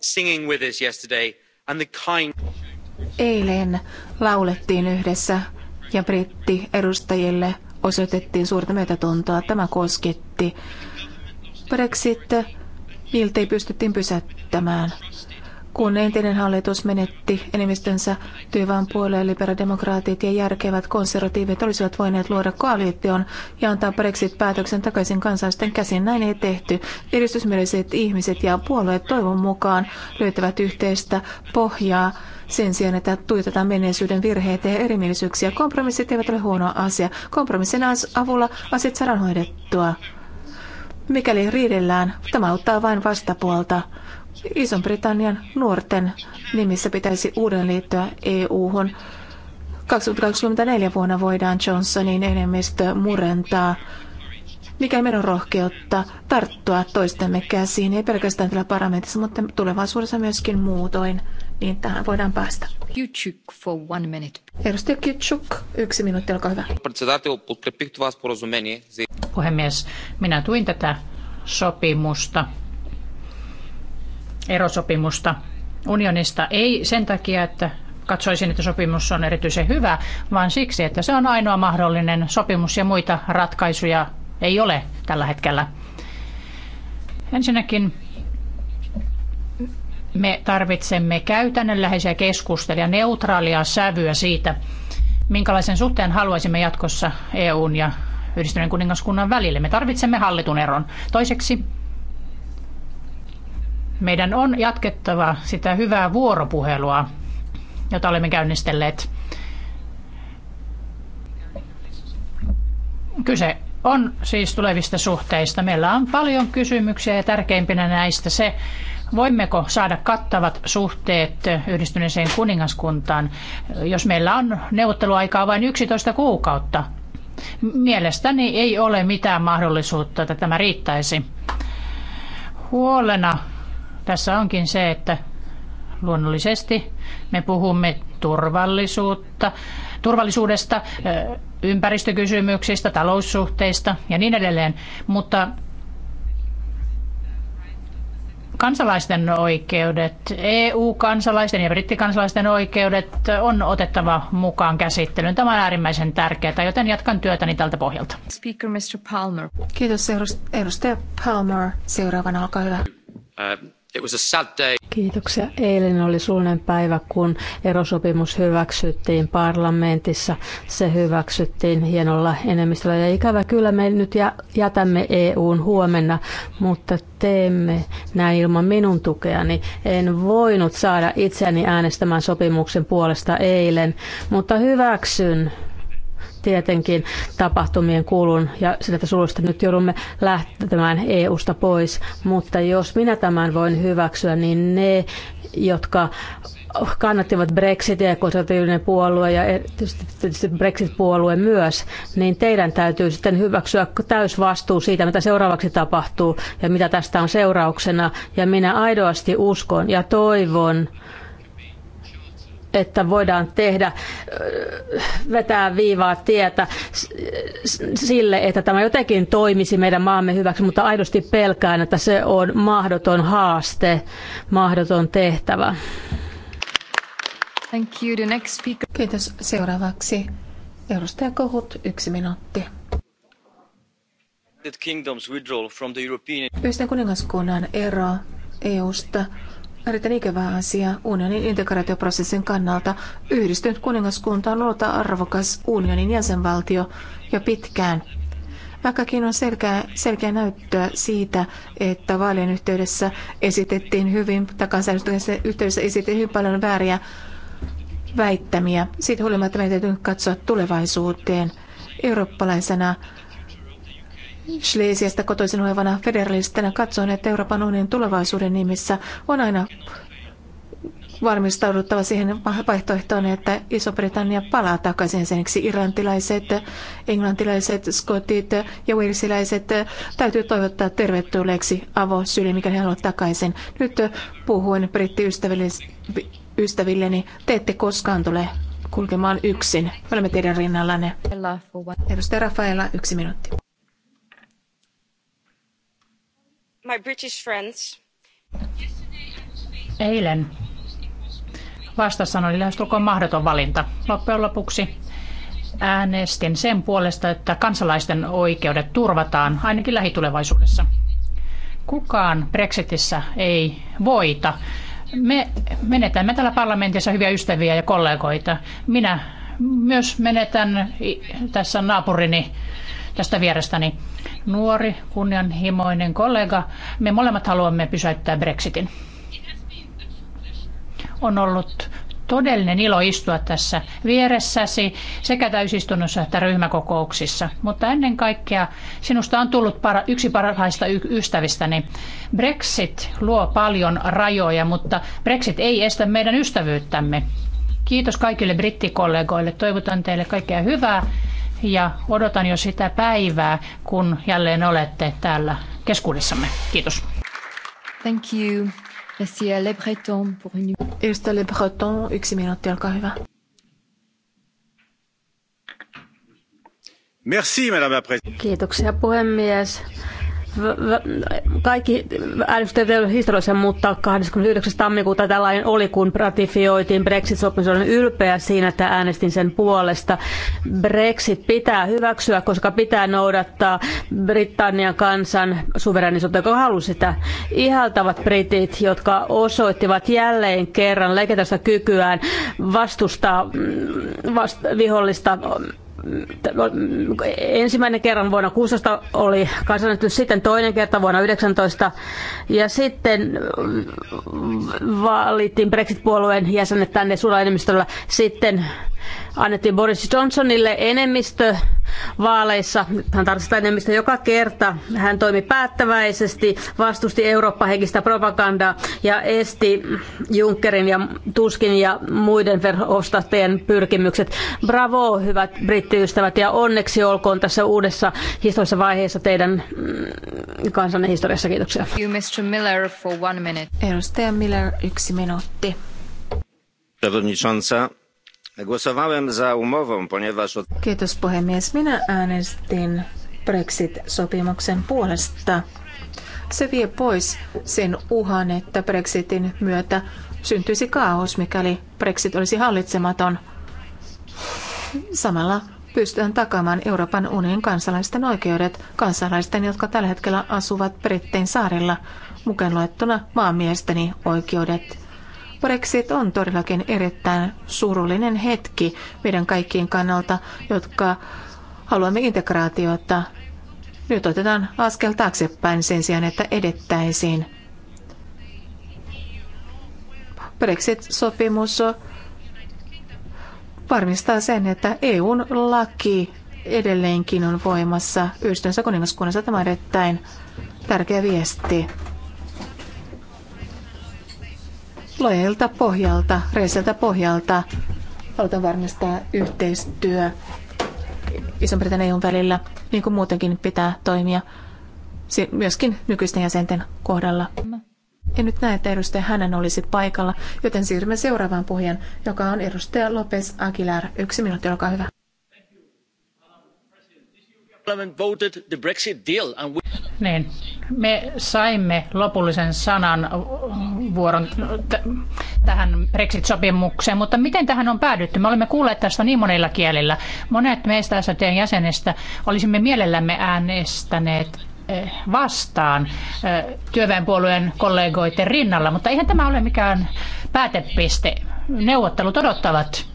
[SPEAKER 5] Singing with us yesterday and the kind...
[SPEAKER 8] Eilen laulettiin yhdessä ja britti edustajille osoitettiin suurta myötätuntoa. Tämä kosketti. Brexit miltei pystyttiin pysäyttämään. Kun entinen hallitus menetti enemmistönsä työväen puolelle, liberademokraatit ja järkevät konservatiivit olisivat voineet luoda koalition ja antaa Brexit-päätöksen takaisin kansalaisten käsin. Näin ei tehty. Edistysmieliset ihmiset ja puolueet toivon mukaan löytävät yhteistä pohjaa sen sijaan, että tuitetaan menneisyyden virheitä ja erimielisyyksiä. Kompromissit eivät ole huono asia. Kompromissin avulla asiat saadaan hoidettua. Mikäli riidellään, tämä auttaa vain vastapuolta. Ison-Britannian nuorten nimissä pitäisi uuden liittyä EU-hun. 2024 vuonna voidaan Johnsonin enemmistö murentaa. Mikä meidän on rohkeutta tarttua toistemme käsiin, ei pelkästään täällä parlamentissa, mutta tulevaisuudessa myöskin muutoin, niin tähän voidaan
[SPEAKER 7] päästä. Kytsyk for one minute. Edustaja yksi minuutti, olkaa hyvä. Puhemies, minä tuin tätä sopimusta erosopimusta unionista. Ei sen takia, että katsoisin, että sopimus on erityisen hyvä, vaan siksi, että se on ainoa mahdollinen sopimus ja muita ratkaisuja ei ole tällä hetkellä. Ensinnäkin me tarvitsemme käytännönläheisiä keskusteluja, neutraalia sävyä siitä, minkälaisen suhteen haluaisimme jatkossa EUn ja Yhdistyneen kuningaskunnan välille. Me tarvitsemme hallitun eron. Toiseksi meidän on jatkettava sitä hyvää vuoropuhelua, jota olemme käynnistelleet. Kyse on siis tulevista suhteista. Meillä on paljon kysymyksiä ja tärkeimpinä näistä se, voimmeko saada kattavat suhteet yhdistyneeseen kuningaskuntaan, jos meillä on neuvotteluaikaa vain 11 kuukautta. Mielestäni ei ole mitään mahdollisuutta, että tämä riittäisi. Huolena tässä onkin se, että luonnollisesti me puhumme turvallisuutta, turvallisuudesta, ympäristökysymyksistä, taloussuhteista ja niin edelleen, mutta kansalaisten oikeudet, EU-kansalaisten ja brittikansalaisten oikeudet on otettava mukaan käsittelyyn. Tämä on äärimmäisen tärkeää, joten jatkan työtäni tältä pohjalta.
[SPEAKER 8] Speaker Mr. Palmer. Kiitos edustaja Palmer. Seuraavana,
[SPEAKER 9] olkaa hyvä.
[SPEAKER 3] Uh, It was a sad day.
[SPEAKER 9] Kiitoksia. Eilen oli suullinen päivä, kun erosopimus hyväksyttiin parlamentissa. Se hyväksyttiin hienolla enemmistöllä. Ja ikävä kyllä me nyt jätämme EUn huomenna, mutta teemme näin ilman minun tukeani. En voinut saada itseäni äänestämään sopimuksen puolesta eilen, mutta hyväksyn tietenkin tapahtumien kulun ja sitä sulusta nyt joudumme lähtemään EU-sta pois. Mutta jos minä tämän voin hyväksyä, niin ne, jotka kannattivat Brexitia ja konservatiivinen puolue ja tietysti Brexit-puolue myös, niin teidän täytyy sitten hyväksyä täysvastuu siitä, mitä seuraavaksi tapahtuu ja mitä tästä on seurauksena. Ja minä aidosti uskon ja toivon, että voidaan tehdä, vetää viivaa tietä sille, että tämä jotenkin toimisi meidän maamme hyväksi, mutta aidosti pelkään, että se on mahdoton haaste, mahdoton tehtävä.
[SPEAKER 8] Thank you. The next speaker. Kiitos. Seuraavaksi edustaja Kohut, yksi minuutti.
[SPEAKER 6] Pyysten Kingdom's withdrawal from
[SPEAKER 8] kuningaskunnan EUsta erittäin ikävä asia unionin integraatioprosessin kannalta. Yhdistynyt kuningaskunta on ollut arvokas unionin jäsenvaltio jo pitkään. Vaikkakin on selkeä, selkeä näyttöä siitä, että vaalien yhteydessä esitettiin hyvin, tai kansanäänestyksen yhteydessä esitettiin hyvin paljon vääriä väittämiä. Siitä huolimatta meidän täytyy katsoa tulevaisuuteen eurooppalaisena Schlesiasta kotoisin olevana federalistina katson, että Euroopan unionin tulevaisuuden nimissä on aina valmistauduttava siihen vaihtoehtoon, että Iso-Britannia palaa takaisin jäseneksi. Irlantilaiset, englantilaiset, skotit ja Walesilaiset täytyy toivottaa tervetulleeksi syli, mikä he haluavat takaisin. Nyt puhuin brittiystävilleni, te ette koskaan tule kulkemaan yksin. Me olemme teidän rinnallanne. Edustaja Rafaela, yksi minuutti.
[SPEAKER 7] Eilen vastassa oli lähestulkoon mahdoton valinta. Loppujen lopuksi äänestin sen puolesta, että kansalaisten oikeudet turvataan ainakin lähitulevaisuudessa. Kukaan Brexitissä ei voita. Me menetämme täällä parlamentissa hyviä ystäviä ja kollegoita. Minä myös menetän tässä naapurini tästä vierestäni. Nuori, kunnianhimoinen kollega, me molemmat haluamme pysäyttää Brexitin. On ollut todellinen ilo istua tässä vieressäsi sekä täysistunnossa että ryhmäkokouksissa. Mutta ennen kaikkea sinusta on tullut para, yksi parhaista y- ystävistäni. Brexit luo paljon rajoja, mutta Brexit ei estä meidän ystävyyttämme. Kiitos kaikille brittikollegoille. Toivotan teille kaikkea hyvää ja odotan jo sitä päivää, kun jälleen olette täällä keskuudessamme. Kiitos.
[SPEAKER 6] Thank you. Merci Le Breton pour une... Le Breton, yksi
[SPEAKER 9] minuutti, olkaa hyvä.
[SPEAKER 3] Merci, madame la
[SPEAKER 9] Kiitoksia puhemies kaikki äänestykset eivät historiallisia, mutta 29. tammikuuta tällainen oli, kun ratifioitiin Brexit-sopimus. Olen ylpeä siinä, että äänestin sen puolesta. Brexit pitää hyväksyä, koska pitää noudattaa Britannian kansan suverenisuutta, joka halusi sitä. Ihaltavat britit, jotka osoittivat jälleen kerran legendaista kykyään vastustaa mm, vast- vihollista ensimmäinen kerran vuonna 16 oli kansanäänestys, sitten toinen kerta vuonna 19 ja sitten valittiin Brexit-puolueen jäsenet tänne suurella enemmistöllä. Sitten annettiin Boris Johnsonille enemmistö vaaleissa. Hän tarvitsi enemmistö joka kerta. Hän toimi päättäväisesti, vastusti Eurooppa-henkistä propagandaa ja esti Junckerin ja Tuskin ja muiden verhostattajien pyrkimykset. Bravo, hyvät brittiystävät, ja onneksi olkoon tässä uudessa historiallisessa vaiheessa teidän mm, kansanne historiassa. Kiitoksia. You, Mr. Miller, for one minute. Edustaja Miller, yksi minuutti.
[SPEAKER 3] Przewodnicząca, Głosowałem za umową, ponieważ...
[SPEAKER 8] Kiitos puhemies. Minä äänestin Brexit-sopimuksen puolesta. Se vie pois sen uhan, että Brexitin myötä syntyisi kaos, mikäli Brexit olisi hallitsematon. Samalla pystytään takaamaan Euroopan unionin kansalaisten oikeudet, kansalaisten, jotka tällä hetkellä asuvat Brittein saarella, mukaan luettuna maamiesteni oikeudet. Brexit on todellakin erittäin surullinen hetki meidän kaikkien kannalta, jotka haluamme integraatiota. Nyt otetaan askel taaksepäin sen sijaan, että edettäisiin. Brexit-sopimus varmistaa sen, että EUn laki edelleenkin on voimassa. Yhdistyneessä kuningaskunnassa tämä on erittäin tärkeä viesti lojalta pohjalta, reiseltä pohjalta halutaan varmistaa yhteistyö Iso-Britannian EUn välillä, niin kuin muutenkin pitää toimia myöskin nykyisten jäsenten kohdalla. En nyt näe, että edustaja hänen olisi paikalla, joten siirrymme seuraavaan puhujan, joka on edustaja Lopez Aguilar. Yksi minuutti, olkaa hyvä.
[SPEAKER 7] Niin, me saimme lopullisen sanan vuoron tähän Brexit-sopimukseen, mutta miten tähän on päädytty? Me olemme kuulleet tästä niin monilla kielillä. Monet meistä SATn jäsenistä olisimme mielellämme äänestäneet vastaan työväenpuolueen kollegoiden rinnalla, mutta eihän tämä ole mikään päätepiste. Neuvottelut odottavat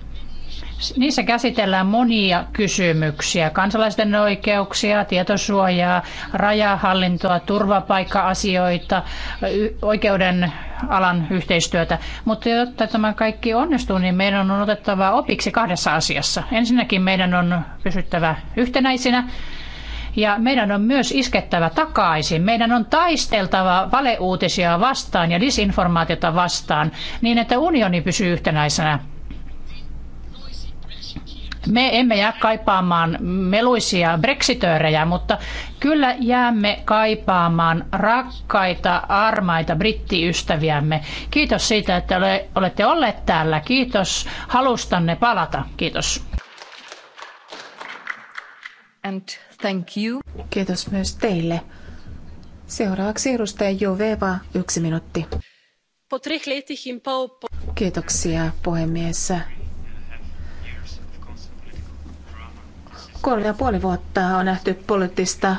[SPEAKER 7] Niissä käsitellään monia kysymyksiä. Kansalaisten oikeuksia, tietosuojaa, rajahallintoa, turvapaikka-asioita, oikeuden alan yhteistyötä. Mutta jotta tämä kaikki onnistuu, niin meidän on otettava opiksi kahdessa asiassa. Ensinnäkin meidän on pysyttävä yhtenäisinä ja meidän on myös iskettävä takaisin. Meidän on taisteltava valeuutisia vastaan ja disinformaatiota vastaan niin, että unioni pysyy yhtenäisenä me emme jää kaipaamaan meluisia brexitöörejä, mutta kyllä jäämme kaipaamaan rakkaita, armaita brittiystäviämme. Kiitos siitä, että olette olleet täällä. Kiitos halustanne palata. Kiitos.
[SPEAKER 8] And thank you. Kiitos myös teille. Seuraavaksi edustaja Joveva, yksi minuutti. Kiitoksia puhemies. Kolme ja puoli vuotta on nähty poliittista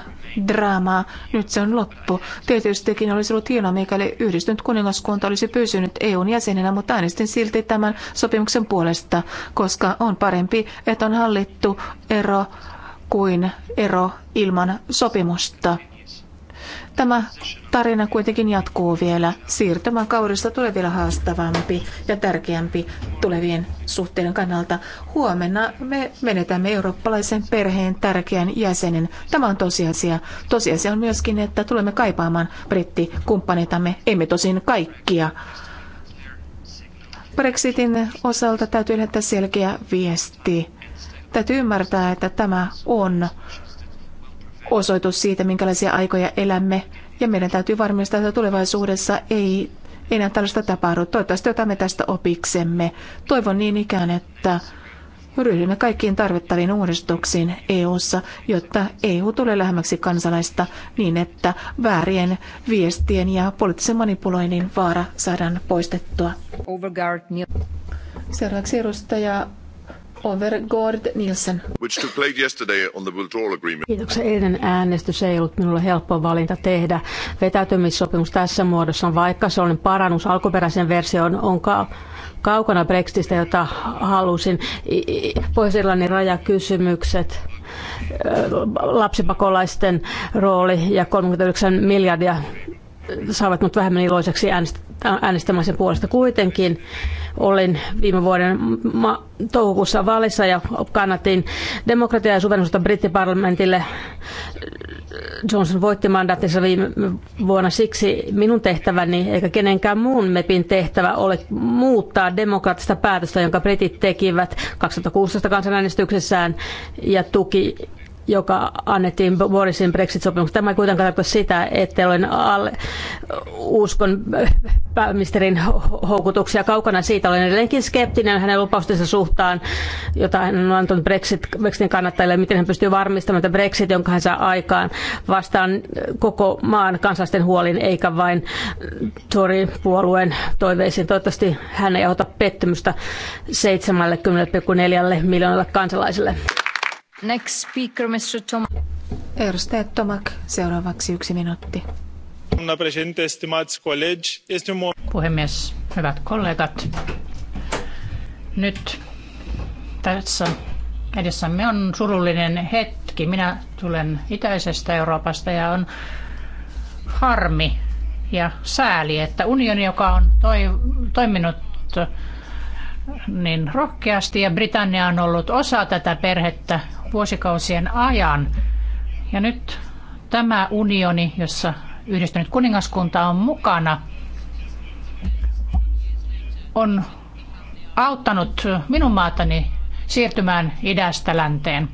[SPEAKER 8] draamaa. Nyt se on loppu. Tietystikin olisi ollut hienoa, mikäli yhdistynyt kuningaskunta olisi pysynyt EUn jäsenenä, mutta äänestin silti tämän sopimuksen puolesta, koska on parempi, että on hallittu ero kuin ero ilman sopimusta. Tämä tarina kuitenkin jatkuu vielä. Siirtymäkaudesta tulee vielä haastavampi ja tärkeämpi tulevien suhteiden kannalta. Huomenna me menetämme eurooppalaisen perheen tärkeän jäsenen. Tämä on tosiasia. Tosiasia on myöskin, että tulemme kaipaamaan brittikumppaneitamme, emme tosin kaikkia. Brexitin osalta täytyy lähettää selkeä viesti. Täytyy ymmärtää, että tämä on osoitus siitä, minkälaisia aikoja elämme. Ja meidän täytyy varmistaa, että tulevaisuudessa ei enää tällaista tapahdu. Toivottavasti otamme tästä opiksemme. Toivon niin ikään, että ryhdymme kaikkiin tarvittaviin uudistuksiin EU:ssa, jotta EU tulee lähemmäksi kansalaista niin, että väärien viestien ja poliittisen manipuloinnin vaara saadaan poistettua. Seuraavaksi
[SPEAKER 9] edustaja Overgord Nielsen.
[SPEAKER 3] Which took place yesterday on the withdrawal agreement.
[SPEAKER 9] Kiitoksia. Eilen äänestys ei ollut minulle helppo valinta tehdä. Vetäytymissopimus tässä muodossa, vaikka se oli parannus alkuperäisen versioon, on ka- kaukana Brexitistä, jota halusin. Pohjois-Irlannin rajakysymykset, lapsipakolaisten rooli ja 39 miljardia saavat mut vähemmän iloiseksi äänestämään sen puolesta kuitenkin Olin viime vuoden ma- toukokuussa vaalissa ja kannatin demokratiaa ja suverenisuutta brittiparlamentille. Johnson voitti mandaattinsa viime vuonna siksi minun tehtäväni eikä kenenkään muun MEPin tehtävä ole muuttaa demokraattista päätöstä, jonka britit tekivät 2016 kansanäänestyksessään ja tuki joka annettiin Borisin Brexit-sopimuksesta. Tämä ei kuitenkaan tarkoita sitä, että olen alle, uskon pääministerin houkutuksia kaukana siitä. Olen edelleenkin skeptinen hänen lupaustensa suhtaan, jota hän on antanut Brexit, Brexitin kannattajille, miten hän pystyy varmistamaan, että Brexit, jonka hän saa aikaan, vastaan koko maan kansalaisten huolin, eikä vain Tory-puolueen toiveisiin. Toivottavasti hän ei ota pettymystä 70,4 miljoonalle kansalaiselle.
[SPEAKER 6] Next speaker, Mr. Tom.
[SPEAKER 9] Edustaja Tomak, seuraavaksi yksi minuutti.
[SPEAKER 7] Puhemies, hyvät kollegat. Nyt tässä edessämme on surullinen hetki. Minä tulen itäisestä Euroopasta ja on harmi ja sääli, että unioni, joka on toi, toiminut niin rohkeasti ja Britannia on ollut osa tätä perhettä, vuosikausien ajan. Ja nyt tämä unioni, jossa yhdistynyt kuningaskunta on mukana, on auttanut minun maatani siirtymään idästä länteen.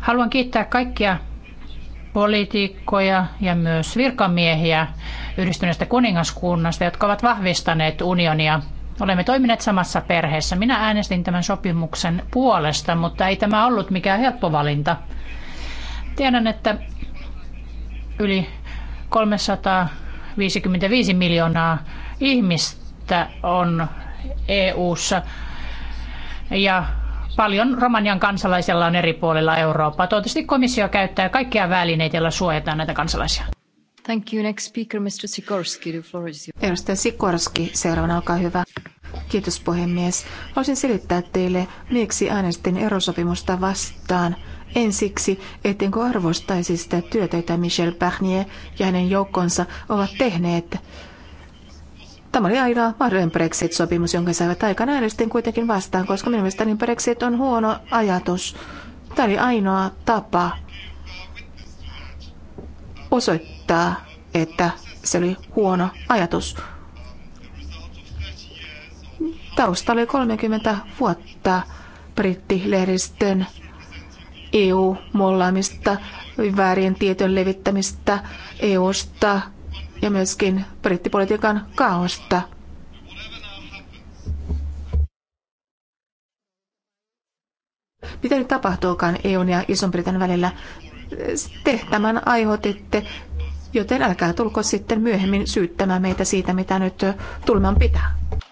[SPEAKER 7] Haluan kiittää kaikkia poliitikkoja ja myös virkamiehiä yhdistyneestä kuningaskunnasta, jotka ovat vahvistaneet unionia Olemme toimineet samassa perheessä. Minä äänestin tämän sopimuksen puolesta, mutta ei tämä ollut mikään helppo valinta. Tiedän, että yli 355 miljoonaa ihmistä on EU:ssa ja paljon Romanian kansalaisilla on eri puolilla Eurooppaa. Toivottavasti komissio käyttää kaikkia välineitä, joilla suojataan näitä kansalaisia.
[SPEAKER 6] Thank you. Next speaker, Mr. Sikorski. The floor is yours. Edustaja
[SPEAKER 8] Sikorski, seuraavana, olkaa hyvä. Kiitos puhemies. Haluaisin selittää teille, miksi äänestin erosopimusta vastaan. En siksi, ettenkö arvostaisi sitä työtä, jota Michel Barnier ja hänen joukkonsa ovat tehneet. Tämä oli aina mahdollinen Brexit-sopimus, jonka saivat aikana äänestin kuitenkin vastaan, koska minun mielestäni Brexit on huono ajatus. Tämä oli ainoa tapa osoittaa, että se oli huono ajatus. Tausta oli 30 vuotta brittilehdistön EU-mollaamista, väärien tietojen levittämistä EUsta ja myöskin brittipolitiikan kaosta. Mitä nyt tapahtuukaan EUn ja Ison-Britannian välillä? Te tämän aiheutitte, joten älkää tulko sitten myöhemmin syyttämään meitä siitä, mitä nyt tulman pitää.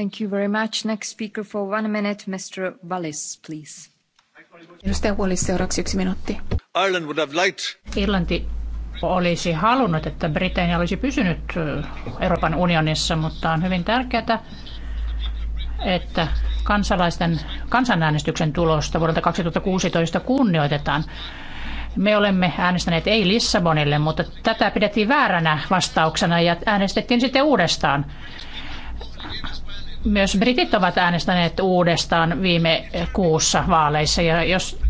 [SPEAKER 6] Thank you very much. Next speaker for one minute,
[SPEAKER 7] Mr. Wallis, please. Edustaja Wallis, seuraavaksi yksi minuutti.
[SPEAKER 3] Ireland would have liked...
[SPEAKER 7] Irlanti olisi halunnut, että Britannia olisi pysynyt Euroopan unionissa, mutta on hyvin tärkeää, että kansalaisten kansanäänestyksen tulosta vuodelta 2016 kunnioitetaan. Me olemme äänestäneet ei Lissabonille, mutta tätä pidettiin vääränä vastauksena ja äänestettiin sitten uudestaan. Myös britit ovat äänestäneet uudestaan viime kuussa vaaleissa ja jos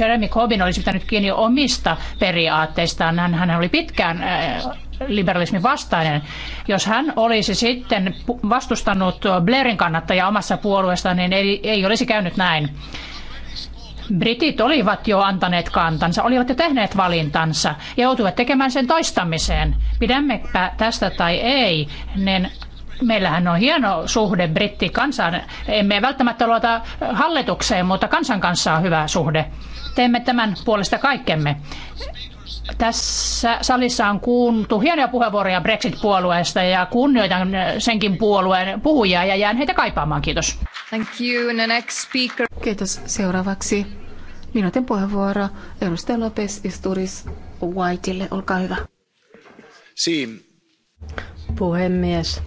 [SPEAKER 7] Jeremy Corbyn olisi pitänyt kiinni omista periaatteistaan, hän, hän oli pitkään äh, liberalismin vastainen. Jos hän olisi sitten vastustanut Blairin kannattajaa omassa puolueestaan, niin ei, ei olisi käynyt näin. Britit olivat jo antaneet kantansa, olivat jo tehneet valintansa ja joutuivat tekemään sen toistamiseen. Pidämmepä tästä tai ei, niin Meillähän on hieno suhde Britti kansan. Emme välttämättä luota hallitukseen, mutta kansan kanssa on hyvä suhde. Teemme tämän puolesta kaikkemme. Tässä salissa on kuultu hienoja puheenvuoroja Brexit-puolueesta ja kunnioitan senkin puolueen puhujia ja jään heitä kaipaamaan. Kiitos.
[SPEAKER 8] Thank you. The next speaker. Kiitos. Seuraavaksi minuutin puheenvuoro edustaja Lopez
[SPEAKER 9] Isturis Whiteille. Olkaa hyvä. Si, Puhemies,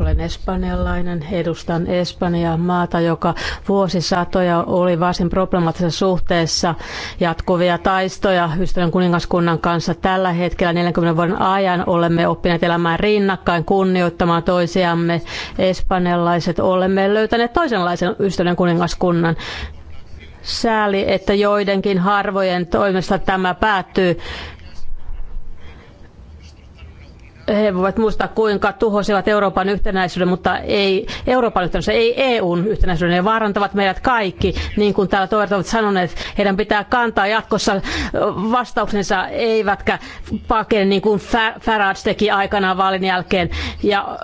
[SPEAKER 9] olen espanjalainen, edustan Espanjaa maata, joka vuosisatoja oli varsin problemaattisessa suhteessa jatkuvia taistoja ystävän kuningaskunnan kanssa. Tällä hetkellä 40 vuoden ajan olemme oppineet elämään rinnakkain, kunnioittamaan toisiamme. Espanjalaiset olemme löytäneet toisenlaisen ystävän kuningaskunnan sääli, että joidenkin harvojen toimesta tämä päättyy he voivat muistaa, kuinka tuhosivat Euroopan yhtenäisyyden, mutta ei Euroopan yhtenäisyyden, ei EUn yhtenäisyyden. Ne vaarantavat meidät kaikki, niin kuin täällä toverit ovat sanoneet. Heidän pitää kantaa jatkossa vastauksensa, eivätkä pakene niin kuin Farage teki aikanaan vaalin jälkeen. Ja,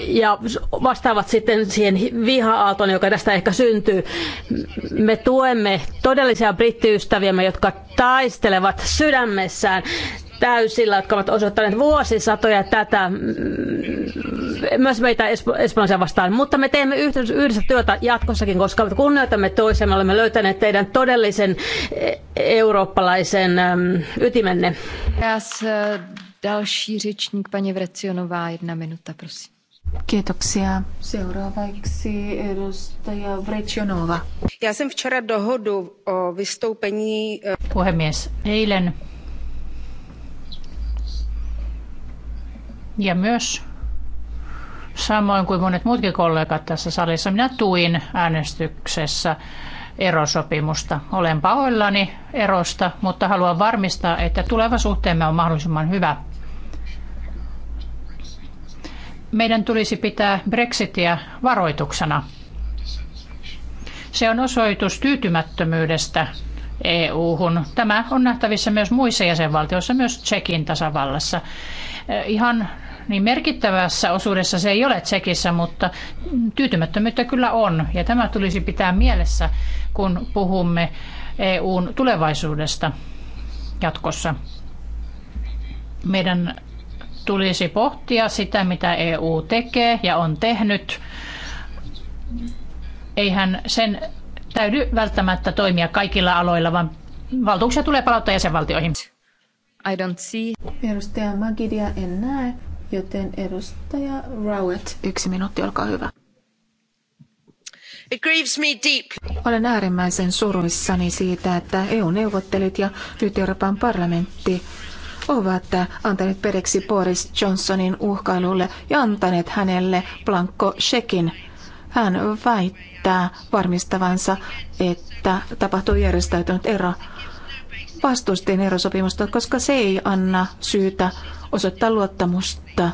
[SPEAKER 9] ja vastaavat sitten siihen viha-aaltoon, joka tästä ehkä syntyy. Me tuemme todellisia brittiystäviämme, jotka taistelevat sydämessään täysillä, jotka ovat osoittaneet vuosisatoja tätä mm, myös meitä espanjalaisia vastaan. Mutta me teemme yhdessä työtä jatkossakin, koska kunnioitamme me olemme löytäneet teidän todellisen e-, eurooppalaisen ytimenne.
[SPEAKER 6] E, další
[SPEAKER 8] jedna minuta, prosím. Kiitoksia. Seuraavaksi edustaja
[SPEAKER 7] Vrecionova.
[SPEAKER 8] Ja sen včera dohodu o vystoupení... E-
[SPEAKER 7] Puhemies, eilen ja myös samoin kuin monet muutkin kollegat tässä salissa, minä tuin äänestyksessä erosopimusta. Olen pahoillani erosta, mutta haluan varmistaa, että tuleva suhteemme on mahdollisimman hyvä. Meidän tulisi pitää Brexitia varoituksena. Se on osoitus tyytymättömyydestä EU-hun. Tämä on nähtävissä myös muissa jäsenvaltioissa, myös Tsekin tasavallassa. Eh, ihan niin merkittävässä osuudessa se ei ole Tsekissä, mutta tyytymättömyyttä kyllä on. Ja tämä tulisi pitää mielessä, kun puhumme EUn tulevaisuudesta jatkossa. Meidän tulisi pohtia sitä, mitä EU tekee ja on tehnyt. Eihän sen täydy välttämättä toimia kaikilla aloilla, vaan valtuuksia tulee palauttaa jäsenvaltioihin.
[SPEAKER 8] I don't see. Edustaja Magidia en näe, joten edustaja Rowett. Yksi minuutti, olkaa hyvä.
[SPEAKER 9] It grieves me deep.
[SPEAKER 8] Olen äärimmäisen suruissani siitä, että EU-neuvottelit ja nyt Euroopan parlamentti ovat antaneet periksi Boris Johnsonin uhkailulle ja antaneet hänelle blanko shekin. Hän väittää varmistavansa, että tapahtuu järjestäytynyt ero vastustin erosopimusta, koska se ei anna syytä osoittaa luottamusta.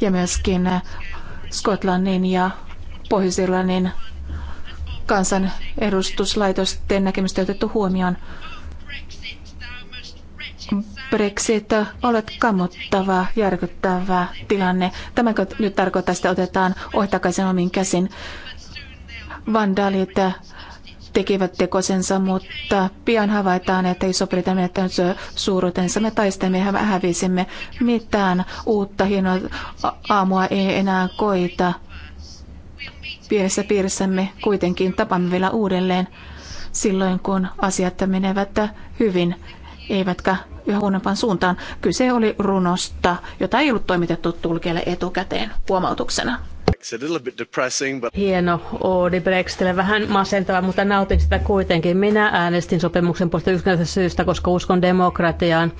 [SPEAKER 8] Ja myöskin Skotlannin ja Pohjois-Irlannin kansan edustuslaitosten näkemystä otettu huomioon. Brexit olet kammottava, järkyttävä tilanne. Tämä nyt tarkoittaa, että otetaan takaisin omiin käsin. Vandalit tekivät tekosensa, mutta pian havaitaan, että Iso-Britannia menettänyt suuruutensa. Me taistelimme ja hävisimme. Mitään uutta hienoa aamua ei enää koita. Pienessä piirissämme kuitenkin tapamme vielä uudelleen silloin, kun asiat menevät hyvin, eivätkä yhä huonompaan suuntaan. Kyse oli runosta, jota ei
[SPEAKER 9] ollut toimitettu tulkeelle etukäteen huomautuksena.
[SPEAKER 3] A little bit depressing, but...
[SPEAKER 9] Hieno oodi Brexitille, vähän masentava, mutta nautin sitä kuitenkin. Minä äänestin sopimuksen puolesta yksinäisestä syystä, koska uskon demokratiaan.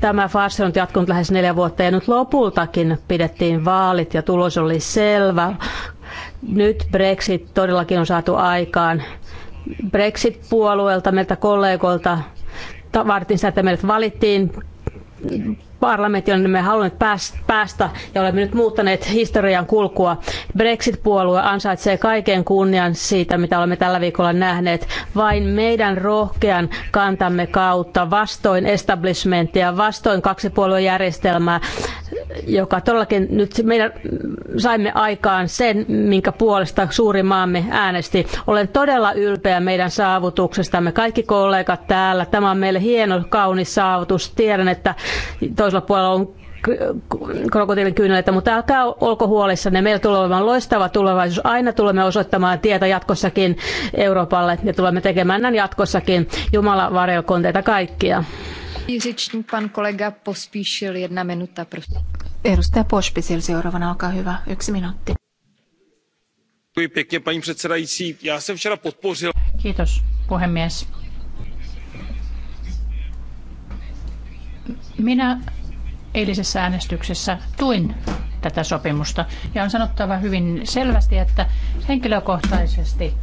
[SPEAKER 9] Tämä farsi on jatkunut lähes neljä vuotta ja nyt lopultakin pidettiin vaalit ja tulos oli selvä. Nyt Brexit todellakin on saatu aikaan. Brexit-puolueelta, meiltä kollegoilta, vartin sitä, että meidät valittiin parlamentti on me halunneet päästä ja olemme nyt muuttaneet historian kulkua. Brexit-puolue ansaitsee kaiken kunnian siitä, mitä olemme tällä viikolla nähneet. Vain meidän rohkean kantamme kautta vastoin establishmenttia, vastoin kaksipuoluejärjestelmää, joka todellakin nyt meidän saimme aikaan sen, minkä puolesta suuri maamme äänesti. Olen todella ylpeä meidän saavutuksestamme. Kaikki kollegat täällä, tämä on meille hieno, kaunis saavutus. Tiedän, että toisella puolella on krokotiilin kyyneleitä, mutta älkää olko ne Meillä tulee olemaan loistava tulevaisuus. Aina tulemme osoittamaan tietä jatkossakin Euroopalle ja tulemme tekemään näin jatkossakin. Jumala varjelkoon teitä kaikkia.
[SPEAKER 6] pan kolega Pospíšil, jedna
[SPEAKER 8] minuta, Edustaja Pospisil seuraavana, olkaa hyvä. Yksi minuutti.
[SPEAKER 7] Kiitos, puhemies Minä eilisessä äänestyksessä tuin tätä sopimusta ja on sanottava hyvin selvästi, että henkilökohtaisesti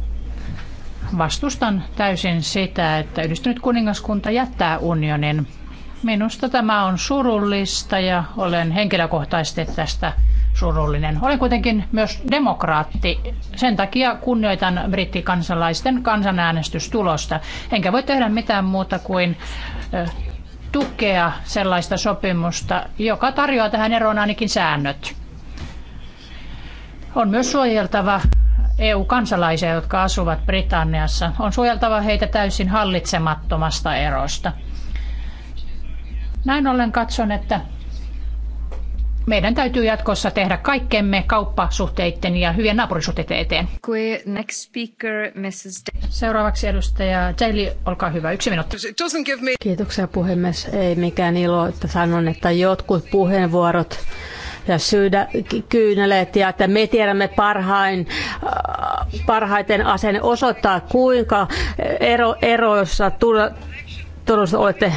[SPEAKER 7] vastustan täysin sitä, että yhdistynyt kuningaskunta jättää unionin. Minusta tämä on surullista ja olen henkilökohtaisesti tästä surullinen. Olen kuitenkin myös demokraatti. Sen takia kunnioitan brittikansalaisten kansanäänestystulosta. Enkä voi tehdä mitään muuta kuin tukea sellaista sopimusta, joka tarjoaa tähän eroon ainakin säännöt. On myös suojeltava EU-kansalaisia, jotka asuvat Britanniassa. On suojeltava heitä täysin hallitsemattomasta erosta. Näin ollen katson, että meidän täytyy jatkossa tehdä kaikkemme kauppasuhteiden ja hyvien naapurisuhteiden eteen. Next speaker, Mrs. Seuraavaksi edustaja Daly,
[SPEAKER 9] olkaa hyvä, yksi minuutti. Me... Kiitoksia puhemies. Ei mikään ilo, että sanon, että jotkut puheenvuorot ja syydä, kyyneleet ja että me tiedämme parhain, äh, parhaiten asenne osoittaa, kuinka ero, eroissa tulla, todella olette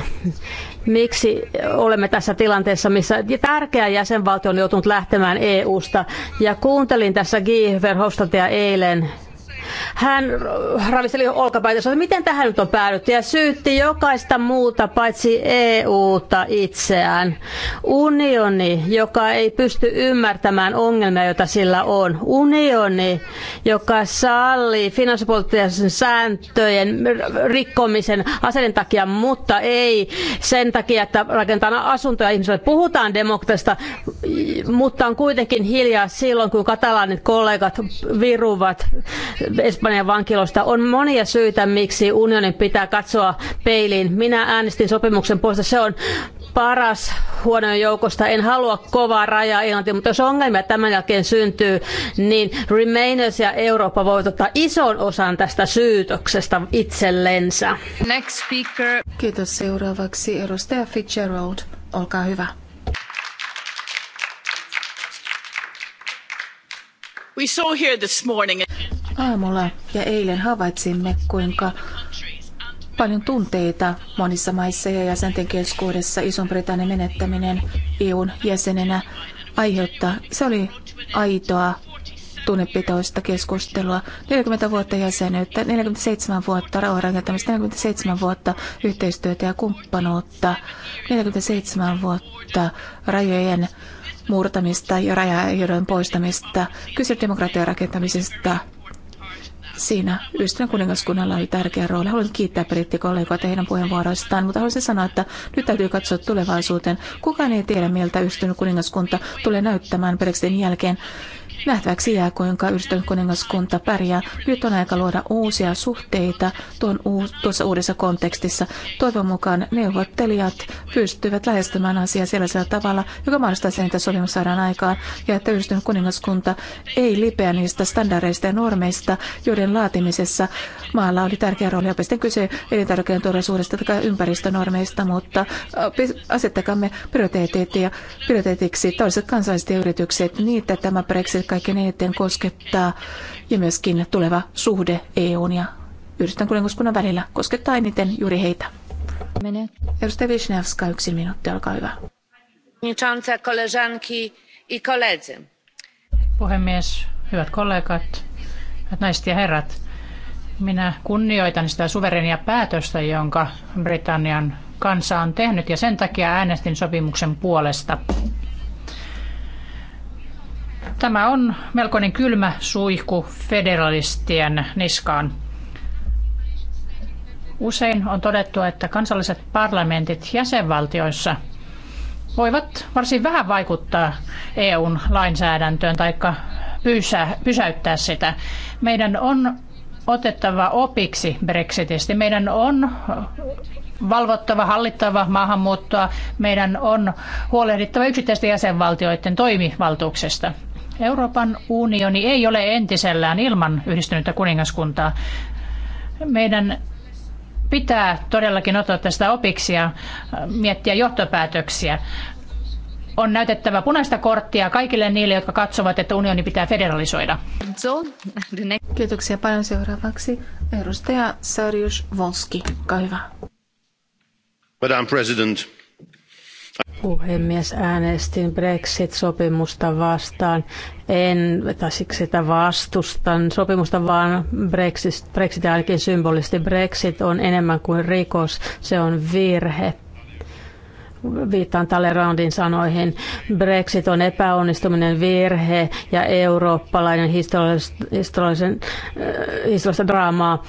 [SPEAKER 9] miksi olemme tässä tilanteessa, missä tärkeä jäsenvaltio on joutunut lähtemään EU-sta. Ja kuuntelin tässä Guy Verhofstadtia eilen hän ravisteli olkapäitä sanoi, miten tähän nyt on päädytty ja syytti jokaista muuta paitsi EUta itseään. Unioni, joka ei pysty ymmärtämään ongelmia, joita sillä on. Unioni, joka sallii finanssipoliittisen sääntöjen rikkomisen aseiden takia, mutta ei sen takia, että rakentaa asuntoja ihmisille. Puhutaan demokratiasta, mutta on kuitenkin hiljaa silloin, kun katalaanit kollegat viruvat Espanjan vankilosta. On monia syitä, miksi unionin pitää katsoa peiliin. Minä äänestin sopimuksen puolesta. Se on paras huonojen joukosta. En halua kovaa rajaa Irlantiin, mutta jos ongelmia tämän jälkeen syntyy, niin Remainers ja Eurooppa voivat ottaa ison osan tästä syytöksestä itsellensä.
[SPEAKER 8] Next speaker. Kiitos seuraavaksi edustaja Fitzgerald. Olkaa hyvä.
[SPEAKER 6] We saw here
[SPEAKER 9] this morning.
[SPEAKER 8] Aamulla ja eilen havaitsimme, kuinka paljon tunteita monissa maissa ja jäsenten keskuudessa Ison-Britannian menettäminen EUn jäsenenä aiheuttaa. Se oli aitoa tunnepitoista keskustelua. 40 vuotta jäsenyyttä, 47 vuotta rauhanrakentamista, 47 vuotta yhteistyötä ja kumppanuutta, 47 vuotta rajojen murtamista ja rajajohdon poistamista, kyse demokratian rakentamisesta. Siinä ystävän kuningaskunnalla oli tärkeä rooli. Haluaisin kiittää brittikollegoita heidän puheenvuoroistaan, mutta haluaisin sanoa, että nyt täytyy katsoa tulevaisuuteen. Kukaan ei tiedä, miltä ystävän kuningaskunta tulee näyttämään Brexitin jälkeen. Nähtäväksi jää, kuinka yhdistön kuningaskunta pärjää. Nyt on aika luoda uusia suhteita tuon uu- tuossa uudessa kontekstissa. Toivon mukaan neuvottelijat pystyvät lähestymään asiaa sellaisella tavalla, joka mahdollistaa sen, että sopimus saadaan aikaan, ja että yhdistön kuningaskunta ei lipeä niistä standardeista ja normeista, joiden laatimisessa maalla oli tärkeä rooli. Jopa kyse elintarvikkeiden turvallisuudesta tai ympäristönormeista, mutta asettakamme prioriteetiksi toiset kansalliset yritykset, niitä tämä Brexit Kaiken eniten koskettaa ja myöskin tuleva suhde EUn ja Yhdistön kuningaskunnan välillä koskettaa eniten
[SPEAKER 7] juuri heitä. Mene. Edustaja Wisniewska, yksi minuutti, olkaa hyvä. Puhemies, hyvät kollegat, hyvät naiset ja herrat. Minä kunnioitan sitä suverenia päätöstä, jonka Britannian kansa on tehnyt ja sen takia äänestin sopimuksen puolesta. Tämä on melkoinen kylmä suihku federalistien niskaan. Usein on todettu, että kansalliset parlamentit jäsenvaltioissa voivat varsin vähän vaikuttaa EUn lainsäädäntöön tai pysä, pysäyttää sitä. Meidän on otettava opiksi Brexitistä. Meidän on valvottava, hallittava maahanmuuttoa. Meidän on huolehdittava yksittäisten jäsenvaltioiden toimivaltuuksista. Euroopan unioni ei ole entisellään ilman yhdistynyttä kuningaskuntaa. Meidän pitää todellakin ottaa tästä opiksi ja miettiä johtopäätöksiä. On näytettävä punaista korttia kaikille niille, jotka katsovat, että unioni pitää federalisoida.
[SPEAKER 8] Kiitoksia paljon seuraavaksi. Edustaja Sarius Volski, olkaa
[SPEAKER 9] hyvä. President, Puhemies, äänestin Brexit-sopimusta vastaan. En, tai siksi sitä vastustan sopimusta, vaan Brexit, Brexit ainakin symbolisesti. Brexit on enemmän kuin rikos, se on virhe viittaan Talleyrandin sanoihin, Brexit on epäonnistuminen, virhe ja eurooppalainen historiallisen, äh, historiallista draamaa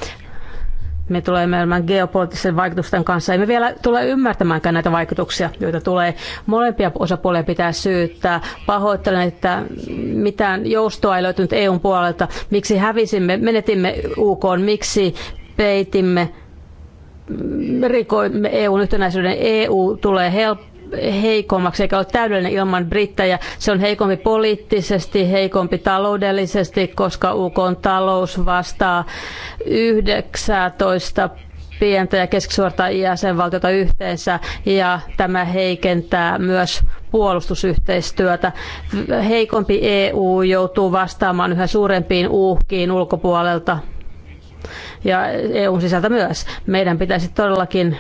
[SPEAKER 9] me tulemme olemaan geopoliittisten vaikutusten kanssa. Emme vielä tule ymmärtämäänkään näitä vaikutuksia, joita tulee. Molempia osapuolia pitää syyttää. Pahoittelen, että mitään joustoa ei löytynyt EUn puolelta. Miksi hävisimme, menetimme UK, miksi peitimme rikoimme EUn yhtenäisyyden. EU tulee helppo heikommaksi, eikä ole täydellinen ilman brittejä. Se on heikompi poliittisesti, heikompi taloudellisesti, koska UK on talous vastaa 19 pientä ja keskisuorta jäsenvaltiota yhteensä ja tämä heikentää myös puolustusyhteistyötä. Heikompi EU joutuu vastaamaan yhä suurempiin uhkiin ulkopuolelta ja EUn sisältä myös. Meidän pitäisi todellakin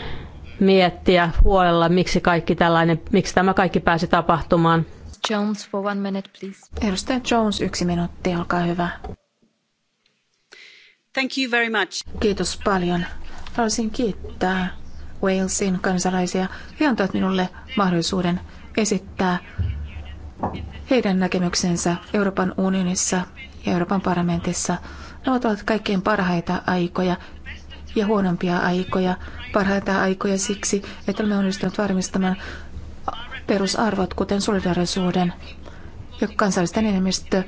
[SPEAKER 9] miettiä huolella, miksi, kaikki tällainen, miksi tämä kaikki pääsi tapahtumaan.
[SPEAKER 8] Jones for one minute, please. Edustaja Jones, yksi minuutti, olkaa hyvä.
[SPEAKER 6] Thank you very much.
[SPEAKER 8] Kiitos paljon. Haluaisin kiittää Walesin kansalaisia. He antoivat minulle mahdollisuuden esittää heidän näkemyksensä Euroopan unionissa ja Euroopan parlamentissa. Ne ovat kaikkein parhaita aikoja ja huonompia aikoja parhaita aikoja siksi, että olemme onnistuneet varmistamaan perusarvot, kuten solidaarisuuden ja kansallisten enemmistö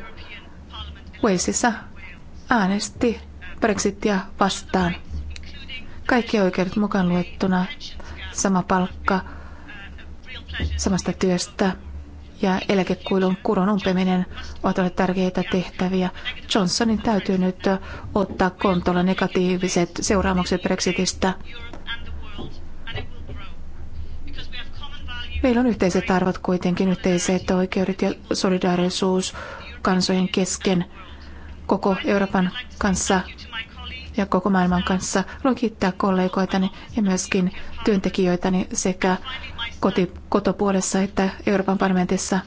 [SPEAKER 8] Walesissa äänesti Brexitia vastaan. Kaikki oikeudet mukaan luettuna, sama palkka samasta työstä ja eläkekuilun kuron umpeminen ovat olleet tärkeitä tehtäviä. Johnsonin täytyy nyt ottaa kontolla negatiiviset seuraamukset Brexitistä. Meillä on yhteiset arvot kuitenkin, yhteiset oikeudet ja solidaarisuus kansojen kesken koko Euroopan kanssa ja koko maailman kanssa. Haluan kiittää kollegoitani ja myöskin työntekijöitäni sekä koti, kotopuolessa että Euroopan parlamentissa.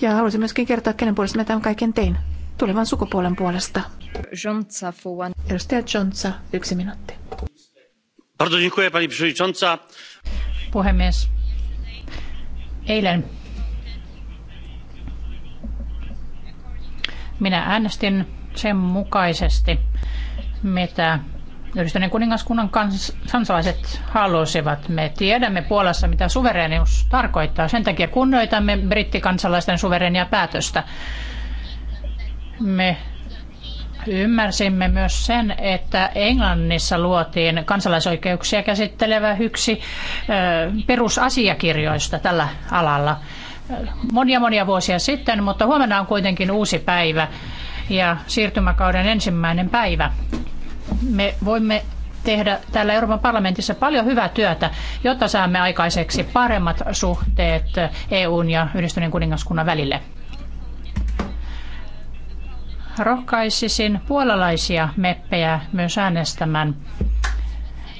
[SPEAKER 8] Ja haluaisin myöskin kertoa, kenen puolesta me tämän kaiken tein. Tulevan sukupuolen puolesta. Johnsa for one.
[SPEAKER 7] Edustaja Johnsa, yksi minuutti
[SPEAKER 3] arvoisa
[SPEAKER 7] puhemies eilen minä äänestin sen mukaisesti mitä Yhdistyneen kuningaskunnan kans- kansalaiset halusivat. Me tiedämme Puolassa, mitä suvereenius tarkoittaa. Sen takia kunnioitamme brittikansalaisten suvereenia päätöstä. Me Ymmärsimme myös sen, että Englannissa luotiin kansalaisoikeuksia käsittelevä yksi perusasiakirjoista tällä alalla monia monia vuosia sitten, mutta huomenna on kuitenkin uusi päivä ja siirtymäkauden ensimmäinen päivä. Me voimme tehdä täällä Euroopan parlamentissa paljon hyvää työtä, jotta saamme aikaiseksi paremmat suhteet EUn ja yhdistyneen kuningaskunnan välille rohkaisisin puolalaisia meppejä myös äänestämään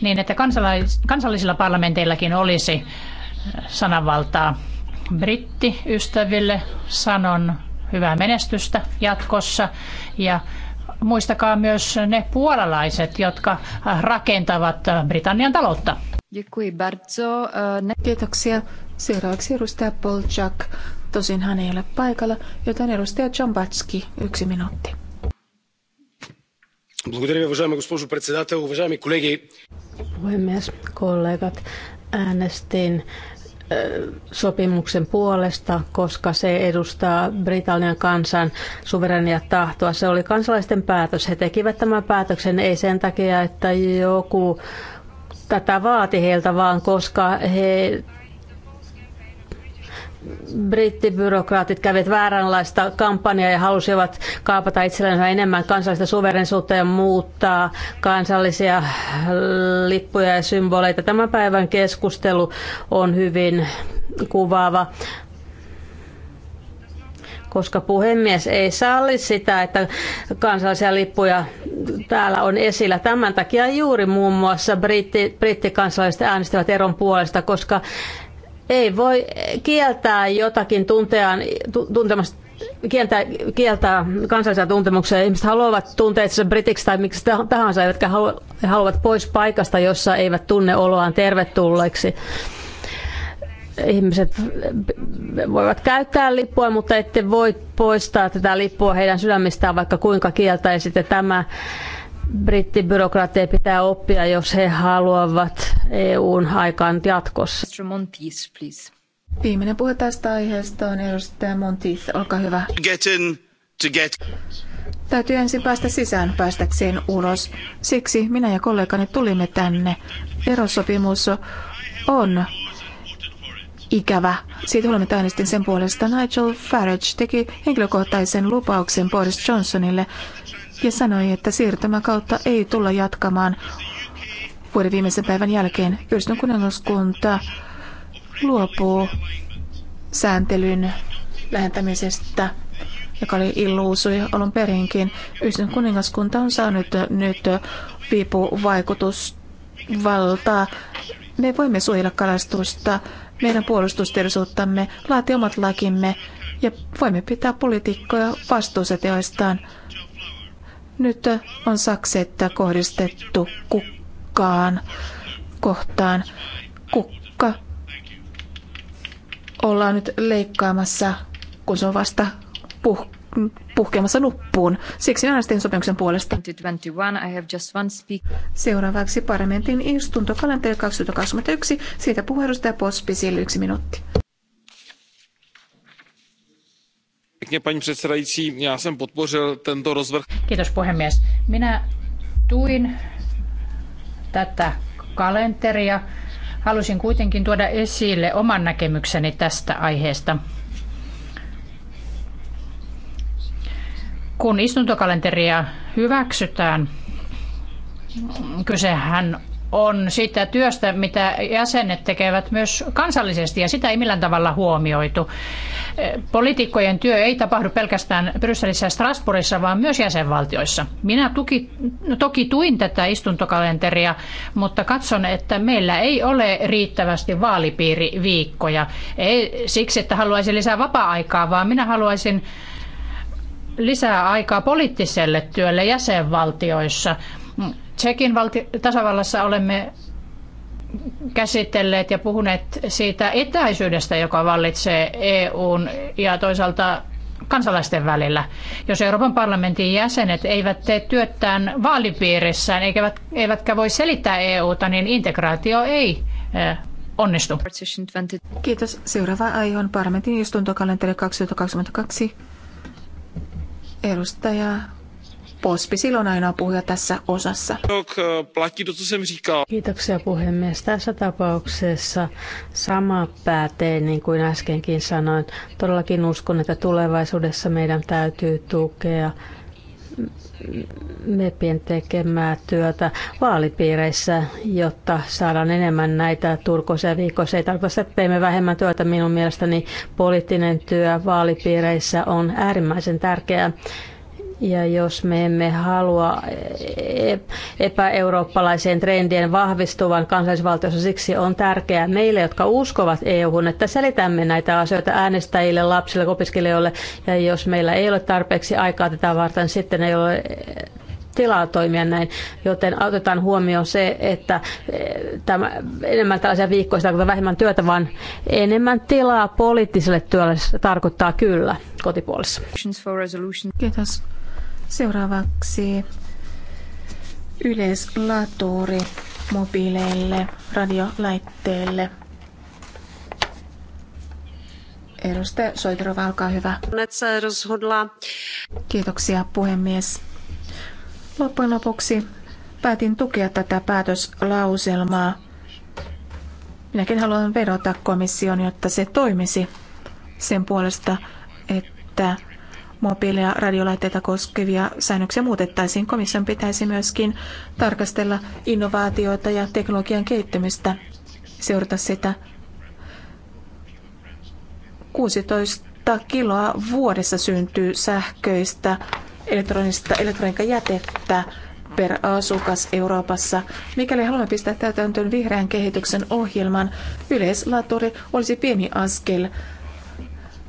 [SPEAKER 7] niin, että kansalais- kansallisilla parlamenteillakin olisi sananvaltaa. Brittiystäville sanon hyvää menestystä jatkossa ja muistakaa myös ne puolalaiset, jotka rakentavat Britannian taloutta.
[SPEAKER 8] Kiitoksia. Seuraavaksi edustaja Polchak Tosin hän ei ole paikalla, joten edustaja Chambatski, yksi minuutti.
[SPEAKER 9] Puhemies, kollegat, äänestin sopimuksen puolesta, koska se edustaa Britannian kansan suverenia tahtoa. Se oli kansalaisten päätös. He tekivät tämän päätöksen ei sen takia, että joku tätä vaati heiltä, vaan koska he brittibyrokraatit kävivät vääränlaista kampanjaa ja halusivat kaapata itsellensä enemmän kansallista suverensuutta ja muuttaa kansallisia lippuja ja symboleita. Tämän päivän keskustelu on hyvin kuvaava koska puhemies ei salli sitä, että kansallisia lippuja täällä on esillä. Tämän takia juuri muun muassa britti, brittikansalaiset äänestivät eron puolesta, koska ei voi kieltää jotakin tunteaan, tuntemasta kieltää, kieltää kansallisia tuntemuksia. Ihmiset haluavat tuntea itse britiksi tai miksi tahansa, eivätkä haluavat pois paikasta, jossa eivät tunne oloaan tervetulleeksi. Ihmiset voivat käyttää lippua, mutta ette voi poistaa tätä lippua heidän sydämistään, vaikka kuinka kieltäisitte tämä brittibyrokraatteja pitää oppia, jos he haluavat EUn aikaan jatkossa.
[SPEAKER 8] Montis, please. Viimeinen puhe tästä aiheesta on edustaja Montis, olkaa hyvä.
[SPEAKER 6] Get in to get...
[SPEAKER 8] Täytyy ensin päästä sisään päästäkseen ulos. Siksi minä ja kollegani tulimme tänne. Erosopimus on ikävä. Siitä olemme äänestin sen puolesta. Nigel Farage teki henkilökohtaisen lupauksen Boris Johnsonille ja sanoi, että siirtymäkautta ei tulla jatkamaan vuoden viimeisen päivän jälkeen. Yhdistön kuningaskunta luopuu sääntelyn lähentämisestä, joka oli illuusui alun perinkin. Yhdistön kuningaskunta on saanut nyt viipuvaikutusvaltaa. Me voimme suojella kalastusta, meidän puolustusteollisuuttamme, laatia omat lakimme ja voimme pitää poliitikkoja vastuussa teoistaan. Nyt on saksetta kohdistettu kukkaan kohtaan. Kukka ollaan nyt leikkaamassa, kun se on vasta puh- puhkeamassa nuppuun. Siksi äänestin sopimuksen puolesta. 2021, I have just one speak. Seuraavaksi parlamentin istuntokalenteri 2021. Siitä puheenjohtaja
[SPEAKER 7] Pospisille yksi minuutti.
[SPEAKER 3] paní předsedající já jsem podpořil tento rozvrh.
[SPEAKER 7] Kiitos puhemies. Minä tuin tätä kalenteria. Halusin kuitenkin tuoda esille oman näkemykseni tästä aiheesta. Kun istuntokalenteria hyväksytään, kysehän on sitä työstä, mitä jäsenet tekevät myös kansallisesti, ja sitä ei millään tavalla huomioitu. Poliitikkojen työ ei tapahdu pelkästään Brysselissä ja Strasbourgissa, vaan myös jäsenvaltioissa. Minä tuki, toki tuin tätä istuntokalenteria, mutta katson, että meillä ei ole riittävästi vaalipiiriviikkoja. Ei siksi, että haluaisin lisää vapaa-aikaa, vaan minä haluaisin lisää aikaa poliittiselle työlle jäsenvaltioissa Tsekin valti- tasavallassa olemme käsitelleet ja puhuneet siitä etäisyydestä, joka vallitsee EUn ja toisaalta kansalaisten välillä. Jos Euroopan parlamentin jäsenet eivät tee työtään vaalipiirissään eivät, eivätkä voi selittää EUta, niin integraatio ei eh, onnistu. Kiitos. Seuraava aihe on parlamentin istuntokalenteri 2022.
[SPEAKER 8] Edustaja Pospi silloin ainoa puhuja tässä
[SPEAKER 3] osassa. Eh,
[SPEAKER 9] Kiitoksia puhemies. Tässä tapauksessa sama pätee, niin kuin äskenkin sanoin. Todellakin uskon, että tulevaisuudessa meidän täytyy tukea MEPien tekemää työtä vaalipiireissä, jotta saadaan enemmän näitä turkoisia Se Ei tarkoita, että teemme vähemmän työtä. Minun mielestäni poliittinen työ vaalipiireissä on äärimmäisen tärkeää. Ja jos me emme halua epäeurooppalaiseen trendien vahvistuvan kansallisvaltiossa, siksi on tärkeää meille, jotka uskovat EU-hun, että selitämme näitä asioita äänestäjille, lapsille, opiskelijoille. Ja jos meillä ei ole tarpeeksi aikaa tätä varten, sitten ei ole eh, tilaa toimia näin, joten otetaan huomioon se, että eh, tämä, enemmän tällaisia viikkoista tarkoittaa vähemmän työtä, vaan enemmän tilaa poliittiselle työlle tarkoittaa kyllä kotipuolessa.
[SPEAKER 8] Kiitos. Seuraavaksi yleislaturi mobiileille, radiolaitteille. Edustaja Soiterova, olkaa hyvä. Kiitoksia puhemies. Loppujen lopuksi päätin tukea tätä päätöslauselmaa. Minäkin haluan vedota komission, jotta se toimisi sen puolesta, että mobiili- ja radiolaitteita koskevia säännöksiä muutettaisiin. Komission pitäisi myöskin tarkastella innovaatioita ja teknologian kehittymistä, seurata sitä 16 kiloa vuodessa syntyy sähköistä elektronista elektroniikkajätettä per asukas Euroopassa. Mikäli haluamme pistää täytäntöön vihreän kehityksen ohjelman, yleislaturi olisi pieni askel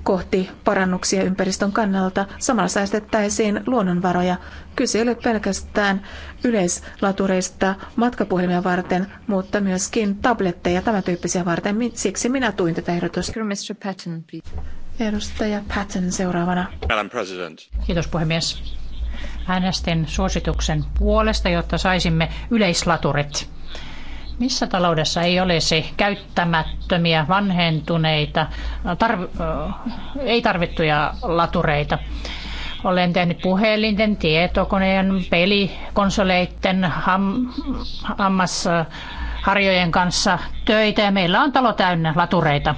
[SPEAKER 8] kohti parannuksia ympäristön kannalta. Samalla säästettäisiin luonnonvaroja. Kyse ei ole pelkästään yleislatureista matkapuhelimia varten, mutta myöskin tabletteja ja tämän tyyppisiä varten.
[SPEAKER 7] Siksi minä tuin tätä ehdotusta. Patton, Edustaja Patton seuraavana.
[SPEAKER 9] Madam President.
[SPEAKER 7] Kiitos puhemies. Äänestin suosituksen puolesta, jotta saisimme yleislaturit missä taloudessa ei ole se käyttämättömiä, vanhentuneita, tarv, ei tarvittuja latureita? Olen tehnyt puhelinten, tietokoneen, pelikonsoleiden, ham, hammasharjojen kanssa töitä ja meillä on talo täynnä latureita.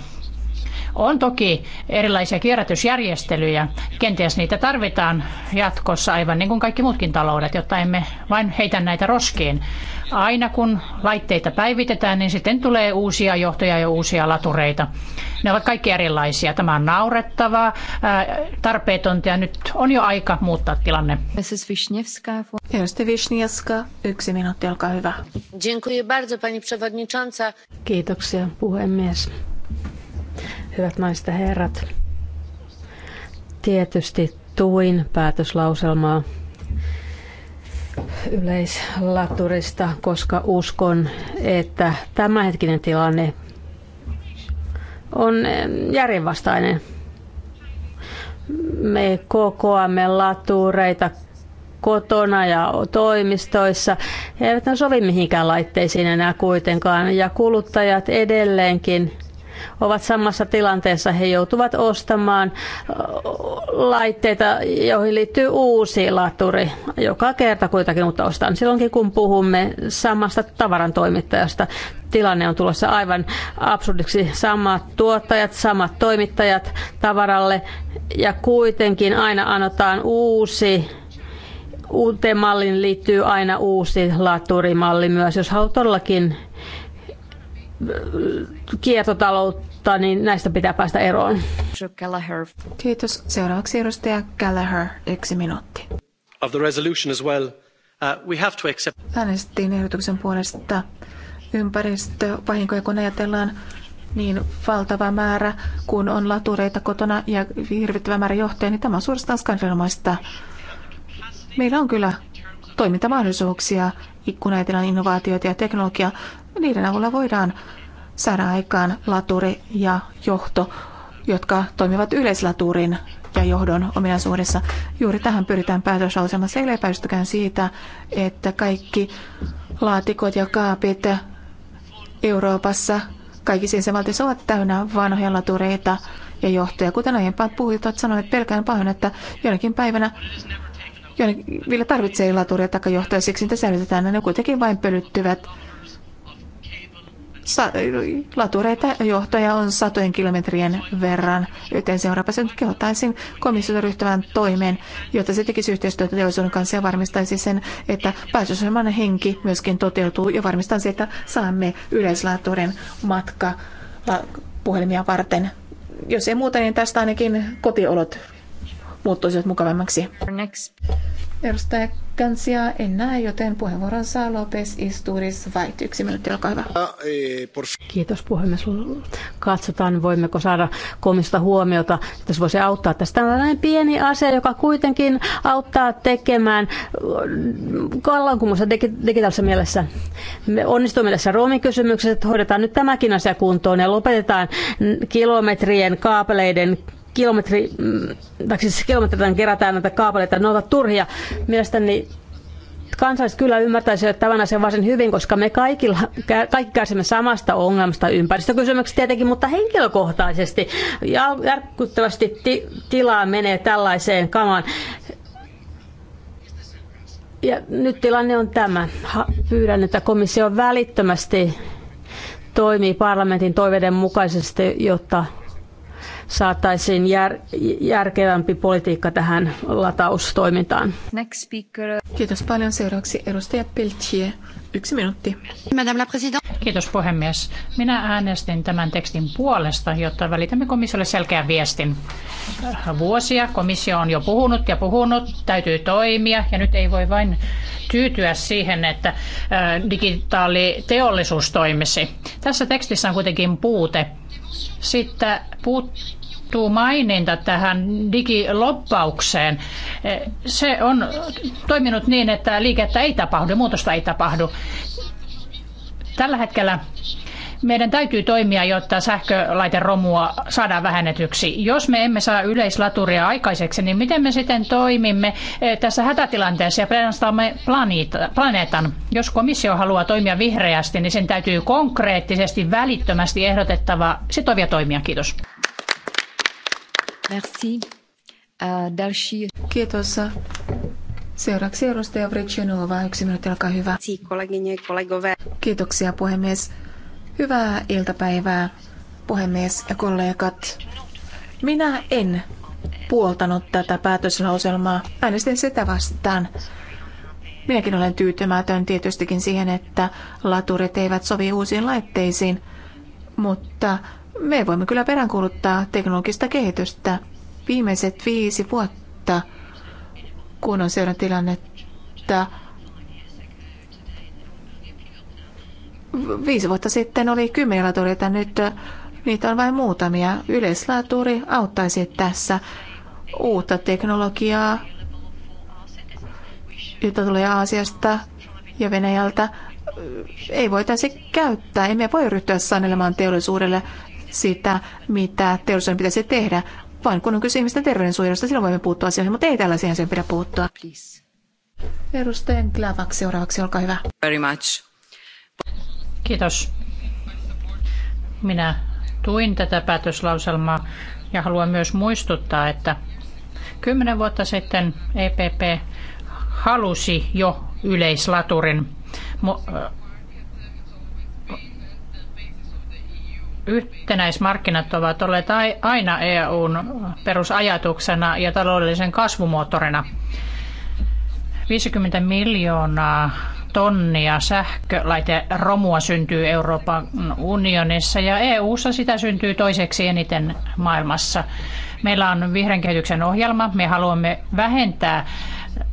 [SPEAKER 7] On toki erilaisia kierrätysjärjestelyjä. Kenties niitä tarvitaan jatkossa aivan niin kuin kaikki muutkin taloudet, jotta emme vain heitä näitä roskiin. Aina kun laitteita päivitetään, niin sitten tulee uusia johtoja ja uusia latureita. Ne ovat kaikki erilaisia. Tämä on naurettavaa, tarpeetonta ja nyt on jo aika muuttaa tilanne. Mrs. Wisniewska,
[SPEAKER 9] yksi minuutti, olkaa hyvä. Dziękuję bardzo, pani przewodnicząca. Kiitoksia, puhemies. Hyvät naiset ja herrat, tietysti tuin päätöslauselmaa yleislaturista, koska uskon, että tämänhetkinen tilanne on järjenvastainen. Me kokoamme latureita kotona ja toimistoissa. He eivät sovi mihinkään laitteisiin enää kuitenkaan, ja kuluttajat edelleenkin ovat samassa tilanteessa. He joutuvat ostamaan laitteita, joihin liittyy uusi laturi. Joka kerta kuitenkin, mutta ostan silloinkin, kun puhumme samasta tavarantoimittajasta. Tilanne on tulossa aivan absurdiksi. Samat tuottajat, samat toimittajat tavaralle ja kuitenkin aina annetaan uusi uuteen malliin liittyy aina uusi laturimalli myös, jos haluaa todellakin kiertotaloutta, niin näistä pitää päästä eroon. Kiitos. Seuraavaksi
[SPEAKER 8] edustaja Gallagher, yksi minuutti.
[SPEAKER 3] Of the resolution as well. Uh, we have to accept...
[SPEAKER 8] Äänestettiin ehdotuksen puolesta ympäristövahinkoja, kun ajatellaan niin valtava määrä, kun on latureita kotona ja hirvittävä määrä johtajia, niin tämä on suorastaan skandalomaista. Meillä on kyllä toimintamahdollisuuksia, kun ajatellaan innovaatioita ja teknologiaa. Niiden avulla voidaan saada aikaan laturi ja johto, jotka toimivat yleislaturin ja johdon ominaisuudessa. Juuri tähän pyritään päätöslauselmassa. Ei lepäystäkään siitä, että kaikki laatikot ja kaapit Euroopassa kaikissa jäsenvaltioissa ovat täynnä vanhoja latureita ja johtoja. Kuten aiempaan puhujat sanoneet, pelkään pahoin, että jonakin päivänä jonakin, vielä tarvitsee laturia tai johtoja, siksi niitä säilytetään. Ne kuitenkin vain pölyttyvät latureita johtoja on satojen kilometrien verran, joten seuraavaksi nyt kehottaisin komissiota ryhtymään toimeen, jotta se tekisi yhteistyötä teollisuuden kanssa ja varmistaisi sen, että päätösohjelman henki myöskin toteutuu ja varmistaisi, että saamme yleislaatuuden matka puhelimia varten. Jos ei muuta, niin tästä ainakin kotiolot muuttuisivat mukavammaksi. Edustaja Kansia en näe, joten puheenvuoron
[SPEAKER 9] saa Lopes Isturis Vait. Yksi minuutti, olkaa hyvä. Ah, eh, Kiitos puhemies. Katsotaan, voimmeko saada komista huomiota, että se voisi auttaa. Tästä on tällainen pieni asia, joka kuitenkin auttaa tekemään kallankumossa digitaalisessa mielessä. Me onnistumme tässä Roomin että hoidetaan nyt tämäkin asia kuntoon ja lopetetaan kilometrien kaapeleiden kilometri, mm, tai siis kilometriä kerätään näitä kaapeleita, ne ovat turhia. Mielestäni kansalaiset kyllä ymmärtäisivät tämän asian varsin hyvin, koska me kaikilla, kaikki kärsimme samasta ongelmasta ympäristökysymyksestä tietenkin, mutta henkilökohtaisesti ja järkyttävästi ti, tilaa menee tällaiseen kamaan. Ja nyt tilanne on tämä. Pyydän, että komissio välittömästi toimii parlamentin toiveiden mukaisesti, jotta saataisiin jär, järkevämpi politiikka tähän lataustoimintaan.
[SPEAKER 7] Next speaker. Kiitos paljon. Seuraavaksi edustaja Peltier. Yksi minuutti. Madame la Présidente. Kiitos puhemies. Minä äänestin tämän tekstin puolesta, jotta välitämme komissiolle selkeän viestin. Vuosia komissio on jo puhunut ja puhunut, täytyy toimia ja nyt ei voi vain tyytyä siihen, että digitaaliteollisuus toimisi. Tässä tekstissä on kuitenkin puute. Sitten puut tuu maininta tähän digiloppaukseen. Se on toiminut niin, että liikettä ei tapahdu, muutosta ei tapahdu. Tällä hetkellä meidän täytyy toimia, jotta sähkölaiteromua saadaan vähennetyksi. Jos me emme saa yleislaturia aikaiseksi, niin miten me sitten toimimme eh, tässä hätätilanteessa ja pelastamme planeetan? Jos komissio haluaa toimia vihreästi, niin sen täytyy konkreettisesti välittömästi ehdotettava sitovia toimia. Kiitos.
[SPEAKER 8] Merci. Äh, další. Kiitos. Seuraavaksi edustaja Vriksinova, yksi minuutti, olkaa hyvä. Kiitoksia puhemies. Hyvää iltapäivää puhemies ja kollegat. Minä en puoltanut tätä päätöslauselmaa. Äänestin sitä vastaan. Minäkin olen tyytymätön tietystikin siihen, että laturit eivät sovi uusiin laitteisiin, mutta me voimme kyllä peräänkuuluttaa teknologista kehitystä. Viimeiset viisi vuotta, kun on seurannut tilannetta, viisi vuotta sitten oli kymmenen laturita, nyt niitä on vain muutamia. Yleislaturi auttaisi tässä uutta teknologiaa, jota tulee Aasiasta ja Venäjältä. Ei voitaisi käyttää, emme voi ryhtyä sanelemaan teollisuudelle, sitä, mitä teollisuuden pitäisi tehdä, vaan kun on kyse ihmisten terveydensuojelusta, silloin voimme puuttua asioihin, mutta ei tällaisia sen pidä puuttua. Please. Edustajan Glavak seuraavaksi, olkaa hyvä.
[SPEAKER 6] Very much.
[SPEAKER 7] Kiitos. Minä tuin tätä päätöslauselmaa ja haluan myös muistuttaa, että kymmenen vuotta sitten EPP halusi jo yleislaturin Yhtenäismarkkinat ovat olleet aina EUn perusajatuksena ja taloudellisen kasvumoottorina. 50 miljoonaa tonnia sähkölaiteromua syntyy Euroopan unionissa ja EU:ssa sitä syntyy toiseksi eniten maailmassa. Meillä on vihreän kehityksen ohjelma. Me haluamme vähentää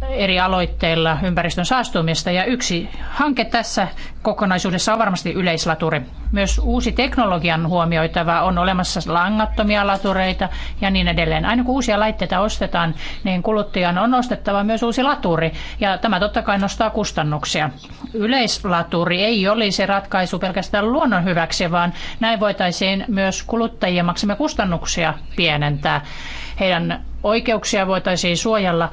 [SPEAKER 7] eri aloitteilla ympäristön saastumista ja yksi hanke tässä kokonaisuudessa on varmasti yleislaturi. Myös uusi teknologian huomioitava on olemassa langattomia latureita ja niin edelleen. Aina kun uusia laitteita ostetaan, niin kuluttajan on ostettava myös uusi laturi ja tämä totta kai nostaa kustannuksia. Yleislaturi ei olisi ratkaisu pelkästään luonnon hyväksi, vaan näin voitaisiin myös kuluttajien maksamia kustannuksia pienentää. Heidän oikeuksia voitaisiin suojella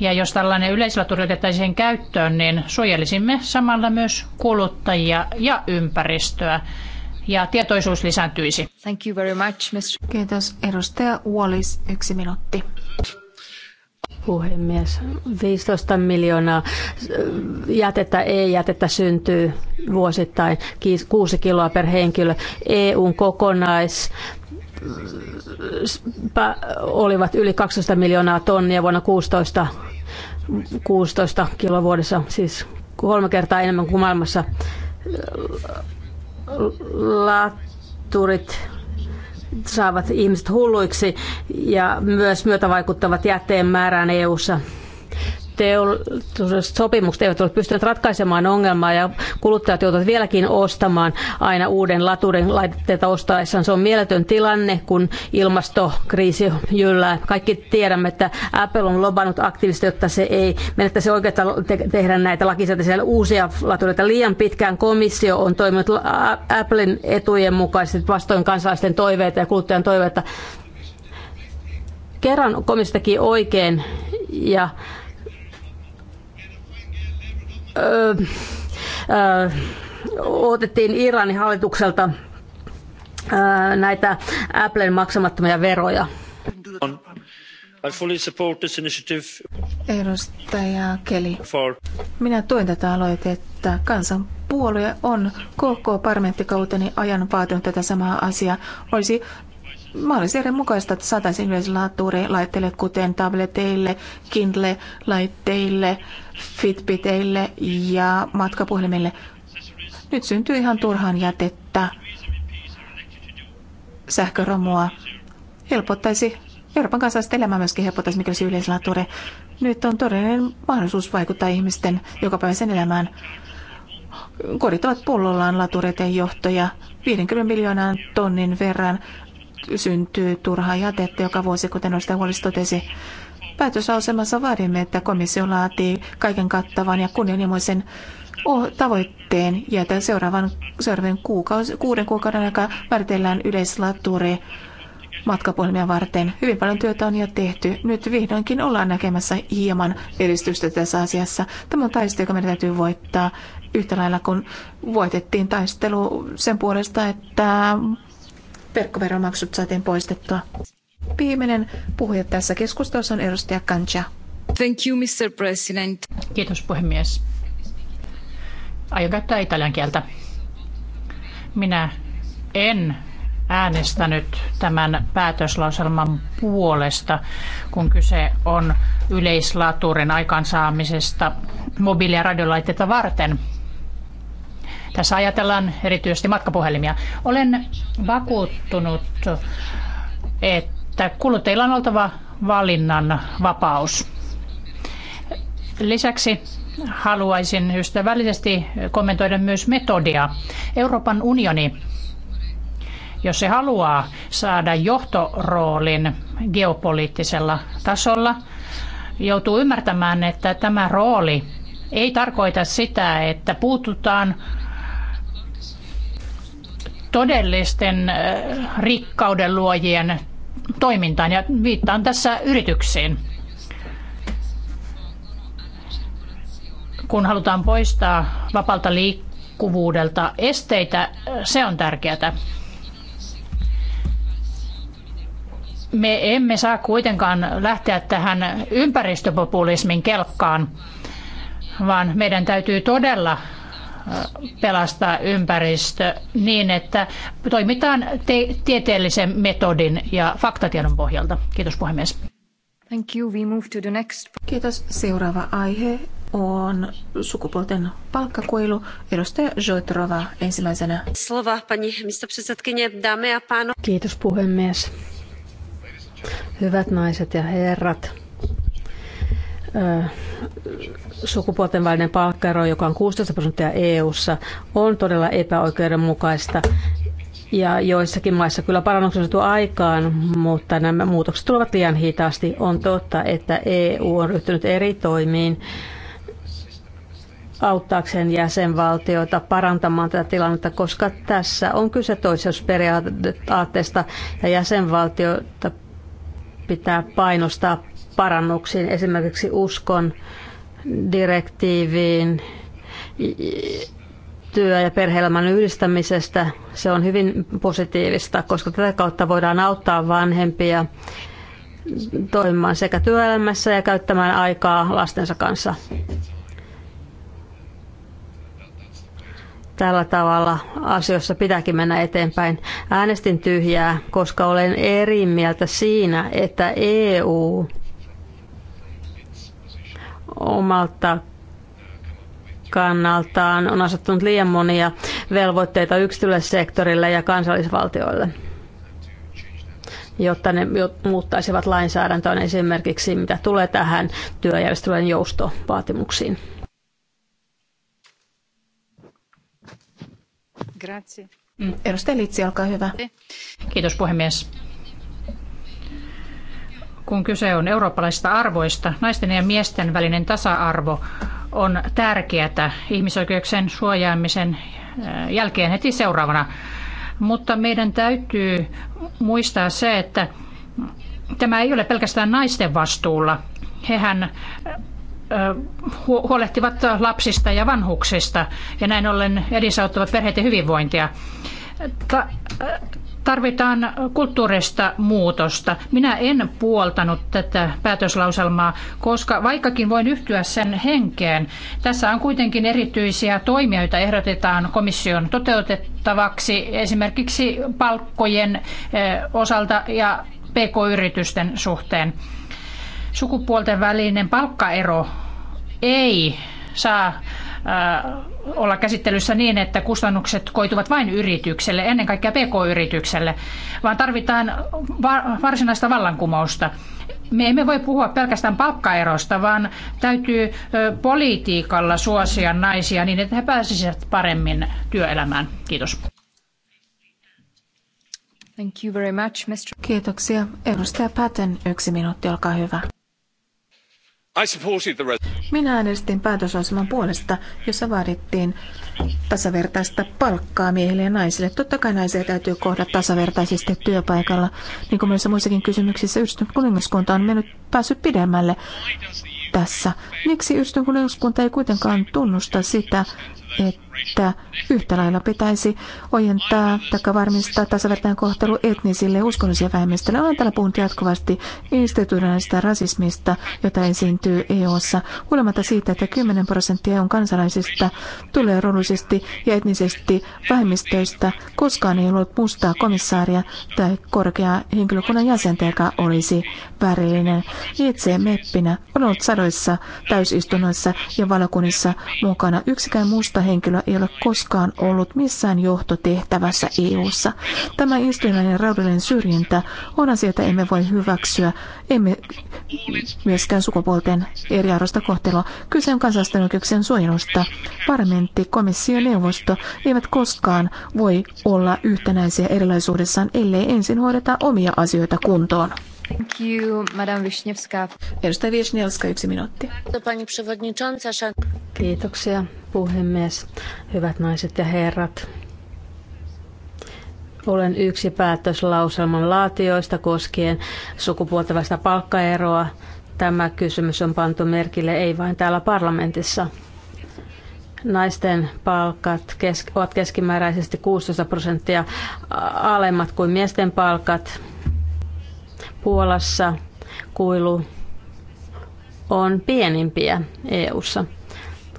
[SPEAKER 7] ja jos tällainen yleislaturi otettaisiin käyttöön, niin suojelisimme samalla myös kuluttajia ja ympäristöä ja tietoisuus lisääntyisi. Thank you very much, Mr. Kiitos. Edustaja Wallis, yksi minuutti
[SPEAKER 9] puhemies. 15 miljoonaa äh, jätettä, ei jätettä syntyy vuosittain, 6 kiloa per henkilö. EUn kokonais olivat yli 12 miljoonaa tonnia vuonna 16, 16 kilovuodessa, siis kolme kertaa enemmän kuin maailmassa. Laturit saavat ihmiset hulluiksi ja myös myötävaikuttavat jätteen määrään EU:ssa teollisuus sopimukset eivät ole pystyneet ratkaisemaan ongelmaa ja kuluttajat joutuvat vieläkin ostamaan aina uuden laturin laitteita ostaessaan. Se on mieletön tilanne, kun ilmastokriisi jyllää. Kaikki tiedämme, että Apple on lobannut aktiivisesti, jotta se ei menettäisi oikeutta te- tehdä näitä lakisääteisiä uusia latureita. Liian pitkään komissio on toiminut Applen etujen mukaisesti vastoin kansalaisten toiveita ja kuluttajan toiveita. Kerran komissio teki oikein ja öö, öö, otettiin Iranin hallitukselta öö, näitä Applen maksamattomia veroja.
[SPEAKER 3] On. I fully support this initiative.
[SPEAKER 9] Edustaja Keli. Minä tuen tätä aloitetta.
[SPEAKER 8] puolue on koko parlamenttikauteni ajan vaatinut tätä samaa asiaa. Olisi mahdollisuuden mukaista, että saataisiin yleislaatuuri laitteille, kuten tableteille, Kindle-laitteille, Fitbiteille ja matkapuhelimille. Nyt syntyy ihan turhaan jätettä, sähköromua. Helpottaisi Euroopan kansalaisten elämää myöskin helpottaisi, mikä olisi yleislaatuuri. Nyt on todellinen mahdollisuus vaikuttaa ihmisten jokapäiväisen elämään. Kodit ovat pullollaan latureita ja johtoja 50 miljoonaan tonnin verran syntyy turhaa jätettä joka vuosi, kuten Osta Huolis totesi. Päätösasemassa vaadimme, että komissio laatii kaiken kattavan ja kunnianhimoisen tavoitteen ja että seuraavan, seuraavan kuukausi, kuuden kuukauden aikana määritellään yleislaturi matkapuhelimia varten. Hyvin paljon työtä on jo tehty. Nyt vihdoinkin ollaan näkemässä hieman edistystä tässä asiassa. Tämä on taistelu, joka meidän täytyy voittaa yhtä lailla kun voitettiin taistelu sen puolesta, että verkkoveromaksut saatiin poistettua. Viimeinen puhuja tässä keskustelussa on edustaja
[SPEAKER 7] Kancha. Thank you, Mr. President. Kiitos puhemies. Aion käyttää italian kieltä. Minä en äänestänyt tämän päätöslauselman puolesta, kun kyse on yleislaturin aikaansaamisesta mobiili- ja radiolaitteita varten – tässä ajatellaan erityisesti matkapuhelimia. Olen vakuuttunut, että kuluttajilla on oltava valinnan vapaus. Lisäksi haluaisin ystävällisesti kommentoida myös metodia. Euroopan unioni, jos se haluaa saada johtoroolin geopoliittisella tasolla, joutuu ymmärtämään, että tämä rooli ei tarkoita sitä, että puututaan todellisten rikkauden luojien toimintaan ja viittaan tässä yrityksiin. Kun halutaan poistaa vapalta liikkuvuudelta esteitä, se on tärkeää. Me emme saa kuitenkaan lähteä tähän ympäristöpopulismin kelkkaan, vaan meidän täytyy todella pelastaa ympäristö niin, että toimitaan te- tieteellisen metodin ja faktatiedon pohjalta. Kiitos puhemies.
[SPEAKER 8] Thank you. We move to the next. Kiitos. Seuraava aihe on sukupuolten palkkakuilu. Edustaja Joitrova ensimmäisenä.
[SPEAKER 1] Slova, pani mistopredsedkinje, dame ja pano.
[SPEAKER 9] Kiitos puhemies. Hyvät naiset ja herrat, sukupuolten välinen palkkaero, joka on 16 prosenttia EU:ssa, on todella epäoikeudenmukaista. Ja joissakin maissa kyllä parannuksia on saatu aikaan, mutta nämä muutokset tulevat liian hitaasti. On totta, että EU on ryhtynyt eri toimiin auttaakseen jäsenvaltioita parantamaan tätä tilannetta, koska tässä on kyse toiseusperiaatteesta ja jäsenvaltioita pitää painostaa parannuksiin, esimerkiksi uskon direktiiviin, työ- ja perheelämän yhdistämisestä. Se on hyvin positiivista, koska tätä kautta voidaan auttaa vanhempia toimimaan sekä työelämässä ja käyttämään aikaa lastensa kanssa. Tällä tavalla asioissa pitääkin mennä eteenpäin. Äänestin tyhjää, koska olen eri mieltä siinä, että EU omalta kannaltaan on asettunut liian monia velvoitteita yksityiselle sektorille ja kansallisvaltioille jotta ne muuttaisivat lainsäädäntöön esimerkiksi, mitä tulee tähän työjärjestelyjen joustovaatimuksiin.
[SPEAKER 8] Grazie.
[SPEAKER 7] Edustaja Litsi, olkaa hyvä. Kiitos puhemies kun kyse on eurooppalaisista arvoista, naisten ja miesten välinen tasa-arvo on tärkeätä ihmisoikeuksien suojaamisen äh, jälkeen heti seuraavana. Mutta meidän täytyy muistaa se, että tämä ei ole pelkästään naisten vastuulla. Hehän äh, huolehtivat lapsista ja vanhuksista ja näin ollen edesauttavat perheiden hyvinvointia. Tarvitaan kulttuurista muutosta. Minä en puoltanut tätä päätöslauselmaa, koska vaikkakin voin yhtyä sen henkeen, tässä on kuitenkin erityisiä toimia, joita ehdotetaan komission toteutettavaksi esimerkiksi palkkojen eh, osalta ja pk-yritysten suhteen. Sukupuolten välinen palkkaero ei saa Äh, olla käsittelyssä niin, että kustannukset koituvat vain yritykselle, ennen kaikkea pk-yritykselle, vaan tarvitaan varsinaista vallankumousta. Me emme voi puhua pelkästään palkkaerosta, vaan täytyy politiikalla suosia naisia niin, että he pääsisivät paremmin työelämään. Kiitos.
[SPEAKER 8] Thank you very much, Mr. Kiitoksia. Edustaja Patten, yksi minuutti, olkaa hyvä. Minä äänestin päätösaseman puolesta, jossa vaadittiin tasavertaista palkkaa miehille ja naisille. Totta kai naisia täytyy kohdata tasavertaisesti työpaikalla, niin kuin myös muissakin kysymyksissä yhdistynyt kuningaskunta on mennyt päässyt pidemmälle tässä. Miksi yhdistynyt kuningaskunta ei kuitenkaan tunnusta sitä, että yhtä lailla pitäisi ojentaa tai varmistaa tasavertainen kohtelu etnisille ja uskonnollisille vähemmistöille. Olen täällä puhunut jatkuvasti institutionaalisesta rasismista, jota esiintyy EU-ssa, huolimatta siitä, että 10 prosenttia e on kansalaisista tulee rodullisesti ja etnisesti vähemmistöistä. Koskaan ei ollut mustaa komissaaria tai korkeaa henkilökunnan jäsentä, joka olisi värillinen. Itse meppinä on ollut sadoissa täysistunnoissa ja valokunnissa mukana yksikään musta Henkilö ei ole koskaan ollut missään johtotehtävässä EU:ssa. Tämä institutionaalinen raudallinen syrjintä on asia, jota emme voi hyväksyä, emme myöskään sukupuolten eriarvoista kohtelua. Kyse on kansallisten oikeuksien suojelusta. Parlamentti, komissio ja neuvosto eivät koskaan voi olla yhtenäisiä erilaisuudessaan, ellei ensin hoideta omia asioita kuntoon.
[SPEAKER 6] Thank you, Madame Wisniewska.
[SPEAKER 8] Edustaja
[SPEAKER 9] Wisniewska, yksi minuutti. Kiitoksia, puhemies. Hyvät naiset ja herrat. Olen yksi päätöslauselman laatioista koskien sukupuolten välistä palkkaeroa. Tämä kysymys on pantu merkille ei vain täällä parlamentissa. Naisten palkat ovat keskimääräisesti 16 prosenttia alemmat kuin miesten palkat Puolassa kuilu on pienimpiä EU:ssa.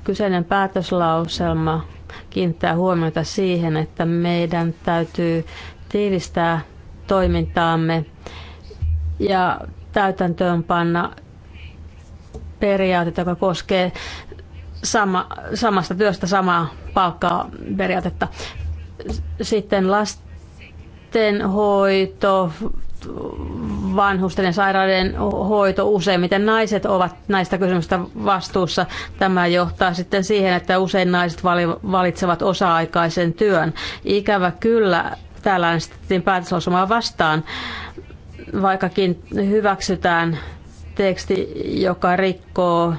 [SPEAKER 9] Kyseinen päätöslauselma kiinnittää huomiota siihen, että meidän täytyy tiivistää toimintaamme ja täytäntöönpanna periaatetta, joka koskee sama, samasta työstä samaa palkkaa periaatetta. Sitten lastenhoito, vanhusten ja sairaiden hoito useimmiten naiset ovat näistä kysymyksistä vastuussa. Tämä johtaa sitten siihen, että usein naiset valitsevat osa-aikaisen työn. Ikävä kyllä, täällä äänestettiin päätöslausumaa vastaan, vaikkakin hyväksytään teksti, joka rikkoo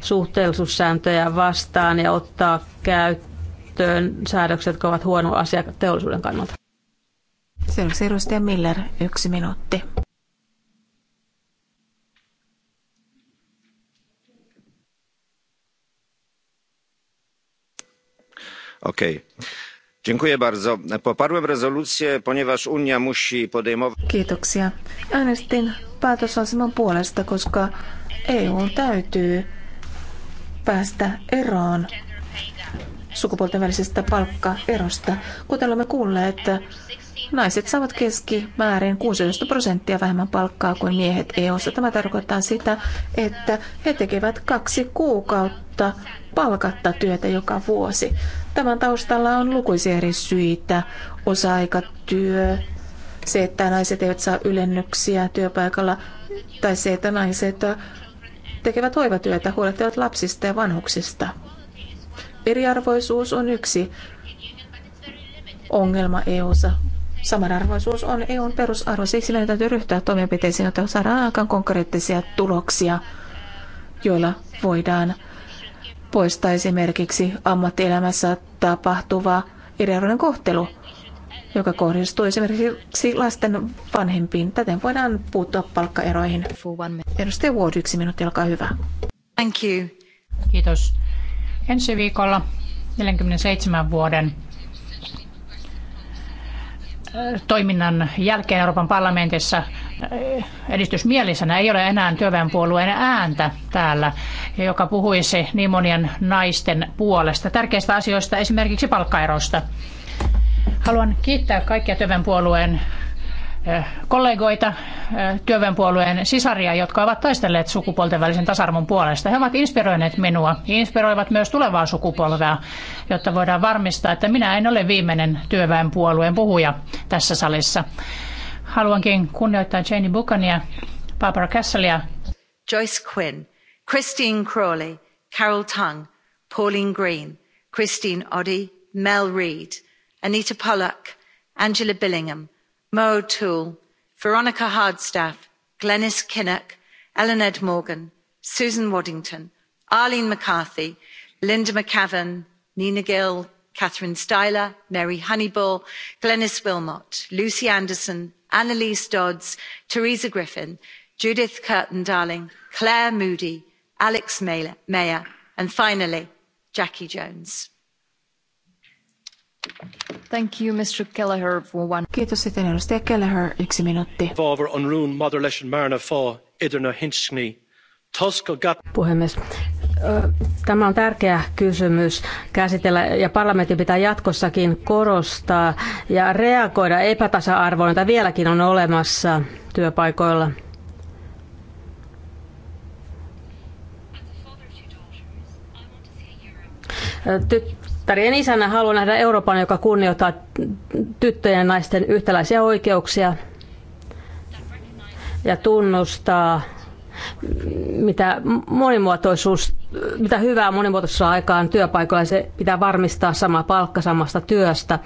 [SPEAKER 9] suhteellisuussääntöjä vastaan ja ottaa käyttöön säädökset, jotka ovat huono asia teollisuuden kannalta. Seuraavaksi edustaja Miller, yksi minuutti.
[SPEAKER 3] Okei. Dziękuję bardzo. Poparłem rezolucję, ponieważ Unia musi podejmować...
[SPEAKER 8] Kiitoksia. Äänestin päätösaseman puolesta, koska EU täytyy päästä eroon sukupuolten välisestä palkkaerosta. Kuten olemme kuulleet, että Naiset saavat keskimäärin 60 prosenttia vähemmän palkkaa kuin miehet eu Tämä tarkoittaa sitä, että he tekevät kaksi kuukautta palkatta työtä joka vuosi. Tämän taustalla on lukuisia eri syitä. Osa-aikatyö, se, että naiset eivät saa ylennyksiä työpaikalla, tai se, että naiset tekevät hoivatyötä, huolehtivat lapsista ja vanhuksista. Eriarvoisuus on yksi ongelma EU-ssa. Samanarvoisuus on EUn perusarvo, siksi meidän täytyy ryhtyä toimenpiteisiin, jotta saadaan aikaan konkreettisia tuloksia, joilla voidaan poistaa esimerkiksi ammattielämässä tapahtuva eriarvoinen kohtelu, joka kohdistuu esimerkiksi lasten vanhempiin. Täten voidaan puuttua palkkaeroihin. Edustaja Ward, yksi minuutti, olkaa hyvä. Thank
[SPEAKER 7] you. Kiitos. Ensi viikolla 47 vuoden toiminnan jälkeen Euroopan parlamentissa eh, edistysmielisenä ei ole enää työväenpuolueen ääntä täällä, joka puhuisi niin monien naisten puolesta tärkeistä asioista, esimerkiksi palkkaerosta. Haluan kiittää kaikkia työväenpuolueen Eh, kollegoita, eh, työväenpuolueen sisaria, jotka ovat taistelleet sukupuolten välisen tasa-arvon puolesta. He ovat inspiroineet minua, inspiroivat myös tulevaa sukupolvea, jotta voidaan varmistaa, että minä en ole viimeinen työväenpuolueen puhuja tässä salissa. Haluankin kunnioittaa Janie Buchania, Barbara Casselia,
[SPEAKER 6] Joyce Quinn, Christine Crawley, Carol Tung, Pauline Green, Christine Oddy, Mel Reid, Anita Pollack, Angela Billingham – mo o'toole veronica hardstaff glenis kinnock ellen ed morgan susan waddington arlene mccarthy linda mcavan nina gill catherine styler mary honeyball glenis willmott lucy anderson Annalise dodds teresa griffin judith curtin darling claire moody alex mayer and finally jackie jones. Thank you, Mr.
[SPEAKER 8] Kelleher, for one. Kiitos sitten edustaja Kelleher, yksi minuutti.
[SPEAKER 9] Puhemies, Tämä on tärkeä kysymys käsitellä ja parlamentin pitää jatkossakin korostaa ja reagoida epätasa-arvoon, jota vieläkin on olemassa työpaikoilla. Tyt- Tarien isänä haluan nähdä Euroopan, joka kunnioittaa tyttöjen ja naisten yhtäläisiä oikeuksia ja tunnustaa, mitä, monimuotoisuus, mitä hyvää monimuotoisuus saa aikaan työpaikoilla. Se pitää varmistaa sama palkka samasta työstä.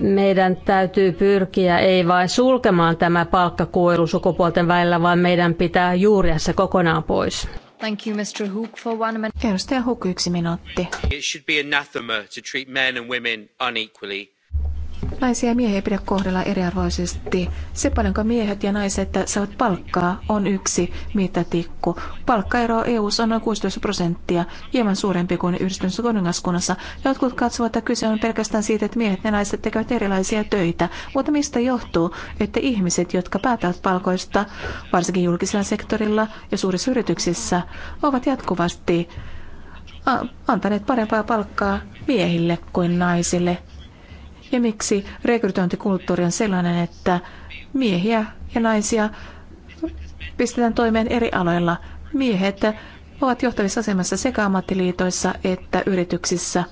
[SPEAKER 9] Meidän täytyy pyrkiä ei vain sulkemaan tämä palkkakuilu sukupuolten välillä, vaan meidän pitää juuria se kokonaan pois. Thank you, Mr. Hook, for one minute. Edustaja Hook, yksi minuutti.
[SPEAKER 5] It should be anathema to treat men and women unequally
[SPEAKER 8] Naisia ja miehiä ei pidä kohdella eriarvoisesti. Se paljonko miehet ja naiset saavat palkkaa on yksi mittatikku. Palkkaero EU on noin 16 prosenttia, hieman suurempi kuin yhdistyneessä kuningaskunnassa. Jotkut katsovat, että kyse on pelkästään siitä, että miehet ja naiset tekevät erilaisia töitä. Mutta mistä johtuu, että ihmiset, jotka päättävät palkoista, varsinkin julkisella sektorilla ja suurissa yrityksissä, ovat jatkuvasti antaneet parempaa palkkaa miehille kuin naisille ja miksi rekrytointikulttuuri on sellainen, että miehiä ja naisia pistetään toimeen eri aloilla. Miehet ovat johtavissa asemassa sekä ammattiliitoissa että yrityksissä,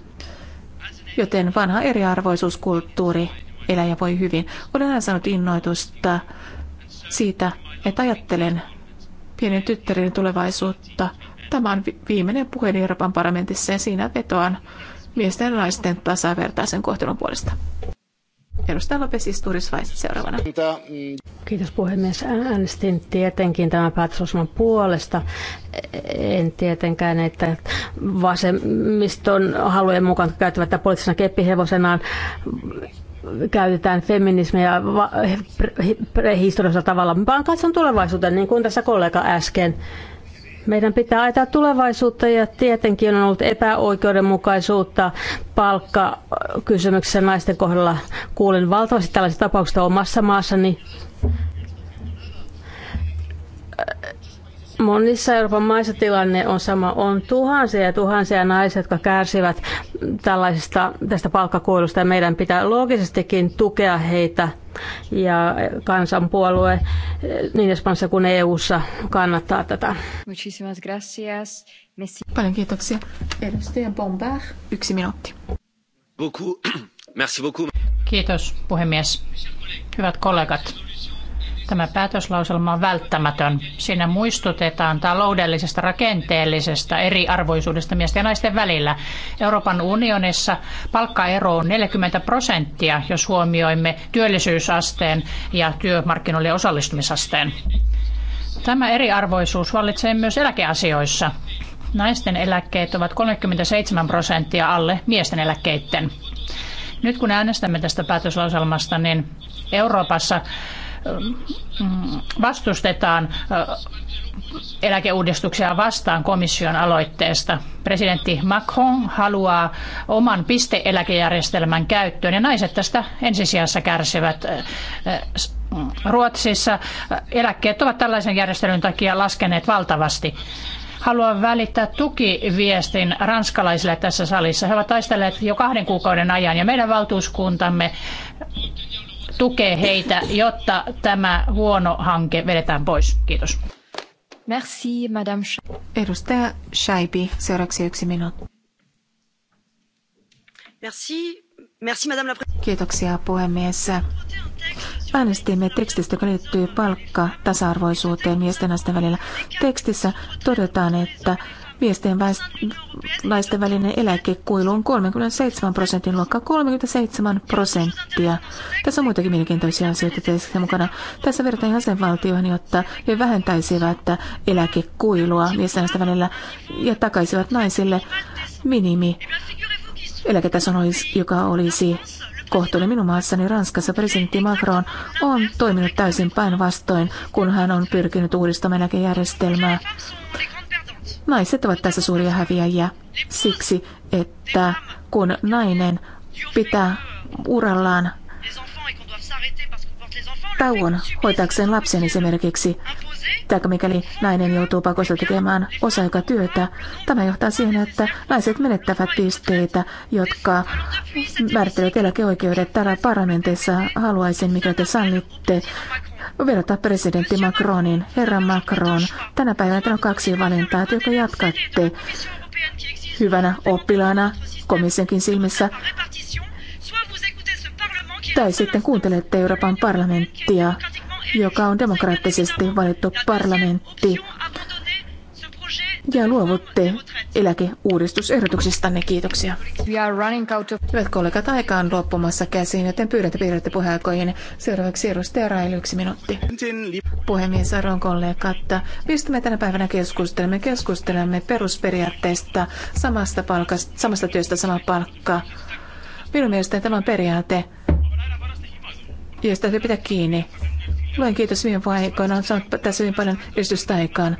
[SPEAKER 8] joten vanha eriarvoisuuskulttuuri elää ja voi hyvin. Olen aina saanut innoitusta siitä, että ajattelen pienen tyttären tulevaisuutta. Tämä on viimeinen puheeni Euroopan parlamentissa ja siinä vetoan miesten ja naisten tasavertaisen kohtelun puolesta. Edustaja Lopes Isturis seuraavana.
[SPEAKER 9] Kiitos puhemies. Äänestin tietenkin tämän päätösosman puolesta. En tietenkään, että vasemmiston halujen mukaan käyttävät tätä poliittisena keppihevosenaan käytetään feminismiä prehistoriallisella tavalla, vaan katson tulevaisuuteen, niin kuin tässä kollega äsken meidän pitää ajatella tulevaisuutta ja tietenkin on ollut epäoikeudenmukaisuutta palkkakysymyksessä naisten kohdalla. Kuulin valtavasti tällaisista tapauksista omassa maassani Monissa Euroopan maissa tilanne on sama. On tuhansia ja tuhansia naisia, jotka kärsivät tällaisesta tästä palkkakuilusta ja meidän pitää loogisestikin tukea heitä ja kansanpuolue niin Espanjassa kuin EU-ssa kannattaa tätä. Paljon kiitoksia.
[SPEAKER 7] Edustaja Bombard, yksi minuutti.
[SPEAKER 6] Beaucoup. (clears throat) Merci beaucoup.
[SPEAKER 7] Kiitos puhemies. Hyvät kollegat Tämä päätöslauselma on välttämätön. Siinä muistutetaan taloudellisesta rakenteellisesta eriarvoisuudesta miesten ja naisten välillä. Euroopan unionissa palkkaero on 40 prosenttia, jos huomioimme työllisyysasteen ja työmarkkinoille osallistumisasteen. Tämä eriarvoisuus vallitsee myös eläkeasioissa. Naisten eläkkeet ovat 37 prosenttia alle miesten eläkkeiden. Nyt kun äänestämme tästä päätöslauselmasta, niin Euroopassa Mm, vastustetaan äh, eläkeuudistuksia vastaan komission aloitteesta. Presidentti Macron haluaa oman pisteeläkejärjestelmän käyttöön ja naiset tästä ensisijassa kärsivät. Äh, äh, Ruotsissa eläkkeet ovat tällaisen järjestelyn takia laskeneet valtavasti. Haluan välittää tukiviestin ranskalaisille tässä salissa. He ovat taistelleet jo kahden kuukauden ajan ja meidän valtuuskuntamme tukee heitä, jotta tämä huono hanke vedetään pois. Kiitos.
[SPEAKER 8] Merci, Madame. Edustaja Scheibi, seuraavaksi yksi minuutti.
[SPEAKER 6] Merci, merci, Madame la Kiitoksia,
[SPEAKER 8] puhemies. Äänestimme tekstistä, joka liittyy palkka tasa-arvoisuuteen miesten ja naisten välillä. Tekstissä todetaan, että Miesten naisten välinen eläkekuilu on 37 prosentin luokka, 37 prosenttia. Tässä on muitakin mielenkiintoisia asioita Tässä mukana. Tässä verrataan jäsenvaltioihin, jotta he vähentäisivät eläkekuilua miesten naisten välillä ja takaisivat naisille minimi eläketason, joka olisi kohtuullinen minun maassani Ranskassa presidentti Macron on toiminut täysin päinvastoin, kun hän on pyrkinyt uudistamaan eläkejärjestelmää. Naiset ovat tässä suuria häviäjiä siksi, että kun nainen pitää urallaan tauon hoitakseen lapsen esimerkiksi, Taikka mikäli nainen joutuu pakosta tekemään osa-aikatyötä, tämä johtaa siihen, että naiset menettävät pisteitä, jotka määrittelevät eläkeoikeudet. Täällä parlamentissa haluaisin, mikä te sallitte, verrata presidentti Macronin, herra Macron. Tänä päivänä teillä on kaksi valintaa, jotka jatkatte hyvänä oppilaana komissionkin silmissä tai sitten kuuntelette Euroopan parlamenttia joka on demokraattisesti valittu parlamentti. Ja luovutte eläkeuudistusehdotuksistanne. Kiitoksia. Hyvät kollegat, aika on loppumassa käsiin, joten pyydän, että pidätte puheaikoihin. Seuraavaksi edustaja Rail, yksi minuutti. Puhemies, arvon kollegat, mistä me tänä päivänä keskustelemme? Keskustelemme perusperiaatteesta samasta, palkasta, samasta työstä sama palkka. Minun mielestäni tämä on periaate, josta pitää kiinni. Luen kiitos viime aikoina, on saanut tässä hyvin paljon edistystä aikaan.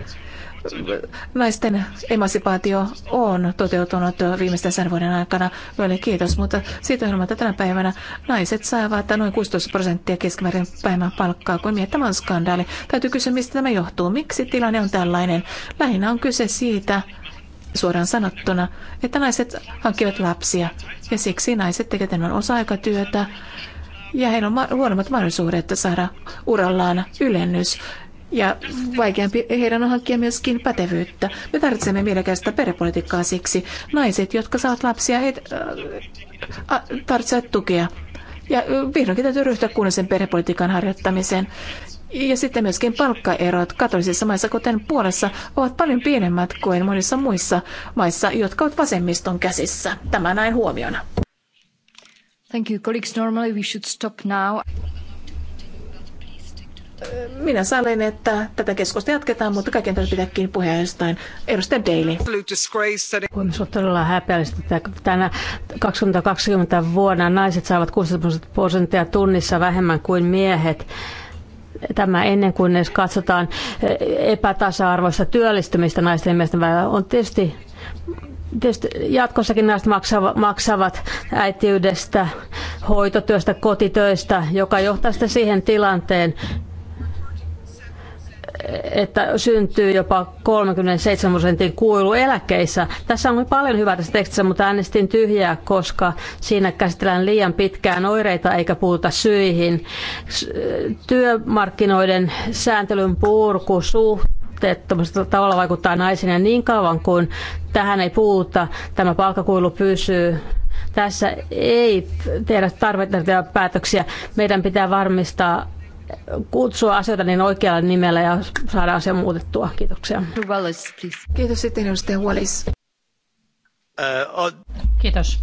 [SPEAKER 8] Naisten emansipaatio on toteutunut viimeisten sadan vuoden aikana. Luen kiitos, mutta siitä huolimatta tänä päivänä naiset saavat noin 16 prosenttia keskimäärin päivän palkkaa kuin miehet. Tämä on skandaali. Täytyy kysyä, mistä tämä johtuu. Miksi tilanne on tällainen? Lähinnä on kyse siitä, suoraan sanottuna, että naiset hankkivat lapsia ja siksi naiset tekevät enemmän osa-aikatyötä ja heillä on huonommat mahdollisuudet saada urallaan ylennys ja vaikeampi heidän on hankkia myöskin pätevyyttä. Me tarvitsemme mielekästä perhepolitiikkaa siksi. Naiset, jotka saavat lapsia, he äh, tarvitsevat tukea. Ja vihdoinkin täytyy ryhtyä kunnallisen perhepolitiikan harjoittamiseen. Ja sitten myöskin palkkaerot katolisissa maissa, kuten Puolassa, ovat paljon pienemmät kuin monissa muissa maissa, jotka ovat vasemmiston käsissä. Tämä näin huomiona.
[SPEAKER 6] Thank you, colleagues. Normally we should
[SPEAKER 8] stop now. Minä sanoin että tätä
[SPEAKER 9] keskusta jatketaan, mutta kaiken täytyy pitää kiinni puheenjohtajan. Edustaja Daily. On todella häpeällistä, että tänä 2020 vuonna naiset saavat 60 prosenttia tunnissa vähemmän kuin miehet tämä ennen kuin edes katsotaan epätasa-arvoista työllistymistä naisten ja miesten välillä, on tietysti Tietysti jatkossakin naiset maksavat äitiydestä, hoitotyöstä, kotitöistä, joka johtaa sitten siihen tilanteen, että syntyy jopa 37 prosentin kuilu eläkkeissä. Tässä on paljon hyvää tässä tekstissä, mutta äänestin tyhjää, koska siinä käsitellään liian pitkään oireita eikä puhuta syihin. Työmarkkinoiden sääntelyn purku, suhteen että tavalla vaikuttaa naisiin ja niin kauan kuin tähän ei puuta, tämä palkkakuilu pysyy. Tässä ei tehdä tarvittavia päätöksiä. Meidän pitää varmistaa kutsua asioita niin oikealla nimellä ja saada asia muutettua. Kiitoksia. Kiitos sitten edustaja huolis.
[SPEAKER 7] Äh, Kiitos.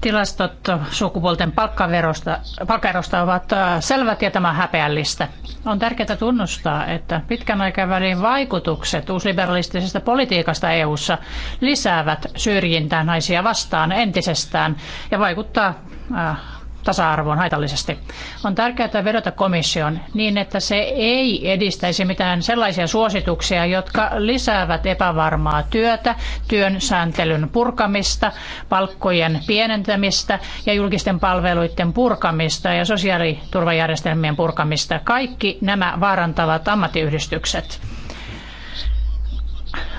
[SPEAKER 7] Tilastot sukupuolten palkkaverosta, palkkaerosta ovat äh, selvät ja tämä on häpeällistä. On tärkeää tunnustaa, että pitkän aikavälin vaikutukset uusliberalistisesta politiikasta EU:ssa lisäävät syrjintää naisia vastaan entisestään ja vaikuttaa äh, tasa-arvoon haitallisesti. On tärkeää vedota komission niin, että se ei edistäisi mitään sellaisia suosituksia, jotka lisäävät epävarmaa työtä, työn sääntelyn purkamista, palkkojen pienentämistä ja julkisten palveluiden purkamista ja sosiaaliturvajärjestelmien purkamista. Kaikki nämä vaarantavat ammattiyhdistykset.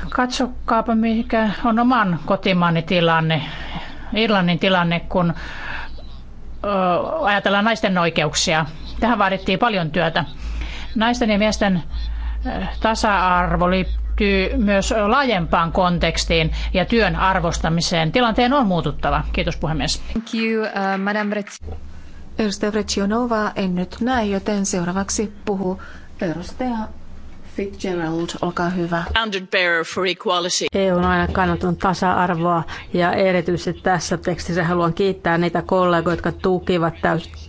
[SPEAKER 7] Katsokaapa, mikä on oman kotimaani tilanne Irlannin tilanne, kun ajatellaan naisten oikeuksia. Tähän vaadittiin paljon työtä. Naisten ja miesten tasa-arvo liittyy myös laajempaan kontekstiin ja työn arvostamiseen. Tilanteen on muututtava. Kiitos puhemies. Thank you, uh, Madame Brec-
[SPEAKER 8] Edustaja en nyt näe, joten seuraavaksi
[SPEAKER 9] puhuu edustaja Fitzgerald, olkaa hyvä. Bearer for equality. EU on aina kannaton tasa-arvoa ja erityisesti tässä tekstissä haluan kiittää niitä kollegoita, jotka tukivat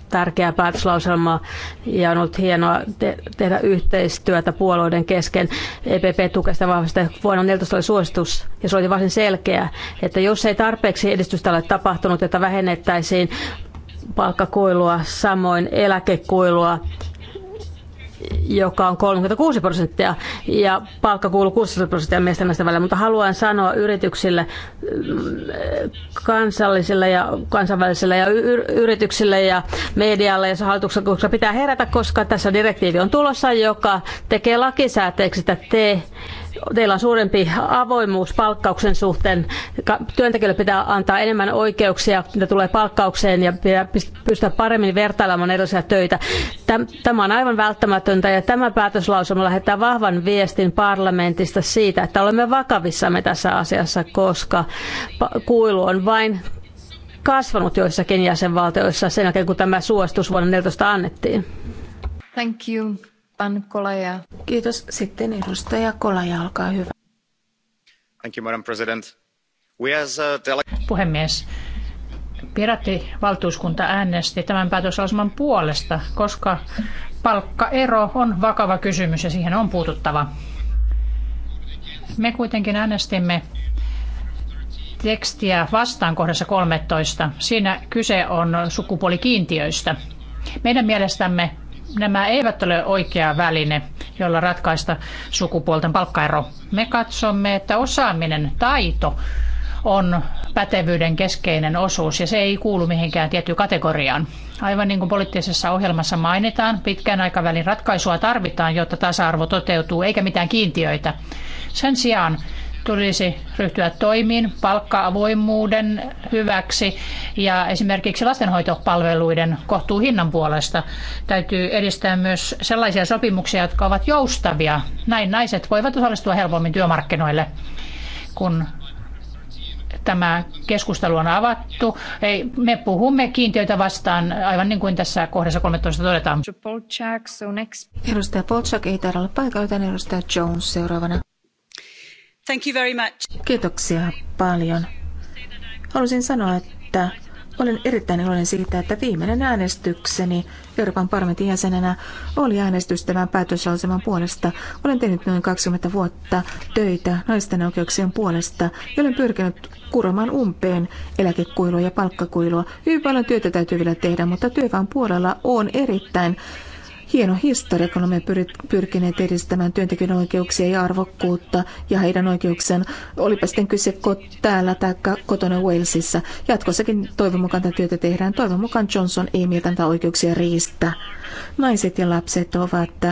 [SPEAKER 9] tärkeää päätöslauselmaa ja on ollut hienoa te- tehdä yhteistyötä puolueiden kesken. EPP tukee sitä vahvasti. Vuonna 14 oli suositus ja se oli varsin selkeä, että jos ei tarpeeksi edistystä ole tapahtunut, että vähennettäisiin palkkakuilua, samoin eläkekuilua, joka on 36 prosenttia ja palkka kuuluu 60 prosenttia miesten näistä välillä. Mutta haluan sanoa yrityksille, mm, kansallisille ja kansainvälisille ja yrityksille ja medialle ja hallitukselle, koska pitää herätä, koska tässä direktiivi on tulossa, joka tekee lakisääteeksi, että te teillä on suurempi avoimuus palkkauksen suhteen. Työntekijöille pitää antaa enemmän oikeuksia, mitä tulee palkkaukseen ja pitää pystyä paremmin vertailemaan erilaisia töitä. Tämä on aivan välttämätöntä ja tämä päätöslausuma lähettää vahvan viestin parlamentista siitä, että olemme vakavissamme tässä asiassa, koska kuilu on vain kasvanut joissakin jäsenvaltioissa sen jälkeen, kun tämä suositus vuonna 2014 annettiin. Thank
[SPEAKER 8] you. Pan Kolaja. Kiitos. Sitten edustaja Kolaja, olkaa hyvä.
[SPEAKER 3] Thank you, Madam President. We as a dele-
[SPEAKER 7] Puhemies, Piraattivaltuuskunta äänesti tämän päätöslausuman puolesta, koska palkkaero on vakava kysymys ja siihen on puututtava. Me kuitenkin äänestimme tekstiä vastaan kohdassa 13. Siinä kyse on sukupuolikiintiöistä. Meidän mielestämme nämä eivät ole oikea väline, jolla ratkaista sukupuolten palkkaero. Me katsomme, että osaaminen, taito on pätevyyden keskeinen osuus ja se ei kuulu mihinkään tiettyyn kategoriaan. Aivan niin kuin poliittisessa ohjelmassa mainitaan, pitkän aikavälin ratkaisua tarvitaan, jotta tasa-arvo toteutuu, eikä mitään kiintiöitä. Sen sijaan tulisi ryhtyä toimiin palkka-avoimuuden hyväksi ja esimerkiksi lastenhoitopalveluiden kohtuuhinnan puolesta. Täytyy edistää myös sellaisia sopimuksia, jotka ovat joustavia. Näin naiset voivat osallistua helpommin työmarkkinoille, kun tämä keskustelu on avattu. Ei, me puhumme kiintiöitä vastaan, aivan niin kuin tässä kohdassa 13 todetaan.
[SPEAKER 8] Edustaja Polchak ei taida olla paikalla, joten edustaja Jones seuraavana.
[SPEAKER 7] Thank
[SPEAKER 9] you very much.
[SPEAKER 8] Kiitoksia paljon. Haluaisin sanoa, että olen erittäin iloinen siitä, että viimeinen äänestykseni Euroopan parlamentin jäsenenä oli äänestys tämän päätöslauselman puolesta. Olen tehnyt noin 20 vuotta töitä naisten oikeuksien puolesta ja olen pyrkinyt kuromaan umpeen eläkekuilua ja palkkakuilua. Hyvin paljon työtä täytyy vielä tehdä, mutta työkan puolella on erittäin hieno historia, kun olemme pyrkineet edistämään työntekijöiden oikeuksia ja arvokkuutta ja heidän oikeuksiaan. Olipa sitten kyse täällä tai kotona Walesissa. Jatkossakin toivon mukaan tätä työtä tehdään. Toivon mukaan Johnson ei mieltä oikeuksia riistä. Naiset ja lapset ovat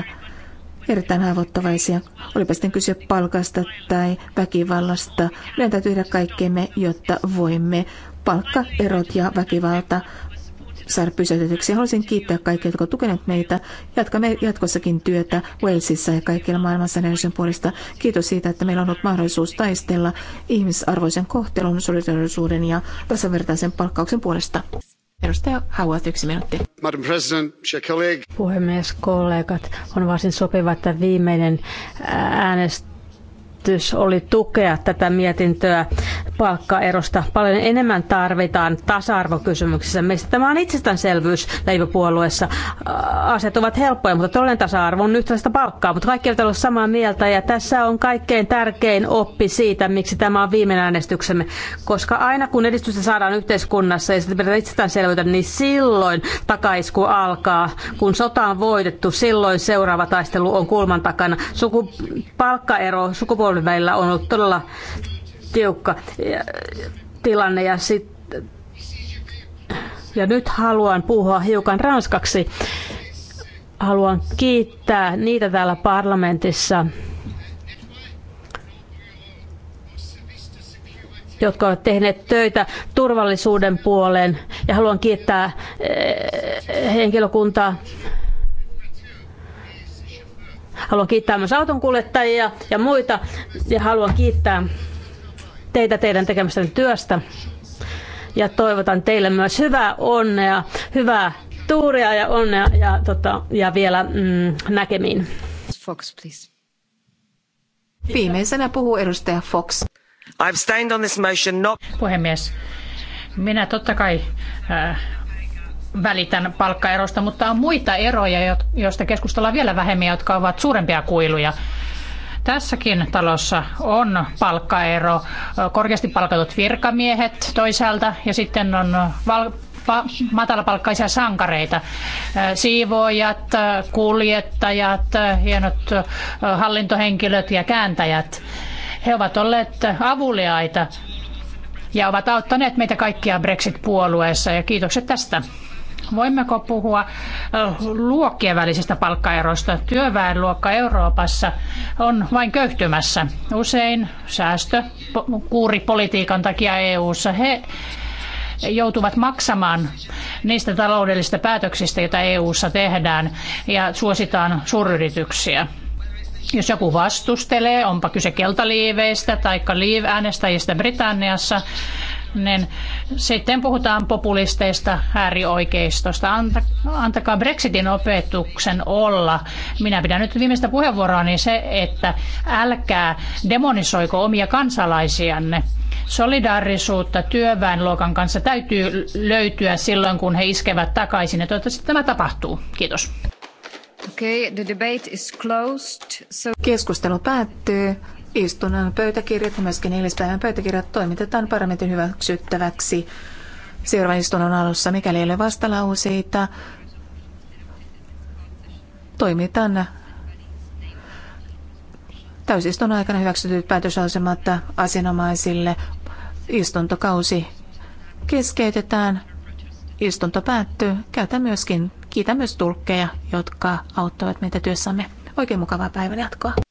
[SPEAKER 8] erittäin haavoittavaisia. Olipa sitten kyse palkasta tai väkivallasta. Meidän täytyy tehdä kaikkemme, jotta voimme palkkaerot ja väkivalta saada pysäytetyksi. Haluaisin kiittää kaikkia, jotka ovat tukeneet meitä. Jatkamme jatkossakin työtä Walesissa ja kaikilla maailmassa näiden puolesta. Kiitos siitä, että meillä on ollut mahdollisuus taistella ihmisarvoisen kohtelun, solidarisuuden ja tasavertaisen palkkauksen puolesta.
[SPEAKER 9] Edustaja Howard, yksi minuutti.
[SPEAKER 3] Madam President,
[SPEAKER 9] Puhemies, kollegat, on varsin sopiva, että viimeinen äänestys yritys oli tukea tätä mietintöä palkkaerosta. Paljon enemmän tarvitaan tasa-arvokysymyksissä. Meistä tämä on itsestäänselvyys leipäpuolueessa. Asiat ovat helppoja, mutta todellinen tasa-arvo on yhtäläistä palkkaa, mutta kaikki eivät ole samaa mieltä ja tässä on kaikkein tärkein oppi siitä, miksi tämä on viimeinen äänestyksemme. Koska aina kun edistystä saadaan yhteiskunnassa ja sitä pitää itsestäänselvyyttä, niin silloin takaisku alkaa. Kun sota on voitettu, silloin seuraava taistelu on kulman takana. Suku, palkkaero, sukupuoli osapuolen välillä on ollut todella tiukka tilanne ja sit, ja nyt haluan puhua hiukan ranskaksi. Haluan kiittää niitä täällä parlamentissa, jotka ovat tehneet töitä turvallisuuden puoleen. Ja haluan kiittää eh, henkilökuntaa, Haluan kiittää myös autonkuljettajia ja muita ja haluan kiittää teitä teidän tekemistänne työstä. Ja toivotan teille myös hyvää onnea, hyvää tuuria ja onnea ja, tota, ja vielä mm, näkemiin. Fox, please.
[SPEAKER 7] Viimeisenä puhuu edustaja Fox.
[SPEAKER 6] I've on this motion not...
[SPEAKER 7] Puhemies, minä totta kai äh, välitän palkkaerosta, mutta on muita eroja, joista keskustellaan vielä vähemmän, jotka ovat suurempia kuiluja. Tässäkin talossa on palkkaero. Korkeasti palkatut virkamiehet toisaalta ja sitten on val- pa- matalapalkkaisia sankareita. Siivoojat, kuljettajat, hienot hallintohenkilöt ja kääntäjät. He ovat olleet avuliaita ja ovat auttaneet meitä kaikkia Brexit-puolueessa ja kiitokset tästä. Voimmeko puhua luokkien välisistä palkkaeroista? Työväenluokka Euroopassa on vain köyhtymässä. Usein säästö politiikan takia EU-ssa. He joutuvat maksamaan niistä taloudellisista päätöksistä, joita EU-ssa tehdään ja suositaan suuryrityksiä. Jos joku vastustelee, onpa kyse keltaliiveistä tai liiv-äänestäjistä Britanniassa, niin sitten puhutaan populisteista, äärioikeistosta. Anta, antakaa Brexitin opetuksen olla. Minä pidän nyt viimeistä puheenvuoroani niin se, että älkää demonisoiko omia kansalaisianne. Solidaarisuutta työväenluokan kanssa täytyy löytyä silloin, kun he iskevät takaisin. Ja toivottavasti tämä tapahtuu. Kiitos.
[SPEAKER 6] Okay,
[SPEAKER 8] the debate is closed, so... Keskustelu päättyy. Istunnon pöytäkirjat ja myöskin eilispäivän pöytäkirjat toimitetaan parlamentin hyväksyttäväksi seuraavan istunnon alussa. Mikäli ei ole vastalauseita, toimitan täysistunnon aikana hyväksytyt päätösasemat asianomaisille. Istuntokausi keskeytetään. Istunto päättyy. Käytän myöskin, kiitän myös tulkkeja, jotka auttavat meitä työssämme. Oikein mukavaa päivänjatkoa.